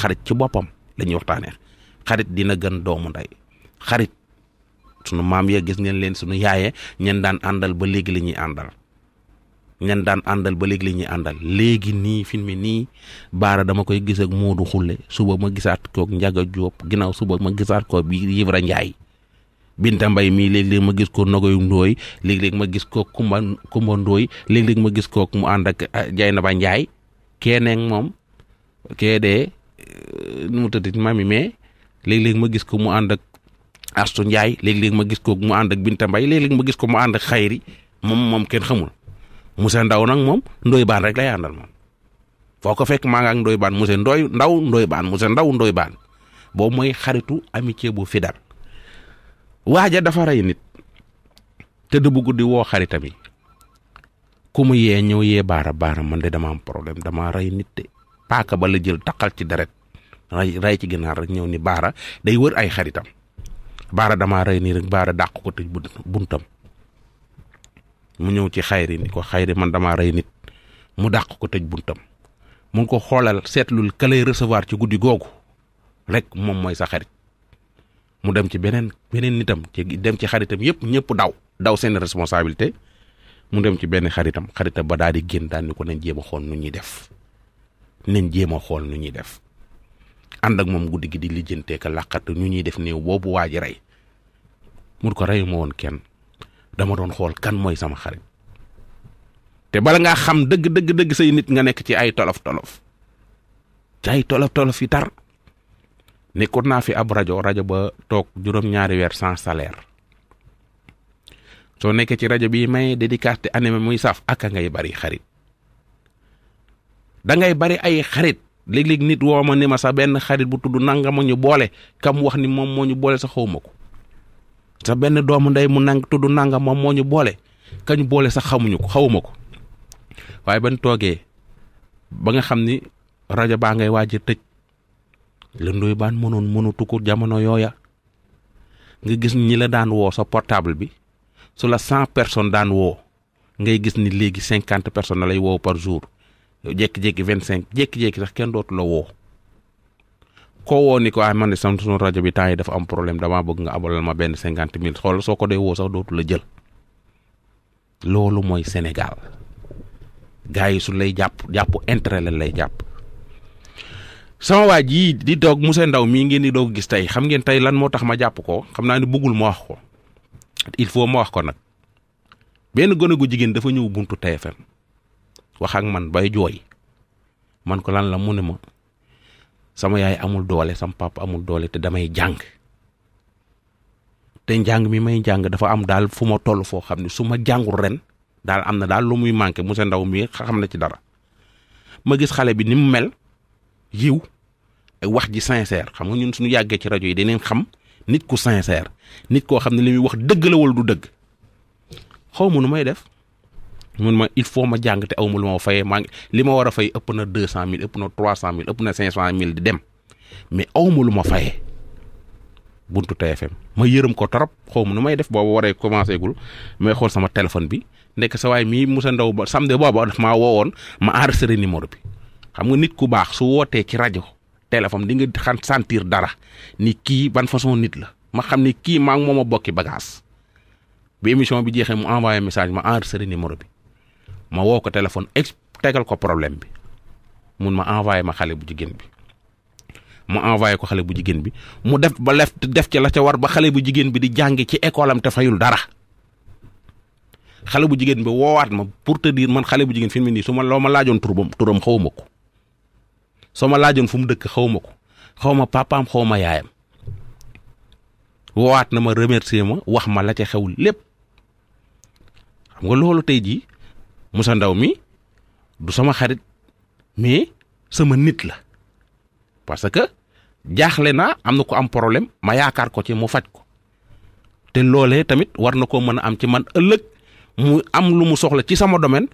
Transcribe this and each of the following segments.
xarit ci boppam lañuy ñuy waxtaanee xarit dina gën doomu ndey xarit sunu maam ya gis ngeen leen sunu yaaye ñen daan àndal ba léegi la ñuy àndal ñen daan àndal ba léegi la ñuy àndal léegi nii fi mu nii baara dama koy gis ak Moodu xule suba ma gisaat koog Njaga Jóob ginnaaw suba ma gisaat ko bi Yibra Njaay Binta Mbay mii léeg-léeg ma gis ko Nogoy Ndooy léegi léeg ma gis ko Kumba Kumba Ndooy léeg-léeg ma gis ko mu ànd ak ah, Jaynaba Njaay keeneeg moom kee nu mu tëddit mami mais léeg-léeg ma gis ko mu ànd ak Astu Njaay léegi léeg ma gis ko mu ànd ak Binta Mbay léeg-léeg ma gis ko mu ànd ak Xayri moom moom kenn xamul Moussa Ndaw nag moom Ndoye Bane rek lay àndal moom foo ko fekk maa nga ak Ndoye Bane Moussa Ndoye Ndaw Ndoye Bane Moussa Ndaw Ndoye Bane boobu mooy xaritu amitié bu fidèle waaja dafa rey nit te bu guddi woo xaritam yi ku mu yee ñëw yee baara baara man de dama am problème dama rey nit de paaka ba la jël taqal ci deret ray ci ginaar rek ñëw ni baara day wër ay xaritam baara dama ray ni rek baara dàq ko tëj buntam mu ñëw ci xayri ni ko xayri man dama ray nit mu dàq ko tëj buntam mu ko xoolal seetlul ka recevoir ci guddi googu rek moom mooy sa xarit mu dem ci beneen beneen nitam ci dem ci xaritam yépp ñëpp daw daw seen responsabilité mu dem ci benn xaritam xaritam ba daal di génn daal ni ko nañ jéem a xool nu ñuy def nañ jéem a xool nu ñuy def and ak mom guddigi di lijeenté ka laqat ñu ñi def néew boobu waa ji rey mun ko ray mo won kenn dama doon xol kan moy sama xarit te bala nga xam deug deug deug say nit nga nek ci ay tolof tolof ci ay tolof tolof fi tar ko na fi ab radio radio ba tok ñaari sans salaire ci radio bi may dédicace animé saf ak ngay bari xarit da ngay bari ay xarit léeg-léeg nit woo ma ni ma sa ben xarit bu tuddu nanga ma ñu boole kam wax ni mom moñu boole sa xawmako sa ben doomu nday mu nang tuddu nanga mom moñu boole kañu boole sa xamuñu ko xawmako waye ban toge ba nga xamni ni ba ngay waji tejj le ndoy ban mënon mënu tuku jamono yoya nga gis ni la daan wo sa portable bi su la cent personnes daan wo ngay gis ni léegi 50 personnes lay wo par jour jékki-jékki vingt cinq jékki-jékki sax kenn dootula la woo koo woo ni ko ah man de sam sunu rajo bi temps yi dafa am problème damaa bëgg nga abalal ma benn cinquante mille xool soo ko dee woo sax dootu jël loolu mooy Sénégal gars yi suñ lay jàpp jàpp intérêt lañ lay jàpp sama waa ji di toog monsieur Ndaw mii ngeen di doog gis tey xam ngeen tey lan moo tax ma jàpp ko xam naa ne bëggul ma wax ko il faut ma wax ko nag benn gone gu jigéen dafa ñëw buntu TFM wax ak man bay jooy man ko lan la mu ne ma sama yaay amul doole sama papa amul doole te damay jàng te njàng mi may jàng dafa am daal fu ma toll foo xam ne su ma jàngul ren daal am na daal lu muy manqué monsieur Ndaw mi xam na ci dara ma gis xale bi ni mu mel yiw wax ji sincère xam nga ñun suñu yàggee ci rajo yi dinañ xam nit ku sincère nit koo xam ne li muy wax dëgg la du dëgg xaw ma nu may def. mun ma il faut ma jang te aw ma fayé ma lima wara fay ëpp na 200000 ëpp na 300000 ëpp na 500000 di dem mais aw ma fayé buntu TFM ma yërëm ko torop xawmu numay def bobu waree commencé gul may xol sama téléphone bi nek sa way mi musa Ndaw ba samedi bobu daf maa woowoon ma enregistré numéro bi xam nga nit ku bax su woté ci radio téléphone di nga xam sentir dara ni ki ban façon nit la ma xamni ki ma ak moma bokki bagage bi émission bi jexé mu envoyer message ma enregistré numéro bi ma woo ko téléphone ex tegal ko problème bi mun ma envoyé ma xale bu jigéen bi ma envoyé ko xale bu jigéen bi mu def ba lef def ci la ca war ba xale bu jigéen bi di jàngi ci école am te fayul dara xale bu jigéen bi woowaat ma pour te dire man xale bu jigéen fi mu nii su ma loo ma laajoon turam turam xaw ma ko soo ma laajoon fu mu dëkk xaw ma ko xaw ma papaam xaw ma yaayam woowaat na ma remercier ma wax ma la ca xewul lépp xam nga loolu tey jii Moussa Ndaw mi du sama xarit mais sama nit la parce que jaaxle naa am na ko am problème ma yaakaar ko ci mu faj ko te loolee tamit war na koo am ci man ëllëg mu am lu mu soxla ci sama domaine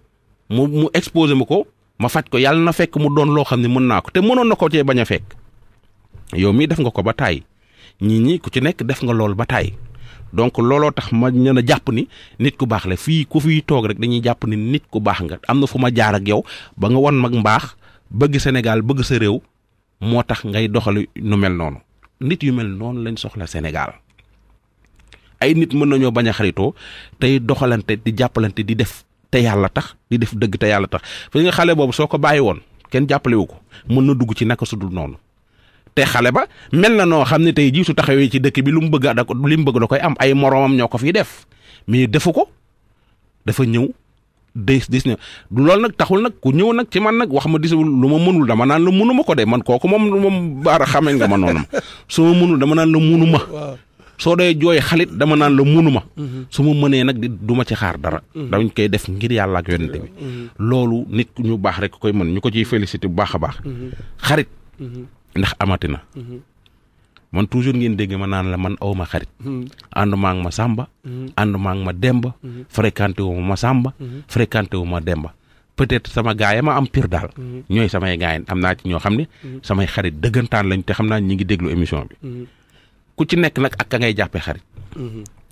mu mu exposé ma ko ma faj ko yàlla na fekk mu doon loo xam ne mën naa ko te mënoon na ko cee bañ fekk yow mi def nga ko ba taay ñii ñi ku ci nekk def nga lool ba donc looloo tax ma ñën a jàpp ni nit ku baax la fii ku fiy toog rek dañuy jàpp ni nit ku baax nga am na fu ma jaar ak yow ba nga won mag mbaax bëgg Sénégal bëgg sa réew moo tax ngay doxali nu mel noonu nit yu mel noonu lañ soxla Sénégal ay nit mën nañoo bañ a xaritoo tey doxalante di jàppalante di def te yàlla tax di def dëgg te yàlla tax fi nga xale boobu soo ko bàyyi woon kenn jàppalewu ko mën na dugg ci naka sudul noonu te xale ba mel na noo xam ne tey jii su taxawee ci dëkk bi lu mu bëgg da ko li mu bëgg koy am ay moroomam ñoo ko fiy def mais defu ko dafa ñëw dis dis ne loolu nag taxul nag ku ñëw nag ci man nag wax ma disawul lu ma mënul dama naan la mënuma ko de man kooku moom moom baara xamee nga ma noonu su ma mënul dama naan la mënuma soo dee jooy xalit dama naan la mënuma mm-hmm. su ma mënee nag di duma ci xaar dara mm-hmm. dañ koy def ngir yàlla ak yonente bi mm-hmm. loolu nit ñu baax rek koy mën ñu ko ciy félicité bu baax a baax xarit ndax amati na. Mhm. man toujours ngeen dégg ma naan la man aw xarit. Mhm. ànduma ak ma sàmba. Mhm. ànduma ak ma demba. fréquenté wu ma sàmba. fréquenté wu ma demba. peut-être sama gaay ma am piir daal. ñooy samay gaay am naa ci ñoo xam ne. samay xarit dëggantaan lañ te xam naa ñi ngi déglu émission bi. ku ci nekk nag ak ka ngay jàppee xarit.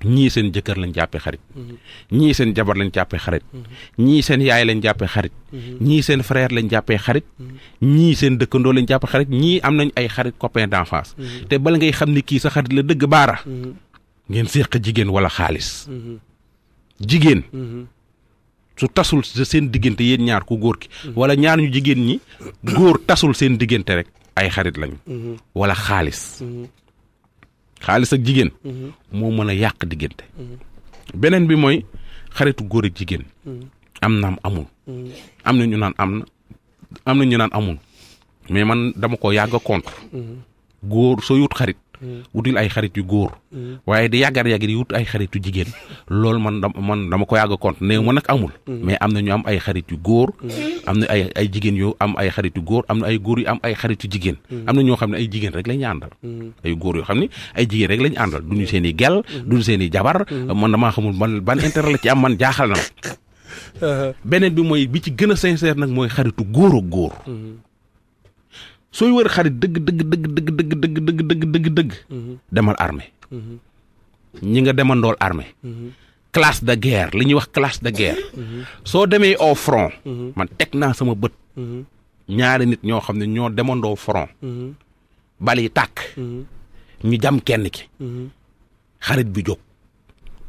ñii seen jëkkër lañ jàppee xarit mm-hmm. ñii seen jabar lañ jàppee xarit mm-hmm. ñii seen yaay lañ jàppee xarit mm-hmm. ñii seen frère lañ jàppee xarit ñii seen dëkkandoo lañ jàppee xarit ñii am nañ ay xarit copain d'enfance te bala ngay xam ni kii sa xarit la dëgg baara ngeen séq jigéen wala xaalis jigéen su tasul sa seen diggante yéen ñaar ku góor ki wala ñaar ñu jigéen ñi góor tasul seen diggante rek ay xarit lañu wala xaalis xaalis ak jigéen. Mhm. moo mën a yàq diggante. beneen bi mooy xaritu góor ak jigéen. Mhm. am naam amul. Mhm. am na ñu naan am am na ñu naan amul mais man dama ko yàgg a contre. góor soo yut xarit wutil ay xarit yu góor mm. waaye di yàggar yàgg di wut ay xarit jigéen loolu man da man dama ko yàgg compte néew ma nag amul mm. mais am na ñu am ay xarit yu góor mm. am na ay ay jigéen yoo am ay xaritu góor am na ay góor yu am ay xarit jigéen am na ñoo xam ne ay jigéen rek la ñu àndal ay góor yoo xam ne ay jigéen rek la ñu àndal duñu seen i gel du seen i jabar man damaa xamul man ban intérêt la ci am man jaaxal na uh-huh. beneen bi mooy bi ci gën a sincère nag mooy xaritu góor ak góor sooy wër xarit dëgg dëgg dëgg dëgg dëgg dëgg dëgg dëgg dëgg demal armée ñi nga demandool armée classe de guerre li ñuy wax classe de guerre soo demee au front man teg naa sama bët ñaari nit ñoo xam ne ñoo demandoo front bal yi tàkk ñu jam kenn ki xarit bi jóg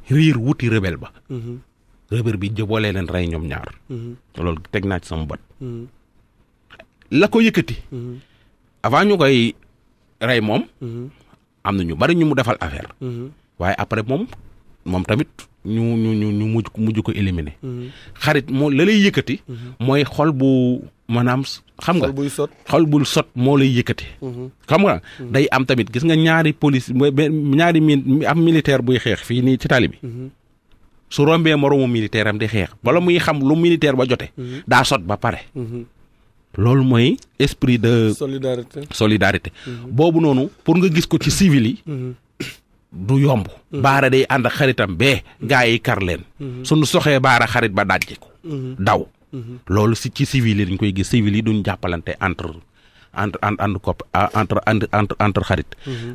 riir wuti rebel ba rebel bi jëboolee leen rey ñoom ñaar loolu teg naa ci sama bët la ko yëkkati avant ñu koy rey moom. Mhm. am na ñu bari ñu mu defal affaire. Mhm. waaye après moom moom tamit ñu ñu ñu ñu mujj mujj ko éliminer. Mhm. xarit moo la lay yëkkati. mooy xol bu maanaam xam nga. xol buy sot xol bul sot moo lay yëkkati. xam nga day am tamit gis nga ñaari police ñaari mi am militaire buy xeex fii nii ci tali bi. su rombee moroomu militaire am di xeex bala muy xam lu militaire ba jote daa sot ba pare. loolu mooy esprit de solidarité solidarité mhm. boobu noonu pour nga gis ko ci civil yi mhm. du yomb mhm. baara day ànd xaritam bee gaa yi kar leen suñu soxee baara xarit ba dajji ko daw loolu si ci civil yi dañ koy gis civil yi duñ jàppalante entre entre entre cop entre entre entre xarit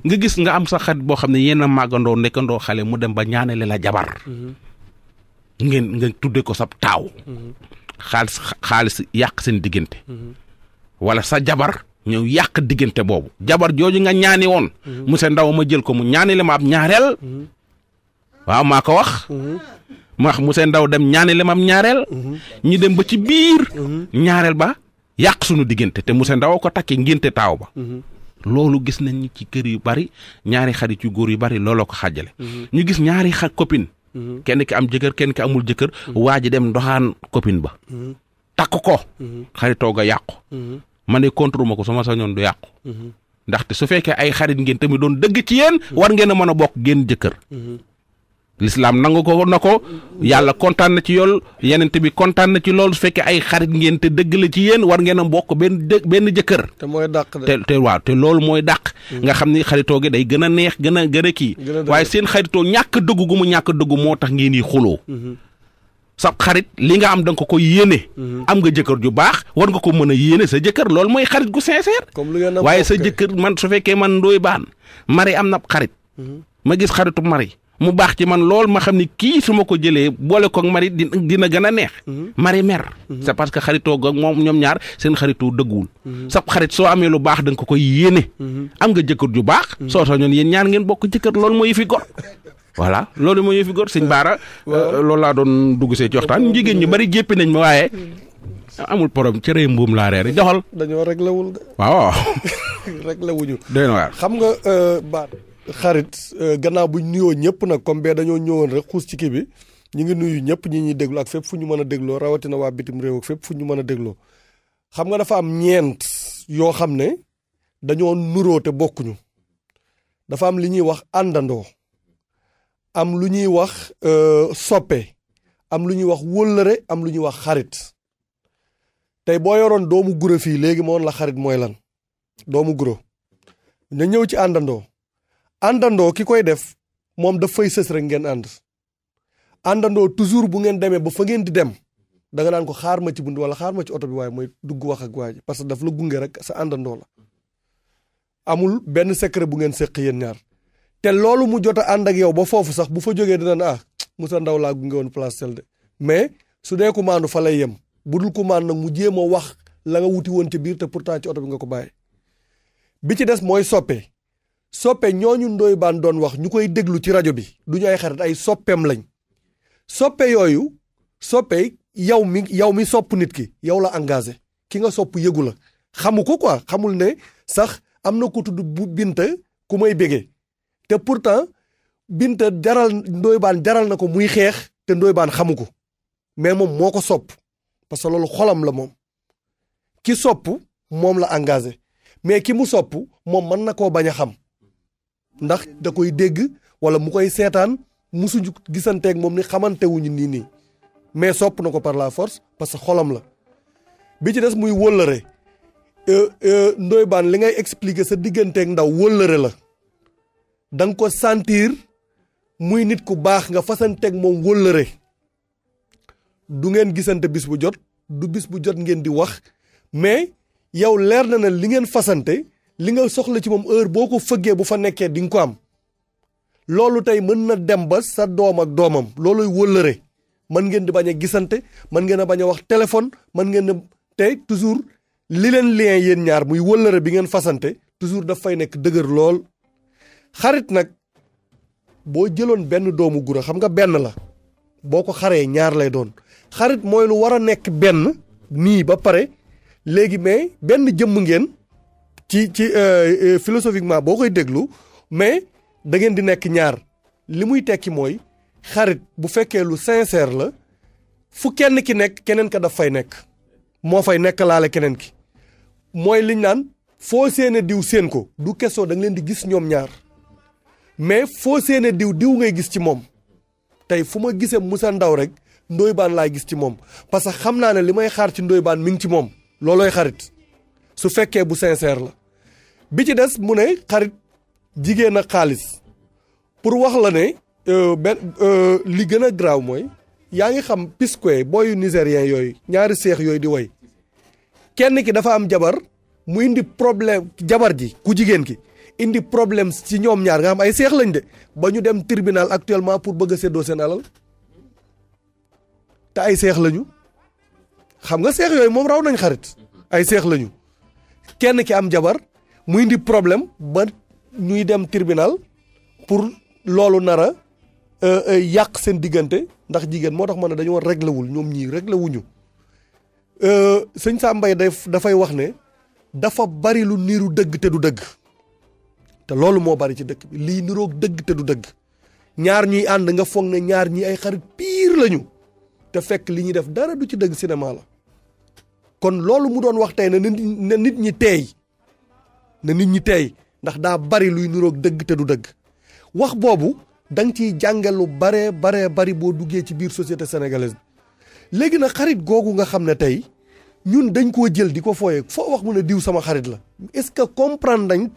nga gis nga am sa xarit boo xam ne yenn màggandoo nekkandoo xale mu dem ba ñaanale la jabar ngeen nga tudde ko sab taaw xaalis xaalis yàq seen diggante. wala sa jabar ñëw yàq diggante boobu. jabar jooju nga ñaani woon. monsieur Ndaw ma jël ko mu ñaani li ñaareel. waaw maa ko wax. ma wax monsieur Ndaw dem ñaani li am ñaareel. ñu dem ba ci biir. ñaareel ba yàq sunu diggante te monsieur Ndaw ko takki ngénte taaw ba. loolu gis nañ ci kër yu bari ñaari xarit yu góor yu bari looloo ko xàjjale. ñu gis ñaari xa copine Mhm. kenn ki am jëkkër kenn ki amul jëkkër. Mhm. waa ji dem ndoxaan copine ba. Mhm. takk ko. xaritoo ga yàqu. ma ne contre ma ko sama sañoon du yàqu. ndaxte su fekkee ay xarit ngeen tamit doon dëgg ci yéen. war ngeen a mën a bokk génn jëkkër. lislaam nangu ko na ko yàlla kontaan na ci yool yenent bi kontaan na ci lool su fekkee ay xarit ngeen te dëgg la ci yéen war ngeen a bokk benn dë benn jëkkër. te mooy dàq te te waaw te loolu mooy dàq. Mm. nga xam ni xaritoo gi day gën a neex gën a gën a kii. waaye seen xaritoo ñàkk dëgg gu mu ñàkk dëgg moo tax ngeen di xuloo. Mm-hmm. sab xarit li nga am da ko yéene. Mm-hmm. am nga jëkkër ju baax war nga ko mën a yéene sa jëkkër loolu mooy xarit gu sincère. comme lu waaye sa jëkkër man su fekkee man baan mari am na xarit mm-hmm. gis xaritu mari mu bax ci man lool ma xam ni kii su ma ko jëlee boole koog mari dina gën a neex mhm. mari mer mhm. c'est parce que xaritoo goog moom ñoom ñaar seen xaritoo dëgguwul mhm. sa xarit soo amee lu baax da nga ko koy yéene am nga jëkkër ju baax soo soo ñoon yéen ñaar ngeen bokk jëkkër lool mooy fi gor voilà loolu mooy fi gor sëñ baara euh, loolu laa doon dugg see ci waxtaan jigéen ñu bari jéppi nañ ma waaye amul problème ci réy mbuum laa reer joxal dañoo réglé wul waaw réglé wuñu dëgg waar xam nga euh, baat xarit euh, gannaaw bu nuyoo ñëpp nag comme bee dañoo ñëwoon rek xuus ci kii bi ñu ngi nuyu ñëpp ñi ñuy déglu ak fépp fu ñu mën a dégloo rawatina waa bitim réew ak fépp fu ñu mën a dégloo xam nga dafa am ñeent yoo xam ne dañoo nuróo te bokkuñu dafa am li ñuy wax àndandoo am lu ñuy wax euh, soppe am lu ñuy wax wëllëre am lu ñuy wax xarit tey boo yoroon doomu guro fii léegi moon la xarit mooy lan doomu guro nga ñëw ci àndandoo andando ki koy def da fay seus rek ngeen and andando toujours bu ngeen demé ba fa ngeen di dem da nga nan ko xaar ma ci bund wala xaar ma ci auto bi way moy dugg wax ak waji parce que daf la gungé rek sa andando la amul ben secret bu ngeen sekk yeen ñaar té lolu mu jot and ak yow ba fofu sax bu fa joggé dina ah musa Ndaw la gungé won place sel de mais su dé ko maandu fa lay yem budul ko ku nak mu jéem wax la nga wuti won ci biir té pourtant ci auto bi nga ko bi ci dess moy soppé soppe ñooñu Ndoye Bane doon wax ñu koy déglu ci rajo bi du ñu ay xarit ay soppeem lañ soppe yooyu soppe yow mi yow mi sopp nit ki yow la engagé ki nga sopp yëgu la xamu ko quoi xamul ne sax am na ku tudd bu Binta ku may béggee te pourtant Binta jaral Ndoye jaral na ko muy xeex te Ndoye Bane xamu ko mais moom moo ko sopp parce que loolu xolam la moom ki sopp moom la engage mais ki mu sopp moom mën na koo bañ a xam ndax da koy dégg wala mu koy seetaan musuñu gisanteeg moom ni xamante wuñu nii nii mais sopp na par la force parce que xolam la bi ci des muy wëllëre e, e, ndoy baan li ngay expliquer sa digganteeg ndaw wëllëre la da ko sentir muy nit ku baax nga fasanteeg moom wëllëre du ngeen gisante bis bu jot du bis bu jot ngeen di wax mais yow leer na na li ngeen fasante li nga soxla ci moom heure boo ko fëggee bu fa nekkee di nga ko am loolu tey mën na dem ba sa doom ak doomam looluy wëllëre mën ngeen di bañ a gisante mën ngeen a bañ a wax téléphone mën ngeen a tey toujours li leen lien yéen ñaar muy wëllëre bi ngeen fasante toujours daf fay nekk dëgër lool xarit nag boo jëloon benn doomu guro xam nga benn la boo ko xaree ñaar lay doon xarit mooy lu war a nekk benn nii ba pare léegi mais benn jëmm ngeen ci ci euh, euh, philosophiquement boo koy déglu mais da ngeen di nekk ñaar li muy tekki mooy xarit bu fekkee lu sincère la fu kenn ki nekk keneen ka daf fay nekk moo fay nekk laale keneen ki mooy liñ naan foo séene diw seen ko du kesoo da leen di gis ñoom ñaar mais foo séene diw diw ngay gis ci moom tey fu ma gisee Moussa Ndaw rek Ndoye Bane laay gis ci moom parce que xam naa ne li may xaar ci Ndoye Bane mi ngi ci moom loolooy xarit su fekkee bu sincère la bi ci des mu ne xarit jigéen ak xaalis pour wax la ne euh, benn euh, li gën a graaw mooy yaa ngi xam Psquare booyu nigérien yooyu ñaari seex yooyu di woy kenn ki dafa am jabar mu indi problème jabar ji ku jigéen ki indi problème ci ñoom ñaar nga xam ay seex lañ de ba ñu dem tribunal actuellement pour bëgg a séddoo seen alal te ay seex lañu xam nga seex yooyu moom raw nañ xarit ay seex lañu kenn ki am jabar muy indi problème ba ñuy dem tribunal pour loolu nara euh, euh, yak seen digënté ndax jigéen moo tax ma ne dañoo réglé wul ñoom ñii réglé wuñu euh, sëñ da fay wax né dafa bari lu niru dëgg te du dëgg te loolu mo bari ci dëkk bi li niro dëgg te du dëgg ñaar ñuy and nga fogg né ñaar ñi ay xarit pire lañu te fekk li ñi def dara du ci dëgg cinéma la kon loolu mu doon wax tay ne nit ñi teey na nit ñi tey ndax daa bari luy nuroog dëgg te du dëgg wax boobu da ciy jàngal lu baree baree bari boo duggee ci biir société sénégalaise bi léegi nag xarit googu nga xam ne tey ñun dañ koo jël di ko fooyee foo wax mu ne diw sama xarit la est-ce que comprendre nañ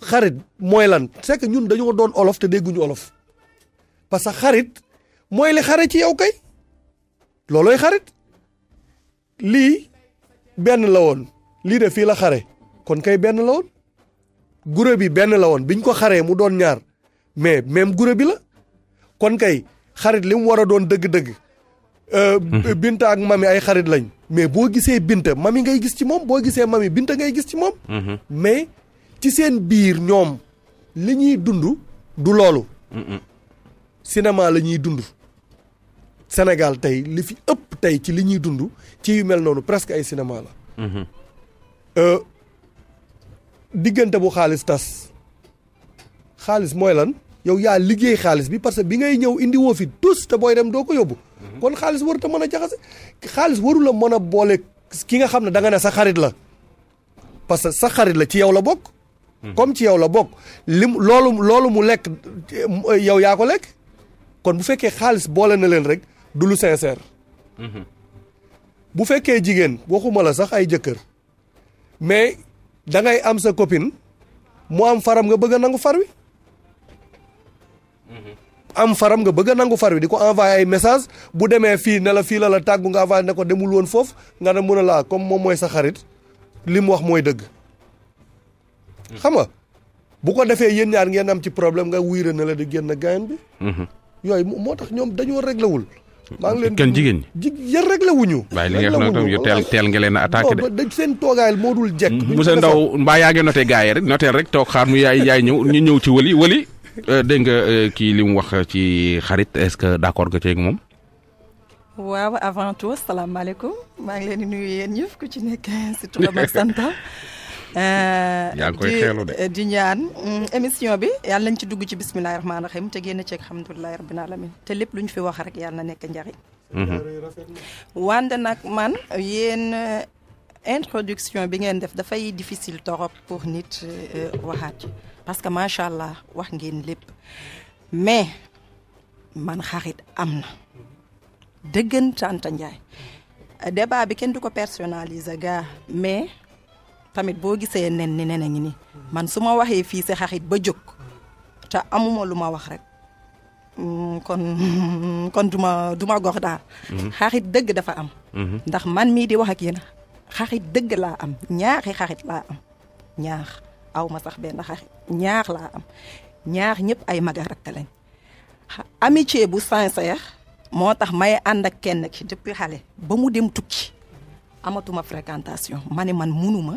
xarit mooy lan c'est ñun dañoo doon olof te dégguñu olof parce que xarit mooy li xare ci yow kay loolooy xarit lii benn la woon lii de fii la xare kon kay benn la woon guro bi benn la woon biñ ko xaree mu doon ñaar mais même guro bi la kon kay xarit li mu war a doon dëgg-dëgg. Euh, hmm. Binta ak mami ay xarit lañ. mais boo gisee Binta mami ngay gis ci moom boo gisee mami Binta ngay gis ci moom. Hmm. mais ci seen biir ñoom li ñuy dund du loolu. Hmm. cinéma la ñuy dund. senegal tey li fi ëpp tey ci li ñuy dund ci mel noonu presque ay cinéma la. Euh, diggante bu xaalis tas xaalis mooy lan yow yaa liggéey xaalis bi parce que bi ngay ñëw indi woo fi tous te booy dem doo ko yóbbu. Mhm. kon xaalis warut a mën a jaxase xaalis waru la mën a boole ki nga xam ne danga ne sa xarit la parce que sa xarit la ci yow la bokk. Mhm. comme ci yow la bokk lim loolu loolu mu lekk yow yaa ko lekk kon bu fekkee xaalis boole na leen rek du lu sincère. Mhm. bu fekkee jigéen waxuma la sax ay jëkkër mais. da ngay am sa copine mu am faram nga bëgg nangu farwi, mhm. am faram nga bëgg nangu farwi. diko di ko envoyer ay message bu démé fi ne la fi la la tàggu nga envoyer ne ko demul won foofu nga na mëna la comme mom moy sa xarit lim wax moy dëgg mhm. xam nga bu ko défé yeen ñaar ngeen am ci problème nga wuyre na la di génn gaayen bi mhm. yooyu moo tax ñoom dañoo maa ngi leen kenn jigéen ñi yar rek la wuñu waaye li nga xam ne tam yu teel teel nga leen a attaqué de dañ seen toogaayal moo dul jekk mm-hmm. monsieur Ndaw mbaa yaa ngi noté gars rek noté rek toog xaar mu yaay yaay ñëw ñu ñëw ci wëli wëli euh, dégg nga euh, kii li mu wax ci xarit est-ce que d'accord nga ci ak moom waaw avant tout salaamaaleykum maa ngi leen di nuyu yéen ñëpp ku ci nekk si turam ak santam Euh, yaa ngi di ñaan mm, émission bi yàlla nañ ci dugg ci bismillahi rahmaani rahim te génn ci alhamdulilahi rabbil alamin te lépp lu fi wax rek yàlla na nekk mm-hmm. wande nag man yéen euh, introduction bi ngeen def dafay difficile torop pour nit euh, waxaat parce que macha allah wax ngeen lépp mais man xaarit am na dëggan tànta Njaay débat bi kenn du ko personnaliser gaa mais tamit bo gisee nen ni nen ngi ni man suma ma waxee fii si xaxit ba jóg te amuma lu wax rek mm, kon kon duma duma gox daal mhm. xaxit dëgg dafa am mhm. ndax man mii di wax ak yéen xaxit dëgg laa am ñaaxi xaxit laa am ñaax aw ma sax benn xaxit ñaax laa am ñaax ñëpp ay maga rek lañ amitié bu sincère moo tax may ànd ak kenn ki depuis xale ba mu dem tukki amatuma fréquentation man munuma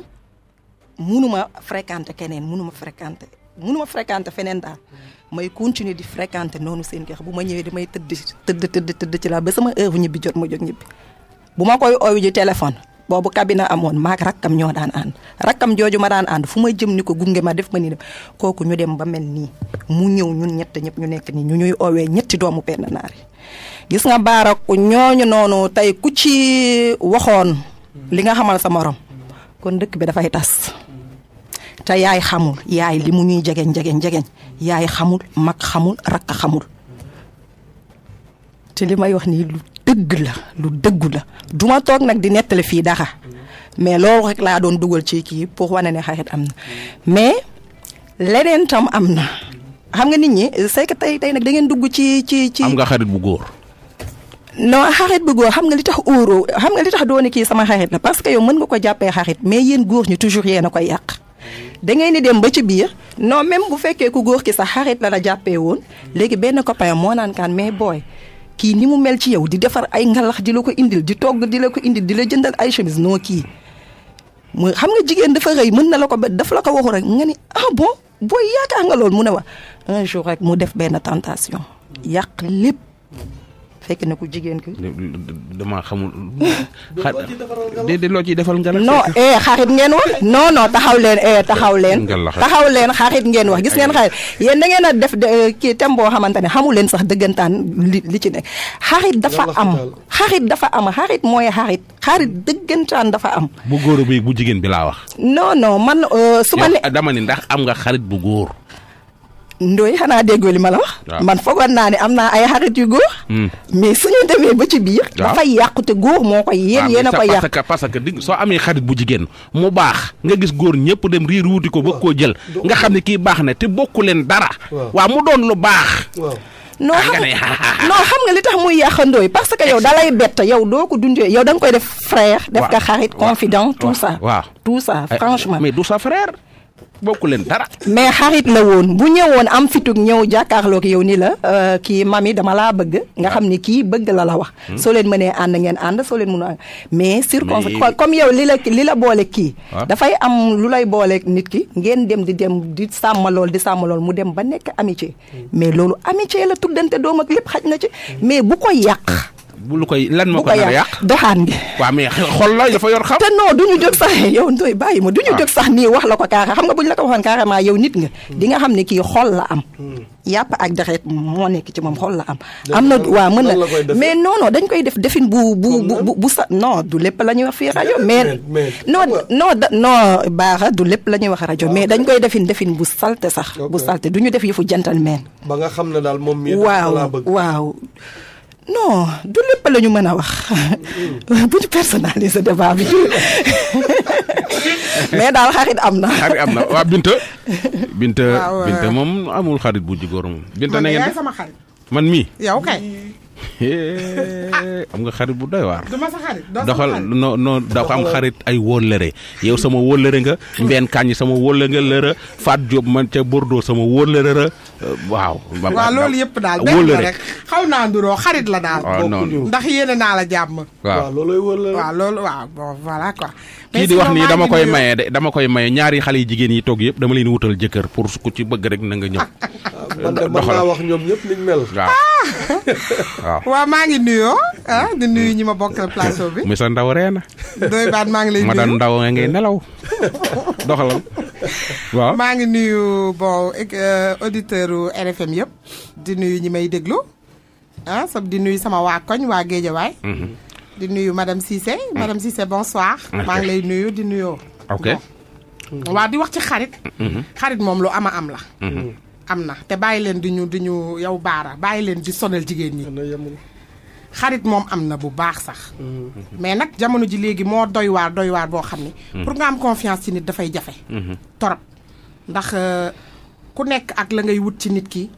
munuma fréquenter keneen munuma fréquenter munuma fréquenter feneen daal may continuer di fréquenter noonu seen kër bu ma ñëwee damay tëdd tëdd tëdd tëdd ci laa ba sama heure bu ñibbi jot ma jóg ñibbi bu ma koy ooyu ji téléphone boobu cabine amoon maak rakkam ñoo daan ànd rakkam jooju ma daan ànd fu ma jëm ni ko gunge ma def ma ni dem kooku ñu dem ba mel nii mu ñëw ñun ñett ñëpp ñu nekk nii ñu ñuy owee ñetti doomu benn naar gis nga baara ku ñooñu noonu tey ku ci waxoon li nga xamal sa morom dëkk bi dafay tas te yaay xamul yaay li mu ñuy jegeñ jegeñ jegeñ yaay xamul mag xamul rakk xamul te li may wax nii lu dëgg la lu dëggu la duma toog nag di nettali fii dara mais loo rek laa doon dugal ci kii pour wane ne xarit am na mais leneen tam am na xam nga ni ñi c'est tey tey nag da ngeen dugg ci ci ci. am nga xarit bu góor. non xarit bu góor xam nga li tax óoroo xam nga li tax doone kii sama xarit la parce que mën nga ko jàppe xarit mais yéen góor ñi toujours yéen a koy yàq. da ngay ni dem ba ci biir non même bu fekkee ku góor ki sa xarit la la jàppee woon léegi benn copain moo naan kaan mais booy kii ni mu mel ci yow di defar ay ngalax di la ko indil di togg di la ko indil di la jëndal ay chemise noo kii mu xam nga jigéen dafa rëy mën na la ko ba daf la ko waxu rek nga ni ah bon booy yaakaar nga lool mun a wax jour rek mu def benn tentation yàq lépp. fekk na ku jigéen ki. damaa xamul. de loo ci defal ngalax. non eh xarit ngeen wax. non non taxaw leen eh taxaw leen. leen xarit ngeen wax gis ngeen xarit yéen da ngeen a def eh, kii thème boo xamante ne xamu leen sax dëggantaan li li ci nekk. xarit dafa am xarit dafa am xarit mooy xarit xarit dëggantaan dafa am. bu góor bi bu jigéen bi laa wax. non non man euh, su ma ne. dama ni ndax am nga xarit bu góor. Ndoye xanaa déggoo li ma la wax. man foogoon naa ne am naa ay xarit yu góor. Hmm. mais suñu demee ba ci biir. dafay yàqu te góor moo ko yéen ah, yéen a koy parce que parce soo amee xarit bu jigéen mu baax nga gis góor ñëpp dem riir wuti ko ba koo jël. nga xam ne kii baax na te bokku leen dara. waa mu doon lu baax. non ah, xam non xam nga li tax muy yàq yàqandooy parce que yow dalay bett yow doo ko dundee yow danga koy def frère. def ko xarit confident tout a tout ça eh, franchement mais du sa bokk leen dara. mais xarit la woon bu ñëwoon am fitug ñëw jàkkaarlook yow ni la. Euh, kii mami dama laa bëgg. nga xam ni kii bëgg la la wax. Hmm. soo leen mënee ànd ngeen ànd soo leen mënul ànd mais. circonstance comme yow li la li la boole kii. Ah. dafay am lu lay boole nit ki. ngeen dem di dem di sàmmalool di sàmmalool mu dem ba nekk amitié. Hmm. mais loolu amitié la tuddante doom ak lépp xaj na ci. Hmm. mais bu ko yàq. bu lu ko nar a yàq doxaan gi waaw mais xol la dafa yor xam te non du ñu jóg sax yow ndoy bàyyi ma ah. sax nii wax la ko kaara xam nga buñ la ko waxoon carrément yow nit nga hmm. di nga xam ne kii xol la am hmm. yàpp ak deret moo nekk ci moom xol la am am na waaw mën na mais non dañ koy def defin bu bu bu bu sa du lépp la ñuy wax fii rajo mais non non da non baaxa du lépp la ñuy wax rajo ah, mais dañ koy defin defin bu salte sax bu salte du ñu def yëfu jantal meen ba xam ne daal moom mii waaw waaw non du lépp la ñu mën a wax mm. bu ñu personnaliser débat bi mais daal xarit am na. xarit am na waaw Binta. Binta Binta moom amul xarit bu jigóor moom. Binta na ngeen man sama xarit. man mii yow kay. Mm. am nga xarit bu doy waar. du ma sa xarit doxal non non dafa xarit ay wóllëre yow sama wóllëre nga. Mbène Kañ sama wóllëre nga lëra Fat Diop man ca Bordeaux sama wóllëre la waaw. waaw loolu yëpp daal benn la xaw naa nduroo xarit la daal. Ah, ndax yéene naa la jàmm. waaw waaw loolooy waaw loolu waaw bon voilà quoi. kii di wax nii dama koy maye de dama koy maye ñaari xale yi jigéen yi toog yëpp dama leen wutal jëkkër pour ku ci bëgg rek na nga ñëw. Ah, man de mën naa wax ñoom ñëpp niñ mel. waaw ah. waaw. maa ngi nuyoo ah, di nuyu ñi ma bokkal plateau bi. monsieur Ndaw reena. doy maa ngi lay nuyu madame Ndaw ngay nelaw maa ngi nuyu bon euh, auditeurs RFM yëpp di nuyu ñi may déglu ah sab di nuyu sama waa koñ waa Géejawaay. Mm-hmm. di nuyu madame Cissé. madame Cissé bonsoir. maa ngi lay nuyu di nuyoo. ok waaw di wax ci xarit. Mm-hmm. xarit moom lu ama am la. Mm-hmm. am na te bàyyi leen di ñu di ñu yow baara bàyyi leen di sonal jigéen ñi. xarit moom am na bu baax sax. Mm-hmm. mais nak jamono ji léegi moo doy waar doy waar boo xam ni. pour nga am confiance ci nit dafay jafe. torop ndax euh, ku nekk ak la ngay wut ci nit ki.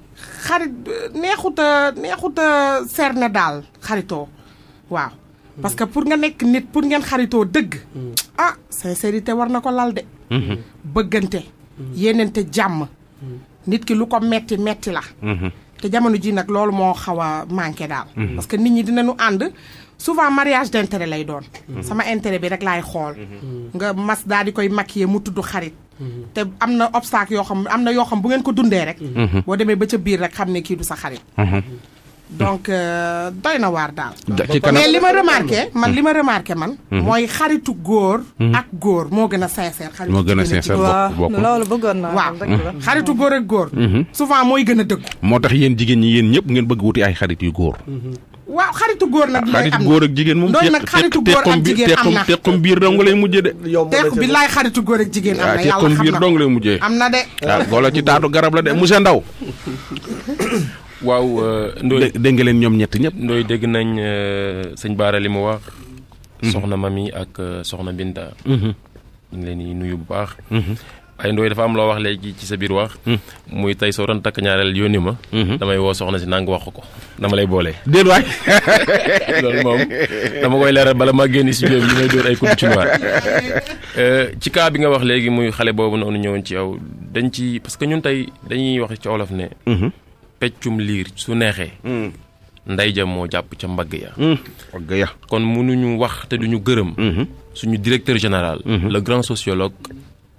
xarit euh, neexut a euh, neexut a seer daal xaritoo waaw. parce que pour nga nekk nit pour ngeen xaritoo dëgg. ah sincérité war na ko lal de. Mhm. bëggante. yéenente jàmm. nit ki lu ko metti metti la. Mhm. te jamono jii nag loolu moo xaw a manqué daal. Mhm. parce que nit ñi dina dinañu ànd souvent mariage d' intérêt lay doon. sama intérêt bi rek laay xool. nga mas daal di koy maquiller mu tudd xarit. te am na obstacle yoo xam am na yoo xam bu ngeen ko dundee rek. boo demee ba ca biir rek xam ne kii du sa xarit. donc euh, doy na waar daal. mais li ma remarqué man li ma remarqué man. Mhm. mooy xaritu góor. Mhm. ak góor moo gën a sincère. xaritu moo gën a sincère bokk loolu bëggoon naa waaw mhm. xaritu góor ak góor. souvent mooy gën a dëgg. moo tax yéen jigéen ñi yéen ñëpp ngeen bëgg wuti ay xarit yu góor. waaw xaritu góor nag. lay am góor ak jigéen moom. loolu nag xaritu góor ak jigéen am na biir dong lay mujjee de. yow teq bi laay xaritu góor ak jigéen am na yàlla xam na tequm biir dong am na de. waaw ah, ci taatu garab la de mu monsieur Ndaw waaw euh, Ndoye dégg leen ñoom ñett ñëpp. Ndoye dégg nañ euh, sëñ Baara li mu wax. Mhm. soxna Mami ak euh, soxna Binta. Mhm. ñu leen di nuyu bu baax. Mhm. waaye Ndoye dafa am loo wax léegi ci sa biir wax. muy tey soo doon takk ñaareel yónni ma. damay woo soxna si nangu wax ko dama lay boole. déet waay loolu dama koy leeral bala maa génn si bi ci noor. ci cas bi nga wax léegi muy xale boobu noonu ñëwoon ci yow dañ ci parce que ñun tey dañuy wax ci olof ne. peccum liir su neexee hmm. nday ja mo japp ci mbag ya hmm. mbagg ya kon mënuñu wax te duñu gërëm hmm. suñu directeur général le grand sociologue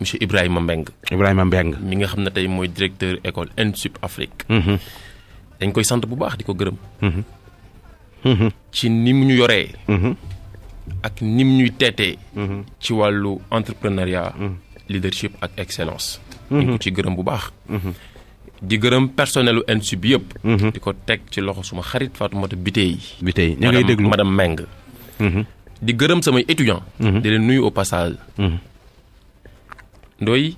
monsieur Ibrahima Mbeng Ibrahima Mbeng mi nga xamne tay moy directeur école INSUP Afrique dañ koy sante bu baax di ko hmm ci nim mu ñu yoree ak nim ñuy teetee ci walu entrepreneuriat leadership ak excellence ñu ci gëreum bu baax di gërëm personnelu NSU bi yëpp. Mhm. di ko teg ci loxo suma xarit Fatoumata Bitey. Bitey ñu ngay déglu madame Meng. Mhm. di gërëm sama étudiant. Mhm. di leen nuyu au passage. ndoy.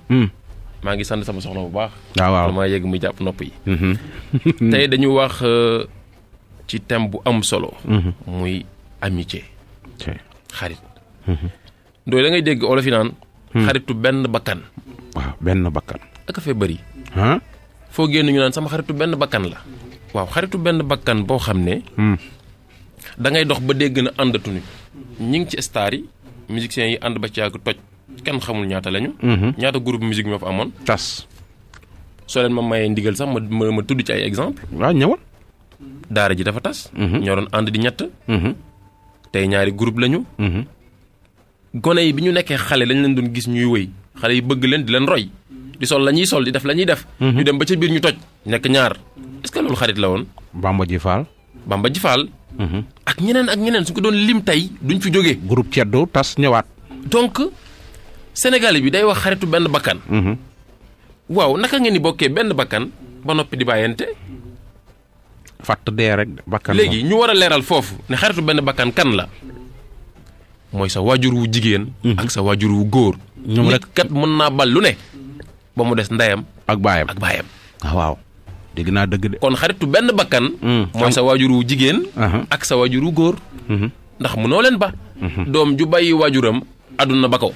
maa ngi sant sama soxna bu baax. waaw ah, waaw dama yegg muy jàpp nopp yi. tey dañu wax euh, ci thème bu am solo. muy amitié. xarit. ndoy la ngay dégg olof yi naan. xaritu benn bakkan. waaw benn bakkan. ak fee bëri. foo génn ñu naan sama xaritu benn bakkan la. waaw xaritu benn bakkan boo xam ne. Hmm. da ngay dox ba dégg na àndatuñu. ñi ngi ci star yi. musiciens yi ànd ba ci yàgg toj. kenn xamul ñaata lañu. Hmm. ñaata groupe musique ñoo fa amoon. tas soo leen ma mayee ndigal sax ma ma tudd ci ay exemple waaw ñëwal. daara ji dafa tas. Hmm. ñoo doon ànd di ñett. tey ñaari groupe lañu. gone yi bi ñu nekkee xale lañ leen doon gis ñuy wëy xale yi bëgg leen di leen roy. di sol lañuy sol di def lañuy def. Mhm. ñu dem ba ci biir ñu toj. nek ñaar est-ce que lolu xarit la won Bamba jifal Bamba jifal mhm. ak ñeneen ak ñeneen su ko doon lim tay duñ fi jógee. groupe Ceddo tas ñewat donc Sénégalais bi day wax xaritu benn bakkan. Mhm. waaw naka ngeen di bokkee benn bakkan ba noppi di bàyyante. fat dee rek bakkan léegi ñu wara a fofu ne xaritu benn bakkan kan la. moy sa waajur wu jigéen. ak sa waajur wu góor. rek kat mën na bal lu ne. ba mu des ndeyam. ak baayam ak baayam. ah waaw dégg naa dëgg de. kon xaritu benn bakkan. Hmm. mooy sa waajuru jigéen. Uh-huh. ak sa waajuru góor. Mm-hmm. ndax mënoo leen ba. Mm-hmm. doom ju bàyyi waajuram àdduna ba ko.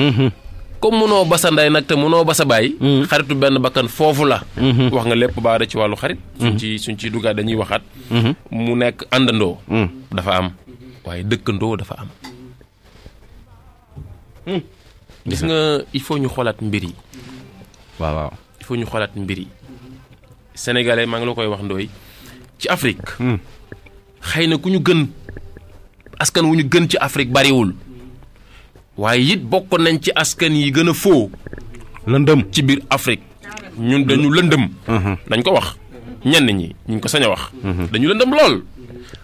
Mm-hmm. comme mënoo ba sa ndey nag te mënoo ba sa baay. xaritu benn bakkan foofu la. wax nga lépp baara ci wàllu xarit. suñ ci suñ ci duggaat dañuy waxaat. mu nekk àndandoo. Mm. dafa am waaye dëkkandoo dafa am. Mm. gis nga il faut ñu xoolaat mbir yi. waaw waaw ñu xoolaat mbir yi. sénégalais maa ngi la koy wax ndooy ci Afrique. Hmm. xëy na ku ñu gën askan wu ñu gën ci Afrique bariwul. waaye it bokk nañ ci askan yi gën a foo. lëndëm ci biir Afrique. ñun dañu lëndëm. dañ hmm. ko wax ñenn ñi ñu ko sañ a wax. Hmm. dañu lëndëm lool.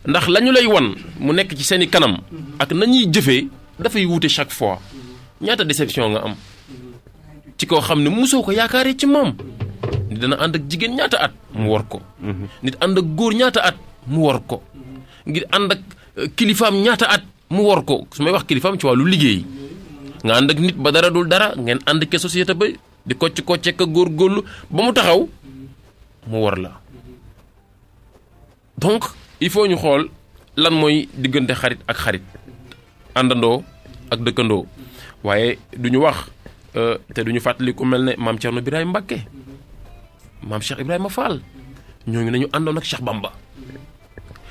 ndax lañu lay won mu nekk ci seen i kanam. ak nañuy jëfee dafay wuute chaque fois. ñaata déception nga am ci koo xam ne musoo ko yaakaaree ci moom nit dana ànd ak jigéen ñaata at mu war ko nit ànd ak góor ñaata at mu war ko ngir ànd ak euh, kilifaam ñaata at mu war ko su may wax kilifaam ci wàllu liggéey nga ànd ak nit ba dara dul dara ngeen ànd ke société ba di kocc a góor góorgóorlu ba mu taxaw mu war la donc il faut ñu xool lan mooy diggante xarit ak xarit àndandoo ak dëkkandoo waaye duñu ñu wax euh, te du ñu fàttali ku mel ne maam Thierno Birahim Mbakke maam Cheikh Ibrahima ñoo ngi nañu àndoon ak Cheikh Bamba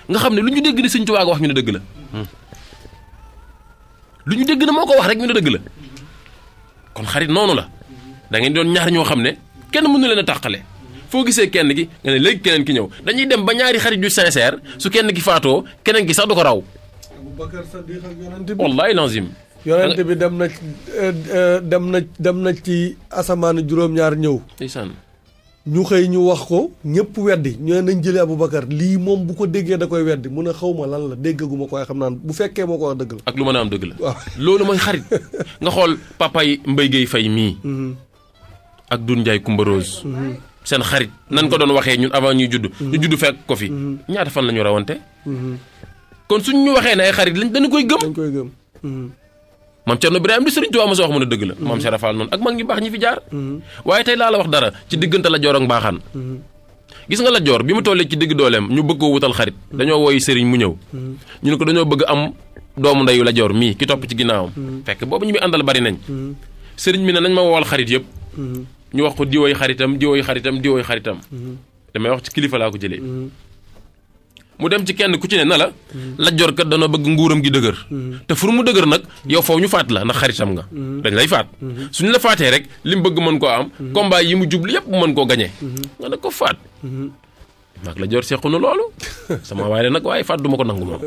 nga xam ne lu ñu dégg ni Sëñ Tuubaa wax ñu ne dëgg la lu ñu dégg na moo ko wax rek ñu ne dëgg la kon xarit noonu la da ngeen doon ñaar ñoo xam ne kenn mënu leen a tàqale foo gisee kenn ki nga ne léegi keneen ki ñëw dañuy dem ba ñaari xarit yu sincère su kenn ki faatoo keneen ki sax du ko raw. wallaay yonent bi dem na eh, eh, dem na dem na ci asamaan juróom-ñaar ñëw. ndeysaan. ñu xëy ñu wax ko ñëpp weddi ñu nañ nañ jëlee Aboubacar lii moom bu ko déggee da koy weddi mun ne xaw ma lan la déggaguma ko waaye xam naa bu fekkee moo ko wax dëgg la. ak lu mën a am dëgg la. waaw loolu mooy xarit nga xool papa yi Mbaye Guèye mii. Mm-hmm. ak Doudou Ndiaye Coumba mm-hmm. seen xarit nañ ko doon waxee ñun avant ñuy judd. Mm-hmm. ñu judd fekk ko fi. ñaata fan lañu ñu rawante. kon suñ ñu waxee ne ay xarit lañ dañu koy gëm. dañ koy gëm. maam Cerno Birahim di Sëriñ Tuubaa ma sa wax mu ne dëgg la maam Cheikh Rafal noonu ak mag ñu baax ñi fi jaar mm-hmm. waaye tey laa la wax dara ci diggante la joor ak mbaaxaan mm-hmm. gis nga la joor bi mu tollee ci digg dooleem ñu bëgg koo wutal xarit mm-hmm. dañoo woy sëriñ mu ñëw ñu ne ko dañoo bëgg am doomu ndeyu lajoor mii ki topp ci ginnaawam fekk boobu ñu muy àndal bari nañ sëriñ bi ne nañ ma woowal xarit yëpp ñu wax ko diwoy xaritam diwoy xaritam diwoy xaritam damay wax ci kilifa laa ko jëlee mu dem ci kenn ku ci ne na la lajjoor kat dana bëgg nguuram gi dëgër te fur mu dëgër nag yow faw ñu faat la ndax xaritam nga dañ lay faat suñ la faatee rek lim bëgg mën koo am combat yi mu jublu yépp mën koo gagné nga ne ko faat jor loolu sama waay la nag waaye faat duma ko nangu moom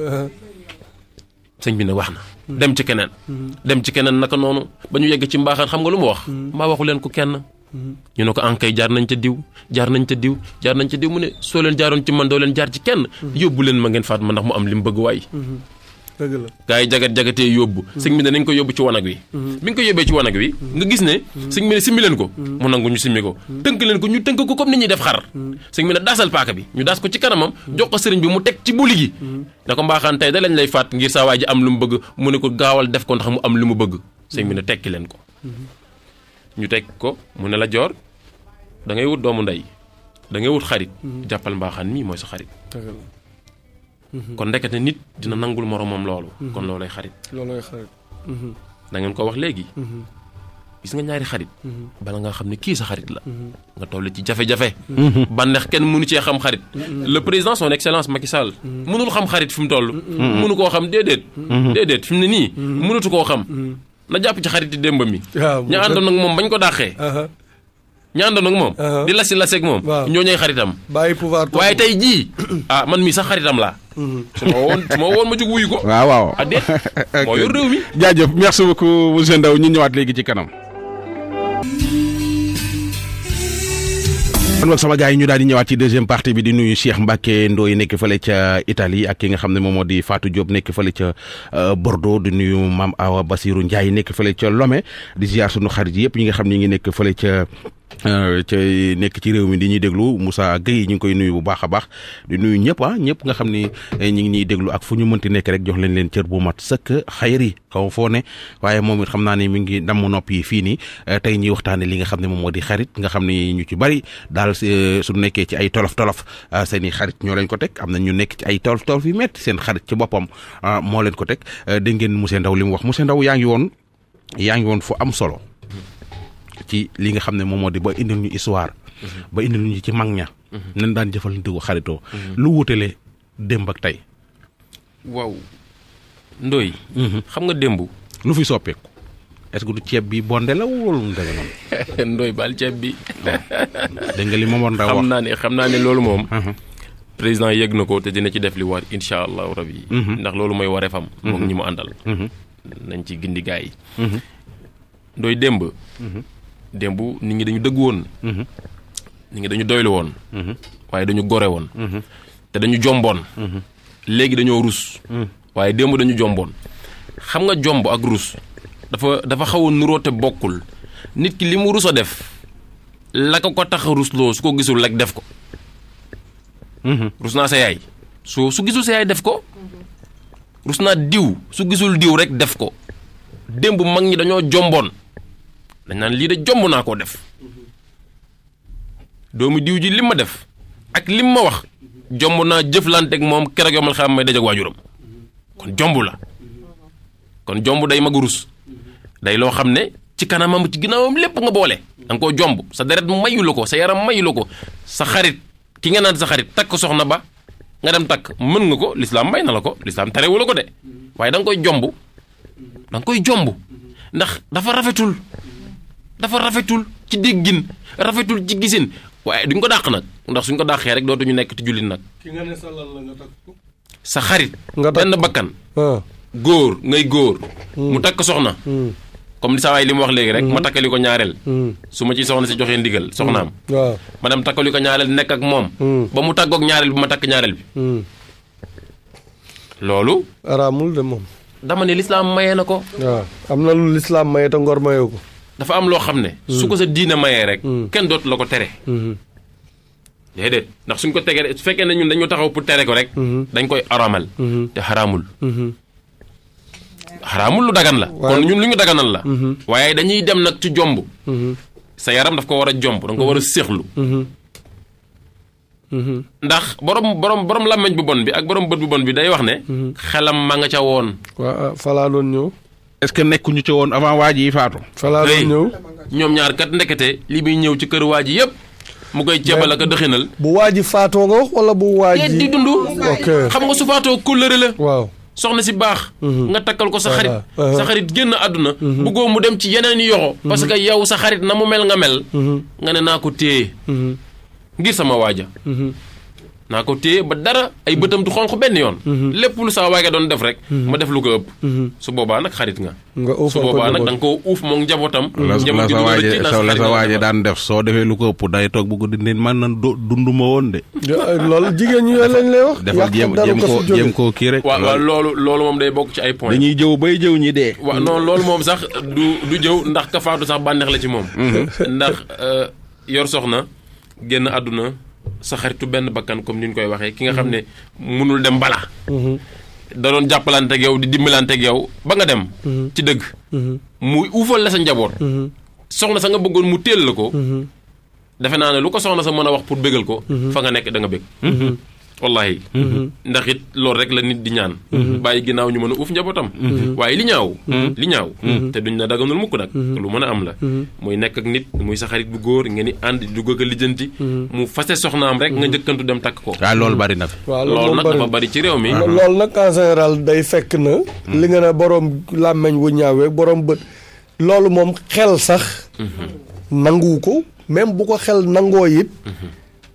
sëñ bi ne wax na dem ci keneen dem ci keneen naka noonu ba ñu yegg ci mbaaxaan xam nga lu mu wax mm. waxu leen ku kenn ñu ne ko ankay jaar nañ ca diw jaar nañ ca diw jaar nañ ca diw mu ne soo leen jaaroon ci man doo leen jaar ci kenn. yóbbu leen ma ngeen faat ma ndax mu am li mu bëgg waay. dëgg la gars jagat jagatee yóbbu. sëñ bi ne nañ ko yóbbu ci wanag wi. bi nga ko yóbbee ci wanag wi. nga gis ne. sëñ bi ne leen ko. mu nangu ñu simmi ko. tënk leen ko ñu tënk ko comme ni ñuy def xar. sëñ bi daasal paaka bi ñu daas ko ci kanamam. jox ko sëriñ bi mu teg ci buli gi. ne ko mbaaxaan tey lañ lay faat ngir saa ji am lu mu bëgg mu ne ko gaawal def ko mu am lu mu bëgg. sëñ bi ne tekki leen ko ñu teg ko mu ne la joor da ngay wut doomu ndey da ngay wut xarit mhm. jàppal mbaaxaan mi mooy sa xarit mhm. kon ndekete nit dina nangul moromam loolu mhm. kon loolay xarit loolay xarit da ngeen ko wax léegi gis nga ñaari xarit bala nga xam ne sa xarit la nga ci jafe-jafe banneex kenn mënu cee xam xarit le président son excellence Macky Sall mënul xam xarit fi mu toll mënu koo xam déedéet déedéet fi ne xam na jàpp ci xarit xariti démbam yi ñu àndoon ak moom bañ ko dàqee ñu àndoon ak moom di lasi laseeg moom ñoo ñooy xaritam bàyyi pouvoir waaye tey jii ah man mii sax xaritam laa mhm. su ma woon su ma woon ma jóg wuyu ko waaw waaw adde ah, moo yor réew mi jaajëf merci beaucoup monsieur Ndao ñu ñëwaat léegi ci kanam kon boog sama gars yi ñu daal di ñëwaat ci deuxième partie bi di nuyu Cheikh Mbacke Ndoye nekk fële ca Italie ak ki nga xam ne moom moo di faatu Diop nekk fële ca euh, Bordeaux di nuyu Mame Awa Basirou Ndiaye nekk fële ca lome di ziar sunu xarit yëpp ñi nga xam ne ñu ngi nekk fële ca. Euh, ci nekk ci réew mi di ñuy déglu Moussa Gueye ñu ngi koy nuyu bu baax a baax di nuyu ñëpp ah ñëpp nga xam ni eh, ñu ngi ñuy déglu ak fu ñu mënti nekk rek jox leen leen cër bu mat sëkk xayir yi xaw foo ne waaye moom it xam naa ni mi ngi damm nopp yi fii nii eh, tey ñuy waxtaane li nga xam ne moom moo di xarit nga xam ni ñu ci bari daal eh, su nekkee ci ay tolof tolof seen i xarit ñoo leen ko teg am na ñu nekk ci ay tolof tolof yu metti seen xarit ci boppam moo leen ko teg dégg ngeen monsieur Ndaw li mu wax monsieur Ndaw yaa ngi woon yaa ngi woon fu am solo ci li nga xam ne moom moo di ba indil ñu histoire. Mhm. ba indil ñu ci mag ña. Mhm. nañ daan jëfalante ko xaritoo. Mhm. lu wutale démb ak tey. waaw Ndoye. xam nga démb. lu fi soppeeku. est-ce que du ceeb bi bonde la wala mu demee noonu. Ndoye baal ceeb bi. dégg nga li Momar Ndao wax xam naa ne xam naa ne loolu moom. président yëg na ko te dina ci def li war incha allahu rabi. ndax loolu mooy wareefam. moom ñi mu àndal. nañ ci gindi gaay yi. Ndoye démb. démb nit ñi dañu dëgg woon. Mhm. nit ñi dañu doylu woon. Mhm. waaye dañu gore woon. Mhm. te dañu jomboon. léegi dañoo rus. waaye démb dañu jomboon. xam nga jomb ak rus dafa dafa xaw nuroo te bokkul nit ki li mu rus a def la ko ko tax a rusloo su ko gisul rek def ko. rus naa sa yaay su su gisul sa yaay def ko. rus naa diw su gisul diw rek def ko démb mag ñi dañoo jomboon. dañ naan lii de jomb naa koo def doomu diw ji def ak lim ma wax jomb naa mom moom alhamdulillah yomal xam may dajag waajuram kon jomb la kon jomb day magurus day loo xam ne ci kanamam ci ginnaawam lépp nga boole da koo jomb sa deret mayu la ko sa yaram mayu la ko sa xarit ki nga naan sa xarit takk soxna ba nga dem takk mën nga ko lislaam may na la ko lislaam ko de waaye da koy jomb da koy jomb ndax dafa rafetul dafa rafetul ci deggin rafetul ci gisin waye duñ ko dakk nak ndax suñ ko dàqee rek ñu nekk ci jullit nak ki nga ne sa la nga takk sa xarit. nga ben bakkan. Ah. goor ngay goor hmm. mu takk soxna. Hmm. comme li sa way mu wax léegi rek ma hmm. takkali ñaarel ñaareel ci soxna si joxe ndigal soxnaam waaw ah. ma dem takkali ko ñaareel nekk ak mom ba mu tàggoog ñaarel bu ma takk ñaarel bi lolu ramul de mom dama ne l'islam mayee ah. na lu ngor mayee ko dafa am loo xam ne. su ko sa diina mayee rek. Hmm. kenn dootu la ko tere. Hmm. déedéet ndax suñ ko tegee su fekkee ne ñun dañu taxaw pour tere ko rek. Hmm. dañ koy aramal. te xaraamul. xaraamul lu dagan la. kon ñun lu ñu daganal la. waaye dañuy dem nag ci jomb. sa yaram daf ko war a da nga ko war a séexlu. ndax borom borom borom làmmeñ bu bon bi ak borom bët bu bon bi day wax ne. xelam ma nga ca woon. est-ce que nekkuñu ci woon avant waa ji yi faatu. falaa doon ñëw ñoom ñaar kat ndekete li muy ñëw ci kër waaj ji yëpp. mu koy ceebal ak a dëxinal. bu waa ji faatoo nga wax bu. waa ji di xam nga su faatoo kóllëre la. soxna si baax. Mhm. nga takkal ko sa xarit. Uh-huh. sa xarit génn àdduna. Mhm. bëggoo mu dem ci yeneen i yoxo. Mhm. parce que yow sa xarit na mu mel nga mel. nga ne naa ko téye. ngir sama waaja. naa ko téye ba dara ay bëtam du xonq benn yoon. Mhm. lépp lu sa waay nga doon def rek. Mhm. ma def lu ko ëpp. Mhm. su boobaa nag xarit nga. su boobaa nag da nga koo uuf moom njabootam. la sa la sa waaje daan def soo defee lu ko ëpp day toog bu guddi man na dundu ma woon de. loolu jigéen ñu lañ lay wax. defal jëm jëm ko jëm ko kii rek. waaw waaw loolu loolu moom day bokk ci ay point dañuy jëw bay jëw ñi dee. waaw non loolu moom sax du du jëw ndax kafaatu sax bànneex la ci moom. ndax euh, yor soxna génn àdduna sa xaritu benn bakkan comme ni ñu koy waxee ki nga xam mhm. ne mënul dem bala mhm. da doon jàppalante ak yow di dimbalante ak yow ba nga dem mhm. ci dëgg mu uufal la sa njaboot soxna sa nga bëggoon mu téel la ko defe naa ne lu ko soxna sa mën a wax pour bégal ko fa nga nekk danga nga wallahi mhm. ndax it loolu rek la nit di ñaan mhm. bàyyi ginnaaw ñu mën a uuf njabootam mhm. waaye li ñaaw li ñaaw te duñ na daganul mukk nag lu mën a am la muy nekk ak nit muy sa xarit bu góor ngeen di ànd di dugg ak lijjanti mu fase soxnaam rek nga njëkkantu dem takk ko waaw ah, loolu bari na fi loolu nag dafa bari ci réew mi loolu nag en général day fekk na li nga ne borom làmmeñ wu ñaawee borom bët loolu moom xel sax nangu ko même bu ko xel nangoo it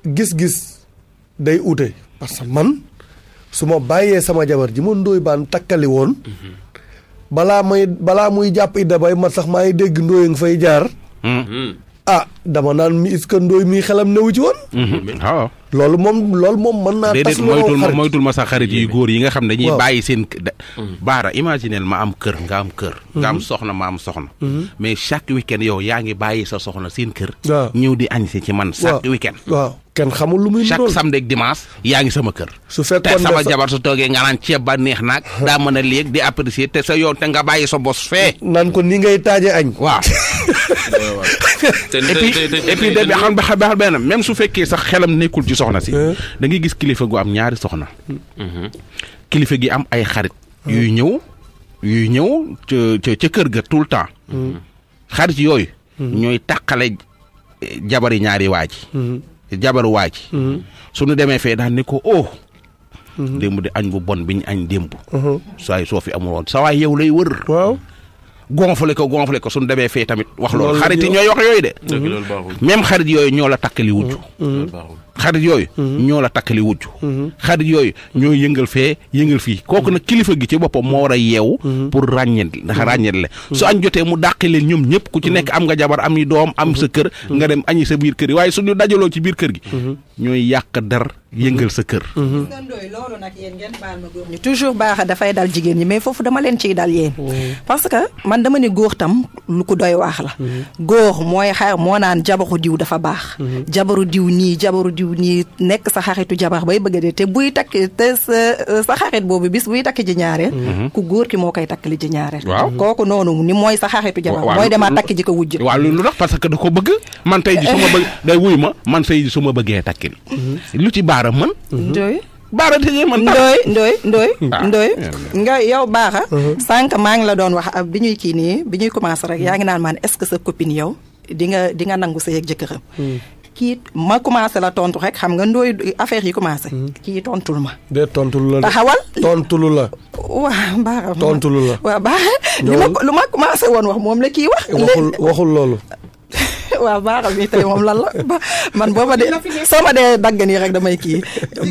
gis-gis day ute parce que man su ma bàyyee sama jabar ji ma ndóoy baan takkali woon balaa may balaa muy jàpp Idda Bay man sax maa ngi dégg ndóoy nga fay jaar hmm. ah dama naan mi est-ce ndóoy mi xelam newu ci woon hmm. Hmm. Ah. loolu moom loolu moom mën naa tas moytul moytul ma sa xarit yu góor yi nga xam dañuy bàyyi seen mm. baara imaginel ma am kër nga am kër mm-hmm. nga am soxna ma am soxna mm-hmm. mais chaque week-end yow yaa ngi bàyyi sa soxna seen kër ñëw di añ si ci man chaque week-end waaw kenn xamul lu muy chaque samedi ak dimanche yaa ngi sama kër su fekkoon te sama jabar su toogee nga naan ceeb ba neex naag daa mën a léeg di apprécier te sa yoon te nga bàyyi sa bos fee nan ko ni ngay taaje añ waaw et puis et puis de bi xam ba xam benn même su fekkee sax xelam nekkul ci soxna si eh? da ngay gis kilifa gu am ñaari soxna mm-hmm. kilifa gi am ay xarit ah. yuy ñëw yuy ñëw ca ca kër ga tout le temps mm-hmm. xarit yooyu mm-hmm. ñooy tàqale eh, jabari ñaari waa ji jabaru waa ji demee fee daan ne ko oh démb di añ bu bon bi ñu añ démb uh-huh. saay soo fi amuloon sa waay yow wër waaw ko gonfale ko suñu demee fee tamit wax loolu xarit yi ñooy wax yooyu de même xarit yooyu ñoo la takkali wujj xarit yooyu mhm. ñoo la takkali wujj mhm. xarit yooyu ñoo yëngal fee yëngal fii mhm. kooku nag kilifa gi ci boppam moo war a yeewu pour ràññet ndax ràññet le su añ jotee mu dàqi leen ñoom ñëpp ku ci nekk am nga jabar am yi doom am sa kër nga dem añi sa biir kër yi waaye suñu dajaloo ci biir kër gi ñooy yàq dar yëngal sa kër loolu nag yéen ngeen baal toujours baax dafay dal jigéen ñi mais foofu dama leen ciy dal yéen oh. parce que man dama ni góor tam lu ko doy waax la góor mooy xaar moo naan jabaru diw dafa baax jabaru diw nii jabaru diw diw ni nek sa xaritu jabar bay bëgg a te buy takk te sa euh, xarit bobu bis buy takk ji ñaare mhm. ku goor ki mo koy takk li ji ñaare koku nonu ni moy sa xaritu jabar moy dama takk ji ko wujj wa lu tax parce que da ko bëgg man tay ji suma ma bëgg day wuy ma man sey ji suma ma bëggee mhm. lu ci baara man mhm. doy baara de man doy doy doy doy nga yow baaxa sank ma ngi la doon wax biñuy ki ni biñuy commencer rek yaa ngi naan man est ce que sa copine yow di nga di nga nangu sa yeeg jëkkëram kii ma commencé la tontu rek xam nga ndooy affaire yi commencé. Hmm. kii tontul ma. de tontul la taxawal. tontulu la. waaw baax tontulu la. waaw baax li lu ma commencé woon wax moom la kii wax. waxul waxul loolu. waa baara mi tey moom lan la man boo ma de soo ma dee dagg nii rek damay kii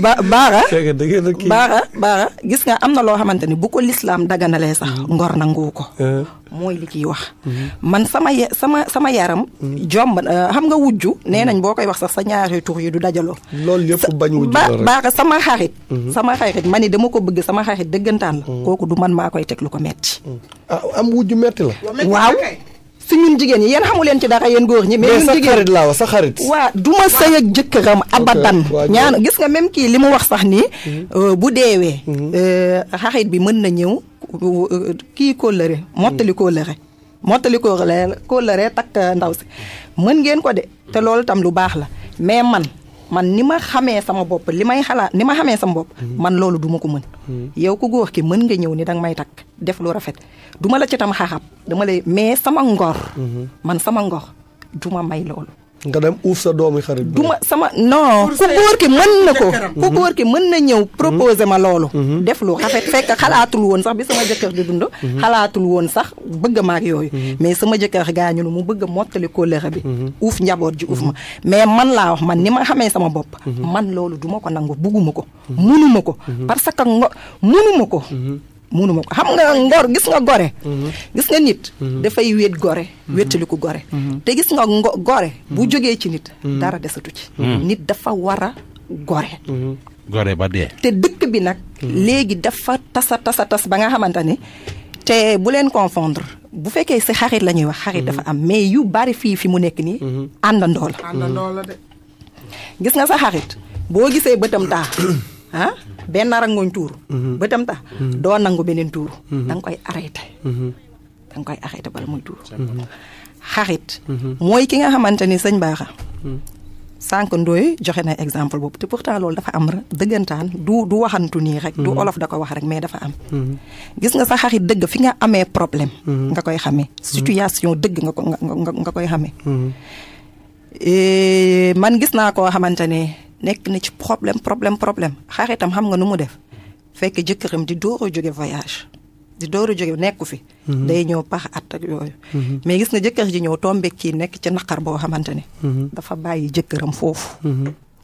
ba baara baara baara gis nga am na loo xamante ni bu ko lislaam daganalee sax mm-hmm. ngor nangu ko eh. mooy li kiy wax mm-hmm. man sama sama sama yaram mm-hmm. jomb eh, xam nga wujju nee nañ boo koy wax sax sa ñaari tur yi du dajaloo loolu yëpp bañ wujju rek baara sama xarit sama xarit ma ni dama ko bëgg sama xarit dëggantaan la kooku du man maa koy teg lu ko metti ah, am wujju metti la waaw si ñun jigéen ñi yéen xamu leen ci dara yéen gox ñi. mais ñun jigéen sa xarit laa sa xarit. waa du ma sëy ak jëkkëram abadan. ñaan gis nga même kii li mu wax sax ni mhm. euh, bu deewee. Mhm. Euh, xarit bi mën na ñëw euh, kii kóllëre mottali kóllëre. mottali kóllëre kóllëre takk ndaw si mën ngeen ko de te loolu tam lu baax la mais man. man ni ma xamee sama bopp li may xalaat ni ma xamee sama bopp. Mm-hmm. man loolu duma ko mën. Mm-hmm. yow ko góor ki mën nga ñëw ni danga may takk def lu rafet duma la ci tam xaaxab dama lay mais sama ngor. Mm-hmm. man sama ngor du ma may loolu. nga dem uuf sa doomu xarit bi. du ma sama non ku góor ki mën na ko ku góor ki mën na ñëw proposé ma loolu mhm. Mhm. def lu rafet fekk xalaatul woon sax bi sama jëkkër di dund mhm. xalaatul woon sax bëgg maak yooyu mais sama jëkkër gaañu mu bëgg a mottali kóllëre bi uuf njaboot ji uuf ma mais man laa wax man ni ma xamee sama bopp man loolu duma ko nangu bugguma ko munuma ko parce que nga munuma ko mënuma ko xam nga ngor gis nga gore mhm. gis nga nit mhm. dafay wéet gore mhm. wéetali ko gore te gis nga ngo gore bu jógee ci nit dara desatu ci nit dafa war a gore gore ba dee te dëkk bi nag léegi dafa tasa tasa tas ba nga xamante ne te bu leen confondre bu fekkee si xarit la ñuy wax xarit dafa am mais yu bari fii fi mu nekk nii àndandoo la àndandoo gis nga sa xarit boo gisee bëtam taa ah, benn rangoñ tuuru. Mhm. bëtam ta mhm. doo nangu beneen tuuru. Mhm. dang koy arrêté. da koy arrêté bala muy tuuru. mooy ki nga xamante ni sëñ baaxa. sànq ndooy joxe na exemple boobu te pourtant loolu dafa am dëggantaan du du waxantu nii rek. du olof da ko wax rek mais dafa am. gis nga sa xarit dëgg fi nga amee problème. nga koy xamee. situation dëgg nga ko nga koy xamee. Eh, man gis naa koo xamante ne. nekk na ci problème problème problème xaritam xam nga nu mu def fekk jëkkëram di door a jóge voyage di door a jóge nekku fi. Mhm. day ñëw pax at ak yooyu. Mhm. mais gis nga jëkkër ji ñëw tombe kii nekk ci naqar boo xamante ne. Mhm. dafa bàyyi jëkkëram foofu.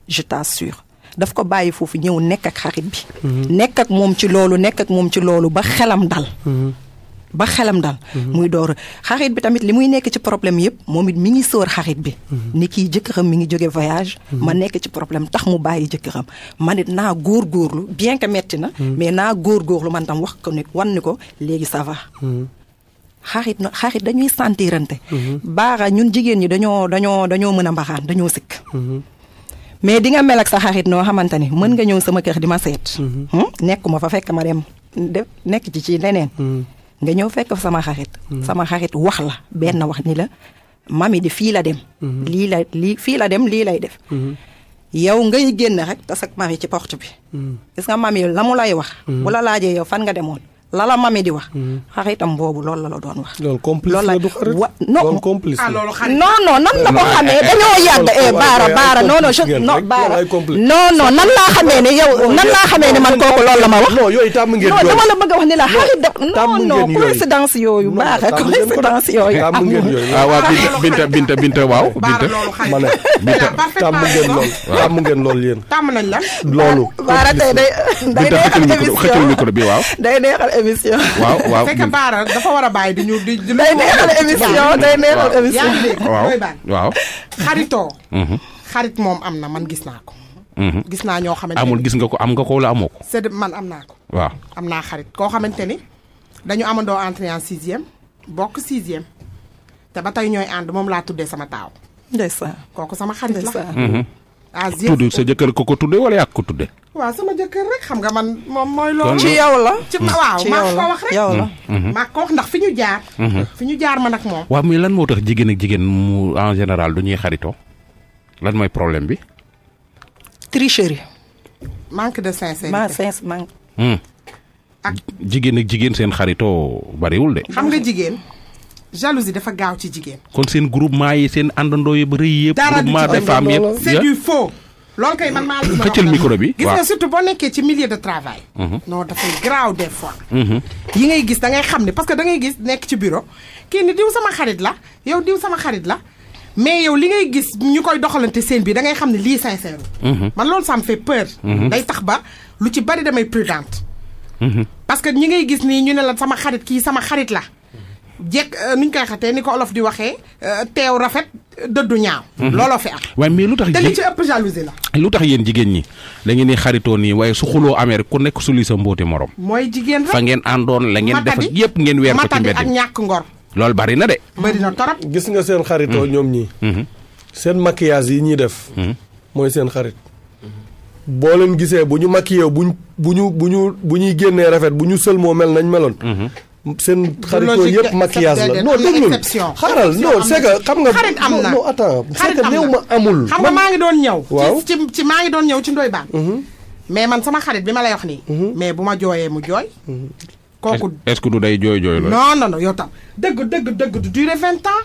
je t'assure daf ko bàyyi foofu ñëw nekk ak xarit bi. nekk ak moom ci loolu nekk ak moom ci loolu ba xelam dal. ba xelam dal mhm. muy door xarit bi tamit li muy nekk ci problème yépp momit mi ngi soor xarit bi mhm. ni kii jëkkëram mi ngi jóge voyage mhm. ma nekk ci problème tax mu bàyyi jëkkëram manit naa góor góorlu bien que metti na mais naa góor góorlu man tam wax ko ni wan ni ko léegi ça va xarit xarit dañuy sentirante baara ñun jigéen ñi dañoo dañoo dañoo mën a mbaxaan dañoo sikk mais di nga mel ak sa xarit noo xamante ni mën nga ñëw sama kër di ma seet hmm? nekkuma fa fekk ma dem def nekk ci ci leneen nga ñëw fekk sama xarit. Mm-hmm. sama xarit wax la benn wax ni la mami di fii la dem. Mm-hmm. lii la lii fii la dem lii lay def. Mm-hmm. yow ngay génn rek tas ak mami ci porte bi. gis nga mami la mu lay wax. bu la laajee yow fan nga demoon. lala mami di wax. Mm-hmm. xaritam boobu loolu la la doon wax. loolu complice la du xarit loolu complice ah, la non non nan la ko xamee dañoo yàgg. Eh, baara baara non non je non baara non non nan laa xamee ne yow nan laa xamee ne man kooku loolu la ma wax. non yooyu tàmm ngeen non dama la bëgg a wax ne la xarit da non non coïncidence yooyu. baara coïncidence yooyu amul. ah waaw binta binta binta waaw. binta ma ne binta tàmm ngeen lool tàmm ngeen lool yéen. tàmm nañ la. loolu. baara tey day day neexal émission binta xëccal micro bi waaw. day neexal émission. waaw waaw fekk baara dafa war a bàyyi di ñu di. di day neexal émission day neexal émission. yaa ngi dégg mooy baax waaw. xaritoo. Mhm. xarit moom am na man gis naa ko. Mhm. gis naa ñoo xamante ne amul gis nga ko am nga ko wala amoo ko. c'est man am naa ko. waaw am naa xarit koo xamante ni dañu amandoo entrée en sixième bokk sixième te ba tey ñooy ànd moom laa tuddee sama taaw. ndeysaan kooku sama xarit la. Aziz tudd sa jëkkër ko ko tudde wala yak ko tudde waaw sama jëkkër rek xam nga man moom mooy loolu ci yow la ci ma waaw ma ko wax rek yow la mhm. ma ko wax ndax fi ñu jaar mhm. fi ñu jaar man ak moom waaw muy lan moo tax jigéen ak jigéen mu en général du ñuy xaritoo lan mooy problème bi tricherie manque de sincérité ma sens manque hmm. ak jigéen ak jigéen seen xaritoo bariwul de xam nga jigéen jalousie dafa gaaw ci jigéen. kon seen groupement yi seen àndandoo yi ba rëy yëpp. groupement de femmes yëpp c'est du faux. loolu kay man maa la xëccal micro bi gis nga surtout boo nekkee ci milieu de travail. Mhm. non dafay graaw des fois. Mhm. yi ngay gis da ngay xam ne parce que da ngay gis nekk ci bureau kii ni diw sama xarit la yow diw sama xarit la mais yow li ngay gis ñu koy doxalante seen bi da ngay xam ne lii sincère. Mhm. man loolu ça me fait peur. day tax ba lu ci bari damay prudente. parce que ñi ngay gis ni ñu ne la sama xarit kii sama xarit la. Jek euh, niñ koy xatee ni ko olof di waxee euh, teew rafet dëddu ñaaw. Mhm. looloo fi am. waaye mais lu tax te li ci ëpp jalousie la. lu tax yéen jigéen ñi ngeen xaritoo nii waaye su xuloo amee ku nekk sa mbóoti morom. mooy jigéen fa ngeen àndoon la ngeen. def yépp ngeen weer ko ci mbedd ak ñàkk ngor. loolu bari na de. bari na torop. gis nga seen xaritoo mhm. ñoom ñii. Mhm. seen maquillage yi ñuy def. mooy seen xarit. boo leen gisee bu ñu maquillé bu ñu bu ñu bu ñuy génnee rafet bu ñu mel nañ meloon. seen xaritoo yëpp maquillage la non déglul xaaral non c'est que xam nga xarit am na non attends amul xam nga maa ngi doon ñëw waaw ci ci maa ngi doon ñëw ci ndoy baan mhm. mais man sama xarit bi ma lay wax nii mhm. mais bu ma jooyee mu jooy mhm. kooku est-ce que du day jooy jooy la non non non tam dëgg dëgg dëgg du duré vingt ans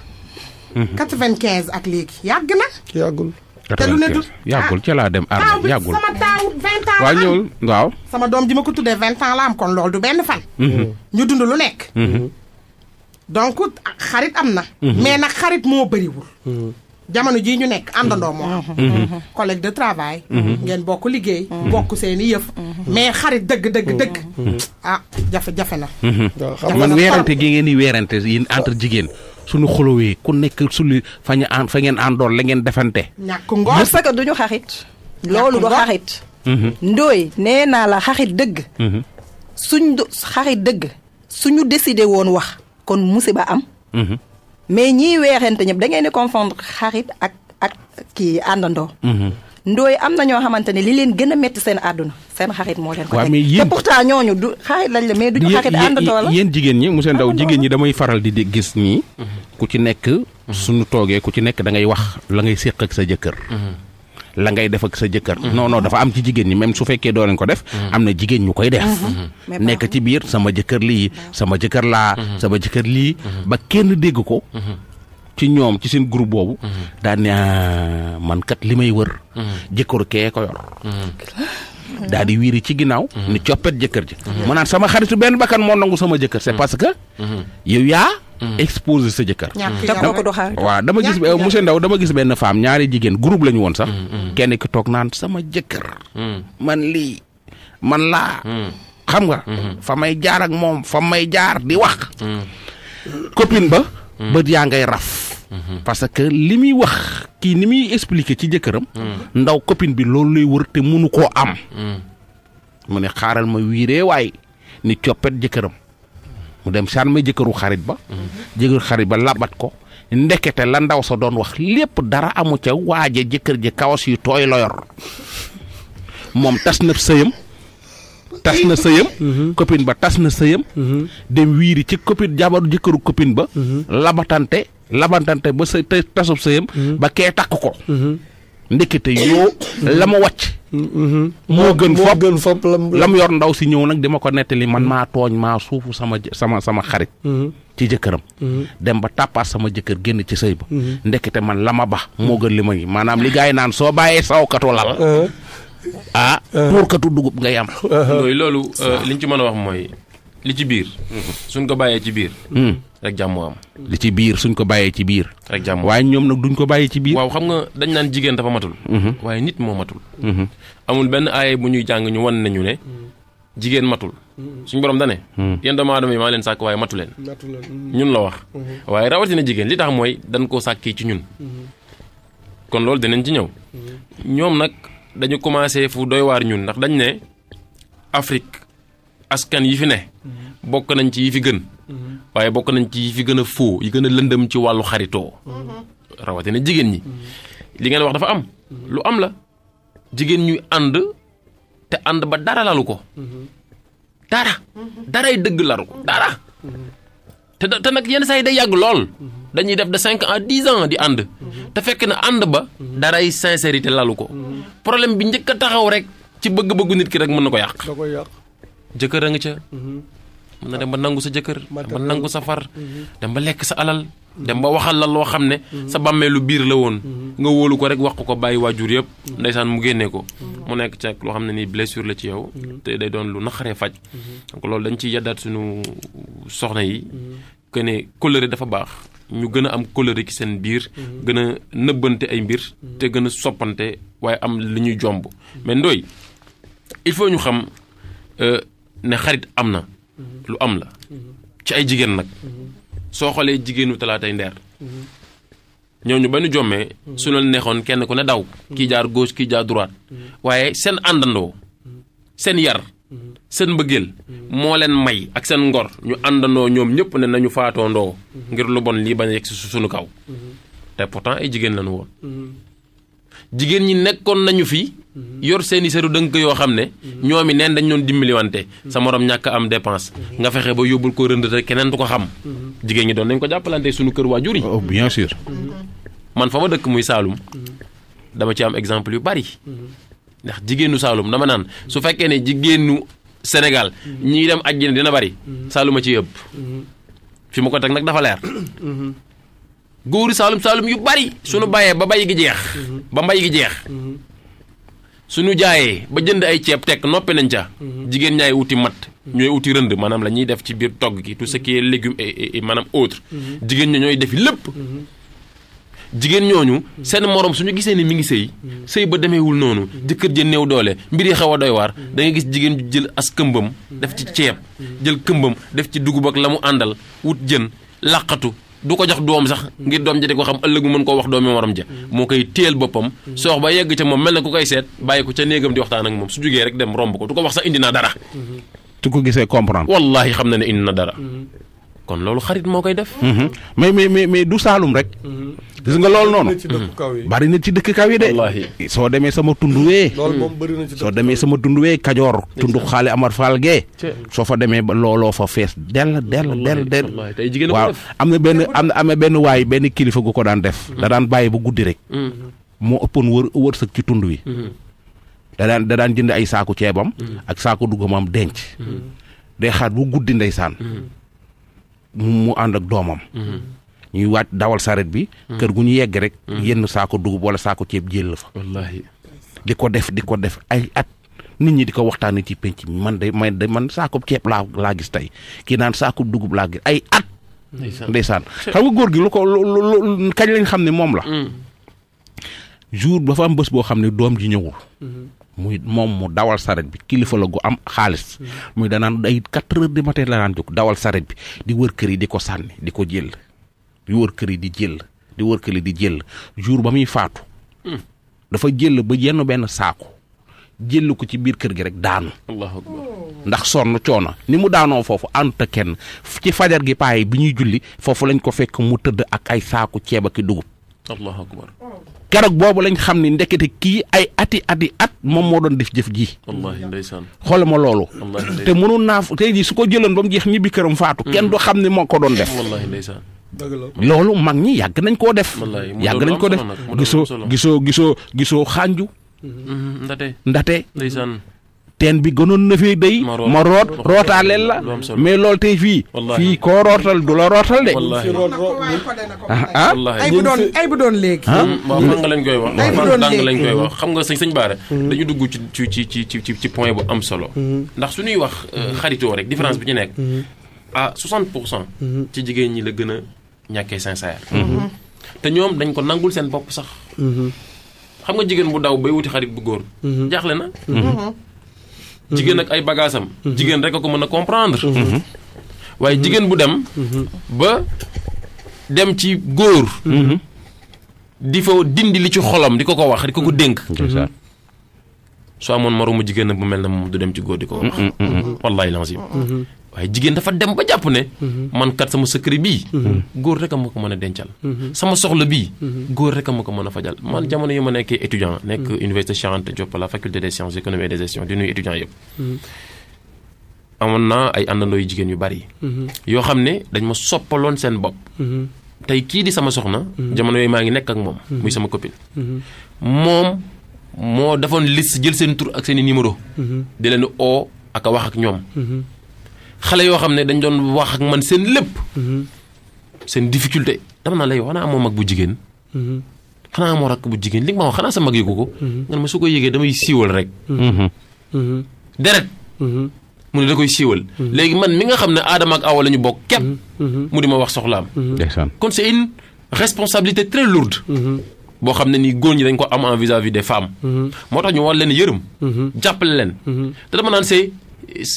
quatre-vingt-quinze ak léegi yàgg na yàggul te lu ne du yàggul ah. ca laa dem armée yàggul sama taaw vingt waaw ñëwul waaw sama doom ji ma ko tuddee vingt ans la am kon loolu du benn fan mhm. ñu dund lu nekk mhm. donc xarit am na mhm. mais nag xarit moo bëriwul jamono jii ñu nekk àndandoo moo am collègue de travail ngeen bokk liggéey bokk seeni yëf mais xarit dëgg dëgg dëgg ah jafe-jafe na man weerante gi ngeen di weerante yi entre jigéen suñu xulowee ku nekk suñu fa ñu fa ngeen àndoon la ngeen defante. ñàkk ngor parce que duñu xarit. loolu du xarit. Mm-hmm. ndooy nee naa la xarit dëgg. Mm-hmm. suñ du xarit dëgg. suñu décidé woon wax. kon musiba am. Mm-hmm. mais ñiy weexante ñëpp da ngeen di confondre xarit ak ak kii àndandoo. ndooy am na ñoo xamante ne li leen gën a métti seen àdduna seen xarit moo leen ko teg te pourtant ñooñu du xarit lañ la mais duñu jigéen ñi monsieur Ndaw jigéen ñi damay faral di gis ñi mhm. ku ci nekk mhm. suñu toogee ku ci nekk da ngay wax la ngay séq ak sa jëkkër mhm. la ngay def ak sa jëkkër. noonoo dafa am ci jigéen ñi même su fekkee doo leen ko def. am na jigéen ñu koy def. nekk ci biir sama jëkkër lii sama jëkkër laa. sama jëkkër lii ba kenn dégg ko. ci ñoom ci seen groupe boobu mhm. daan ne ah, man kat li may wër mhm. jëkkër kee ko yor mhm. daal di wiiri ci ginnaaw ni coppet jëkkër ji naan sama xaritu benn bakkan moo nangu sama jëkkër c'est parce que yow yaa expose sa jëkkër waaw dama gis monsieur ndaw dama gis benn femme ñaari jigéen groupe lañu woon sax kenn ki toog naan sama jëkkër man lii man laa xam nga fa may jaar ak moom fa jaar di wax copine ba bët yaa ngay raf. Mhm. parce que li muy wax kii ni muy expliquer ci jëkkëram. Mhm. ndaw copine bi loolu lay wër te mënu koo am. Mhm. mu ne xaaral ma wiire waaye ni coppet jëkkëram mu dem saan ma jëkkëru xarit ba. jëkkëru xarit ba labat ko. ndekete la ndaw sa doon wax lépp dara amu ca waaje jëkkër ji kawas yu tooy la yor moom tas na sëyam tas na sëyam mhm. copine ba tas na sëyam mhm. dem wiiri ci copine jabaru jëkkëru copine ba mhm. labatante labantante ba sa te tasub sëyam ba kee takk ko ndekete yoo la ma wacc moo gën fop gën fop la mu yor ndaw si ñëw nag di ma ko nettali man maa tooñ maa suufu sama sama sama xarit ci jëkkëram dem ba tàppaat sama jëkkër génn ci sëy ba ndekete man la ma ba moo gën li ma ngi maanaam li naan soo bàyyee sawkatu lal euh. ah. tuurkatu ah. dugub ngay am. looy ah. loolu euh, liñ ci mën a wax mooy li ci biir. Mm-hmm. suñ ko bàyyee ci biir. Mm. rek jàmm am. li ci biir suñ ko bàyyee ci biir. rek jàmm waaye ñoom nag duñ ko bàyyee ci biir. waaw xam nga dañ laan jigéen dafa matul. Mm-hmm. waaye nit moo matul. Mm-hmm. amul benn aaye bu ñuy jàng ñu wan nañu ne. jigéen matul. suñ borom dane yéen doomu aadama yi maa leen sàkk waaye matu leen. ñun la wax. waaye rawatina jigéen li tax mooy dañ koo sàkkee ci ñun. kon loolu dinañ ci ñëw. dañu commencé fu doy waar ñun ndax dañu ne Afrique askan yi fi ne. bokk nañ ci yi fi gën. waaye bokk nañ ci yi fi gën a foo yi gën a lëndëm ci wàllu xaritoo. rawatina jigéen ñi. li ngeen wax dafa am. lu am la jigéen ñuy ànd te ànd ba dara lalu ko. dara daray dëgg laru ko dara. te nag yenn saa yi day yàgg lool. dañuy def de 5 ans 10 ans di and te fekk na and ba daray sincérité lalu ko problème bi ñëk taxaw rek ci bëgg-bëggu nit ki rek mën na ko yàq jëkkër a nga ci mhm. mëna dem ba nangu sa jëkër ba nangu sa far mhm. dem ba lek sa alal dem ba waxal la lo xamne mhm. sa bàmmeelu bir la won nga wolu ko rek wax ko ko wajur waajur ndaysan mu génnee ko mu nek ci loo xam ne blessure la ci yow te day don lu naqaree faj donc loolu dañ ci yaddaat suñu soxna yi que ne dafa bax ñu gën am colère ki seen biir. Mhm. gën a nëbbante ay mbir. Mhm. te gën a soppante waaye am li ñuy jomb. mais il faut ñu xam euh, ne xarit am na. Mhm. lu am la. ci ay jigéen nag. soo xoolee jigéenu talaatay ndeer. ñooñu ba ñu jommee su la neexoon kenn ku ne daw. kii jaar gauche kii jaar droite. waaye seen àndandoo. seen yar. sen bëggeel moo leen may ak seen ngor ñu àndandoo ñoom ñëpp ne nañu faatoo ndoo ngir lu bon lii bañ a yegg si suñu kaw te pourtant ay jigéen lañu woon jigéen ñi nekkoon nañu fi yor seeni seru dënk yoo xam ne ñoom i neen dañ ñoon dimbali wante sa morom ñàkk am dépense nga fexe ba yóbbul ko rënd te keneen du ko xam jigéen ñi doon nañ ko jàppalante suñu kër waajur yi oh, bien sûr man fa ma dëkk muy Saalum dama ci am exemple yu bari ndax jigéenu Saalum dama naan su fekkee ne jigéenu senegal ñi dem àjjana dina bari mhm. Saalum ci yëpp mhm. fi mu ko teg nag dafa leer mhm. góoru Saalum Saalum yu bari suñu bàyyee ba bay gi jeex ba mbay gi jeex su nu jaayee ba jënd ay ceeb tekk noppi nañ ca jigéen ñaay wuti mat ñooy wuti rënd maanaam la ñuy def ci biir togg gi tout ce qui est légumes maanaam autre jigéen ñi ñooy defi lépp jigéen ñooñu seen moroom su ñu gisee ni mi ngi sëy sëy ba demeewul noonu jëkkër ja néew doole mbir yi xaw a doy waar da gis jigéen ju jël as këmbam def ci ceeb jël këmbam def ci dugub ak la mu àndal wut jën làqatu du ko jox doom sax ngir doom ja di ko xam ëllëg mu mën koo wax doomi morom ja moo koy téel boppam soox ba yegg ca moom mel na ku koy seet bàyyi ko ca néegam di waxtaan ak moom su jógee rek dem romb ko du ko wax sax indi naa dara tu ko gisee comprendre wallahi xam na ne indi na dara mm-hmm. kon loolu xarit moo koy def. Mhm. mais mais mais mais du Saalum rek. Mhm. gis nga loolu noonu. bari na ci mhm. dëkk kaw yi de. soo demee sama tund wee. soo demee sama tund wee Kajoor. tundu xaale Amar Fall gee. soo fa demee ba looloo fa fees del. dell dell dell. waaw am na benn am na am benn waay benn kilifa gu ko daan def. da daan bàyyi bu guddi rek. moo ëppoon wër wërsëg ci tund wi. da daan da daan jënd ay saaku ceebam. ak saaku denc. day xaar bu guddi ndeysaan. mu ànd ak doomam. Mhm. ñuy waaj dawal saret bi. Mhm. kër gu ñu yegg rek. Mhm. yenn saako dugub wala saako ceeb jël la fa. di ko def di ko def ay at. nit ñi di ko waxtaanee ci penc mi man de man de man saako ceeb laa laa gis tey kii naan saako dugub laa gis ay at. ndeysaan xam nga góor gi lu ko lu kañ lañ xam ne moom la. Mm. jour ba fa am bés boo xam ne doom ji ñëwul. muy moom mu dawal saret bi kilifa la gu am xaalis. muy danaan ay quatre heures du la daan jóg dawal saret bi di wër kër yi di ko sànni di ko jël di wër kër yi di jéll di wër kër di jël jour ba muy faatu. Hmm. dafa jël ba jenn benn saako jël ko ci biir kër gi rek daanu. allahu akbar ndax sonn coono ni mu daanoo foofu ànd kenn ci fajar gi paay bi ñuy julli foofu lañ ko fekk mu tëdd ak ay saako ceeb ak dugub. allahu akbar keroog boobu lañ xam ni ndekete kii ay ati ati at moom moo doon def jëf ji. wallaahi ndeysaan xool ma loolu. te mënoon naa tey jii su ko jëloon ba mu jeex ñibbi këram faatu. Mm. kenn du xam ni moo ko doon def. wallaahi ndeysaan loolu mag ñi yàgg nañ koo def. yàgg nañ ko def gisoo gisoo gisoo gisoo xànju. Mm-hmm. ndate ndate ndeysaan teen bi gënoon na fee day ma root rootaaleel la mais loolu tey fii fii koo rootal du la rootal de ah, ah? ay bu doon ay bu doon léegi ah? hmm, waaw fan nga lañ koy wax fan nga lañ koy wax xam nga sañ sëñ Bara hmm. dañu dugg ci ci ci ci ci point bu am solo hmm. ndax su ñuy wax euh, xaritoo rek différence bi ci nekk a 60 pour cent ci jigéen ñi la gën a ñàkkee sincère te ñoom dañ ko nangul seen bopp sax xam nga jigéen bu daw bay wuti xarit bu góor jaaxle na jigéen ak ay bagaasam mhm. jigéen rek a ko mën a comprendre mhm. Mhm. waaye jigéen bu dem ba dem ci góor di fa dindi li ci xolam di ko ko wax di ko ko dénk soo amoon moromu jigéen bu mel na moom du dem ci góor di ko ko wax wallahi lazim waaye jigéen dafa dem ba jàpp ne. Mhm. man kat sama secret bii. Mhm. góor rek a ma ko mën a dencal. Mhm. sama soxla bii. góor rek a ma ko mën a fajal man jamono yi ma nekkee étudiant. nekk université Cheikh Anta Diop la faculté des sciences économiques et des gestion di étudiants ay àndandoo jigéen yu bari. xam ne dañ ma soppaloon seen bopp. kii di sama soxna. jamono yooyu maa ngi nekk ak moom. muy sama copine. moom moo defoon liste jël seen tur ak seen i numéro. di leen oo ak a wax ak ñoom. xale yoo xam ne dañ doon wax ak man seen lépp. seen difficulté dama naa lay wax xanaa amoo mag bu jigéen. xanaa amoo rakk bu jigéen li nga ma wax xanaa sa mag yëgu ko. nga ne ma su ko yëgee damay siiwal rek. deret. mu ne da koy siiwal. léegi man mi nga xam ne aadama ak awa la bokk képp. mu di ma wax soxlaam. kon c'est une responsabilité très lourde. boo xam ne nii góor ñi dañ ko am en vis-à-vis des femmes. moo tax ñu war leen yërëm. jàppale leen. te dama naan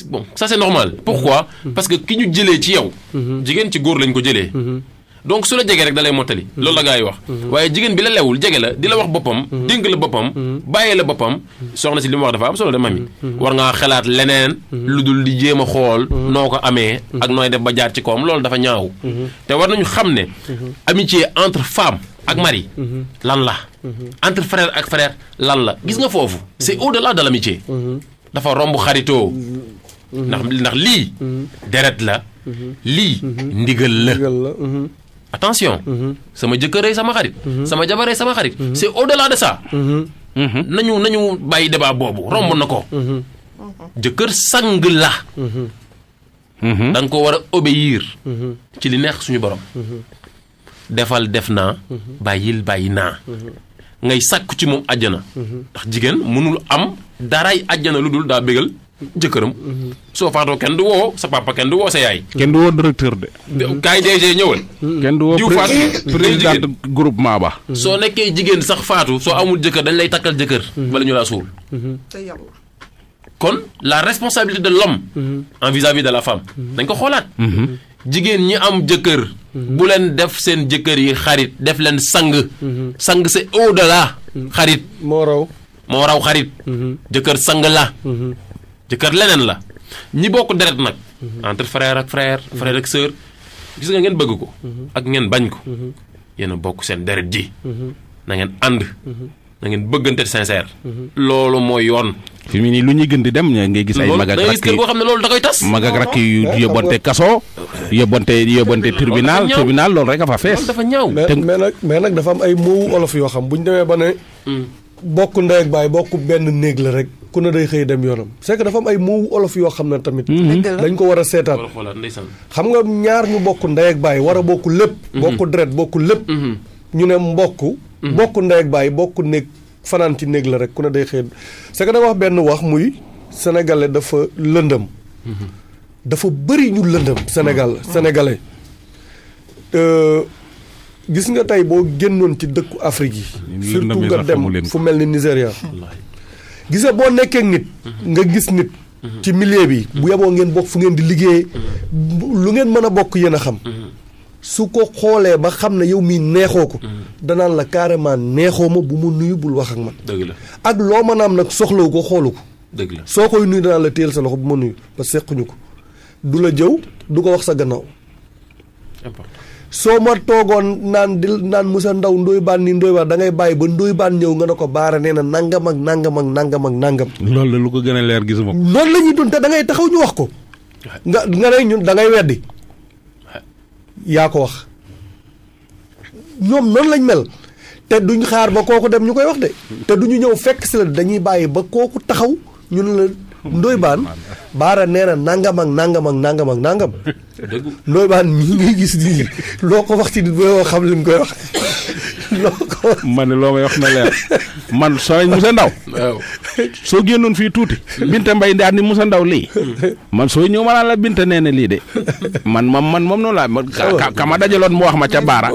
bon ça c'est normal pourquoi mhm. parce que qui dit dit les yow mhm. jigéen ci mhm. donc cela la rek da lay mottali la gay wax waye jigen bi la lewul jege la dila wax la wax dafa solo de mami war nga xalaat leneen lu di jema a noko amé ak noy def ba jaar ci dafa ñaaw te war nañu amitié entre femme ak mari lan la entre frère ak frère lan la gis nga c'est au-delà de l'amitié dafa romb xaritoo ndax ndax lii deret la lii ndigal la mhm. attention mhm. sama jëkkëray sama xarit mhm. sama jabaray sama xarit c'est au-delà de ça nañu nañu bàyyi débat boobu romb na ko jëkkër sang la da ko war a obéir ci li neex suñu borom defal def naa bàyyil bàyyi naa ngay sàkku ci moom àjjana. ndax jigéen mënul am daraay àjjana lu dul daa bégal jëkkëram. soo faatoo kenn du woo sa papa kenn du woo sa yaay. kenn du woo directeur de. kaay DG ñëwal. kenn du woo président groupement ba. soo nekkee jigéen sax faatu soo amul jëkkër dañ lay takkal jëkkër. wala ñu laa suul. kon la responsabilité de l'homme mhm. en vis-à-vis de la femme. dañ mhm. ko xoolaat. Mhm. Jigen ñi am jëkkër mhm. bu leen def seen jëkkër yi xarit def leen sang mhm. sang c'est au delà mhm. xarit moo raw moo raw xarit jëkkër sang la jëkkër leneen la ñi bokk deret nak entre frère ak frère frère ak sœur gis nga ngeen bëgg ko ak ngeen bañ ko yéen a bokk deret ji na ngeen ànd na ngeen bëggante sincère loolu mooy yoon fi mu nii lu ñuy gën di dem ngay gis ay mag ak rakk yi boo xam ne loolu da koy tas mag ak rakk yu yóbbante kaso yóbbante yóbbante tribunal tribunal loolu rek a fa fees dafa ñaaw mais nag mais nag dafa am ay moowu olof yoo xam bu ñu demee ba ne hmm. bokk ndey baay bokk benn néeg la rek ku ne day xëy dem yoonam c'est am ay moowu olof yoo xam ne tamit hmm. dañ ko war a seetaat xam nga ñaar ñu bokk ndey ak baay war a bokk lépp hmm. bokk deret bokk lépp ñu ne mbokk bokk ndey ak baay bokk néeg Fananti ci néeg la rek ku ne day xëy c' est que da wax benn wax muy sénégalais dafa lëndëm dafa bëri ñu lëndëm sénégal mm-hmm. sénégalais euh, gis nga tey boo génnoon ci dëkku afrique yi surtout nga dem fu mel ni nigéria gisa boo nit mm-hmm. nga gis nit mm-hmm. ci milieu bi bu yaboo ngeen bokk fu ngeen di lu ngeen mën a bokk xam su ko xoolee ba xam ne yow mii neexoo ko. danaan la carrément neexoo ma bu ma nuyu bul wax ak man. dëgg la ak loo mën a am nag soxlawu ko xoolu ko. dëgg soo koy nuyu danaan la téyel sa loxo bu ma nuyu parce que sequñu ko du la jëw du ko wax sa gannaaw. soo ma toogoon naan di naan Moussa Ndaw ndoy baan nii ndoy baan da ngay bàyyi ba ndoy baan ñëw nga ne ko baara nee na nangam ak nangam ak nangam ak nangam. loolu la lu ko gën a leer gisuma. noonu la ñuy dund te da ngay taxaw ñu wax ko. nga nga ne ñun da ngay weddi. yaa ko wax ñoom noonu lañ mel te duñ xaar ba kooku dem ñu koy wax de te duñu ñëw fekk si la dañuy bàyyi ba kooku taxaw ñu ne la Ndoye Bane bara nee na nangam ak nangam ak nangam ak nangam looy baan mi ngay gis nii loko. wax nit xam lim koy wax loko man lo may wax na leer man soñ musa ndaw so gennon fi tuuti binte mbay ndar ni musa ndaw li man so ñëw mala la binte nee li de man mam man mom no la ka, ka ma dajaloon mu wax ma ca bara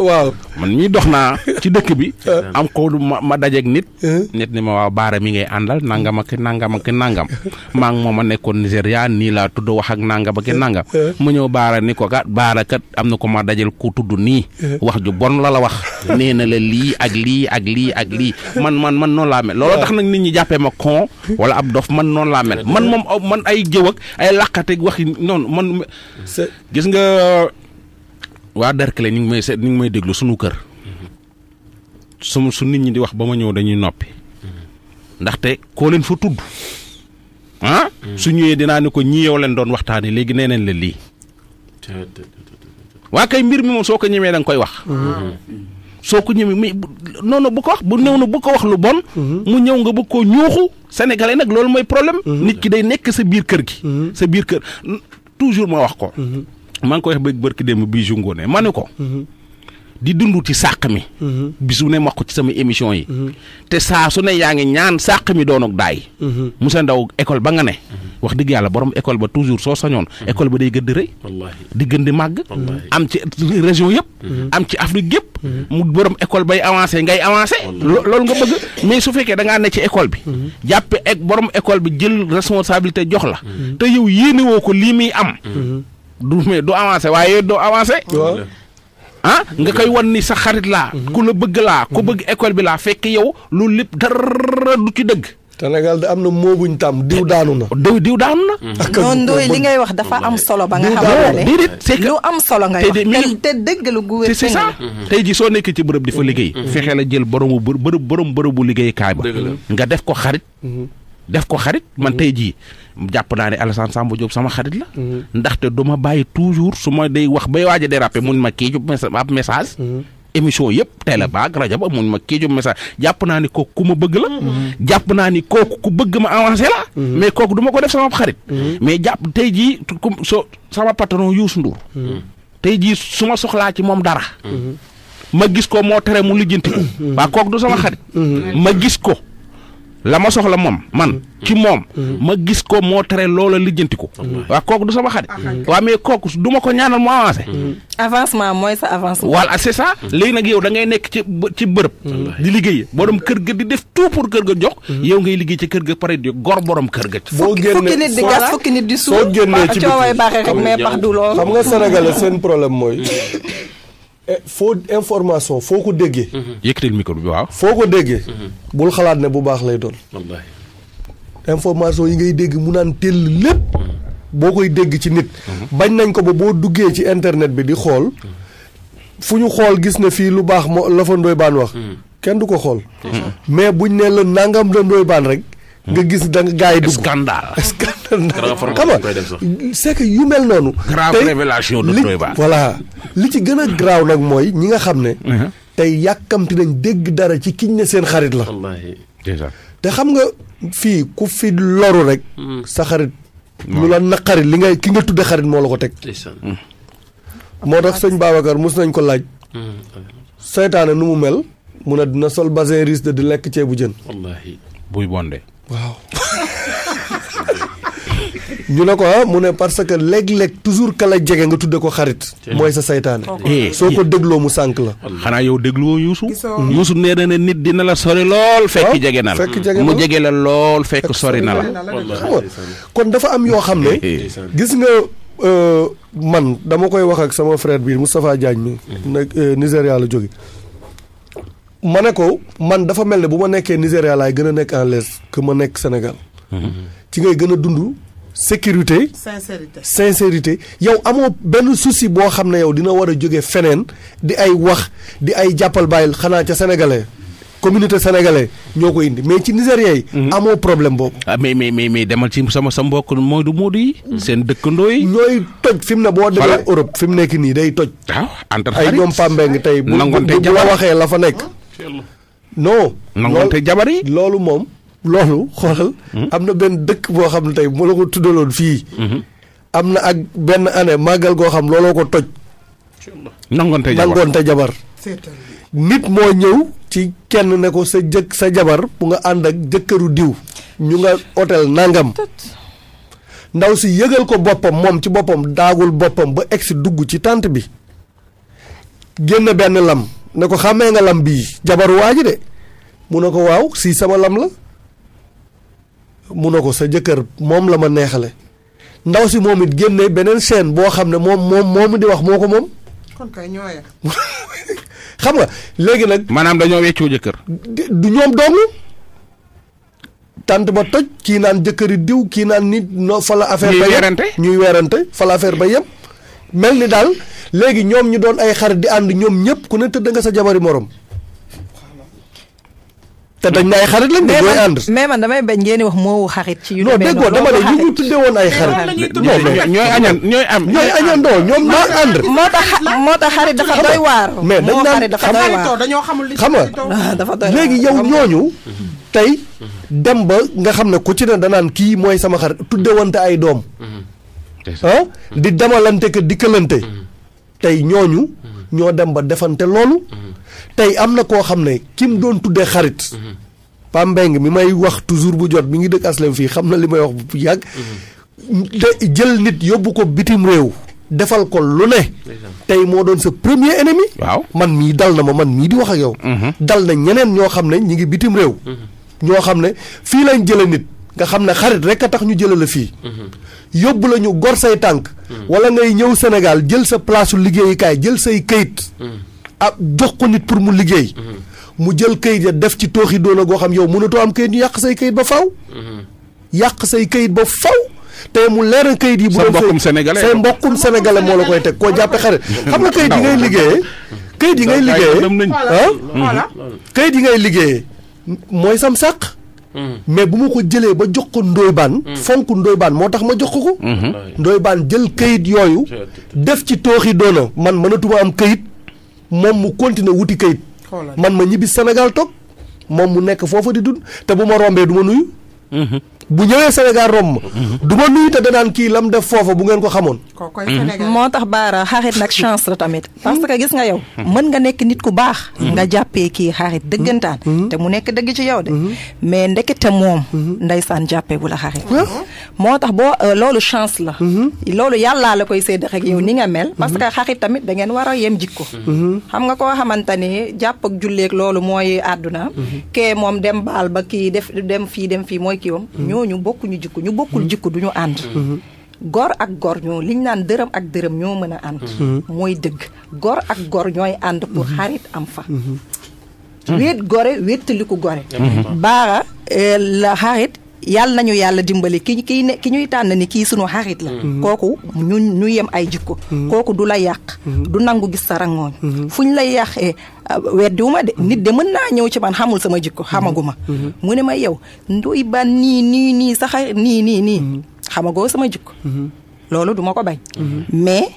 man mi doxna ci dekk bi ah. am ko ma, ma dajeeg nit ah. nit ni ma wa bara mi ngay andal nangam ak nangam ak nangam ah. maa moma nekkon ya ni la tuddo wax ak nanga ba ki nanga eh, eh. mu ñëw baara ni ko kat baara kat am ko ma dajel ku tuddu ni eh. wax ju bon la la wax neena la li ak li ak li ak li man man man non lamen mel lolo tax nak nit ñi jappé ma con wala ab dof man non la mel man mom man ay jëw ak ay wax non man gis nga dar kle ñu ngi may ñu ngi may deglu suñu kër su su nit ñi di wax ba ma dañuy noppi mm-hmm. ndaxte ko leen fa tuddu Ah? Mm. su ñëwee dinaa ne ko ñii yow leen doon waxtaanee léegi nee nañ la lii. waa kay mbir mi moom soo ko ñemee da nga koy wax. Mm-hmm. Mm-hmm. soo ko ñemee mais noonu bu ko wax bu new na bu ko wax lu bon. Mm-hmm. mu ñëw nga bëgg koo ñuuxu. sénégalais nag loolu mooy problème. nit ki day nekk sa biir kër gi. sa biir kër toujours ma wax ko. maa ngi koy wax bëgg bërki démb bii jungoone ma ne ko. di dund ci sàq mi mm-hmm. bisu ne wax ko ci sama émission yi mm-hmm. te saa su ne yaa ngi ñaan sàq mi doonok daay mm-hmm. musa ndaw école ba nga ne wax dëgg yàlla borom école ba toujours soo sañoon école ba day gën rëy di màgg am ci région am ci afrique mu borom école bay avancé ngay avancé loolu nga bëgg mais su fekkee da ngaa ne ci école bi jàppe ak borom école bi jël responsabilité jox la te yow yéene woo ko lii muy am du mais du avancé waaye do avancé ah mm-hmm. nga koy wan ni sa xarit laa. Mm-hmm. ku la bëgg laa ku mm-hmm. bëgg école bi laa fekk yow loolu lépp dara du ci dëgg. Sénégal da am na moobuñ tam diw daanu na. diw diw daanu na. non Ndoye li ngay wax dafa am solo ba nga. xamante ne déedéet lu am solo ngay te dëgg lu gu wér. c'est ça jii soo nekkee ci bërëb di liggéey. fexe la jël boromu bërëb borom bërëbu liggéeykaay ba. nga def ko xarit. def ko xarit man tey jii jàpp naa ne Alassane Samba Diop sama xarit la. Mhm. ndaxte du ma bàyyi toujours su ma day wax bay waaj a déraper mun ma kii jub ab message. Mhm. émission yëpp la baag rajo ba mun ma kii jub message jàpp naa ni kooku ku ma bëgg la. Mhm. jàpp naa ni kooku ku bëgg ma avancé la. mais kooku du ma ko def sama xarit. mais jàpp tey jii comme sama patron Youssou Ndour. tey jii su ma soxlaa ci moom dara. ma gis ko moo tere mu lijjanti ko. waa kooku du sama xarit. ma gis ko. la ma soxla moom man mm-hmm. ci moom mm-hmm. ma gis ko moo tere loola lijjanti ko waa kooku du sama xarit ah, waa mais kooku duma ko ñaanal mu avancé mm-hmm. avancement mooy sa avancement voilà ah, c'est ça léegi nag yow da ngay nekk ci ci bërëb di liggéey borom kër gi di def tout pour kër ga jox yow ngay liggéey ci kër ga pare di gor borom kër ga fukki nit di gas fukki nit di soo cooway baaxee rek mais pax du loolu xam nga sénégalais seen problème mooy Eh, foo information foo ko déggee. Mhm. yëkkatil micro bi waaw. foo ko déggee. Mhm. bul xalaat ne bu baax lay doon. information yi ngay dégg mu naan tell lépp. Mhm. boo koy dégg ci nit. bañ nañ ko ba boo duggee ci internet bi di xool. fu ñu xool gis ne fii lu baax moo la fa ndoy baan wax. kenn du ko xool. mais buñ ne la nangam la ndoy baan rek. nga gis da nga dugg xam nga yu mel noonu. grave li de Proeba voilà li ci gën a graaw nag mooy ñi nga xam ne. Uh-huh. tey yàkkamti nañ dégg dara ci kiñ ne seen xarit la. wallaahi déjà te xam nga fii ku fi loru rek. Hmm. sa xarit. lu la naqari li ngay ki nga tudde xarit moo la ko teg. Hmm. moo tax sëñ Babacar mos nañ ko laaj. Hmm. seytaane nu mu mel. mu ne dina sol basin di lekk ceebu jën. wallaahi buy bonde. ñu ne ko ah mu ne parce que léeg-léeg toujours kala jege nga tudde ko xarit. mooy sa seytaane eh, soo ko dégloo mu sànq la. xanaa yow dégluwoo Youssou. Mm. Youssou nee na ne nit dina la sori lool. fekk ah, jege na la mu jege la lool fekk sori na la. kon dafa am yoo xam ne. Eh, eh. gis nga euh, man dama koy wax ak sama frère bi Moustapha Diagne. Mm. nag euh, Nigéria la jóge ma ne ko man dafa mel ne bu ma nekkee Nigéria laay gën a nekk en l'aise ma nekk senegal mm-hmm. ci ngay gën a dund. sécurité sincérité sincérité yow amoo benn souci boo xam ne yow dina war a jóge feneen di ay wax di ay jàppal bàyyil xanaa ca sénégalais communauté sénégalais ñoo ko indi mais ci nigériens yi. Mhm. amoo problème boobu. ah may may mais demal ci sama sa mbokk du Modou yi. seen dëkkandoo yi. ñooy toj fi mu ne boo demee Europe fi mu nekk nii day toj. waaw ah, entre ay ñoom Pambeng tey. bu bu la waxee la fa nekk. non. nangonte jabar yi loolu moom. loolu xoolal. Hmm? am na benn dëkk boo xam ne tey mu la ko tuddaloon fii. Hmm? am na ak benn année màggal goo xam looloo ko toj. nangonte jabar nangonte jabar. nit moo ñëw ci kenn ne ko sa jëkk sa jabar bu nga ànd ak jëkkëru diw ñu nga hôtel nangam. ndaw si yëgal ko boppam moom ci boppam daagul boppam ba egsi dugg ci tante bi génn benn lam ne ko xàmmee nga lam bii jabar waaji de mu ne ko waaw si sama lam la munoko ko sa jëkkër moom la ma neexale ndaw si moom it génne beneen chaîne boo xam ne moom moom moomu di wax moo ko moom kon kay ñooya xam nga léegi nag maanaam dañoo weccoo jëkkër du ñoom doom tant ba toj kii naan jëkkëri diw kii naan nit no fa la affaire ba yem ñuy werante fa la affaire ba yem mel ni daal léegi ñoom ñu doon ay xarit di ànd ñoom ñëpp ku ne tëdd nga sa jabari morom te dañ ne ay xarit lañ de dooy ànd. mais man damay bañ ngeen wax moo xarit. ci yu demee noonu dama woon ay xarit. ñooy añan ñooy am. ñooy añandoo ñoom ñooy ànd. moo moo tax xarit dafa doy waar. mais dañ naan dafa xam nga ah, dafa doy waar léegi yow ñooñu. tey dem ba nga xam ne ku ci ne danaan kii mooy sama xarit tuddewante ay doom. Ah, di demalante que dikkalante. Mm-hmm. tey ñooñu. Mm-hmm. ñoo dem ba defante loolu. Mm-hmm. tey am na koo xam ne kim mu doon tuddee xarit. Mhm. Pam Mbeng mi may wax toujours bu jot mi ngi dëkk aslem fii xam na li may wax bu yàgg. te mhm. jël nit yóbbu ko bitim réew. defal ko lu ne. tey moo doon sa premier ennemi. waaw man mii dal na ma man mii di wax ak yow. Mhm. dal na ñeneen ñoo xam ne ñi ngi bitim réew. ñoo xam ne fii lañ jëlee nit. nga xam ne xarit rek a tax ñu jëlee la fii. yóbbu lañu gor say tànk. wala ngay ñëw Sénégal jël sa place liggéeykaay jël say kayit. ah jox ko nit pour mu liggéey. Mm-hmm. mu jël kayit ya def ci tooxi doona goo xam yow mënatoo am kayit ñu yàq say kayit ba faw mm-hmm. yàq say kayit ba faw te mu leeral kayit yi. bu doon fay say moo la koy teg koo jàppe xarit xam nga mm-hmm. kayit yi ngay liggéeyee. kayit yi ngay liggéeyee kayit yi ngay liggéeyee mooy sam sàq. mais bu ma ko jëlee ba jox ko ndóoy baan fonk ndóoy baan moo tax ma jox ko ko ndóoy baan jël kayit yooyu def ci tooxi doona man mënatuma am kayit moom mu continuer wuti kayit. man ma ñibbi Sénégal toog moom mu nekk foofu di dund te bu ma rombee du ma nuyu. Mhm. bu ñëwé Sénégal romb du ma té da danaan ki lam def fofu bu ngeen ko xamoon mhm. moo baara xarit nak chance la tamit mhm. parce que gis nga yow mhm. mën nga nekk nit ku baax nga jappé ki xarit dëggantaan té mu nekk deug ci yow de mais té mom ndaysan jappé bu la xarit motax bo euh, lolu chance la lolu yalla la koy sédd rek yow ni nga mel parce que xarit tamit da ngeen wara yem jikko xam nga xamantani japp ak jàpp ak lolu moy aduna ké mom dem bal ba ki def dem fi dem moy ki kiiwam ñu ñooñu bokkuñu jikko ñu bokkul mm-hmm. jikko duñu ànd mm-hmm. gor ak góor ñoo liñ naan dërëm ak dërëm ñoo mën a ànd mm-hmm. mooy dëgg góor ak góor ñooy ànd pour xarit am fa wéet gore wéttali ko gore baara eh, la xarit yàlla nañu yàlla dimbali ki ki ne ki ñuy tànn ni kii sunu xarit la mm-hmm. kooku ñu ñu yem ay jikko mm-hmm. kooku du la yàq mm-hmm. du nangu gis sa rangooñ fuñ lay yàqee ah, weddiwu ma de nit de mën naa ñëw ci man xamul sama jikko xamaguma mu ne ma yow ndoy ban nii nii nii sax nii nii nii xamagoo sama jikko loolu duma ko bañ mais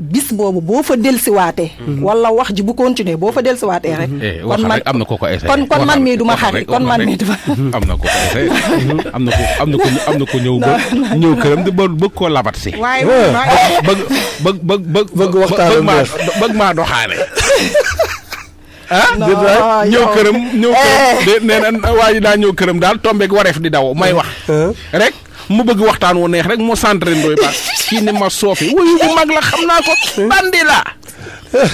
bis boobu boo fa dellusiwaatee. Mm-hmm. walla wax ji bu continuer boo fa dellusiwaatee rek. Mm-hmm. Eh, kon man am na ko ko kon kon man am na ko am na ko am na am na ko ñëw ba ñëw këram di bëgg koo labat si. Eh, bëgg bëgg bëgg bëgg bëgg waxtaan maa bëgg ah, ñëw këram ñëw këram eh. de nee waa ji daa ñëw këram daal tombeek wareef di daw may wax rek. mu bëgg waxtaan wu neex rek mu centré Ndoye Bane kii ni ma soofi wuyu bu mag la xam naa ko hmm. bandi la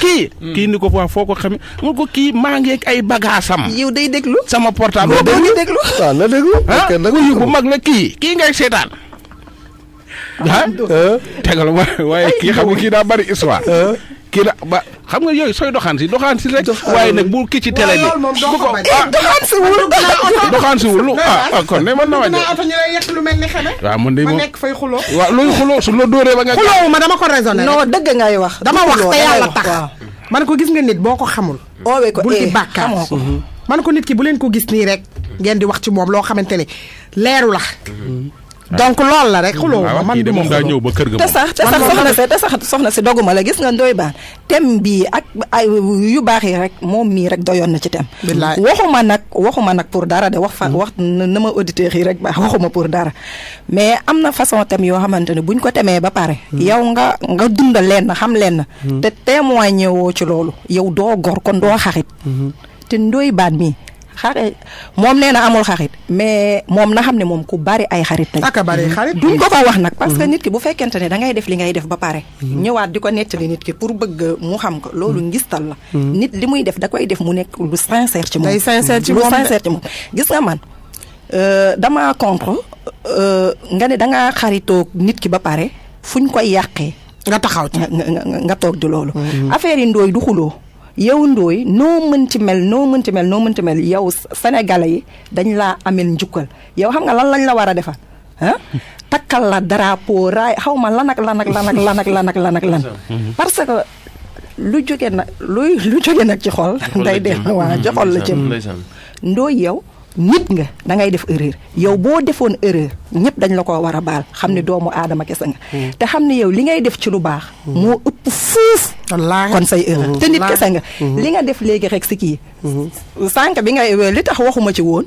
kii. Hmm. kii ni ko waa foo ko xamee mu ko kii maa ngi ak ay bagaasam. yow day déglu. sama portable boo déglu. waaw la déglu. Ah, ah, wuyu bu mag la kii. kii ngay seetaan. ah, ah? tegal waaye kii xam nga kii daa bari histoire. kii la ba xam nga yooyu sooy doxaan si doxaan si rek waaye nag bu ki ci télé bi bu ko ah, eh, doxaan si wul doxaan si wul ah, ah kon ne mën na wàññi oto ñu lay yekk lu mel ni xeme waaw man de ma nekk fay xuloo waaw luy xuloo su la dóoree ba nga xuloo ma dama ko raisonné non dëgg ngay wax dama wax te yàlla tax man ko gis nga nit boo xamul oowee ko bul eh, mhm. man ko nit ki bu leen ko gis nii rek ngeen di wax ci moom loo xamante leeru la mhm. donc loolu la rek xuloo man duma moom te sax ba kër gi si te sax soxna si doguma la gis nga ndoy baan tem bii ak ay yu baax yi rek moom mii rek doyoon na ci tem waxuma nag waxuma nag pour dara de wax fa wax na ma auditeurs yi rek baax waxuma pour dara mais am na façon tem yoo xamante ne buñ ko temee ba pare hmm. yow nga nga dundal leen na xam leen na hmm. te témoigné woo ci loolu yow doo gor kon doo xarit hmm. te ndoy baan mii xarit moom nee na amul xarit mais moom na xam ne moom ku bari ay xarit nañ ak xarit duñ ko ko wax nag parce que mhm. nit ki bu fekkent ne da ngay def li ngay def ba pare mhm. ñëwaat di ko nettali nit ki pour bëgg mu xam ko loolu mhm. ngistal la nit li muy def da koy def mu nekk lu sincère ci moom lu sincère ci moom gis nga man euh, dama contre euh, nga ne dangaa xaritoog nit ki ba pare fuñ koy yàqee nga taxaw ci nga toog di loolu affaire yi ndooy du xuloo yow Ndoye noo mënti mel noo mënti mel noo mënti mel yow sénégalais yi dañ laa amel njukkal yow xam nga lan lañ la war a defal ah takkal la drapeau raay xaw ma lan ak lan ak lan ak lan ak lan ak lan ak parce que lu jóge nag luy lu jóge nag ci xol day dee waa ci xol la jëm Ndoye yow nit nga da ngay def erreur yow boo defoon erreur ñëpp dañu la ko war a baal xam ne mm. doomu aadama kese nga. Mm. te xam ne yow li ngay def ci lu baax. Mm. moo ëpp fuuf. kon say erreur te nit kese nga. li nga def léegi rek si kii. sànq bi nga li tax waxuma ci woon.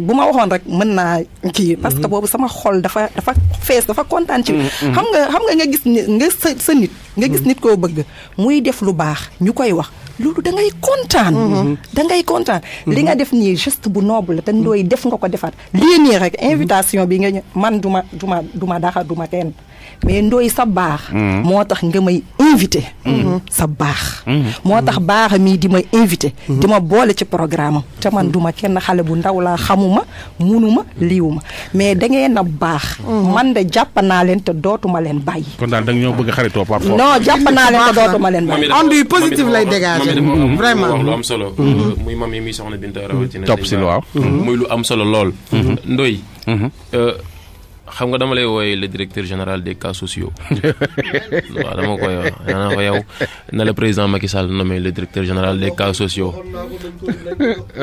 bu ma waxoon rek mën naa kii parce que mhm. boobu sama xol dafa dafa fees dafa kontaan ci mhm, mhm. xam nga xam nga nga gis ni nga sa sa nit nga gis nit koo bëgg muy def lu baax ñu koy wax loolu da ngay kontaan da ngay kontaan li nga def nii geste bu noble la te ndooy def nga ko defar lii nii rek invitation bi nga man duma duma duma daxa duma kenn mais ndooy sa baax. Mm. moo tax nga may invité. Mm. sa baax. Mm. moo tax baax mii di ma invité. di ma boole ci programme am. te man duma kenn xale bu ndaw laa xamuma munuma liiwuma mais da ngeen a baax. man de jàppa naa leen te dootuma leen bàyyi. kon daal da ñoo bëgg a xaritoo par force. non jàpp naa leen te dootuma leen bàyyi. onde yu positif lay dégager. Mm-hmm. vraiment solo. Mm-hmm. Euh, mm-hmm. muy mami mi soxna Binta rawatina. topp si lu waaw muy lu am solo lool. Ndoye. Euh, xam nga dama lay wooye le directeur général des cas sociaux waaw dama koy wax yow na la président Macky Sall nommé le directeur général des cas sociaux.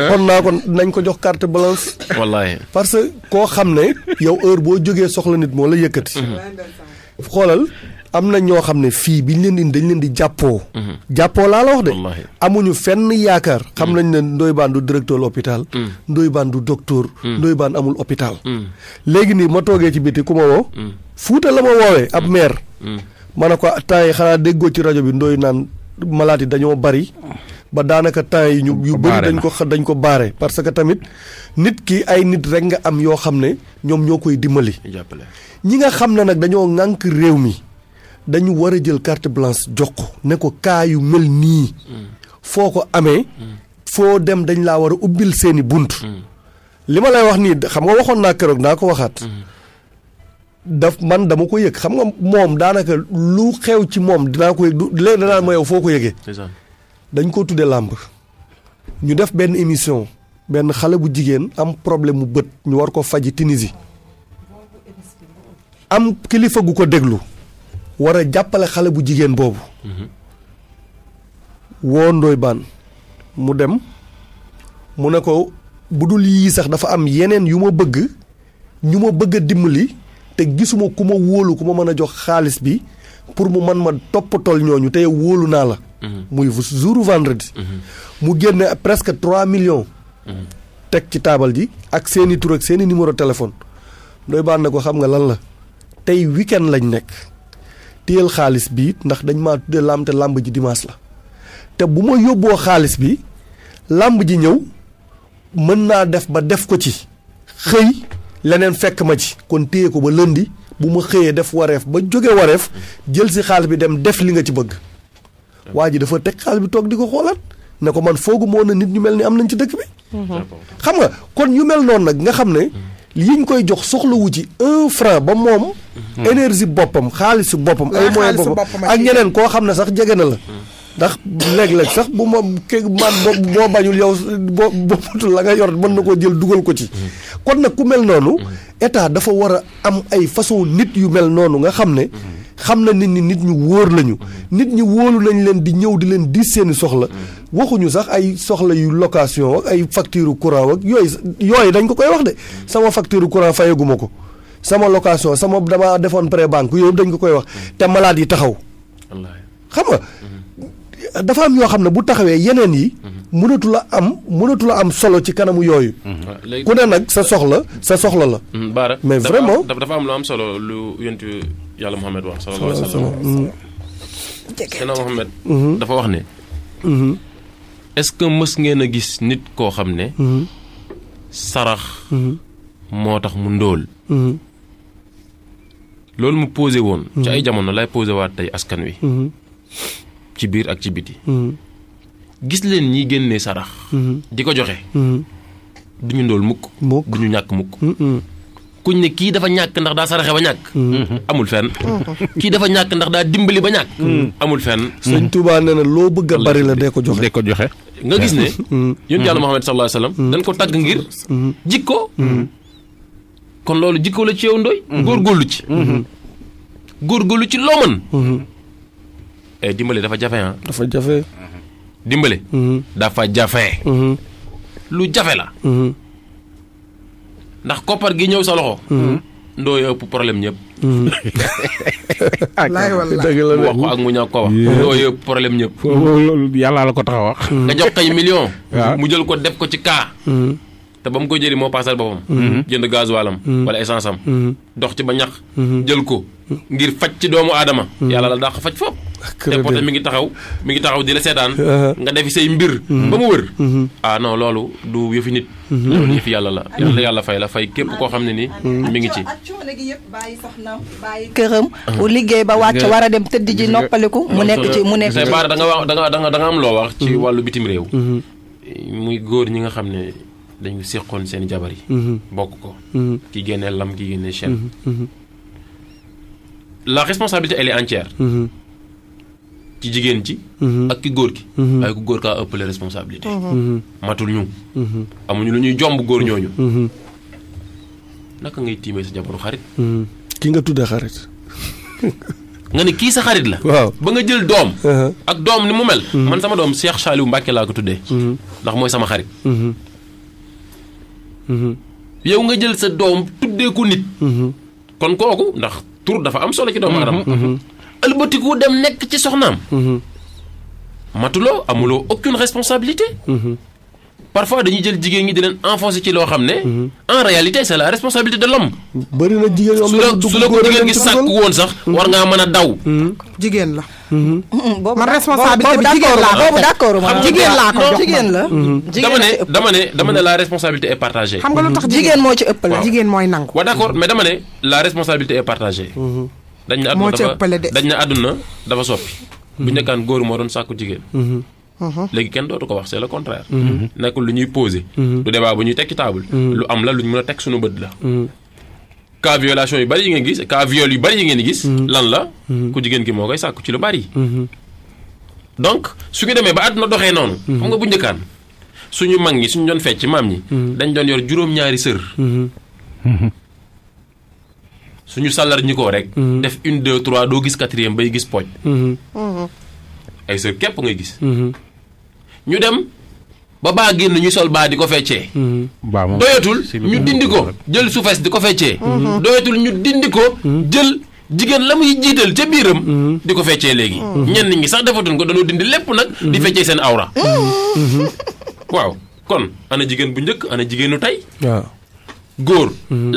xool ko nañ ko jox carte blanche. wallaahi parce que koo xam ne yow heure boo jógee soxla nit moo la yëkkati. Mhm. xoolal. am na ñoo xam ne fii bi ñu leen di dañ leen di jàppoo. Mhm. jàppoo laa la wax de. amuñu fenn yaakaar. xam mhm. nañ ne Ndoye Bane du directeur oppitaal mhm. Ndoye Bane du docteur. Ndoye Bane amul hôpital. léegi nii ma toogee ci biti ku ma woo. Fuuta la ma woowee ab maire. ma ne ko temps yi xanaa déggoo ci rajo bi Ndoye naan malaat yi dañoo bari. ba daanaka temps yi ñu yu bëri dañ ko dañ ko baare parce que tamit nit ki ay nit rek nga am yoo xam ne ñoom ñoo koy dimbali. ñi nga xam ne nag dañoo ŋànk réew mi. dañu wara jël carte blanche jox ko ne ko kaa yu mel nii foo ko amee foo dem dañ laa war a ubbil seeni bunt li lay wax nii xam nga waxoon naa keroog naa ko waxaat daf man dama ko yëg xam nga moom daanaka lu xew ci moom dinaa ko yëg léegi danaa ma yow foo ko yëgee dañ ko tuddee làmb ñu def benn émission benn xale bu jigéen am problème mu bët ñu war ko faji Tunisie am kilifa gu ko déglu war a jàppale xale bu jigéen boobu. Mhm. woo Ndoye Bane mu dem mu ne ko bu dul yii sax dafa am yeneen yu ma bëgg ñu ma bëgg a dimbali te gisuma ku ma wóolu ku ma mën a jox xaalis bi pour mu man ma toppatool ñooñu te wóolu naa la. Mhm. muy jour vendredi. Mhm. mu génne presque trois millions. teg ci taabal ji ak seeni tur ak seeni numéro téléphone Ndoye Bane ne ko xam nga lan la tey weekend lañ nekk. téyel xaalis bi ndax dañ maa tuddee lamte te làmb ji dimanche la te bu ma yóbboo xaalis bi làmb ji ñëw mën naa def ba def ko ci xëy leneen fekk ma ci kon téye ko ba lëndi bu ma xëyee def wareef ba jóge wareef jël si xaalis bi dem def li nga ci bëgg waa ji dafa teg xaalis bi toog di ko xoolaat ne ko man foogu moo na nit ñu mel ni am nañ ci dëkk bi mhm. xam nga kon ñu mel noonu nag nga xam ne mhm. li ñu koy jox soxlawu ci un franc ba moom. Hmm. énergie boppam xaalisu boppam. ay moyens boppam ak ñeneen koo xam ne sax jege na la. Hmm. ndax léeg-léeg sax bu moom kii man boo bañul yow boo boppatul la nga yor mën na koo jël dugal ko ci. Hmm. kon nag ku mel noonu. état dafa war a am ay façon nit yu mel noonu nga xam ne. xam na nit ñi nit ñu wóor lañu nit ñi wóolu nañ leen di ñëw di leen di seeni soxla waxuñu sax ay soxla yu location ak ay facture courant ak yooyu yooyu dañ ko koy wax sama facture courant fayaguma ko sama location sama dama defoon pré banque yooyu dañ ko koy wax te malade yi taxaw xam nga dafa am yoo xam ne bu taxawee yeneen yi mhm. mënatu la am mënatu am solo ci kanamu yooyu. Mhm. ku ne nag sa soxla sa soxla la. Mhm, mais vraiment dafa am lu am solo lu yontu yàlla Muhammad wax mm-hmm. dafa wax ne mm-hmm. est-ce que mës ngeen a gis nit koo xam ne mm-hmm. sarax moo tax mu ndóol loolu mu posé woon ci ay jamono lay posé waa tey askan wi ci biir ak ci biti gis leen ñi génnee sarax di ko joxe duñu ndóol mukk duñu ñàkk mukk kuñ ne kii dafa ñàkk ndax daa saraxe ba ñàkk. amul fenn. kii dafa ñàkk ndax daa dimbali ba ñàkk. amul fenn. sëñ Touba nee na loo bëgg bari la de ko joxe dee ko joxe. nga gis ne. yonent Yàlla Muhammad sallallahu alayhi wa dañ ko tagg ngir. jikko. kon loolu jikkoo la ci góor ndoy. góorgóorlu ci. lu ci loo mën. Eh, dimbali dafa jafe ah. dafa jafe. dimbali. Mm-hmm. dafa jafe. Mm-hmm. lu jafe la. Mm-hmm. ndax koppar gi ñëw sa loxo. Mm-hmm. ndoo ëpp problème ñëpp. Mm-hmm. wax ko ak mu ñàkk ko wax. ndoo ëpp problème ñëpp. yàlla la ko tax a wax. nga jox kay million. mu jël ko def ko ci kaa. te ba mu ko jëli moo paasal boppam. Mhm. jënd gasoilam. Mhm. wala essence am. Mhm. dox ci ba ñax. jël ko ngir faj ci doomu aadama. yàlla la dàq faj foofu. Ah, te Poté mi ngi taxaw mi ngi taxaw di la seetaan. Uh-huh. nga defi say mbir. ba mu wër. ah non loolu du yëfi nit. loolu yàlla la yàlla fay la fay képp koo xam ne ni. mi ngi ci. këram. liggéey ba wàcc war a dem tëdd ji noppaliku. mu nekk ci mu nekk ci. Baara da nga wax da nga da nga am loo wax. ci wàllu bitim réew. muy góor ñi nga xam ne. dañu séqoon seen jabar yi mhm. bokk ko mhm. ki génnee lam ki génnee chaîne mhm. la responsabilité elle est entière ci jigéen ji ak ki góor gi waaye ku góor kaa ëppale responsabilité matul ñu amuñu lu ñuy jomb góor ñooñu naka ngay tiime sa jabaru xarit ki nga tudde xarit nga ne kii sa xarit la waaw ba nga jël doom uh-huh. ak doom ni mu mel man sama doom Cheikh Saliou Mbacke laa ko tuddee ndax mooy sama xarit Mm-hmm. yow nga jël sa doom tuddeeku ko nit. Mm-hmm. kon kooku ndax tur dafa am solo ci doomu mm-hmm. aadama. ëlbatiku dem nekk ci soxnaam. matuloo amuloo aucune responsabilité. parfois dañuy jël jigéen ñi di leen enfoncé ci loo xam ne. Mhm. en réalité c' est la responsabilité de l' homme. bëri na jigéen yoo su la ko jigéen gi sàkk woon sax. Mhm. war ngaa mën a daw. Mhm. jigéen la. boobu man responsabilité bi jigéen laa boobu d' accord ma jigéen laa ko jox jigéen la. dama ne dama ne dama ne la responsabilité est partagée. xam nga lu tax jigéen moo ci ëppale. waaw jigéen mooy nangu. waaw d' accord mais dama ne la responsabilité est partagée. dañ na àdduna dañ na àdduna dafa soppi. bu nekkaan góor moo doon sàkku jigéen. Mm-hmm. léegi kenn dootu ko wax c'est le contraire mm-hmm. nekkul lu ñuy poser mm-hmm. du débat bu ñuy teg table lu am la lu ñu mën a teg suñu bët la cas violation yu bari yi ngeen gis cas viol yu bari yi ngeen gis lan la ku jigéen gi moo koy sàkku ci lu bari donc su ñu demee ba àdduna doxee noonu xam nga bu njëkkaan suñu mag ñi suñu doon fecc maam ñi dañ doon yor juróom-ñaari sër suñu salar ñi ko rek def une deux trois doo gis quatrième bay gis poj. ay sër képp ngay gis ñu dem ba baa génn ñuy sol baa di ko feccee. Mhm. doyatul ñu dindi ko jël suufes di ko feccee. Mhm. doyatul ñu dindi ko mhm. jël. jigéen la muy jiital ca biiram. di ko feccee léegi. ñenn ñi sax defatuñ ko dañoo dindi lépp nag. di feccee seen awra. waaw kon ana jigéen bu njëkk ana jigéenu tey. góor.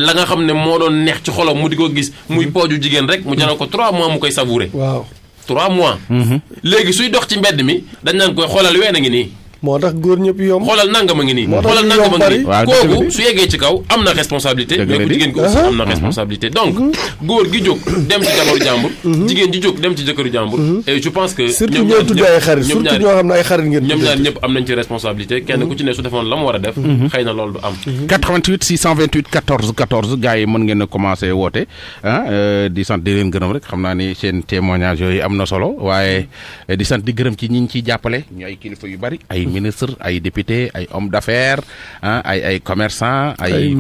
la nga xam ne moo doon neex ci xolam mu di ko gis. muy pooju jigéen rek mu jaral ko trois mois mu koy savourer. waaw trois mois. Mm-hmm. léegi suy dox ci mbedd mi dañ naan koy xoolal ween a ngi nii. moo tax góor ñëpp yomb xoolal nangam a ngi nii xoolal nangam a ngi nii kooku su yeggee ci kaw am na responsabilité mais ku jigéen ko aussi am na responsabilité donc mhm. góor gi jóg dem ci jabaru jàmbur mhm. jigéen ji jóg dem ci jëkkëru jàmbur mhm. et je pense que surtout ñoo tudd ay xarit ñoom ñaar ñëpp am nañ ci responsabilité kenn ku ci ne su defoon la mu war a def xëy na loolu du am 88 628 14 14 mën ngeen a commencé woote ah euh, di sant di gërëm rek xam naa ni seen témoignage yooyu am na solo waaye di sant di gërëm ci ñi ñu ciy jàppale ñu ay yu bari ministre ay député ay homme d'affaires hein ah, ay ay commerçant ay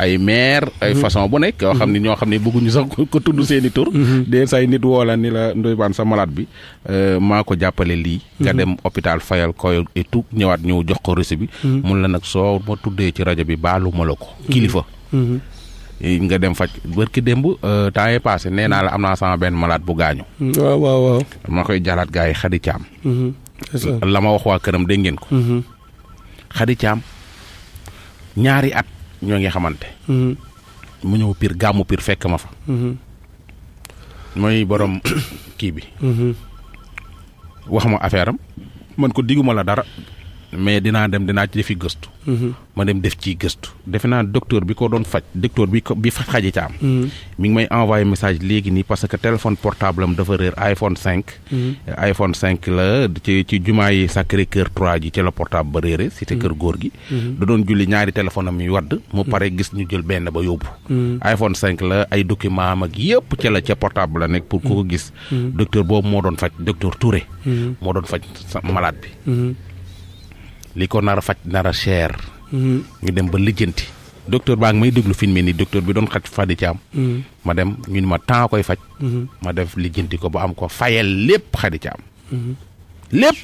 ay maire ay mhm. façon bu nek yo xamni mhm. ño xamni bëggu ñu sax ko tuddu seeni tour tur mhm. say nit woo la ni la ndoy ban sa malade bi euh mako jappalé li nga dem hôpital fayal koy et tout ñëwaat ñu jox ko reçu bi mun la nak so ma tuddé ci radio bi balu ma la ko kilifa nga dem faj barki demb euh, temps yi passé néna la amna sama ben malade bu gañu waaw waaw waaw ma koy jalaat gars yi xadi la ma wax waa këram dégg ngeen ko. Mm-hmm. xadi caam ñaari at ñoo ngi xamante. Mm-hmm. mu ñëw piir gàmmu piir fekk ma fa. Mm-hmm. mooy borom kii bi. wax ma affaire am man ko digguma la dara mais dinaa dem dinaa ci defi gëstu. Mhm. ma dem def ci gëstu. defe naa docteur bi ko doon faj. docteur bi ko bi faj xaji caam am. Mhm. mi ngi may envoyé message léegi nii parce que téléphone portable am dafa réer iPhone 5. Mhm. iPhone 5 la ci ci jumaa yi Sacré Cœur 3 ji ci la portable ba réere cité kër góor gi. da doon julli ñaari téléphone am wadd. mu pare gis ñu jël benn ba yóbbu. iPhone 5 la ay document am ak yëpp ca la ca portable la nekk pour ko ko gis. docteur boobu moo doon faj docteur Touré. moo doon faj malade bi. Liko ko nar a faj nar a cher. ñu mhm. dem ba lijeenti docteur baa may deglu fi ni docteur bi doon xat fadi ci am. Mhm. ma dem ñu ma temps koy faj. Mhm. ma def lijeenti ko ba am ko fayal lepp xadi ci lepp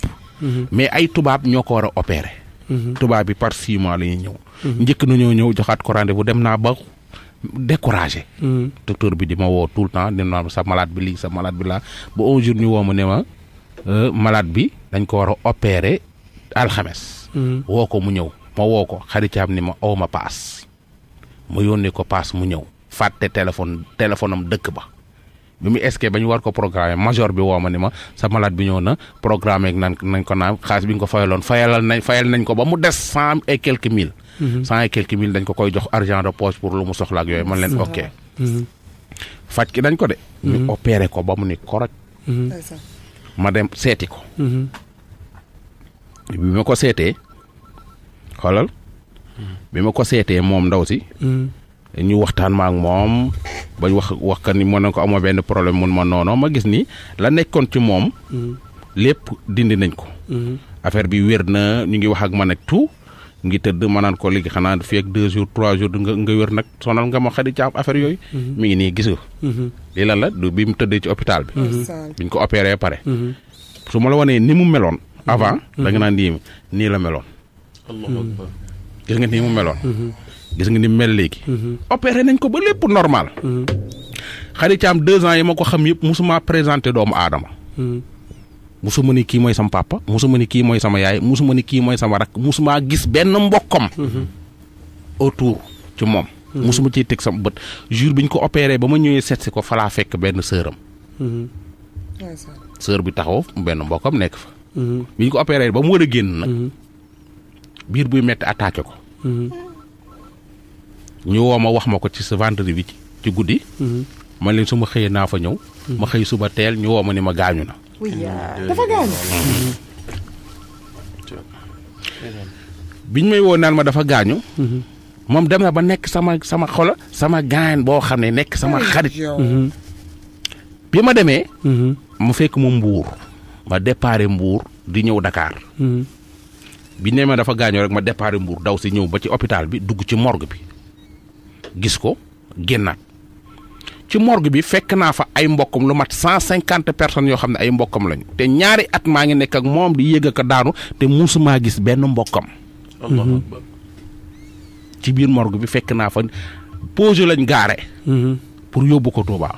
mais ay tubab ñoko wara opérer a bi par six mois lay ñew ñeek na ñoo ñew joxat ko rendez vous dem na ba découragé. docteur bi di ma woo tout temps dem na sa malade bi li sa malade bi la bu un jour ñu wo ma ne ma euh, malade bi dañ ko wara opérer alxames. Mm-hmm. woo ko mu ñëw ma woo ko xarit Thiam ni ma aw ma paas ma yónnee ko paas mu ñëw fàtte téléphone téléphone am dëkk ba bi mu est ba war ko programmer major bi woo ma ni ma sa malade bi ñëw na programmer nan nañ ko naa xaalis bi nga ko fayaloon fayalal nañ fayal nañ ko ba mu des mm-hmm. cent et quelques mille. dañ ko koy jox argent de poche pour lu mu soxla ak yooyu man leen ok. Mm-hmm. faj ki dañ ko de. ñu opéré ko ba mu ni koroj ma dem seeti ko. bi ma ko seetee xoolal bi ma ko seetee moom ndaw si mm. ñu waxtaan ma ak moom bañ wax wax ka ni mën na ko amoo benn problème mun ma noonu ma gis ni la nekkoon ci moom mm. lépp dindi nañ ko mm. affaire bi wér na ñu ngi wax ak man ak tout ngi tëdd ma naan ko léegi xanaa fii ak deux jours trois jours nga nga wér nag sonal nga ma xadi caab affaire yooyu mm-hmm. mi ngi nii gis nga mm-hmm. lii lan la du bi mu tëddee ci hôpital bi mm-hmm. biñ ko opéré pare su ma la wanee ni mu meloon Mhm. avant da nga naan nii nii la meloon. gis nga nii mu meloon. Mhm. gis nga ni mel léegi. Mhm. opéré nañ ko ba lépp normal. Khady Thiam deux yi ma ko xam yëpp musuma présenté doomu aadama. musuma ni kii mooy sama papa musuma ni kii mooy sama yaay musuma ni kii mooy sama rak musuma gis benn mbokkam. autour ci moom. musuma ciy teg sama bët jour bi ñu ko opéré ba ma ñëwee seet si ko falaa fekk benn sëram. sër bi taxaw benn mbokkam nekk fa. bi ñu ko opéré ba mu wër a génn nag. biir buy metti attaqué ko. ñu woo ma wax ma ko ci sa vendredi bi ci guddi. man leen su ma xëyee naa fa ñëw. ma xëy suba teel ñu woo ma ni ma gaañu na. Euh, dafa gaañu. biñ may woo naan ma dafa gaañu. moom dem na ba nekk sama sama xolo sama gaan boo xam ne nekk sama xarit. bi ma demee. Mhm. mu fekk mu mbuur. ma déparé Mbour di ñëw dakaar hmm. bi nee ma dafa gaañoo rek ma déparé mbuur daw si ñëw ba ci hôpital bi dugg ci morgue bi gis ko génnaat ci morgue bi fekk naa fa ay mbokkam lu mat cent cinquante personnes yoo xam ne ay mbokkam lañu te ñaari at maa ngi nekk ak moom di yëg ak daanu te musuma gis benn mbokkam. Hmm. ci biir morgue bi fekk naa fa posé lañ gaare. Hmm. pour yóbbu ko Touba.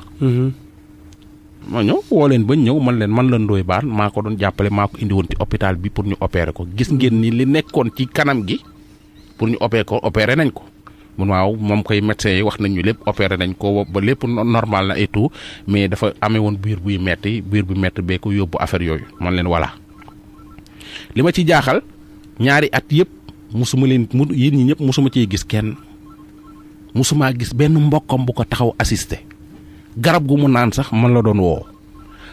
ma ñëw woo leen ba ñëw man leen man la Ndoye baan maa ko doon jàppale maa ko indi woon ci hôpital bi pour ñu opeere ko gis ngeen nii li nekkoon ci kanam gi pour ñu opérer ko opérer nañ ko mun waaw moom koy médecin yi wax nañ ñu lépp opéré nañ ko ba lépp normal na ay tout mais dafa amee woon biir buy metti biir bu metti bee ko yóbbu affaire yooyu man leen voilà li ma ci jaaxal ñaari at yëpp musuma leen mu yéen ñi ñëpp musuma ciy gis kenn musumaa gis benn mbokkam bu ko taxaw assister garab gu mu naan sax man la doon woo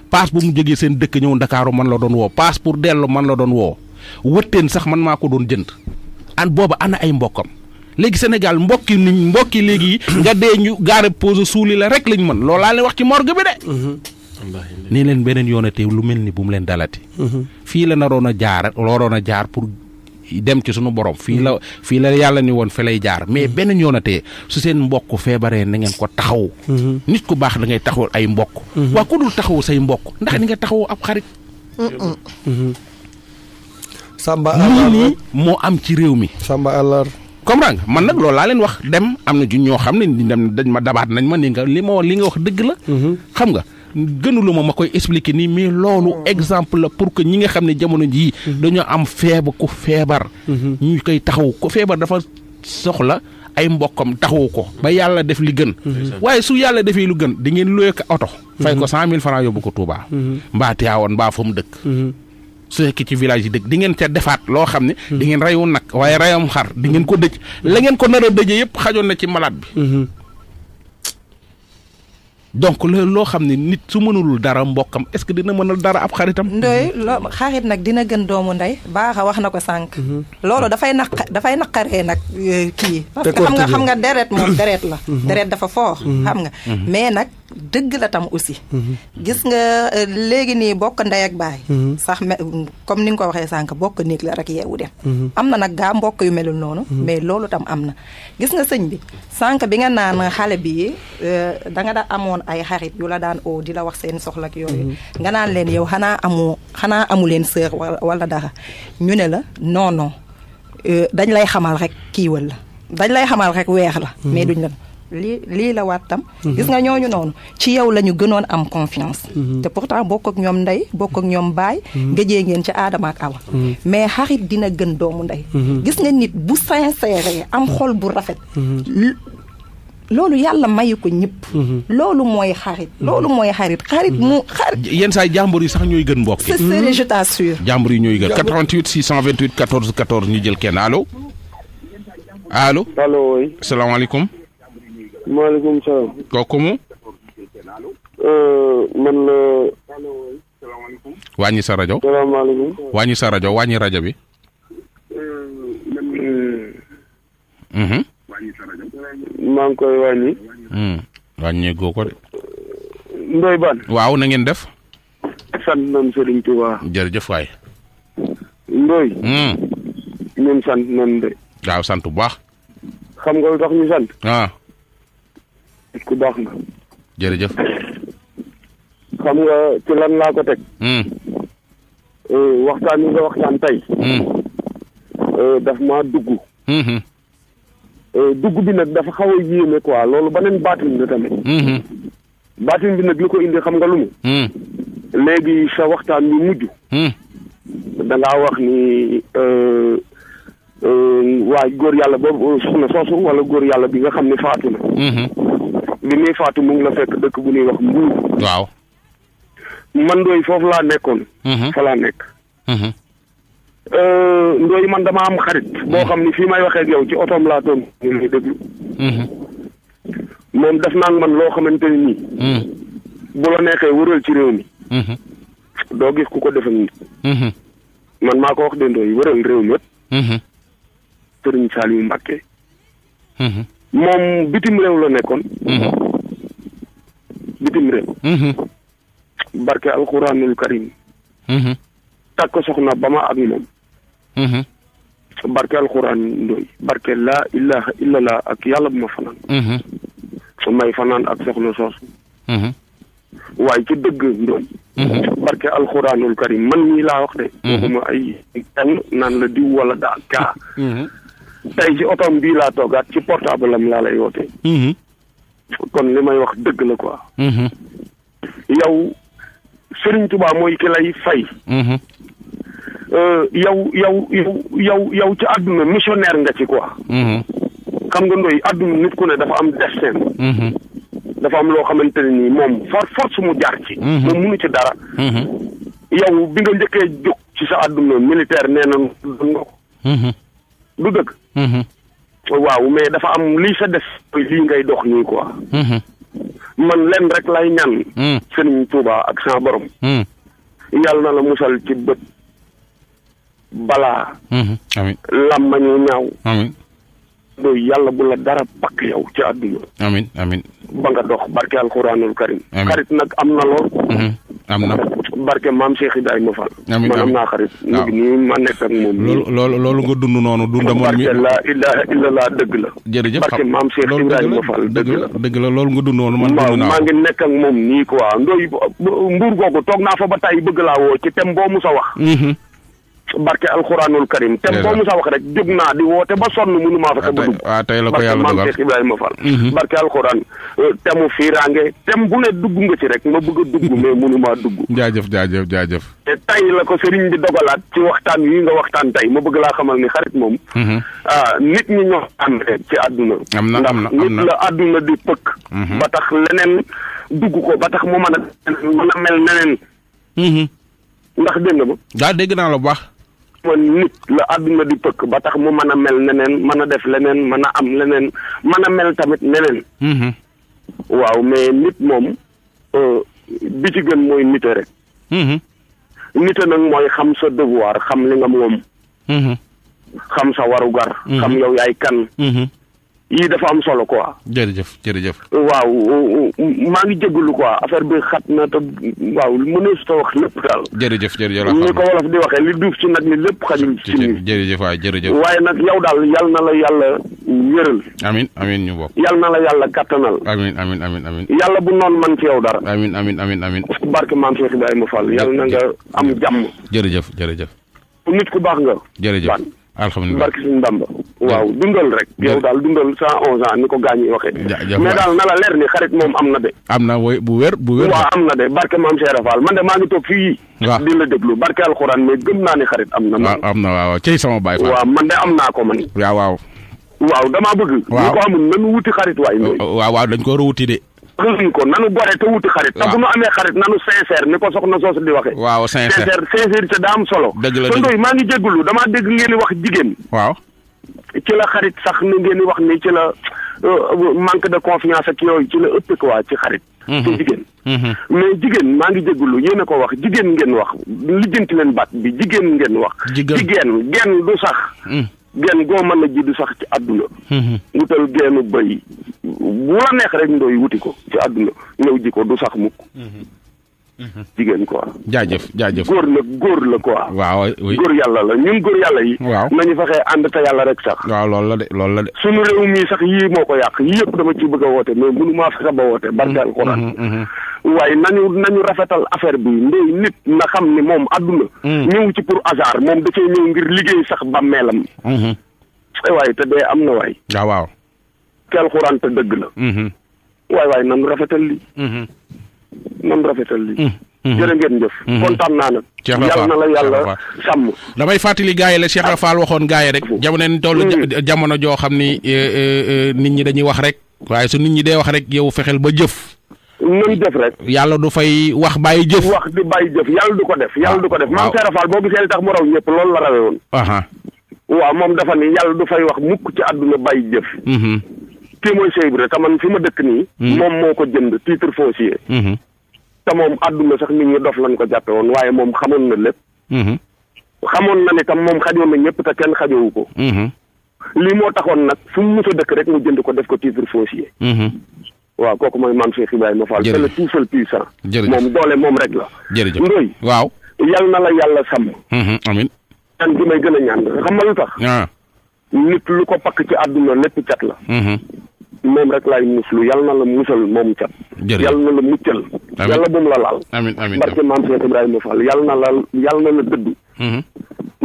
paas bu mu jógee seen dëkk ñëw ndakaaru man la doon woo paas pour dellu man la doon woo wëtteen sax man maa ko doon jënd an booba ana ay mbokkam léegi Sénégal mbokki niñ mbokki léegi nga dee ñu gaare pose suuli la rek lañ mën loolaa leen wax ci morgue bi de mm-hmm. nii leen beneen yoonatee lu mel ni bu mu leen dalati mm-hmm. fii la naroon a jaar loroon a jaar pour dem ci sunu borom fi la fi la yalla ni won fi lay jaar mais ben ñonaté su seen mbokk febaré na ngeen ko taxaw mhm. nit ku bax da ngay taxawal ay mbokk mhm. wa ku dul taxaw say mbokk ndax ni nga taxaw ab xarit mm-hmm. samba alar nii am ci rew mi samba alar comprendre man nak loolu la len wax dem am ju ñoo xam ne dem dañ ma dabaat nañ ma ni nga li mo li nga wax deug la mm-hmm. xam nga gënulu ma ma koy expliquer nii mais loolu oh. exemple la pour que ñi nga xam ne jamono jii mhm. dañoo am feebar ku feebar mhm. ñu koy taxaw ku feebar dafa soxla ay mbokkam taxawu ko ba yàlla def li gën mhm. waaye su yàlla defee lu gën di ngeen luye ko oto fay ko sant mille francs yóbbu ko Touba mbaa Tiwaawan mbaa fa mu dëkk su fekkee ci village yi dëkk di ngeen ca defaat loo xam ne di ngeen reyu nag waaye reyam xar di ngeen ko dëj la ngeen ko nar a dëjee yëpp xajoon na ci malade bi donc loo xam ne nit su mënul dara mbokkam est-ce que dina mënal dara ab xaritam. ndoy loo nag dina gën doomu ndey. baax a wax na ko sànq. Mhm. loolu dafay naq dafay naqaree nag eh, kii. parce que xam nga xam nga deret moom deret la. Mhm. deret dafa foox. Mhm. xam nga mais nag. dëgg la tam aussi. Mhm. gis nga euh, léegi nii bokk ndey ak baay. Mhm. sax me comme ni nga ko waxee sànq bokk néeg la rek yeewu dem. Mhm. am na nag gaa mbokk yu melul noonu. mais loolu tam am na. gis nga sëñ bi sànq bi nga naan xale bi euh, da nga da amoon ay xarit yu la daan di la wax seen soxla ak yooyu. nga naan leen yow xanaa amu xanaa amu leen sœur wala dara ñu ne la non non euh, dañ lay xamal rek kiiwal la dañ lay xamal rek weex la. mais duñ la. lii lii la waat tam. Mhm. gis nga ñooñu noonu ci yow la ñu gënoon am confiance. Mhm. te pourtant bokk ak ñoom ndey bokk ak ñoom baay. nga mhm. gëjee ngeen ci aadama ak mais xarit dina gën doomu ndey. gis nga nit bu sincère am xol bu rafet. loolu yàlla mayu ko ñëpp. loolu mooy xarit. loolu mooy xarit xarit mu xarit. yenn saa yi yi sax ñooy gën mbokk. c'est vrai je t'assure. jàmbur yi ñooy gën 88 628 14 14 ñu jël kenn allo. allo allo. salaamaaleykum. maaleykum salaam. kooku euh, man la. Euh, wàññi sa rajo. salaamaaleykum. wàññi sa rajo wàññi rajo bi. Euh, mhm. maa ngi koy wàññi. Hmm. wàññeekoo ko de. Ndoye Bane. waaw na ngeen def. sant nañ Serigne Touba. jërëjëf waay. Ndoye. Hmm. ñun sant nañ de. waaw sant bu baax. xam nga lu tax ñu sant. ah. nit ku baax na. jërëjëf. xam nga ci lan laa ko teg. Hmm. Eh, waxtaan yi nga waxtaan tey. Hmm. Eh, daf maa dugg. Hmm, eh, dugg bi nag dafa xaw a yéeme quoi loolu beneen baatin la tamit. baatin bi nag li ko indi xam nga lu mu. léegi sa waxtaan yu mujj. da ngaa wax ni waa góor yàlla boobu soxna soosu wala góor yàlla bi nga xam ne faatu na. bi muy faatu mu ngi la fekk dëkk bu ñuy wax mbuur waaw man ndooy foofu laa nekkoon mhm. fa laa nekk mhm. euh, ndooy man dama am xarit boo mhm. xam ni fii may waxee ak yow ci otoom laa doon ñu déglu moom def naa man loo xamante ni bu la neexee wëral ci réew mi doo gis ku ko defak ni man maa ko wax de ndooy wëral réew mi yëpp sëriñ Saliou Mbacke moom bitim réew la nekkoon. Mhm. bitim réew. Mhm. barke alquranul karim. Mhm. takk soxna ba ma ak moom. barke alquran ndooy barke laa ilaha illallah ak yàlla bu ma fanaan. su may fanaan ak soxna soosu. waaye ci dëgg ndooy. barke alquranul karim man mii laa wax de. waxuma ay naan la diw wala daa kaa. tey ci otom bii laa toogaat ci portable am laa lay wootee. Mm-hmm. kon li may wax dëgg la quoi. Mm-hmm. yow Serigne Touba mooy kilay fay. Mm-hmm. Euh, yow yow yow yow yow ci àdduna missionnaire nga ci quoi. xam nga ndoy àdduna nit ku ne dafa am destin. dafa am loo xamante ne nii moom for force mu jaar ci. moom munu ci dara. yow bi nga njëkkee jóg ci sa àdduna militaire nee na doon nga ko. lu dëgg. Mhm. waaw mais dafa am lii sa def lii ngay dox nii quoi. Mhm. man leen rek lay ñaan. Mhm. Serigne Touba ak sa borom. yàlla na la musal ci bët balaa. amiin làmmañu ñaaw. amiin loolu yàlla bu la dara pakk yow ci àdduna. amiin amiin ba nga dox barke alxuraanul karim. xarit nag am na lool. am na barke maam Cheikh Ibrahima Fall. amiin man am naa xarit. nii ma nekk ak moom. loolu loolu nga dund noonu. dund moom mi laa illaa illa laa dëgg la. jërëjëf barke maam Cheikh Ibrahima Fall dëgg la dëgg la loolu nga dund noonu. man maa ngi nekk ak moom nii quoi ndoy mbuur googu toog naa fa ba tey bëgg laa woo ci tem boo sa wax. Mm-hmm. barke alxuraanul karim te boo musa wax rek jóg naa di woote ba sonn mënu maa fexe ba ah, dugg ah, barke maam Cheikh Ibrahima Fall mm-hmm. barke alxuraan euh, te mu fiiraange tem bu ne dugg nga ci rek ma bëgg dugg mais mënu maa dugg jaajëf jaajëf te tey la ko sëriñ bi dogalaat ci waxtaan yi nga waxtaan tey ma bëgg laa xamal ni xarit moom mm-hmm. ah nit ñi ñoo ànd ci àdduna ndax nit la àdduna di pëkk mm-hmm. ba tax leneen dugg ko ba tax mu mën a mën a mel neneen ndax dégg nga ma baax moom nit la àdduna di pëkk ba tax mu man a mel neneen mën a def leneen mën a am leneen man a mel tamit neneen mm-hmm. waaw mais nit moom euh, bi ci gën mooy nite rek mm-hmm. nite nag mooy xam sa devoir xam li nga moom mm-hmm. xam sa warugar xam yow yaay kan yii dafa am solo quoi. jërëjëf jërëjëf. waaw maa ngi jégalu quoi affaire bi xat na te waaw mënees ta wax lépp daal. jërëjëf jërëjëf. ni ko wolof di waxee li duuf si nag li lépp xajul. ci jërëjëf jërëjëf. waaye nag yow daal yal na la yàlla wéral. amin amin ñu bokk. yal na la yàlla kattanal. amin amin amin amin yàlla bu noonu man yow dara. amin amin amin amin barke maam Cheikh Ibrahima Fall yàlla na nga am jàmm. jërëjëf jërëjëf. nit ku baax nga. jërëjëf alhamdulilah barki suñu Bamba waaw dundal rek. yow daal dundal cent onze ni ko gaañ yi waxee. mais daal na la leer ni xarit moom am na de. am na woy bu wér bu wér. waaw am na de barke maam Cheikh Fall man de maa ngi toog fii. waaw di la déglu barke alxuraan mais gëm naa ne xarit am na. waaw am na waaw cey sama baay. waaw man de am naa ko man. waaw waaw. waaw damaa bëgg. waaw ñu ko amul nan wuti xarit waay. waaw waaw dañ ko war a wuti de. amuñu ko nanu gore te wuti xarit. te bu nu amee xarit nanu sincère ni ko soxna soosu di waxee. waaw sincère sincère sincérité daa am solo. dëgg la dëgg maa ngi jégalu damaa dégg ngeen di wax jigéen. waaw ci la xarit sax ni ngeen di wax ni ci la euh, manque de confiance ak yooyu ci la ëpp ko waa ci xarit. te mhm. jigéen. Mhm. mais jigéen maa ngi jégalu yéen a ko wax jigéen ngeen wax li lijjanti leen baat bi jigéen ngeen wax. jigéen jigéen genn du sax. Mhm. genn goo mën na ji du sax ci àdduna mhm. wutal geenu bëy bu la neex rek ndooy wuti ko ci àdduna ñëw ji ko du sax mukk mhm. Mhm. jigéen quoi. jaajëf jaajëf góor la góor la quoi. waaw góor yàlla la ñun góor yàlla yi. waaw nañu fexee ànd te yàlla rek sax. waaw loolu la de loolu la de. suñu réew mii sax yii moo ko yàq yii yëpp dama ci bëgg a woote mais mënu maa fexe ba woote. barkeel Alxuraan. waaye nañu nañu rafetal affaire bi ndey nit na xam ni moom àdduna hmm. ñëw ci pour hasard moom dafay ngir liggéey sax bàmmeelam hmm. eh, waaye te dee am na waay ah, waaw te dëgg la hmm. waay waay nan rafetal li nan rafetal li jërë ngeen jëf kontaan naa nag Cheikh Ibra Fall na la yàlla sàmm damay fàttali gars yi la Cheikh Ibra Fall waxoon gars yi rek jamono ni toll jamono joo xam ni eh, eh, nit ñi dañuy wax rek waaye su nit ñi dee wax rek yow fexeel ba jëf nañ def rek. yàlla du fay wax bàyyi jëf. wax di bàyyi jëf yàlla du ko def. yàlla du ko def maam Seera Fall boo gisee li tax mu raw ñëpp loolu la rawee woon. waaw moom dafa ni yàlla du fay wax mukk ci àdduna bàyyi jëf. Mhm. kii mooy Cheikh te man fi ma dëkk nii. Mhm. moom moo ko jënd titre foncier. Mhm. te moom àdduna sax nit ñi dof lañ ko jàppe woon waaye moom xamoon na lépp. xamoon na ni tam moom xajoon na ñëpp te kenn xajowu ko. lii moo taxoon nag fu mu mës dëkk rek mu jënd ko def ko titre foncier. waaw kooku mooy maam Cheikh Ibrahima Fall. jërëjëf c'est moom doole moom rek la. jërëjëf Ndoye. waaw yal na la yàlla sàmm. Mm-hmm. amiin. ñaan gi may gën a ñaan xam nga lu tax. Ah. nit lu ko pakk ci àdduna lépp cat la. Mm-hmm. moom rek laay muslu yal na la musal moom cat. jërëjëf yal na la muccal. amiin yàlla bu mu la laal. amiin amiin barke maam Cheikh Ibrahima Fall yal na la yal na la dëdd. Mm-hmm.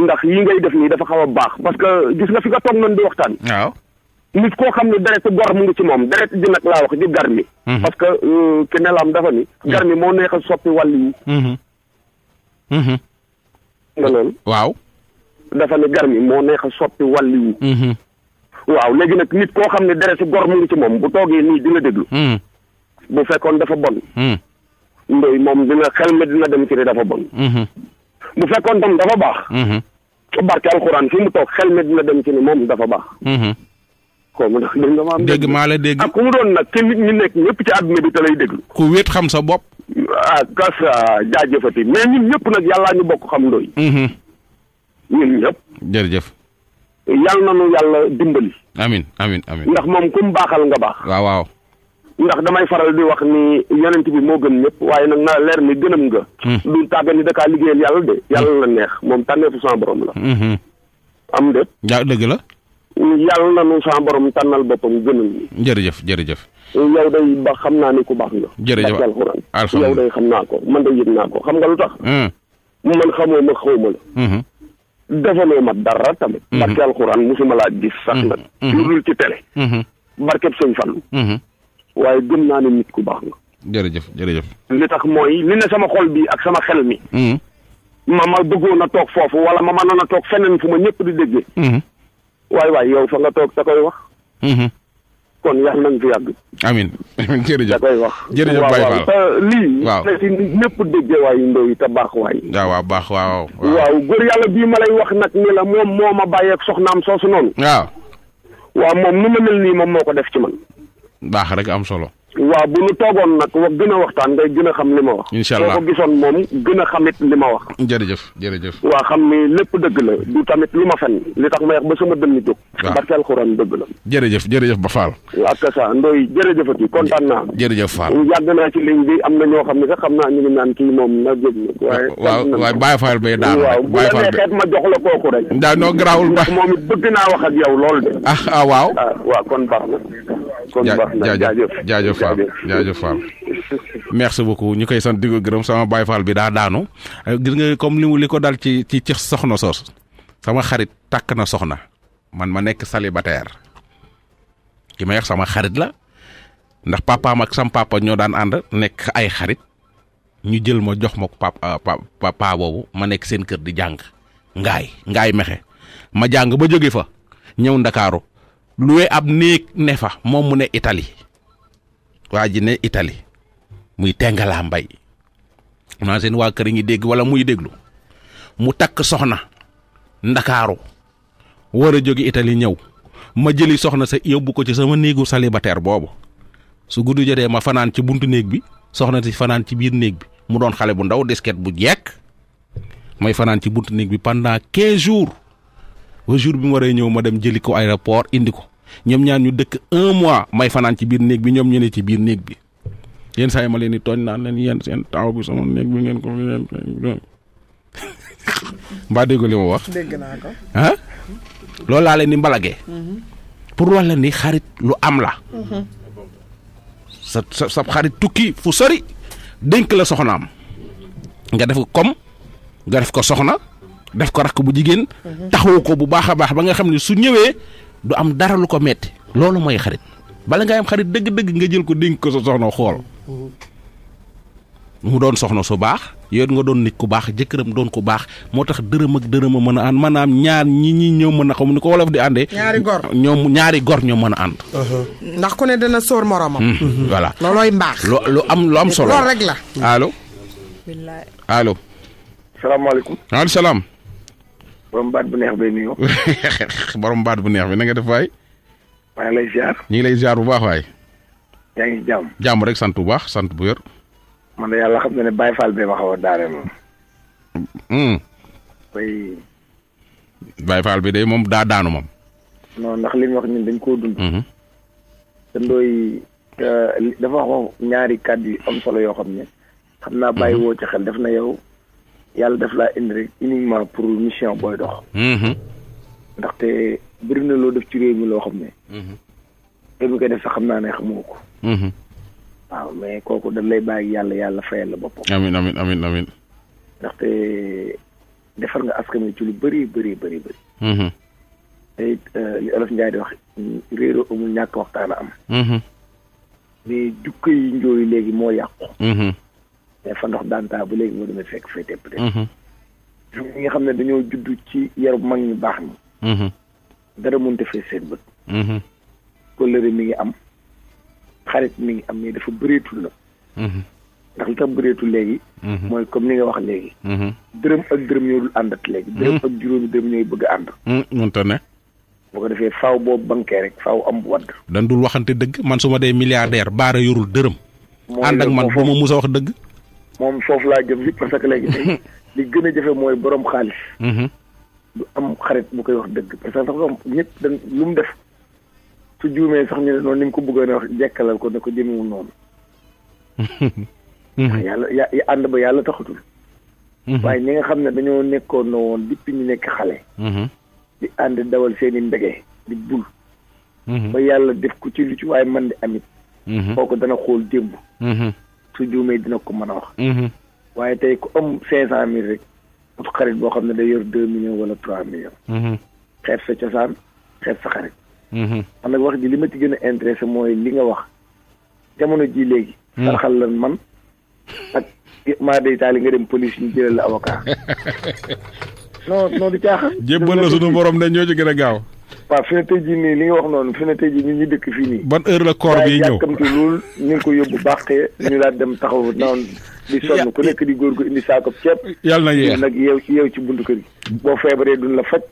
ndax yi ngay def nii dafa xaw a baax parce que gis nga fi nga toog nañ di waxtaan. waaw. nit koo xam ne deret gor mu ngi ci moom deret ji nag laa wax di gar mhm. parce que euh, ki nelaam mhm. mhm. dafa ni gar mi moo neex a soppi wàll yi nga loolu waaw dafa ni gar mi moo neex a soppi wàll léegi nag nit koo xam ne deret gor mu ngi ci moom bu toogee nii dina la déglu bu fekkoon dafa bon ndoy moom dina xel mi dina dem ci ne dafa bon bu fekkoon tam dafa baax barke alxuraan fi mu toog xel mi dina dem ci ne moom dafa baax kooku ndax dégg nga ma maa la dégg ak ku mu doon nag te nit nekk ñëpp ci àdduna bi te lay déglu. ku wéet xam sa bopp. ah gas ah, jaajëfati mais ñun ñëpp nag yàlla ñu bokk xam ndooy. Mm-hmm. ñun ñëpp. jërëjëf. yàlla na nu yàlla dimbali. amin amin amin ndax moom ku mu baaxal nga baax. waaw waaw. ndax damay faral di wax ni yonent bi moo gën ñëpp waaye nag naa leer ni gënam nga. Mm. du tàggat ni da kaa liggéeyal yàlla de. yàlla la neex moom tànneefu sama borom la. Mm-hmm. am déet. ja la. yàlla na nu sa borom tànnal boppam gënal ñu. jërëjëf jërëjëf. yow day ba xam naa ni ku baax nga. jërëjëf alhamdulilah yow day xam naa ko man day yëg naa ko xam nga lu tax. Hmm. man xamoo ma xaw ma la. Hmm. defaloo ma dara tamit. Hmm. barke alxuraan musuma laa gis sax nag. lu dul ci télé. barkeb sëñ Fallu. waaye gëm naa ne nit ku baax nga. jërëjëf jërëjëf. li tax mooy li ne sama xol bi ak sama xel mi. ma ma bëggoon a toog foofu wala ma mënoon a toog feneen fu ma ñëpp di déggee. waay waaye yow fa nga toog sa koy wax. Mm-hmm. kon yàlla nañ fi yàgg. amiin amiin jërëjëf da koy wax. jërëjëf Baye Fall waaw lii. waaw te si ñëpp dégge waayu yi te baax waay. waaw baax waaw. waaw góor yàlla bii ma lay wax nag ni la moom moo ma bàyyeeg soxnaam soosu noonu. waaw. waaw moom nu ma mel nii moom moo ko def ci man. baax rek am solo. waaw bu ñu toogoon nag wax gën a waxtaan ngay gën a xam li ma wax. incha allah boo ko gën a li ma wax. jërëjëf jërëjëf. waaw xam ni lépp dëgg la du tamit lu ma fen li tax ma wax sama dënn jóg. waaw barke dëgg la. jërëjëf jërëjëf ba Fall. ak sa ndoy jërëjëfati kontaan jërëjëf Fall mm, yàgg naa ci ligne bi am na ñoo xam ne sax xam naa ñu ngi naan moom na jóg. waaye waaw waaye Baye Fall bee daal Baye ma jox la kooku rek. daa noo garaawul ba moom it bëgg naa wax ak yow lool de. ah, ah waaw. Ah, waaw kon baax na. kon baax na jaajëf jaajëf waaw jaajëf Fall merci beaucoup ñu koy sant di ko gërëm sama Baye Fall bi daa daanu euh, gis nga comme li mu li ko dal ci ci ci soxna soos sama xarit takk na soxna man ma nekk célibataire ki ma wax sama xarit la ndax papa ak sam papa ñoo daan ànd nekk ay xarit ñu jël ma jox ma papa euh, papa boobu ma nekk seen kër di jàng ngaay ngaay mexe ma jàng ba jóge fa ñëw ndakaaru luwe ab néeg ne fa mu ne italie waa ji ne itali muy Tengala Mbay naa seen waa kër yi ngi dégg wala muy déglu mu takk soxna ndakaaru war a jóge Italie ñëw ma jëli soxna sa yóbbu ko ci sama néegu célibataire boobu su guddi jotee ma fanaan ci buntu néeg bi soxna si fanaan ci biir néeg bi mu doon xale bu ndaw disket bu jekk mooy fanaan ci buntu néeg bi pendant quinze jours au jour bi mu waree ñëw ma dem jëli ko aéroport indi ko ñom ñaan ñu dëkk 1 mois may fanan ci biir neeg bi ñom ñu ne ci biir neeg bi yeen say ma leen di togn naan leen yeen seen taw bi sama neeg bi ngeen ko ngeen ba dégg li mu wax dégg naa ko ah loolu laa leen di mbalagee pour wax la ni xarit lu am la sa sa sa xarit tukki fu sori dénk la soxnaam nga def ko comme nga def ko soxna def ko rakk bu jigéen taxawu ko bu baax a baax ba nga xam ne su ñëwee du am dara lu ko metti loolu mooy xarit bala ngay am xarit dëgg-dëgg nga jël ko dénk ko sa soxna xool mu doon soxna su baax yow nga doon nit ku baax jëkkëram doon ku baax moo tax dërëm ak dërëm a mën a ànd maanaam ñaar ñi ñi ñoo mën a xam ni ko wolof di àndee. ñaari gor ñoom ñaari gor ñoo mën a ànd. Uh-huh. ndax ku ne dana sóor moromam. Hmm, uh-huh. voilà loolooy mbaax. lu lu am lu am solo loolu rek la. allo. allo. salaam. borom baat bu neex bi nuyoo. boroom baat bu neex bi na nga def waay. maa ngi lay ziar. ñu ngi lay ziar bu baax waay. yaa ngi jàmm. jàmm rek sant bu baax sant bu yor. man de yàlla xam na ne Baye Fall bee ma a daare moom. Hmm. bi de moom daa daanu moom. non ndax li mu wax ñun dañ koo dund. Hmm. te ndooy dafa wax ñaari kàddu yu am solo yoo xam ne. xam naa bàyyi hmm. woo ci xel def na yow. yàlla daf laa indi rek uniquement pour mission booy dox. Mhm. ndaxte bëri na loo def ci réew mi loo xam ne. Mhm. te def sax xam naa ne xamoo ko. Mhm. waaw mais kooku dañ lay bàyyi yàlla yàlla fayal la bopp amiin amiin amiin amiin. ndaxte defar nga askan wi ci lu bëri bëri bëri bëri. te it euh, li Njaay di wax réeroo amul ñàkk waxtaan a am. mais jukka yi njooyu léegi moo yàqu. mais fa ndox danta bu leg mo demee fek féete peut être. Mhm. ñi nga dañu ne judd ci yar mag ñu bax ni hmm dara mënut a fee hmm ko leer mi ngi am xarit mi ngi am mais dafa bëreetul hmm ndax li tax bëreetul hmm moy comme ni nga wax hmm dërëm ak dërëm ñu dul andat léegi. Mhm. dërëm ak juroom dërëm ñoy bëgg a ànd. Mhm. mënta ne. bu ko defee faaw boobu banké rek faaw am wad wadd. dañ dul waxante dëgg man suma dé milliardaire baara yurul dërëm. ànd ak man buma musa wax dëgg. moom foofu laa jëm si parce que léegi tey li gën a jafe mooy borom xaalis. Mm-hmm. du am xarit bu koy wax dëgg parce que sax lu mu def su juumee sax ñu ne noonu ni mu ko bëggoon a wax jekkalal ko ne ko jëmewul noonu. Mm-hmm. yàlla ya ànd ba yàlla taxatul. Mm-hmm. waaye ñi nga xam ne dañoo nekkoon na woon depuis ñu nekk xale. di ànd dawal seen i ndege di bul. ba yàlla def ko ci lu ci waaye man di amit. ko dana xool démb. su juumee dina ko mën a wax. Mhm. waaye tey ku am cinq cent mille rek am xarit boo xam ne day yor deux millions wala trois millions. Mhm. xeet sa cosaan xeet sa xarit. Mhm. man nag wax ji li ma ci gën a intéressé mooy li nga wax a ji léegi. sarxal lan man ak maa day taali nga dem police ñu jëlal avocat. non non du caaxaan. la sunu borom de ñoo ci gën a gaaw. waaw fi ne tey nii li nga wax noonu fi ne tey ñu ngi dëkk fii nii. ban heure la koor bi ñëw yàkkamti ñu ngi ko yóbbu baax te dañu daal dem taxaw naan di sonn ku nekk di góor gu indi saako ceeb. yàlla na yéex nag yeew ci yeew ci buntu kër gi. boo feebaree duñ la faj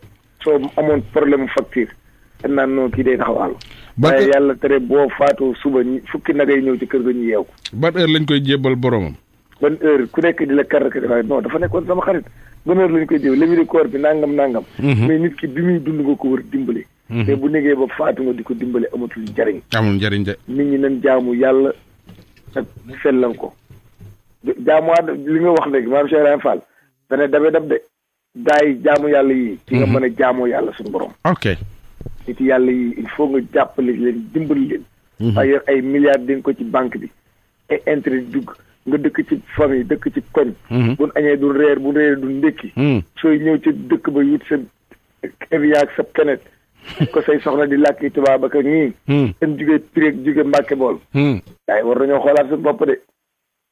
soo amoon problème facture te naan noonu kii day taxawal. ban waaye yàlla tere boo faatoo suba fukki nagay ñëw ci kër ga ñu yeew ko. ban heure lañ koy jébbal boromam. ban heure ku nekk di la kàr kàr waaye non dafa nekkoon sama xarit ban heure lañ koy jëw levée de corps bi nangam nangam. Mhm. mais nit ki bi muy dund nga ko war dimbali. Mhm. mais bu negee ba faatu nga di ko dimbali amatul njariñ. amul njariñ de. nit ñi nañ jaamu yàlla ak fellan ko. jaamuwaat li nga wax léegi maanaam Cheikh Ibrahima Fall dana dabe dab de daay jaamu yàlla yi. ci nga mhm. mën a jaamoo yàlla suñu borom. ok nit yàlla yi il faut nga jàppale leen dimbali leen. ay ay milliards di ko ci banque bi. ay intérêt dugg. nga dëkk ci famille dëkk ci koñ. Mhm. buñ añee du reer bu reer du ndékki. Mhm. sooy ñëw ci dëkk ba yit sa évier ak sa kenet. ko say soxna di làkki tubaab ak ñii. dem mhm. jugee Pire jugee Mbàkke bool. waaye war nañoo xoolaat suñu bopp de.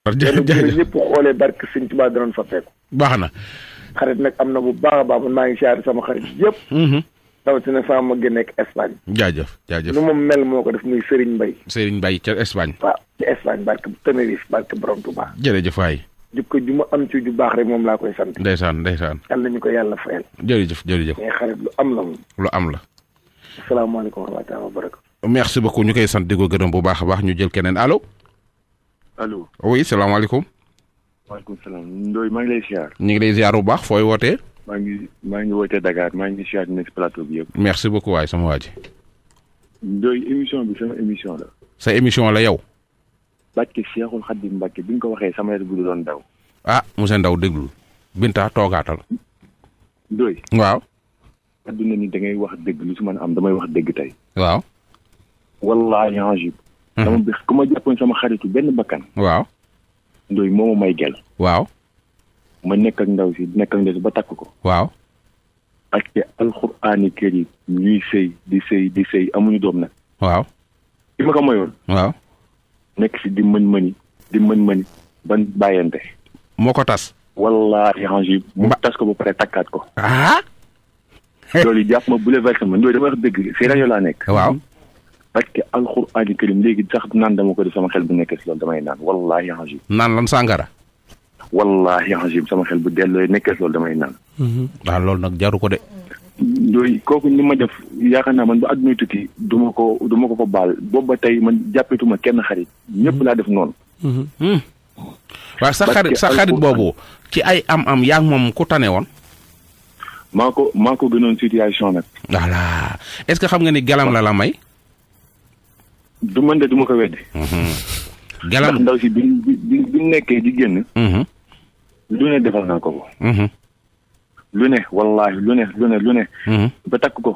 jërëjëf ñépp xoolee barke sëñ tubaab danañ fa fekku. baax na. xarit nag am na bu baax a baax man maa ngi siyaare sama xarit yëpp. rawatina femme ma génn ak Espagne. jaajëf jaajëf lu moom mel moo ko def muy sëriñ Mbaye. sëriñ Mbaye ca Espagne. waaw ca Espagne barke Tenerife barke Borom Touba. jërëjëf waay. ju ma am ci ju baax rek moom laa koy sant. ndeysaan ndeysaan. yal nañu ko yàlla fayal. jërëjëf jërëjëf. mais xarit lu am la moom. lu am la. asalaamaaleykum wa rahmatulah wa barakatu. merci beaucoup ñu koy sant di ko bu baax a baax ñu jël keneen allo. allo oui salaamaaleykum. waaleykum salaam Ndoye maa ñu ngi lay bu baax fooy wootee. maa ngi maa ngi wootee Dakar maa ngi siyaat nekk plateau bi yëpp. merci beaucoup waay sama waa ji. Ndoye émission bi sama émission la. sa émission la yow. Mbacke Cheikhul Khadim Mbacke bi nga ko waxee sama yàlla bu doon daw. ah monsieur Ndaw déglu Binta toogaatal. Doy. Wow. adduna ni da ngay wax dëgg lu si mën am damay wax dëgg tey. waaw. wallaahi anjib. sama mhm. bi ku ma Wow. sama xaritu benn bakkan. waaw. may gel. ma nekk ak ndaw si nekk ak ndaw si ba takk ko. waaw. parce que alxuraani kër yi ñuy sëy di sëy di sëy amuñu doom nag. waaw. ki ma ko mayoon. waaw. nekk si di man mëni di mën mëni ban bàyyante. moo ko tas. wallaahi ange mu tas ko ba pare takkaat ko. ah. loolu jàpp ma bouleversé ma loolu dama wax dëgg si rajo laa nekk. waaw. parce que alxuraani karim léegi sax naan dama ko def sama xel bu nekk si loolu damay naan wallaahi ange. naan lan sàngara. wallahi xajib sama xel bu delloo nekkee loolu damay naan. waaw mm-hmm. ah, loolu nag jaru ko de. kooku ni ma def yaakaar naa man ba àdduna tukki du ma ko du ko ko baal boobu ba tey man jàppetuma kenn xarit ñëpp laa def noonu. Mm-hmm. Mm. waaw sa xarit sa xarit boobu ci ay am-am yaa ngi moom ku tane woon. maa ko maa ko gënoon situation nag. voilà est-ce que xam nga ni galam la la may. du man de du ma ko weddi. Mm-hmm. galam ndaw si bi bi bi nekkee di génn. lu ne defal naa ko mhm. lu ne wallaahi lu ne lu ne lu ne. Mhm. ba takk ko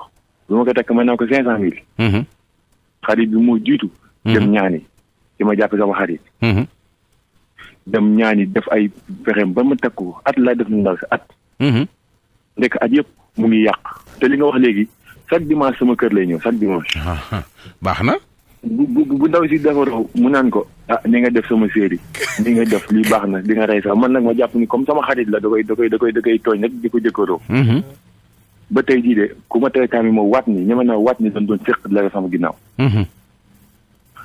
bu ma ko takk ma naa ko cinq cent mille. Mhm. xarit bi moo jiitu. dem ñaani ci ma jàpp sama xarit. dem ñaani def ay pexeem ba ma takk ko at laa def ndaw si at. ndekk at yëpp mu ngi yàq te li nga wax léegi chaque dimanche sama kër lay ñëw chaque dimanche. baax na. bu bu bu ndaw si defaroo mu naan ko ah ni nga def sama séeri ni nga def lii baax na di nga rey sax man nag ma jàpp ni comme sama xarit la da koy da koy da koy da koy tooñ mm-hmm. ba tey jii de ku ma tey tamit ma waat ni ñeme na waat ni doon doon séq la sama ginnaaw espagne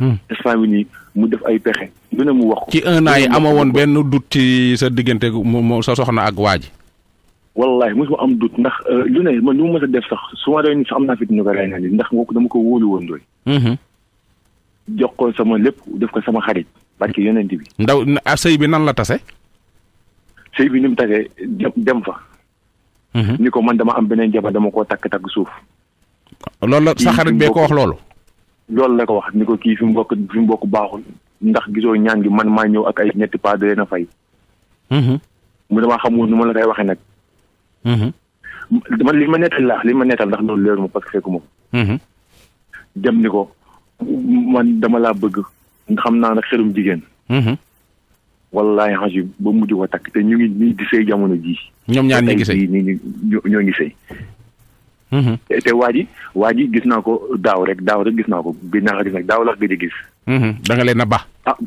mm-hmm. mm-hmm. bi nii mu def ay pexe lu ne mu wax ko yi ama woon benn dut ci sa diggante mo sa soxna ak waa ji wallahi mosuma am dut ndax euh, lu ne lu mu a def ma doon ni sax am naa fit ñu ko ko wóolu woon doy jox ko sama lépp def ko sama xarit barke yonent bi. ndaw sëy bi nan la tase. sëy bi ni mu tase dem dem fa. Mhm. ni ko man dama am beneen jabar dama koo takk takk suuf. loolu la sa xarit bee ko wax loolu. loolu la ko wax ni ko kii fi mu bokk fi mu bokk baaxul ndax gisoo ñaan gi man maa ñëw ak ay ñetti pas de leen a fay. Mhm. mu damaa xamul nu ma la koy waxee nag. Mhm. man li ma nettal laa li ma nettal ndax loolu leer ma parce que fekku moom. dem ni ko man dama la bëgg xam naa ne xelum jigéen mhm. wallahi xaju ba mujj wa takk te ñu ngi nii di sëy jamono ji ñoom ñaar ñi ngi sëy ñoo ngi sëy mhm. te waaji waaji gis naa ko daaw rek daaw rek gis naa ko bi naa gis nag daaw la di gis mhm. da nga leen a ba ah,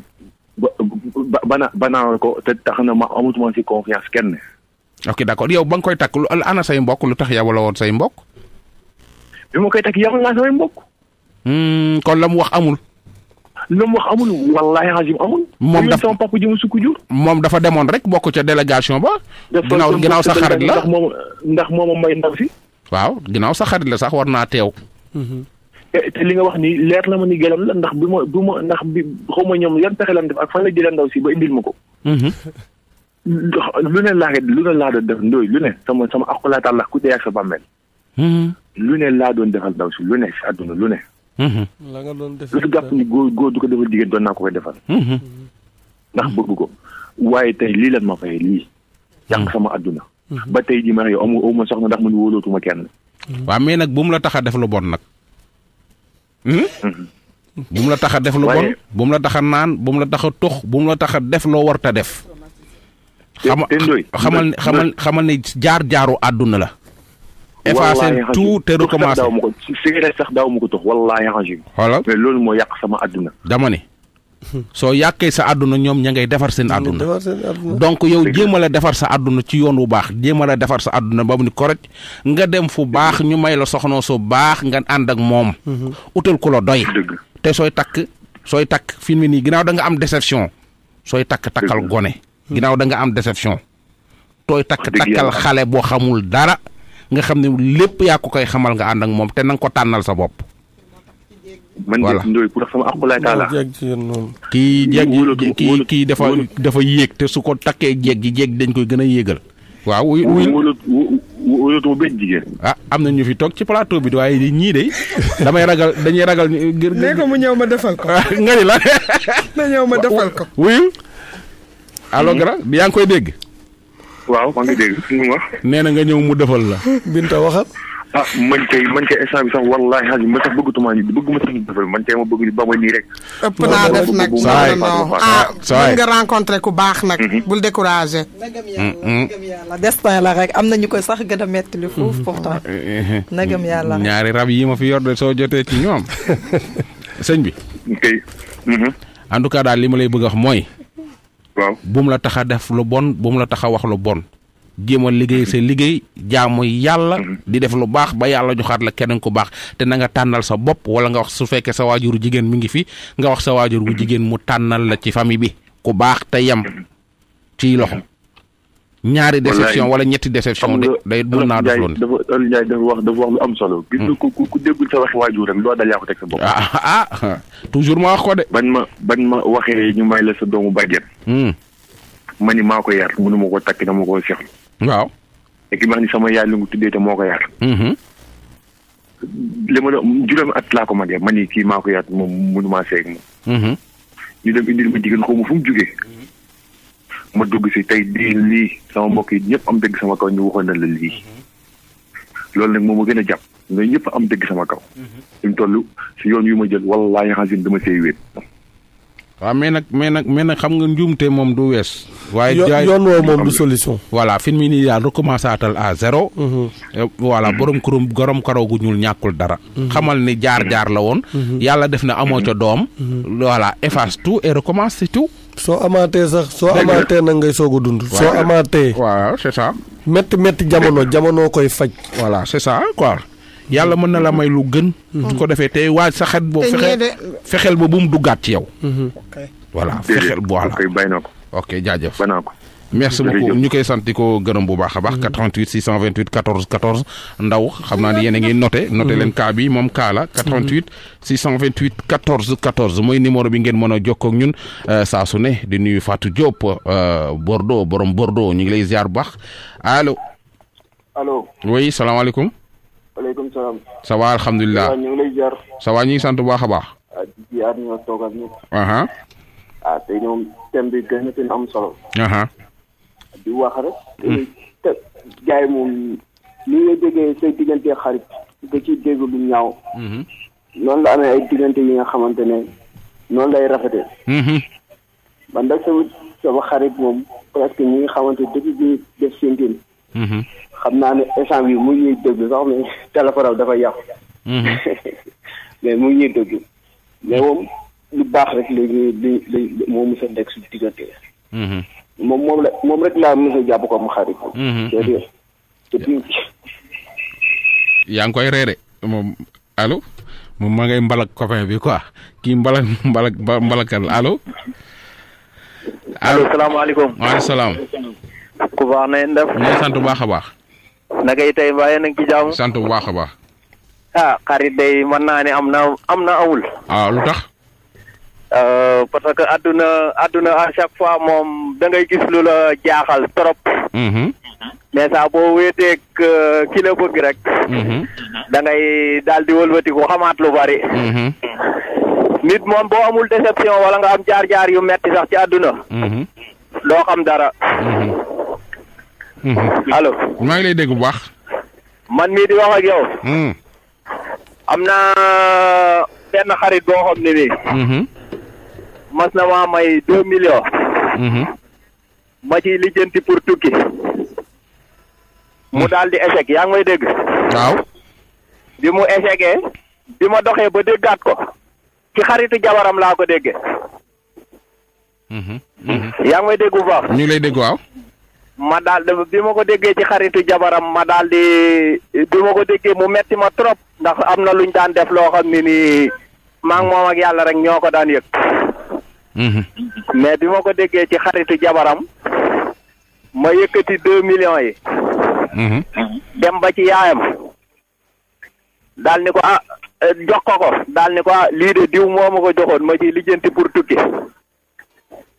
bana bana ko te tax na ma ma si confiance kenn ok d'accord yow ba nga koy takk ana say mbokk lu tax yow la woon say mbokk bi ma koy takk yow laa say mbokk Hmm, kon la mu wax amul. la mu wax amul wallaahi xajim amul. moom dafa sama papa jëm sukku jur. moom dafa demoon rek bokk ca délégation ba. ginnaaw ginnaaw sa xarit la ndax moom ndax moom may ndaw si. waaw ginnaaw sa xarit la sax war naa teew. Mhm. Eh, te li nga wax ni leer na ma ni gëlam la ndax bi ma bi ma ndax bi xaw ma ñoom yan pexe lan def ak fan la ndaw si ba indil ma ko. Mhm. lu ne laa lu ne laa doon def ndooy lu ne sama sama akulaataal la ku dee ak sa bàmmeel. Mhm. lu ne laa doon defal ndaw si lu ne si àdduna lu ne. Mm-hmm. la nga doon def lu jàpp ni góor góor du ko defal jigéen doon naa ko koy defal mm-hmm. Mm-hmm. ndax bëgg ko waaye tey lii lan ma fay lii yàq sama àdduna ba tey ji ma yow amu amu soxna ndax man wóolootuma kenn waaw mais nag bu mu la tax a def lu bon nag hmm? bu mu la tax a def lu bon bu mu la tax a naan bu mu la tax a tux bu mu la tax a def loo war def xamal xamal xamal ne jaar jaaru àdduna la effacé tout te recommencé daw mako cigarette sax daw mako tux wallahi hajim xolal mais loolu moo yàq sama aduna dama ne soo yàkkee sa àdduna ñoom ña ngay defar seen àdduna donc yow jéemal a defar sa àdduna ci yoon wu baax jéemal a defar sa àdduna ba ni correct nga dem fu baax ñu may la soxna su baax nga ànd ak moom mhm. utal ku la doy te sooy takk sooy takk fi mu nii da nga am déception sooy takk takal gone mhm. ginnaaw da nga am déception tooy takk takal xale boo xamul dara nga xamne lepp ya ko koy xamal nga ànd ak moom te nang ko tanal sa bop man voilà. ndoy pour sama lay taala ki jeeg ki ki dafa dafa yek te su ko takkee jeeg ji jeeg dañ koy gëna yegal yéegal waaw wuy wuy wóolatu benn jigen ah amna ñu fi tok ci plateau bi waaye ñi de damay ragal dañuy ragal ngir ne ko mu ñew ma defal ko ah, ngari la na ñëw ma defal ko wuyu allo gra bi yang koy deg waaw maa ngi dégg nu na nga ñëw mu defal la. Binta waxal. ah man kay man kay instant bi sax wallaahi ma sax bëggatuma ñu bëgg ma sax ñu defal man kay ma bëgg ba ma nii rek. ëpp naa def nag non ah mën nga rencontré ku baax nag. Mhm. bul découragé. Mm, yàlla mm. nagam yàlla destin la rek am na ñu koy sax gën a métti lu mm, foofu pourtant. nagam yàlla ñaari rab yi ma fi yor soo jotee ci ñoom sëñ bi. ok. Mhm. en tout daal li ma lay bëgg a wax mooy. waaw bu mu la tax a def lu bon bu mu la tax a wax lu bon. jéem a liggéey sa liggéey jaamu yàlla. Mhm. di def lu baax ba yàlla joxaat la keneen ku baax te na nga tànnal sa bopp wala nga wax su fekkee sa waajuru jigéen mi ngi fi nga wax sa waajur wu jigéen mu tànnal la ci famille bi ku baax te yem mhm. ciy loxo. Mhm. ñaari déception wala ñetti déception. day mën naa def loolu dafa Olof Ndiaye dafa wax dafa wax lu am solo. gis nga hmm. ku ku sa waxi waajur rek loo dal yaa ko teg sa bopp. Ah, ah, ah toujours ma wax ko de. bañ ma bañ ma waxee ñu may la sa doomu bàjjen. Hmm. ma maa ko yar mënu ma ko takk dama ko seexlu. waaw. te ki ma ni sama yaay lu ngi tuddee ko yar. Hmm. li ma la juróomi at laa ko mën a maa seeg moom. ñu dem indil ma jigéen xaw ma fu ma dugg si tey di lii sama mbokk hmm. yi ñëpp am dëgg sama kaw ñu waxoon na la lii loolu nag moom a gën a jàpp nga ñëpp am dëgg sama kaw ñu hmm. toll si yoon yu ma jël wallahi xasin dama see wéet waaw ah, mais nag mais nag mais nag xam nga njuumte moom du wees waaye jaay yoon woo moom du solution voilà fin mi nii daal ya, recommencé atal à zéro voilà borom kurum gorom karaw gu ñul ñàkkul dara xamal mhm. ni jaar jaar la woon mhm. yàlla def na amoo ca mhm. doom voilà efface tout et recommence tout soo amaatee sax soo amaatee nag ngay soog a dund. soo amaatee. waaw c'est ça. métti métti jamono jamono koy faj. voilà c'est ça quoi. yàlla mën na la may lu gën. su ko defee tey waa sa xet boo. fexeel ba bu mu duggaat ci yow. Mhm. voilà fexeel voilà. ok na ko. ok jaajëf. naa ko. merci beaucoup ñu koy sant ko gërëm bu baax a baax 88 628 14 14 ndaw xam naa ni yéen a ngi noté mm-hmm. noté leen kaa mm-hmm. bi moom kaa la 88 628 14 14 mooy numéro bi ngeen mën a jokkoo ak ñun euh, saa su ne di nuyu Fatou Diop euh, Bordeaux borom Bordeaux ñu ngi lay ziar bu baax allo allo oui salaamaaleykum waaleykum salaam ça va alhamdulilah ñu ngi lay ziar ça va ñu ngi sant bu baax a baax ah, ziar ñu toogal ñëpp uh-huh. ah tey ñoom thème bi gën a am solo uh-huh. di wax rek. Mm. te jaay moom ni nga déggee say diggante xarit da ciy dégg lu ñaaw. Mm-hmm. noonu la amee ay diggante yi nga xamante ne noonu lay rafetee. Mm-hmm. man nag sama sama xarit moom presque ñi nga xamante depuis bi ñu def seen mm-hmm. xam naa ne échange bi mu ngi ñuy dégg sax mais téléphone dafa yàqu. mais mu ngi ñuy dégg mais moom lu baax rek léegi li li moo mos a nekk suñu diggante. mom moom la moom rek laa mos a jàpp comme xarit. cest à koy rere mom allo mhm, mhm. mom ma ngay mbalak copain bi quoi ki mbalak mbalak mbalakal allo. allo salaamaaleykum. maaleykum salaam. ku baax na yéen ya, def. ñu sant bu baax a baax. naka yi tey mbaa ci jamm sant bu baax baax. ah xarit day man na ni amna amna awul. ah lutax Euh, parce que àdduna àdduna à chaque fois moom da ngay gis lu la jaaxal trop. Mm-hmm. mais saa boo wéeteeg euh, kilo la bëgg rek. Mm-hmm. da ngay daal di wëlbatiku xamaat lu bari. Mm-hmm. nit moom boo amul déception wala nga am jaar-jaar yu metti sax ci àdduna. doo xam dara. allo. maa ngi lay dégg bu baax. man mii di wax yow. Mm. am na euh, benn xarit boo xam ne nii. mas na maa may deux millions. Mhm. ma ciy lijjanti pour tukki. mu mhm. daal di échec yaa ngi may dégg. waaw. bi mu échecee. bi ma doxee ba déggaat ko. ci xaritu jabaram laa ko déggee. Mhm. yaa ngi may dégg bu ñu ngi lay dégg waaw. ma daal de bi ma ko déggee ci xaritu jabaram ma daal di bi ma ko déggee mu metti ma trop. ndax am na lu ñu daan def loo xam ne nii maa ngi moom ak yàlla rek ñoo ko daan yëg. mais bi ma ko déggee ci xaritu jabaram ma yëkkati deux millions yi mhm. dem ba ci yaayam daal ni ko ah jox ko ko daal ni ko ah lii de diw moo ma ko joxoon ma ci lijjanti pour tukki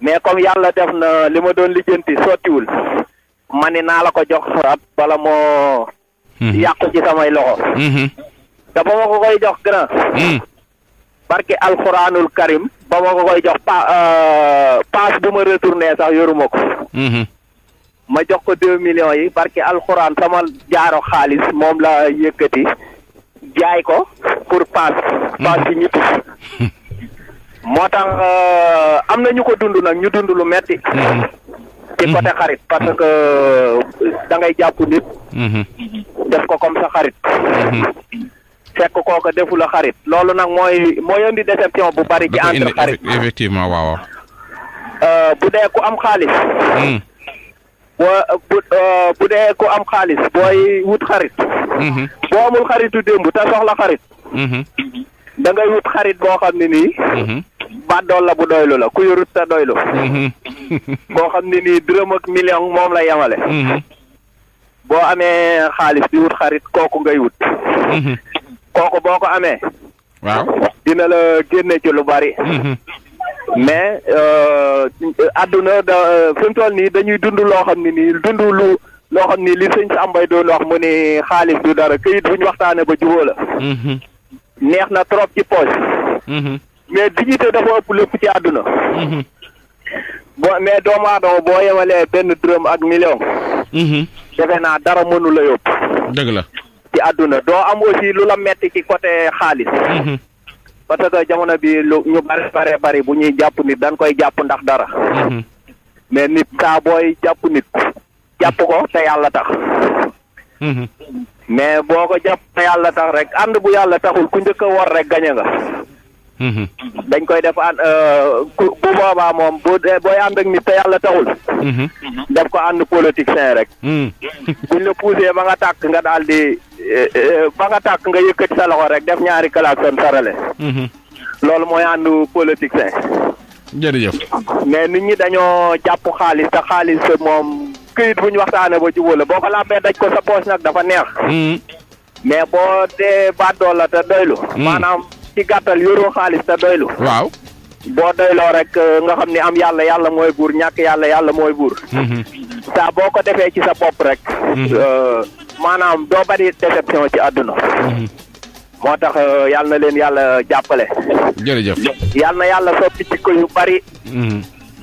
mais comme yàlla def na li ma doon lijjanti sottiwul ma ni naa la ko jox at bala moo mhm. yàqu ci samay loxo mhm. te ma ko koy jox grand barke alxuraanul karim ba ma ko koy jox pa euh, paas bu ma retourné sax yoruma ko. Mhm. ma jox ko deux millions yi barke alxuraan sama jaaro xaalis moom la yëkkati jaay ko pour paas. Mhm. paas bi ñibbi. moo tax euh, am na ñu ko dund nag ñu dund lu metti mhm. ci côté xarit parce que euh, da ngay nit. def ko comme sa xarit. fekk kooka defu la xarit loolu nag mooy mooy indi déception bu bari ci entre xarit effectivement waaw euh, bu dee ku am xaalis hmm. euh, dee ku am xaalis booy wut xarit hmm. boo amul xaritu démb te soxla xarit hmm. da wut xarit boo xam ne nii bàddool la bu doylu la ku yorut te doylu boo xam ne nii dërëm ak million moom la yemale boo amee xaalis di wut xarit kooku ngay wut kooku boo ko amee. waaw dina la génne ci lu bari. Mm-hmm. mais euh, àdduna da euh, fi toll nii dañuy dund loo xam ne nii dund lu loo xam ni li sëñ si am bay doon wax mu ni xaalis du dara këyit bu ñu waxtaanee ba jubóo la. Mm-hmm. neex na trop ci poche. Mm-hmm. mais dignité dafa ëpp lépp ci àdduna. boo mais doomu aadama boo yemalee benn dërëm ak million. defe naa dara mënu la dëgg la. ci àdduna doo amoo si lu la metti ci côté xaalis mm-hmm. parce que jamono bi lu ñu bare bare bari bu ñuy jàpp nit dañ koy jàpp ndax dara mm-hmm. mais nit saa booy jàpp nit jàpp ko te yàlla tax mm-hmm. mais boo ko jàpp te yàlla tax rek ànd bu yàlla taxul ku njëkk a war rek gañe nga Mhm. dañ koy def ànd euh, ku bu boobaa moom bu dee booy ànd ak nit te yàlla taxul. Mhm. def ko ànd politicien rek. Mhm. buñ la poussé ba nga tàkk nga daal di euh, euh, ba nga tàkk nga yëkkati sa loxo rek def ñaari klaxon sarale. loolu mooy ànd politicien. jërëjëf. mais nit ñi dañoo jàpp xaalis te xaalis moom këyit bu ñu waxtaanee ba jubóo la boo ko làmbee daj ko sa poche nag dafa neex. mais boo dee baat doole te doylu. maanaam. ci gàttal yoroo xaalis te doylu waaw boo doyloo rek euh, nga xam ni am yàlla yàlla mooy buur ñàkk yàlla yàlla mooy buur mm-hmm. saa boo ko defee ci sa bopp rek mm-hmm. euh, maanaam doo bari déception ci àdduna mm-hmm. moo tax euh, yàlla na leen yàlla jàppale yàlla yàlla soppi ci ko yu bari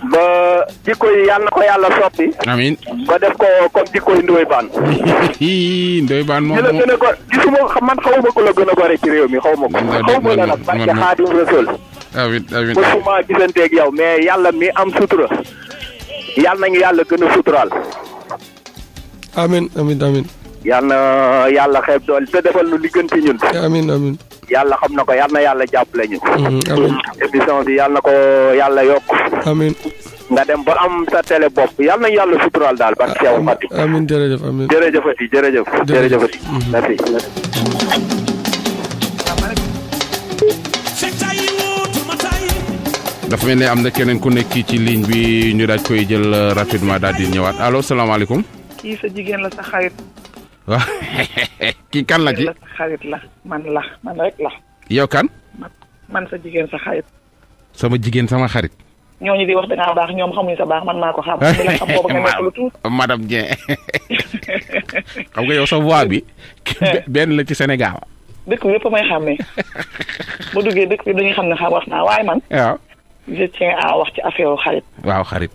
ba jikko yi yàlla na ko yàlla soppi. amiin ba def ko comme jikko yi Ndoye Bane. Ndoye Bane moom moom gën a go gisuma man xaw ma la gën a bari ci réew mi xaw ma ko. xaw ma la nag barke Xaadim Rasul. amiin amiin mosuma yow mais yàlla mi am sutura. yàlla nañu yàlla gën a suturaal. amiin amiin na yàlla xeeb dool te defal lu li gën ci ñun. amiin amiin. yalla xam na ko yalla yalla jàppale ñu mm-hmm, émission bi yalla na ko yalla yok amin nga dem ba am sa télé bop yalla yalla sutural dal barki yow fati amin jërëjëf amin jërëjëf fati jërëjëf jërëjëf fati mm-hmm. merci dafa mel ne am na keneen ku nekk ci ligne bi ñu daj koy jël rapidement daal di ñëwaat allo salaamaaleykum kii sa jigéen la sa xarit waaw kii kan la ci xarit la man la man rek la. yow kan. man sa jigéen sa xarit. sama jigéen sama xarit. ñooñu di wax da baax ñoom xamuñu sa baax man maa ko xam. li la xam boobu nga yow sa voix bi. Eh. benn la ci senegaal dëkk bi yëpp may xàmmee bu duggee dëkk bi dañuy xam ne xam wax naa waaye man. waaw je tiens à wax ci affaire xarit. waaw xarit.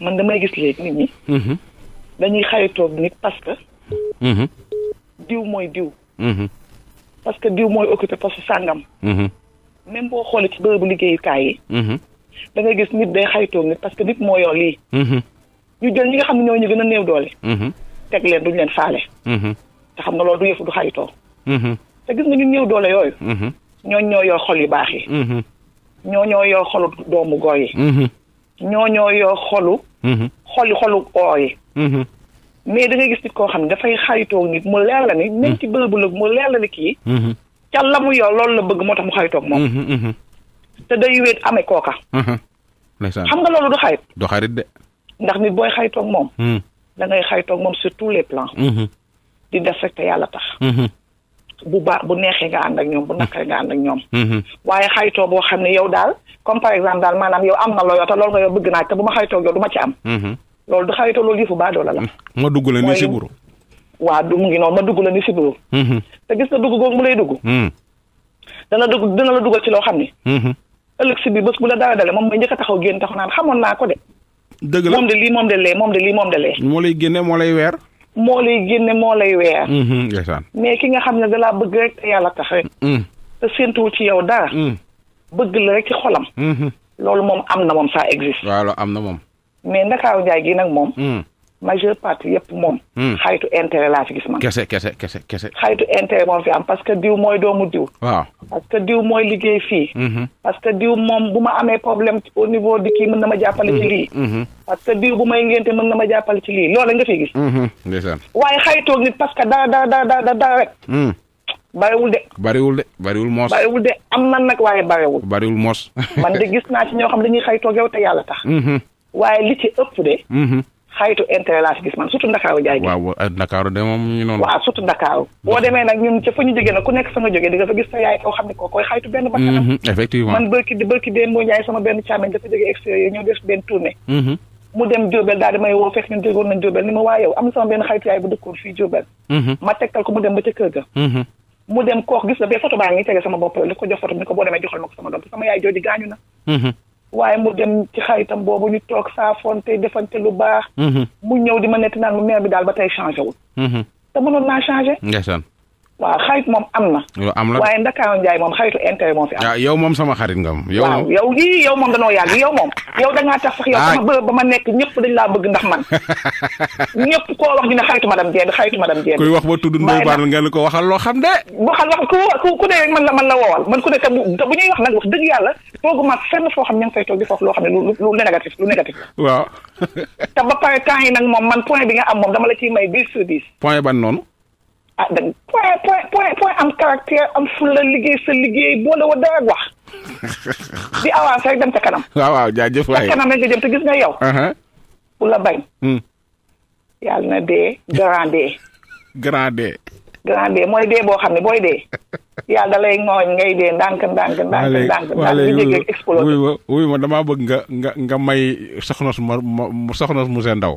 man damay gis léegi nit ñi. Mhm. dañuy xaritoog nit parce Mm-hmm. diw mooy diw. Mm-hmm. parce que diw mooy occupé poste sàngam. Mm-hmm. même boo xoolee ci bërëbu liggéeyukaay yi. dangay ngay gis nit day xaytoo nit parce que nit moo yor ñu jël ñi nga xam ne ñoo ñu gën a néew doole. teg leen duñ leen faale. te xam nga loolu du yëfu du xaytoo. te gis nga ñu néew doole yooyu. ñooñ ñoo yor xol yu baax yi. ñoo ñoo yor xolu doomu góor yi. ñoo ñoo yor xolu. xoli xolu oo mais da gis nit koo xam ne dafay xaritoog nit mu leer la ni. même mm-hmm. ci bërëbu lëg mu leer la ni kii. Mm-hmm. ca la mu yor loolu la bëgg moo tax mu xaritoog moom. Mm-hmm, te day wéet amee kooka. xam nga loolu du xarit. du xarit de. ndax nit booy xaritoog moom. Mm. da ngay xaritoog moom surtout tous les plans. di def rek yàlla tax. bu baax bu neexee nga ànd ak ñoom bu naqaree nga ànd ak ñoom. waaye xaritoo boo xam ne yow daal comme par exemple daal maanaam yow am na loo yor te loolu nga yow bëgg naa te bu ma xaritoog yow du ma ci am. loolu du xarito loolu yëfu baadoola la. Mm. ma dugg la ni si buru. waa du mu ngi noonu ma dugg la ni si buru. Mm-hmm. te gis nga dugg googu mu lay dugg. Mm. dana dugg dina la duggal ci loo xam ni. Mm-hmm. ëllëg si biir bés bu la dara dalee moom mooy njëkk a taxaw génn taxaw naan xamoon naa ko de. dëgg la moom de lii moom de lee moom de lii moom de lee. moo lay génne moo lay weer. moo lay génne moo lay weer. Mm-hmm, mais ki nga xam ne dalaa bëgg rek te yàlla tax rek. Mm. te séentuwul ci yow dara. bëgg la rek ci xolam. loolu moom am na moom ça existe. waaw am na moom. mais ndakaaru njaay gi nag moom. Hmm. majeure partie yëpp moom. Hmm. xaytu intérêt laa fi gis man. kese kese kese kese. xaytu intérêt moom fi am parce que diw mooy doomu diw. waaw parce que diw mooy liggéey fii. Mm-hmm. parce que diw moom bu ma amee problème au niveau di kii mën na ma jàppale ci mm-hmm. lii. Mm-hmm. parce que diw bu may ngénte mën na ma jàppale ci lii loolu nga fiy gis. ndeysaan waaye xaytoog nit parce que dara dara dara dara dara rek. Mm. bariwul de. bariwul de bariwul moos. bariwul de am na nag waaye bariwul. bariwul moos. man de gis naa ci ñoo xam dañuy xaytoog yow te yàlla tax. waaye li ci ëpp de. Mhm. xaytu intérêt laa si gis man surtout Ndakaaru Njaay gi. waaw boo demee nag ñun ca fa ñu jógee nag ku nekk sama nga jógee di nga gis sa yaay koo xam ne koo koy xaytu benn bakkanam. Mhm, effectivement man bërki benn càmmeñ dafa jógee extérieur ñëw mhm. mu dem Diourbel daal di may woo ma na sama benn ko mu dem ba ca mu dem koox gis la ba photo baa sama bopp ko jox photo bi ni ko boo yaay jooju gaañu na waaye mu dem ci xaritam boobu ñu toog saa fonte defante lu baax. Mm-hmm. mu ñëw di ma nett naan mu maire bi daal ba tey changé wul. Mm-hmm. te mënoon naa changé. waaw xarit moom am na. am na waaye Ndakaaru Ndiaye moom xaritu intérêt moom fi am. Ya, yow moom sama xarit nga yow waaw yow yii yow moom danoo yàgg yow moom. yow da tax sax yow ah. sama bërëb ba ma nekk ñëpp dañ laa bëgg ndax man ñëpp koo wax ñu ne xaritu madame Dieng xaritu madame Dieng. kuy wax ba tudd Ndoye Bane ngeen ko waxal loo xam de. waxal wax ku ku ne man la man la woowal man ku ne te bu ñuy wax nag wax dëgg yàlla toogu ma fenn foo xam ña ngi fay toog di foofu loo xam ne lu lu négatif lu négatif. waaw. te ba pare temps yi nag moom man point bi nga am moom dama la ciy may 10 sur 10. point ban noonu. ah da point point point point am caractère am fulla liggéey sa liggéey boole wa dara wax di avancé rek dem ca kanam. waaw waaw jaajëf waay ca kanam rek nga jëm te gis nga yow. Uh-huh. ku la bañ. Hmm. yàlla na dee grand dee. grand dee. grand dee mooy dee boo xam ne booy dee yàlla da lay ngooñ ngay dee ndànk ndànk ndànk ndànk ndànk explosé wuy ma damaa bëgg nga nga nga may soxna su ma soxna mu seen ndaw.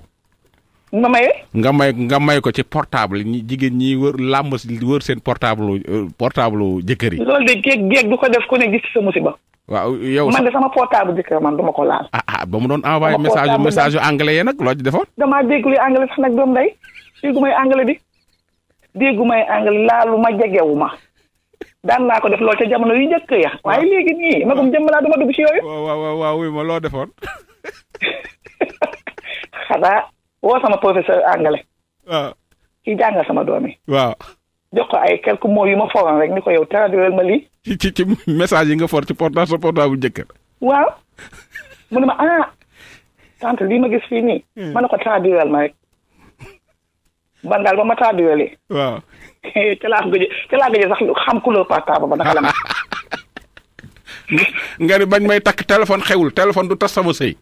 nga maye nga may nga may ko ci portable ñi jigen ñi wër làmb wër seen portable euh, portable jëkkër yi loolu de géeg géeg du ko def ku ne gis sa musiba waaw yow man sama portable jëkkër man duma ko laal ah ah ba mu doon envoyer message message anglais nak lo ci defoon dama dégg luy anglais sax nak doom day déggu may anglais bi déggu may anglais laalu ma jegewuma dan naa ko def lool ci jamono yu njëkk ya waaye léegi nii magum jëm la duma dugg ci yooyu waaw waaw waaw wi ma lo defoon xanaa wo sama professeur anglais ah. waaw ci jàngal sama doom waaw jox ko ay quelques mots yu ma foroon rek ni ko yow ya traduire ma li ci ci ci message yi nga for ci portable sa portable jëkkër waaw mu ne ma ah tante lii hmm. ma gis fii nii ma ne ko traduire ma rek ban daal ba ma traduire eh. eh, li waaw ci laa gëj ci laa gëj sax xam couleur portable ba naka la nga ni bañ may takk téléphone xewul téléphone du tas sama sëy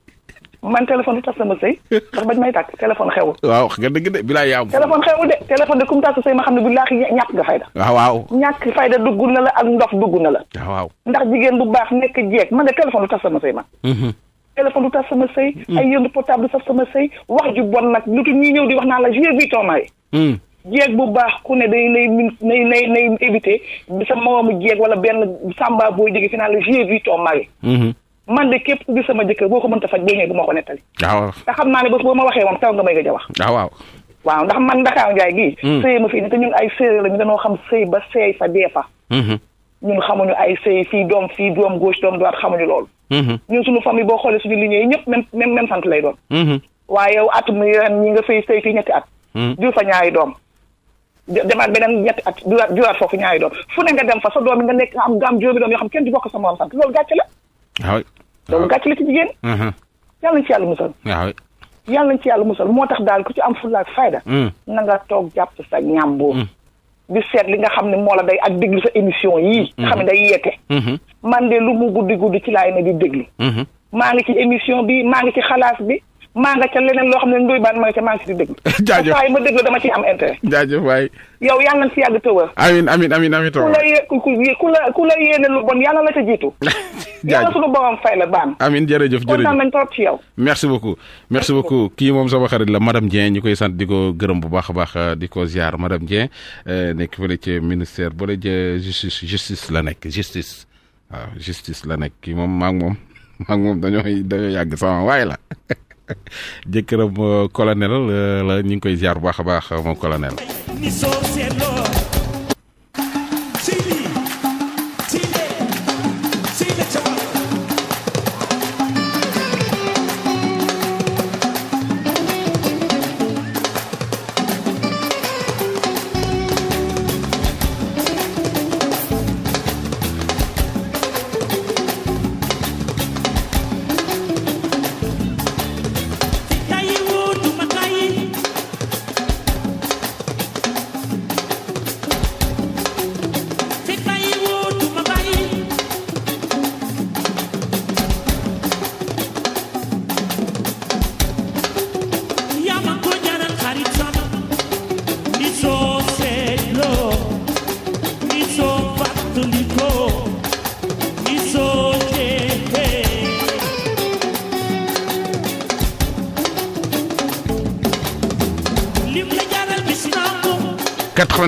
man téléphone du tas sama sëy ndax bañ may tàkk téléphone xewul. waaw wax nga dëgg de bilaay yaa téléphone xewul de téléphone de kum tas sëy ma xam ne bu laax ñàkk nga fayda. Ah, waaw ñàkk fayda dugg na la ak ndof dugg na la. Ah, waaw ndax jigéen bu baax nekk jeeg man de téléphone du tas sama sëy man. Mm-hmm. téléphone du tas sama sëy. Mm-hmm. ay yëndu portable du tas sama sëy wax ju bon nag lu ñuy ñëw di wax naa la joué Vuitton maay. Mm. jeeg bu baax ku ne day lay nay nay nay éviter sa moromu jeeg wala benn sàmba booy jóge naa la joué Vuitton man de képp ku gis sama jëkkër boo ko mënta boo ñëwee du ma ah, xam naa ne bés boo ma waxee moom taw nga may nga wax. Ah, waaw waaw ndax man Ndakaaru Njaay gii. Hmm. sëy xam sëy ba fa dee mm-hmm. ay sëy fii doom fii doom gauche doom droite xamuñu loolu. Mm-hmm. ñun suñu famille boo xoolee suñu lignée yi ñëpp même même même sant lay doon. Mm-hmm. waaye yow at mi ren nga fay foofu ñaari doom fu ne nga dem fa sa doom nga nekk am gaam juróomi doom yoo xam kenn du bokk sa moom loolu gàcce la waaw loolu gàcc la ci jigéen mm-hmm. yàlla nañ ci yàlla musal waaw yàlla nañ ci yàlla musal moo tax daal ku ci am fulla ak fayda mm. na nga toog jàpp sa ñaam boobu mm. di seet li nga xam ne moo la day ak déglu sa émission yii mm-hmm. nga xam ne day yeete mm-hmm. man de lu mu guddi guddi ci laay ne di déglu maa ngi ci émission bi maa ngi ci xalaas bi maa nga ca leneen loo xam ne ndoy baan ma nga ca maa ngi si di déglu. jaajëf saa yi ma déglu dama ciy am intérêt. jaajëf waay. yow yal nañ si yàgg tëwër. amiin amiin amiin amiin tëwër. ku la yé ku la ku la yéene lu bon yàlla la ca jiitu. jaajëf yàlla sunu borom fay la baan. amiin jërëjëf jërëjëf kontaan nañ trop ci yow. merci beaucoup merci beaucoup kii moom sama xarit la madame Dieng ñu koy sant di ko gërëm bu baax a baax euh, di ko ziar madame Dieng euh, nekk fële ci ministère bu la justice justice la nekk justice waaw justice la nekk kii moom maa ngi moom maa ngi moom dañoo dañoo yàgg sama waay la jëkkëram euh, colonel euh, la ñu ngi koy ziar bu baax a baax euh, moom colonel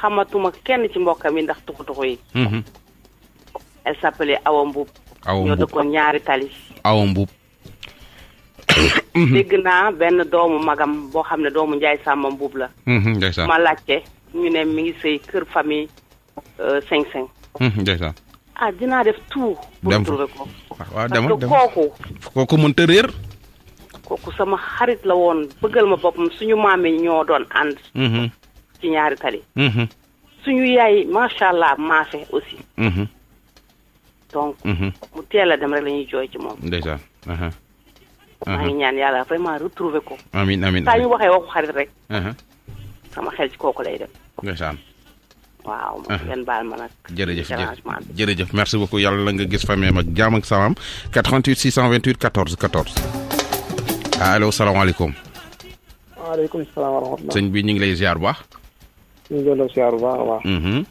xamatuma kenn ci mbokkam yi ndax tuxu-tuxu yi. Mhm. elle s'appelait Awa Mbuub. ñoo dëkkoon ñaari tali. Awa Mbuub. dégg naa benn doomu magam boo xam ne doomu Njaay Samba Mbuub la. Mhm, Njaay ma laajte ñu ne mi ngi sëy kër famille cinq cinq. Njaay Samba. ah dinaa def tout. dem ko. Ah, kooku. kooku mënut réer. kooku sama xarit la woon bëggal ma boppam suñu maam yi ñoo doon ànd. Mhm. ci ñaari tali. Mm-hmm. suñu yaay macha allah aussi. Mm-hmm. donc. Mm-hmm. mu teel a dem rek la ñuy jooy ci moom. déjà. Uh-huh. maa ngi uh-huh. ñaan yàlla vraiment retrouver ko. amiin amiin saa ñu waxee waxu xarit rek. Uh-huh. sama xel ci kooku lay dem. ndeysaan. jërëjëf jërëjëf merci beaucoup yàlla la nga gis famille am ak jaam ak salaam 88 628 14 14. allo salaamaaleykum. waaleykum salaam wa rahmatulah. sëñ bi ñu ngi lay ziar baax. ñu la siyaar bu baax a baax. Mhm.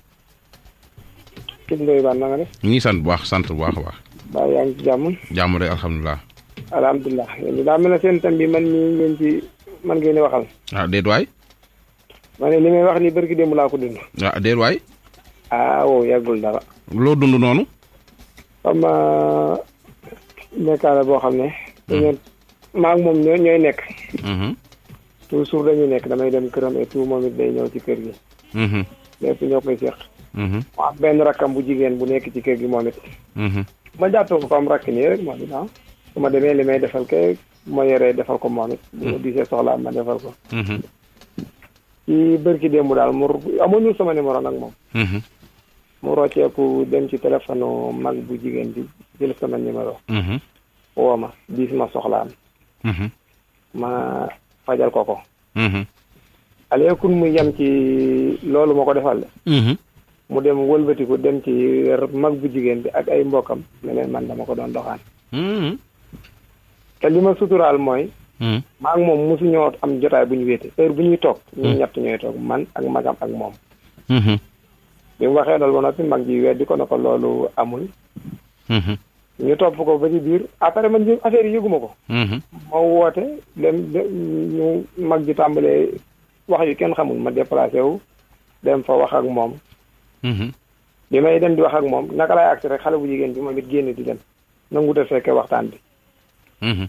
kii Ndoye Bane na nga def. ñu ngi sant bu baax sant bu baax a baax. waaw yaa ngi ci jàmm. jàmm rek alhamdulilah. alhamdulilah yéen daa mel seen tam bi man mii ngeen ci man ngeen di waxal. ah déet eh? waay. ma ne li may wax ni barki démb laa ko dund. ah déet eh? waay. ah wow oh, yàggul ya, dara. loo dund noonu. sama nekkaale boo xam ne. dañoo maag moom ñooy nekk. toujours dañuy nekk damay dem këram et tout moom it day ñëw ci kër gi. Mm-hmm. lépp ñoo koy seq mu mm-hmm. am benn rakkam bu jigéen bu nekk ci kër gi moom it ma jàppee ko comme rakk nii rek moom it ah su ma demee li may defal kay ma defal ko moom it mm-hmm. bu ma soxlaam ma defal ko ci démb daal mu amuñu sama numéro nag moom mu rocceeku dem ci téléphone mag bu jigéen bi jël sama numéro woo ma diis ma soxlaam ma fajal ko ko aleekun mu yem ci loolu ma ko defal de mhm. mu dem wëlbatiku dem ci mag bu jigéen bi ak ay mbokkam ne leen man dama ko doon doxaan mhm. te li ma suturaal mooy mhm. maa moom mosu ñoo am bu ñu wéete bu ñuy toog ñun ñett man ak magam ak moom bi mu waxee loolu mag ji weddi ko na ko loolu amul ñu topp ko ba ci biir après man ñu affaire yi yëguma ko moo woote dem ñu mag ji tàmbalee wax yu kenn xamul ma déplacé wu dem fa wax ak moom. Mhm. bi may dem di wax ak moom naka laay agsi rek xale bu jigéen bi moom it génn di dem nanguut a fekkee waxtaan bi. Mhm.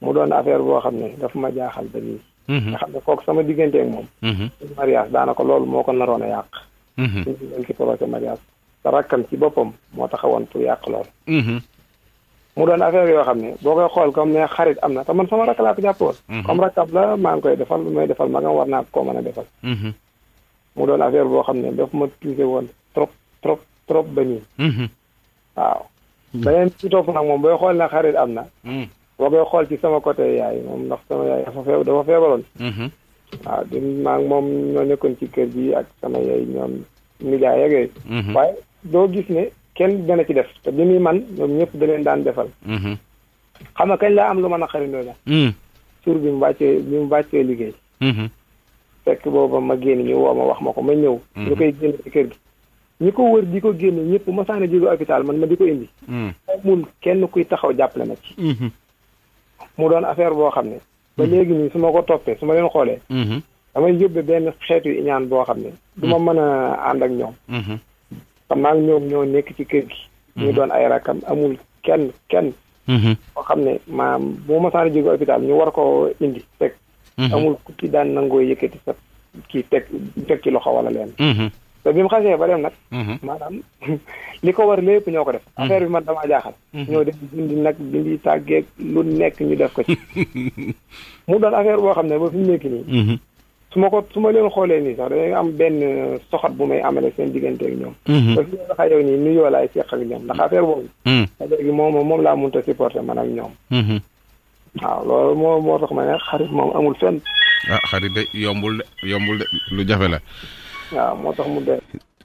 mu doon affaire boo xam ne daf ma jaaxal ba nii. Mhm. nga xam ne kooku sama diggante moom. suñu mariage daanaka loolu moo ko naroon a yàq. suñu diggante ci projet mariage. rakkam ci boppam moo taxawoon pour yàq lool. mu doon affaire yoo xam ne boo koy xool comme ne xarit am na te man sama rakk laa ko jàppoon mhm. comme rakkab la maa ngi koy defal lu may defal ma nga war naa koo mën a defal mhm. mu doon affaire boo xam ne daf ma tuuse woon trop trop trop ba nii mhm. waaw beneen ci topp nag moom booy xool ne xarit am na boo koy xool ci sama côté yaay moom ndax sama yaay dafa feeb feebaroon waaw di maa ngi moom ñoo nekkoon ci kër gi ak sama yaay ñoom nijaay ak yooyu waaye doo gis ne kenn dana ci def te bi muy man ñoom ñëpp da leen daan defal. Mhm. xam nga kañ laa am lu man a xarindoo la. Mm. suur bi mu wàccee bi mu wàccee liggéey. Mhm. fekk booba ma génn ñu woo ma wax ma ko ma ñëw. Mhm. ñu koy génn ci kër gi. ñu ko wër di ko génn ñëpp ma saana jóge hôpital man ma di ko indi. Mm. amul kenn kuy taxaw jàppale ma ci. mu doon affaire boo xam ne. ba léegi nii su ma ko toppee su ma leen xoolee. damay yóbbe benn xeetu iñaan boo xam ne. du mën a ànd ak ñoom. te maa ngi ñoom ñoo nekk ci kër gi. ñu mhm. doon ay rakam amul kenn kenn. boo mhm. xam ne maam boo ma saan jóge hôpital ñu war ko indi teg. Mhm. amul ku daan nangoo yëkkati sa kii teg teg ci loxo wala leen. te bi mu xasee ba dem nag. maanaam li ko war lépp ñoo ko def. affaire bi man damaa jaaxal. ñoo def bindi nag bindi tàggeeg lu nekk ñu def ko ci. mu doon affaire boo xam ne ba fi nekk nii. su ma ko su ma leen xoolee nii sax dañuy am benn soxat bu may amale seen digganteeg ñoom. Mhm. parce que sax yow nii nuyoo laay seq ak ñoom ndax affaire mhm. moom moom laa mënut a supporter man ak ñoom. Mhm. waaw loolu moo moo tax ma ne xarit moom amul fenn. ah xarit de yombul de yombul de lu jafe la. moo tax mu de.